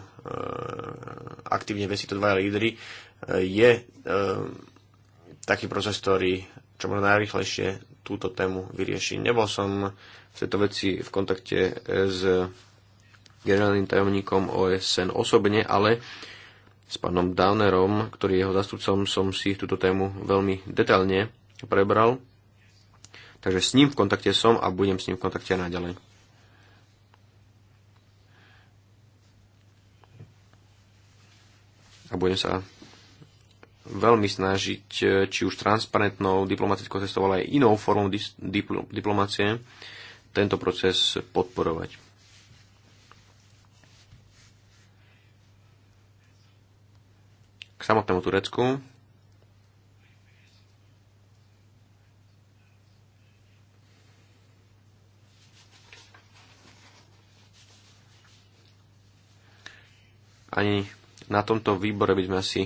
aktívne vesiť to dvaja lídry, je taký proces, ktorý čo možno najrychlejšie túto tému vyrieši. Nebol som v tejto veci v kontakte e, s generálnym tajomníkom OSN osobne, ale s pánom Downerom, ktorý je jeho zastupcom, som si túto tému veľmi detailne prebral. Takže s ním v kontakte som a budem s ním v kontakte aj naďalej. A budem sa veľmi snažiť, e, či už transparentnou diplomatickou cestou, ale aj inou formou diplomácie, tento proces podporovať. K samotnému Turecku. Ani na tomto výbore by sme asi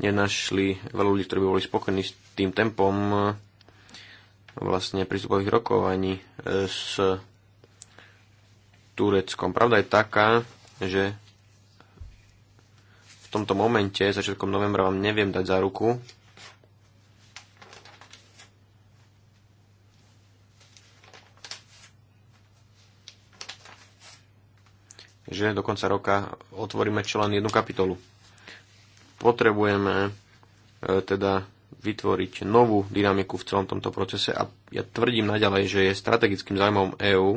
nenašli veľa ľudí, ktorí by boli spokojní s tým tempom eh, vlastne prístupových rokovaní eh, s Tureckom. Pravda je taká, že v tomto momente, začiatkom novembra, vám neviem dať za ruku, že do konca roka otvoríme čo len jednu kapitolu potrebujeme e, teda vytvoriť novú dynamiku v celom tomto procese a ja tvrdím naďalej, že je strategickým zájmom EÚ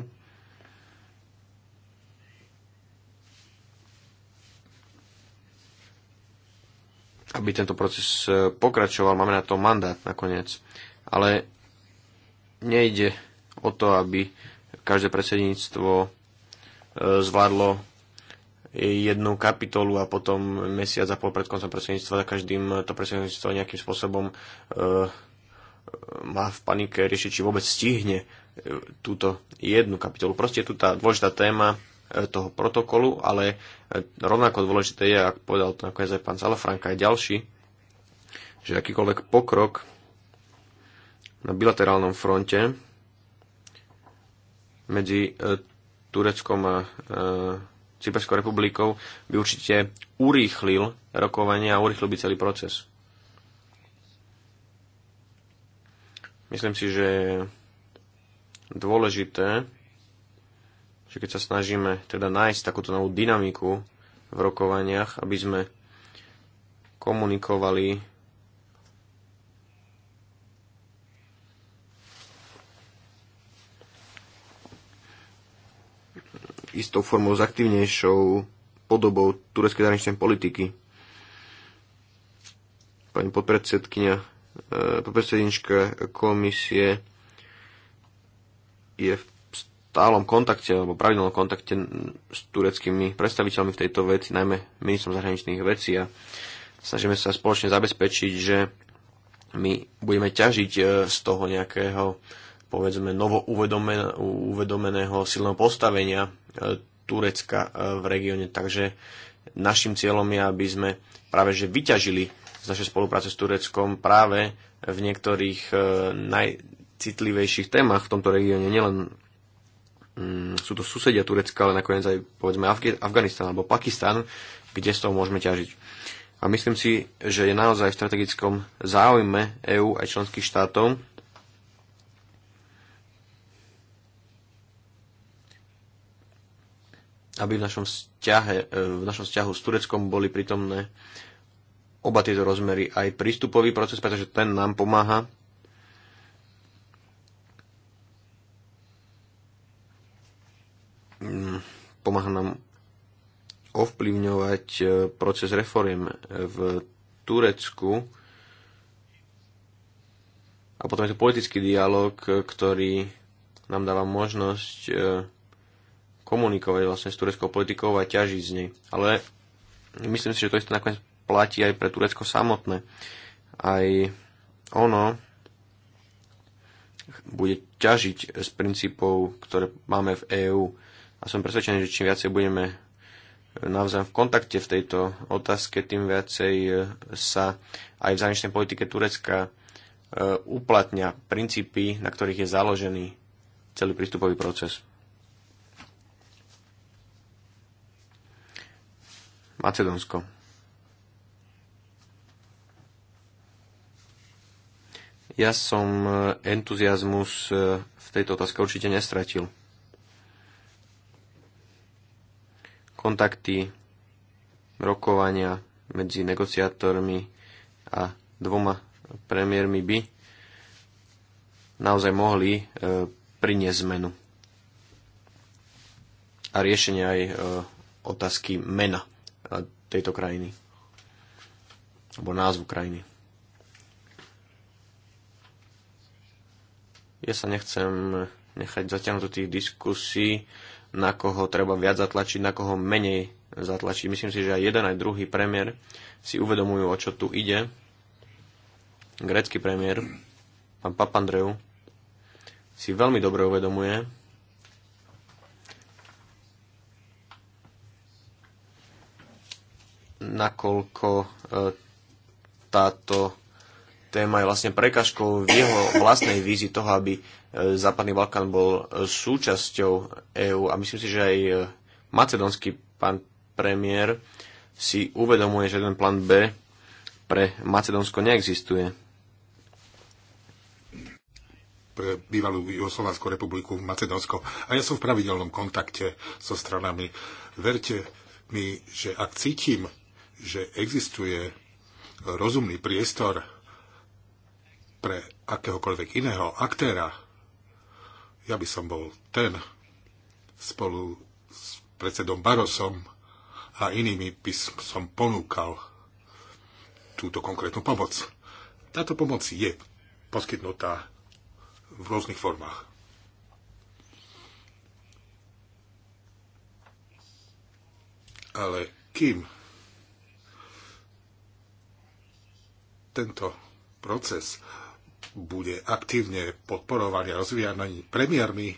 aby tento proces e, pokračoval, máme na to mandát nakoniec. Ale nejde o to, aby každé predsedníctvo e, zvládlo jednu kapitolu a potom mesiac a pol pred koncom predsedníctva každým to predsedníctvo nejakým spôsobom e, eh, má v panike riešiť, či vôbec stihne eh, túto jednu kapitolu. Proste je tu tá dôležitá téma eh, toho protokolu, ale rovnako dôležité je, ak povedal to nakoniec aj pán Salafranka aj ďalší, že akýkoľvek pokrok na bilaterálnom fronte medzi Tureckom a Cyperskou republikou by určite urýchlil rokovanie a urýchlil by celý proces. Myslím si, že je dôležité, že keď sa snažíme teda nájsť takúto novú dynamiku v rokovaniach, aby sme komunikovali istou formou, s aktívnejšou podobou tureckej zahraničnej politiky. Pani podpredsedkynia, e, podpredsednička komisie je v stálom kontakte alebo pravidelnom kontakte s tureckými predstaviteľmi v tejto veci, najmä ministrom zahraničných vecí a snažíme sa spoločne zabezpečiť, že my budeme ťažiť e, z toho nejakého povedzme novo uvedomeného silného postavenia e, Turecka e, v regióne. Takže našim cieľom je, aby sme práve že vyťažili z našej spolupráce s Tureckom práve v niektorých e, najcitlivejších témach v tomto regióne, nielen mm, sú to susedia Turecka, ale nakoniec aj povedzme Afg- Afganistan alebo Pakistan, kde z toho môžeme ťažiť. A myslím si, že je naozaj v strategickom záujme EÚ aj členských štátov, aby v našom, vzťahe, e, v našom vzťahu s Tureckom boli prítomné oba tieto rozmery, aj prístupový proces, pretože ten nám pomáha mm, pomáha nám ovplyvňovať e, proces reforiem e, v Turecku a potom je to politický dialog, ktorý nám dáva možnosť komunikovať vlastne s tureckou politikou a ťažiť z nej. Ale myslím si, že to isté nakoniec platí aj pre Turecko samotné. Aj ono bude ťažiť z princípov, ktoré máme v EÚ. A som presvedčený, že čím viacej budeme navzájom v kontakte v tejto otázke, tým viacej e, sa aj v zahraničnej politike Turecka e, uplatňa princípy, na ktorých je založený celý prístupový proces. Macedónsko. Ja som eh, entuziasmus eh, v tejto otázke určite nestratil. Kontakty, rokovania medzi negociátormi a dvoma premiérmi by naozaj mohli eh, priniesť zmenu a riešenie aj otázky mena tejto krajiny. Alebo názvu krajiny. Ja sa nechcem nechať zatiahnuť do tých diskusí, na koho treba viac zatlačiť, na koho menej zatlačiť. Myslím si, že aj jeden, aj druhý premiér si uvedomujú, o čo tu ide. Grécky premiér, pán Papandreou, si veľmi dobre uvedomuje, nakoľko e, táto téma je vlastne prekažkou v jeho vlastnej vízi toho, aby e, Západný Balkán bol e, súčasťou EÚ. A myslím si, že aj macedónsky pán premiér si uvedomuje, že ten plán B pre Macedónsko neexistuje. Pre bývalú Jugoslovanskú republiku Macedónsko. A ja som v pravidelnom kontakte so stranami. Verte mi, že ak cítim že existuje rozumný priestor pre akéhokoľvek iného aktéra, ja by som bol ten spolu s predsedom Barosom a inými by som ponúkal túto konkrétnu pomoc. Táto pomoc je poskytnutá v rôznych formách. Ale kým tento proces bude aktívne podporovaný a rozvíjaný premiérmi,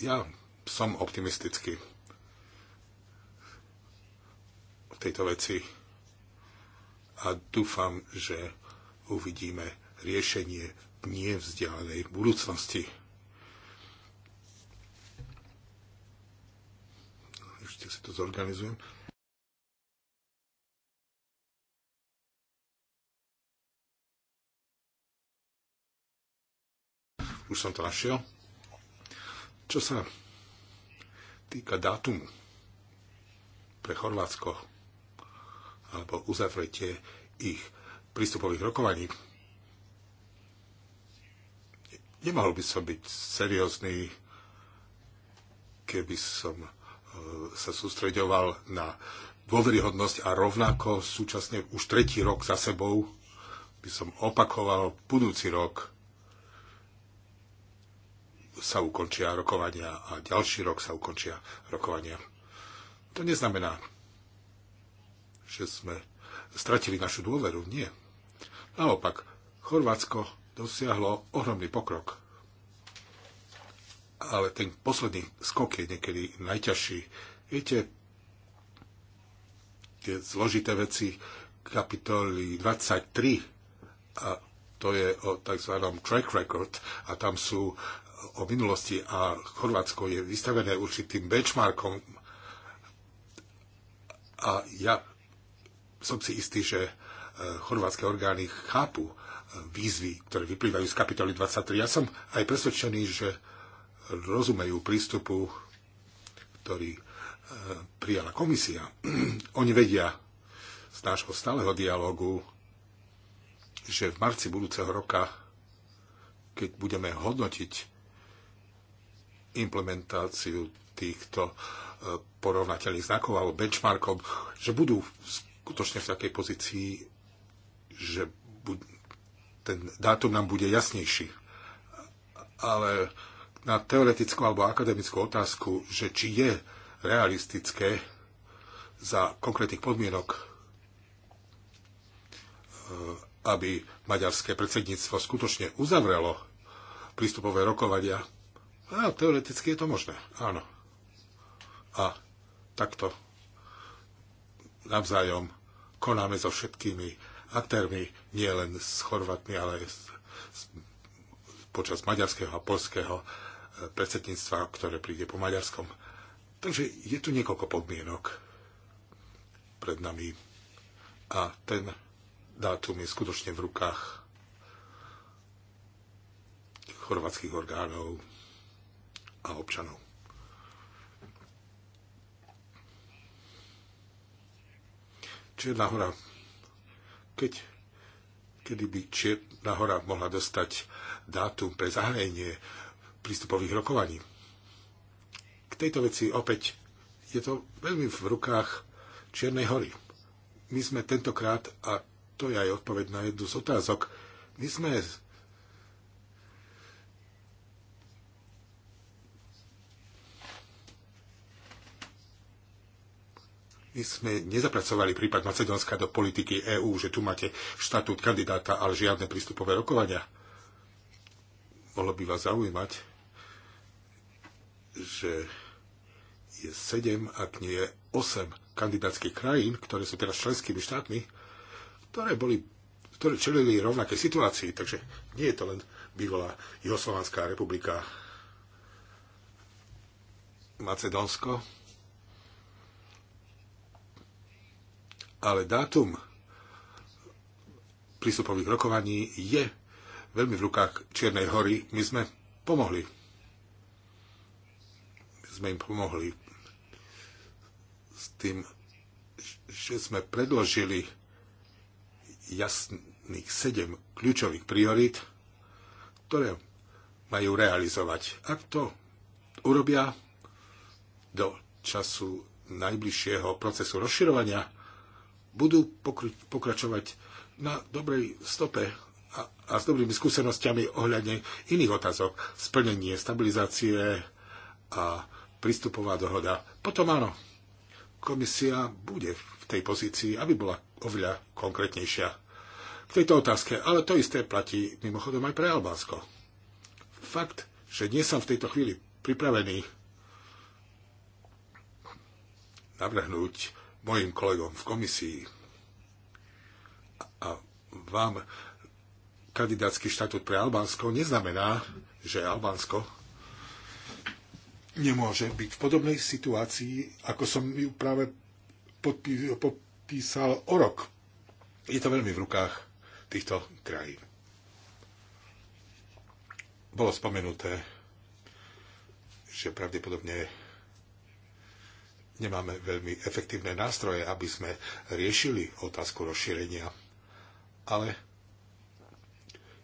ja som optimistický v tejto veci a dúfam, že uvidíme riešenie v nevzdialenej budúcnosti. Ešte si to zorganizujem. už som to našiel. Čo sa týka dátumu pre Chorvátsko alebo uzavretie ich prístupových rokovaní, nemohol by som byť seriózny, keby som e, sa sústreďoval na dôveryhodnosť a rovnako súčasne už tretí rok za sebou by som opakoval budúci rok sa ukončia rokovania a ďalší rok sa ukončia rokovania. To neznamená, že sme stratili našu dôveru. Nie. Naopak, Chorvátsko dosiahlo ohromný pokrok. Ale ten posledný skok je niekedy najťažší. Viete, tie zložité veci kapitoly 23 a to je o tzv. track record a tam sú o minulosti a Chorvátsko je vystavené určitým benchmarkom a ja som si istý, že e, chorvátske orgány chápu e, výzvy, ktoré vyplývajú z kapitoly 23. Ja som aj presvedčený, že rozumejú prístupu, ktorý e, prijala komisia. Oni vedia z nášho stáleho dialogu, že v marci budúceho roka, keď budeme hodnotiť implementáciu týchto e, porovnateľných znakov alebo benchmarkov, že budú skutočne v takej pozícii, že ten dátum nám bude jasnejší. Ale na teoretickú alebo akademickú otázku, že či je realistické za konkrétnych podmienok, e, aby maďarské predsedníctvo skutočne uzavrelo prístupové rokovania a teoreticky je to možné, áno. A takto navzájom konáme so všetkými aktérmi, nie len s Chorvatmi, ale aj počas maďarského a polského e, predsedníctva, ktoré príde po maďarskom. Takže je tu niekoľko podmienok pred nami a ten dátum je skutočne v rukách chorvatských orgánov, a občanov. Čierna hora, keď, kedy by Čierna hora mohla dostať dátum pre zahájenie prístupových rokovaní. K tejto veci opäť je to veľmi v rukách Čiernej hory. My sme tentokrát, a to je aj odpoveď na jednu z otázok, my sme My sme nezapracovali prípad Macedónska do politiky EÚ, že tu máte štatút kandidáta, ale žiadne prístupové rokovania. Mohlo by vás zaujímať, že je 7, ak nie je osem kandidátskych krajín, ktoré sú teraz členskými štátmi, ktoré boli ktoré čelili rovnakej situácii. Takže nie je to len bývalá Juhoslovanská republika Macedónsko, Ale dátum prístupových rokovaní je veľmi v rukách Čiernej hory. My sme pomohli. My sme im pomohli s tým, že sme predložili jasných sedem kľúčových priorít, ktoré majú realizovať. Ak to urobia do času najbližšieho procesu rozširovania, budú pokračovať na dobrej stope a, a s dobrými skúsenostiami ohľadne iných otázok. Splnenie, stabilizácie a prístupová dohoda. Potom áno, komisia bude v tej pozícii, aby bola oveľa konkrétnejšia k tejto otázke. Ale to isté platí mimochodom aj pre Albánsko. Fakt, že nie som v tejto chvíli pripravený navrhnúť mojim kolegom v komisii a vám kandidátsky štatút pre Albánsko neznamená, že Albánsko nemôže byť v podobnej situácii, ako som ju práve podpísal o rok. Je to veľmi v rukách týchto krajín. Bolo spomenuté, že pravdepodobne nemáme veľmi efektívne nástroje, aby sme riešili otázku rozšírenia. Ale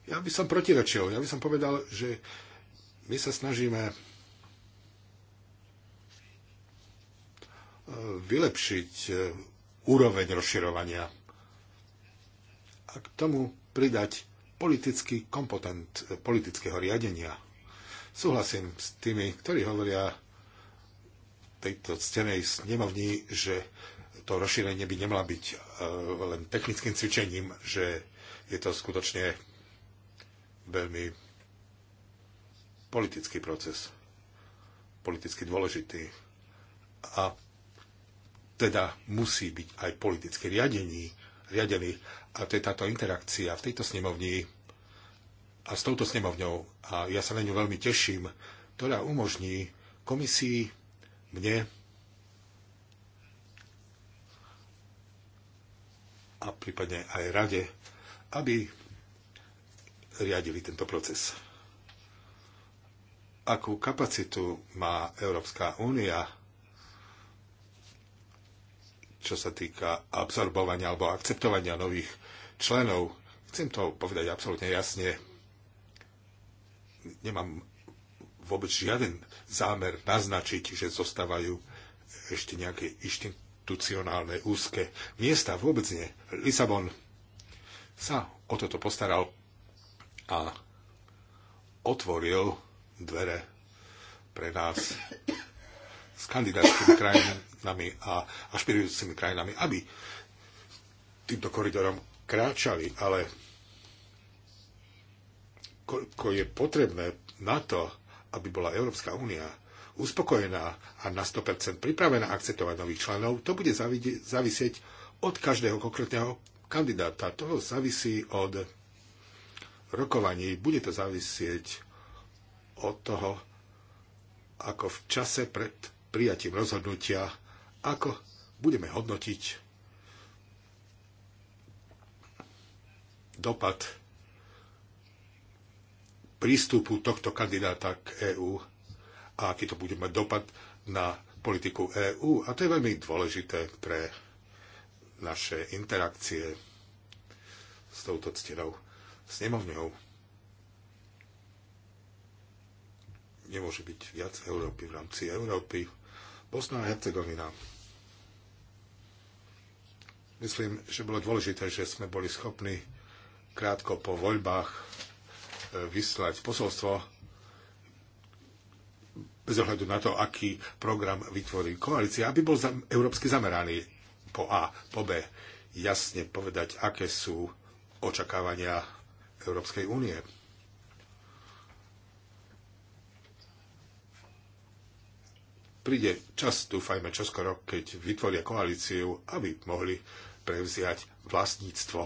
ja by som protirečil. Ja by som povedal, že my sa snažíme e, vylepšiť e, úroveň rozširovania a k tomu pridať politický kompotent e, politického riadenia. Súhlasím s tými, ktorí hovoria, tejto ctenej snemovni, že to rozšírenie by nemala byť e, len technickým cvičením, že je to skutočne veľmi politický proces, politicky dôležitý a teda musí byť aj politicky riadený, riadený a to je táto interakcia v tejto snemovni a s touto snemovňou a ja sa na ňu veľmi teším, ktorá umožní komisii kde a prípadne aj rade, aby riadili tento proces. Akú kapacitu má Európska únia, čo sa týka absorbovania alebo akceptovania nových členov, chcem to povedať absolútne jasne, nemám vôbec žiaden zámer naznačiť, že zostávajú ešte nejaké inštitucionálne úzke miesta. Vôbec nie. Lisabon sa o toto postaral a otvoril dvere pre nás s kandidátskými krajinami a ašpirujúcimi krajinami, aby týmto koridorom kráčali, ale koľko je potrebné na to, aby bola Európska únia uspokojená a na 100% pripravená akceptovať nových členov, to bude závisieť od každého konkrétneho kandidáta. To závisí od rokovaní. Bude to závisieť od toho, ako v čase pred prijatím rozhodnutia, ako budeme hodnotiť dopad prístupu tohto kandidáta k EÚ a aký to bude mať dopad na politiku EÚ. A to je veľmi dôležité pre naše interakcie s touto ctenou snemovňou. Nemôže byť viac Európy v rámci Európy. Bosna a Hercegovina. Myslím, že bolo dôležité, že sme boli schopní krátko po voľbách vyslať posolstvo bez ohľadu na to, aký program vytvorí koalícia, aby bol európsky zameraný po A, po B. Jasne povedať, aké sú očakávania Európskej únie. príde čas, dúfajme čoskoro, keď vytvoria koalíciu, aby mohli prevziať vlastníctvo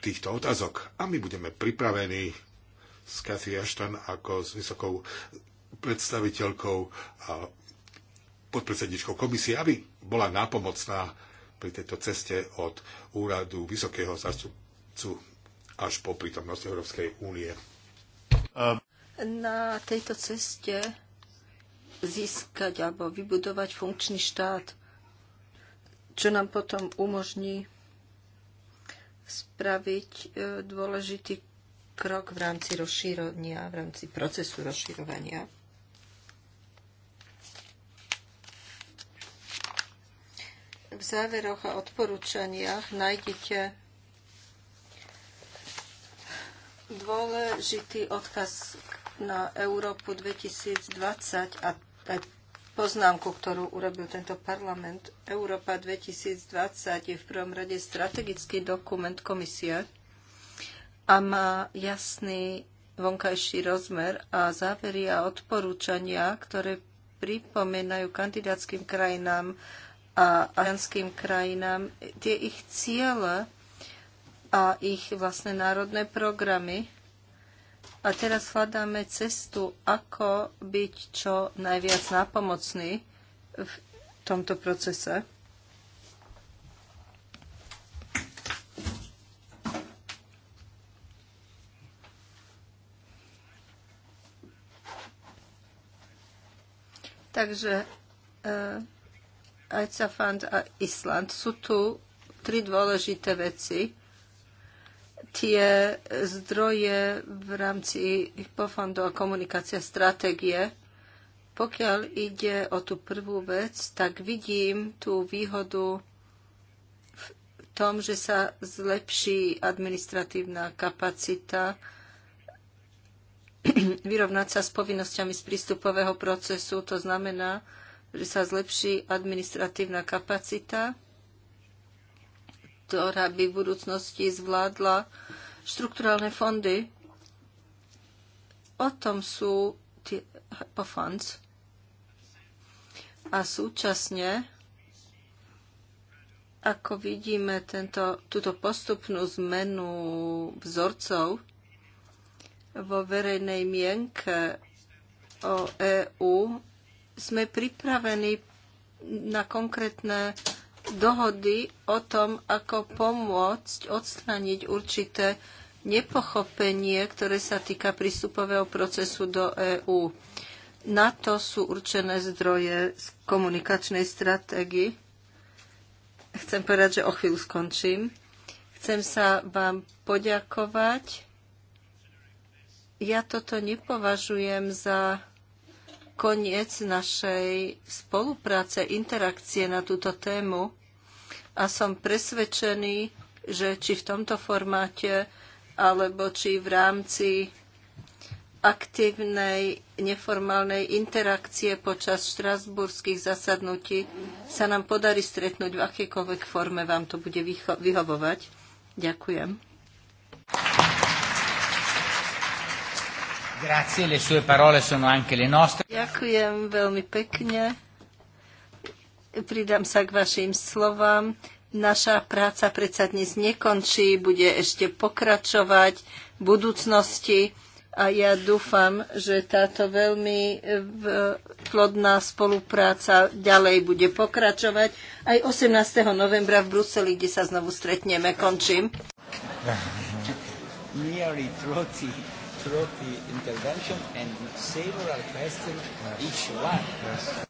týchto otázok. A my budeme pripravení s Cathy Ashton ako s vysokou predstaviteľkou a podpredsedničkou komisie, aby bola nápomocná pri tejto ceste od úradu vysokého zástupcu až po prítomnosť Európskej únie. Na tejto ceste získať alebo vybudovať funkčný štát, čo nám potom umožní spraviť e, dôležitý krok v rámci rozšírenia, v rámci procesu rozširovania. V záveroch a odporúčaniach nájdete dôležitý odkaz na Európu 2020 a poznámku, ktorú urobil tento parlament. Európa 2020 je v prvom rade strategický dokument komisie, a má jasný vonkajší rozmer a závery a odporúčania, ktoré pripomínajú kandidátským krajinám a alianským krajinám tie ich ciele a ich vlastne národné programy. A teraz hľadáme cestu, ako byť čo najviac nápomocný v tomto procese. Takže e, aj Fund a Island sú tu tri dôležité veci. Tie zdroje v rámci hypofondu a komunikácia stratégie. Pokiaľ ide o tú prvú vec, tak vidím tú výhodu v tom, že sa zlepší administratívna kapacita vyrovnať sa s povinnosťami z prístupového procesu. To znamená, že sa zlepší administratívna kapacita, ktorá by v budúcnosti zvládla štrukturálne fondy. O tom sú tie funds. A súčasne, ako vidíme tento, túto postupnú zmenu vzorcov, vo verejnej mienke o EÚ, sme pripravení na konkrétne dohody o tom, ako pomôcť odstraniť určité nepochopenie, ktoré sa týka prístupového procesu do EÚ. Na to sú určené zdroje z komunikačnej stratégii. Chcem povedať, že o chvíľu skončím. Chcem sa vám poďakovať ja toto nepovažujem za koniec našej spolupráce, interakcie na túto tému a som presvedčený, že či v tomto formáte alebo či v rámci aktívnej neformálnej interakcie počas štrasburských zasadnutí sa nám podarí stretnúť v akejkoľvek forme vám to bude vyhovovať. Ďakujem. Grazie, le sue parole sono anche le nostre. Ďakujem veľmi pekne. Pridám sa k vašim slovám. Naša práca predsa dnes nekončí, bude ešte pokračovať v budúcnosti a ja dúfam, že táto veľmi plodná spolupráca ďalej bude pokračovať. Aj 18. novembra v Bruseli, kde sa znovu stretneme, končím. throughout the intervention and several questions yes. each one. Yes.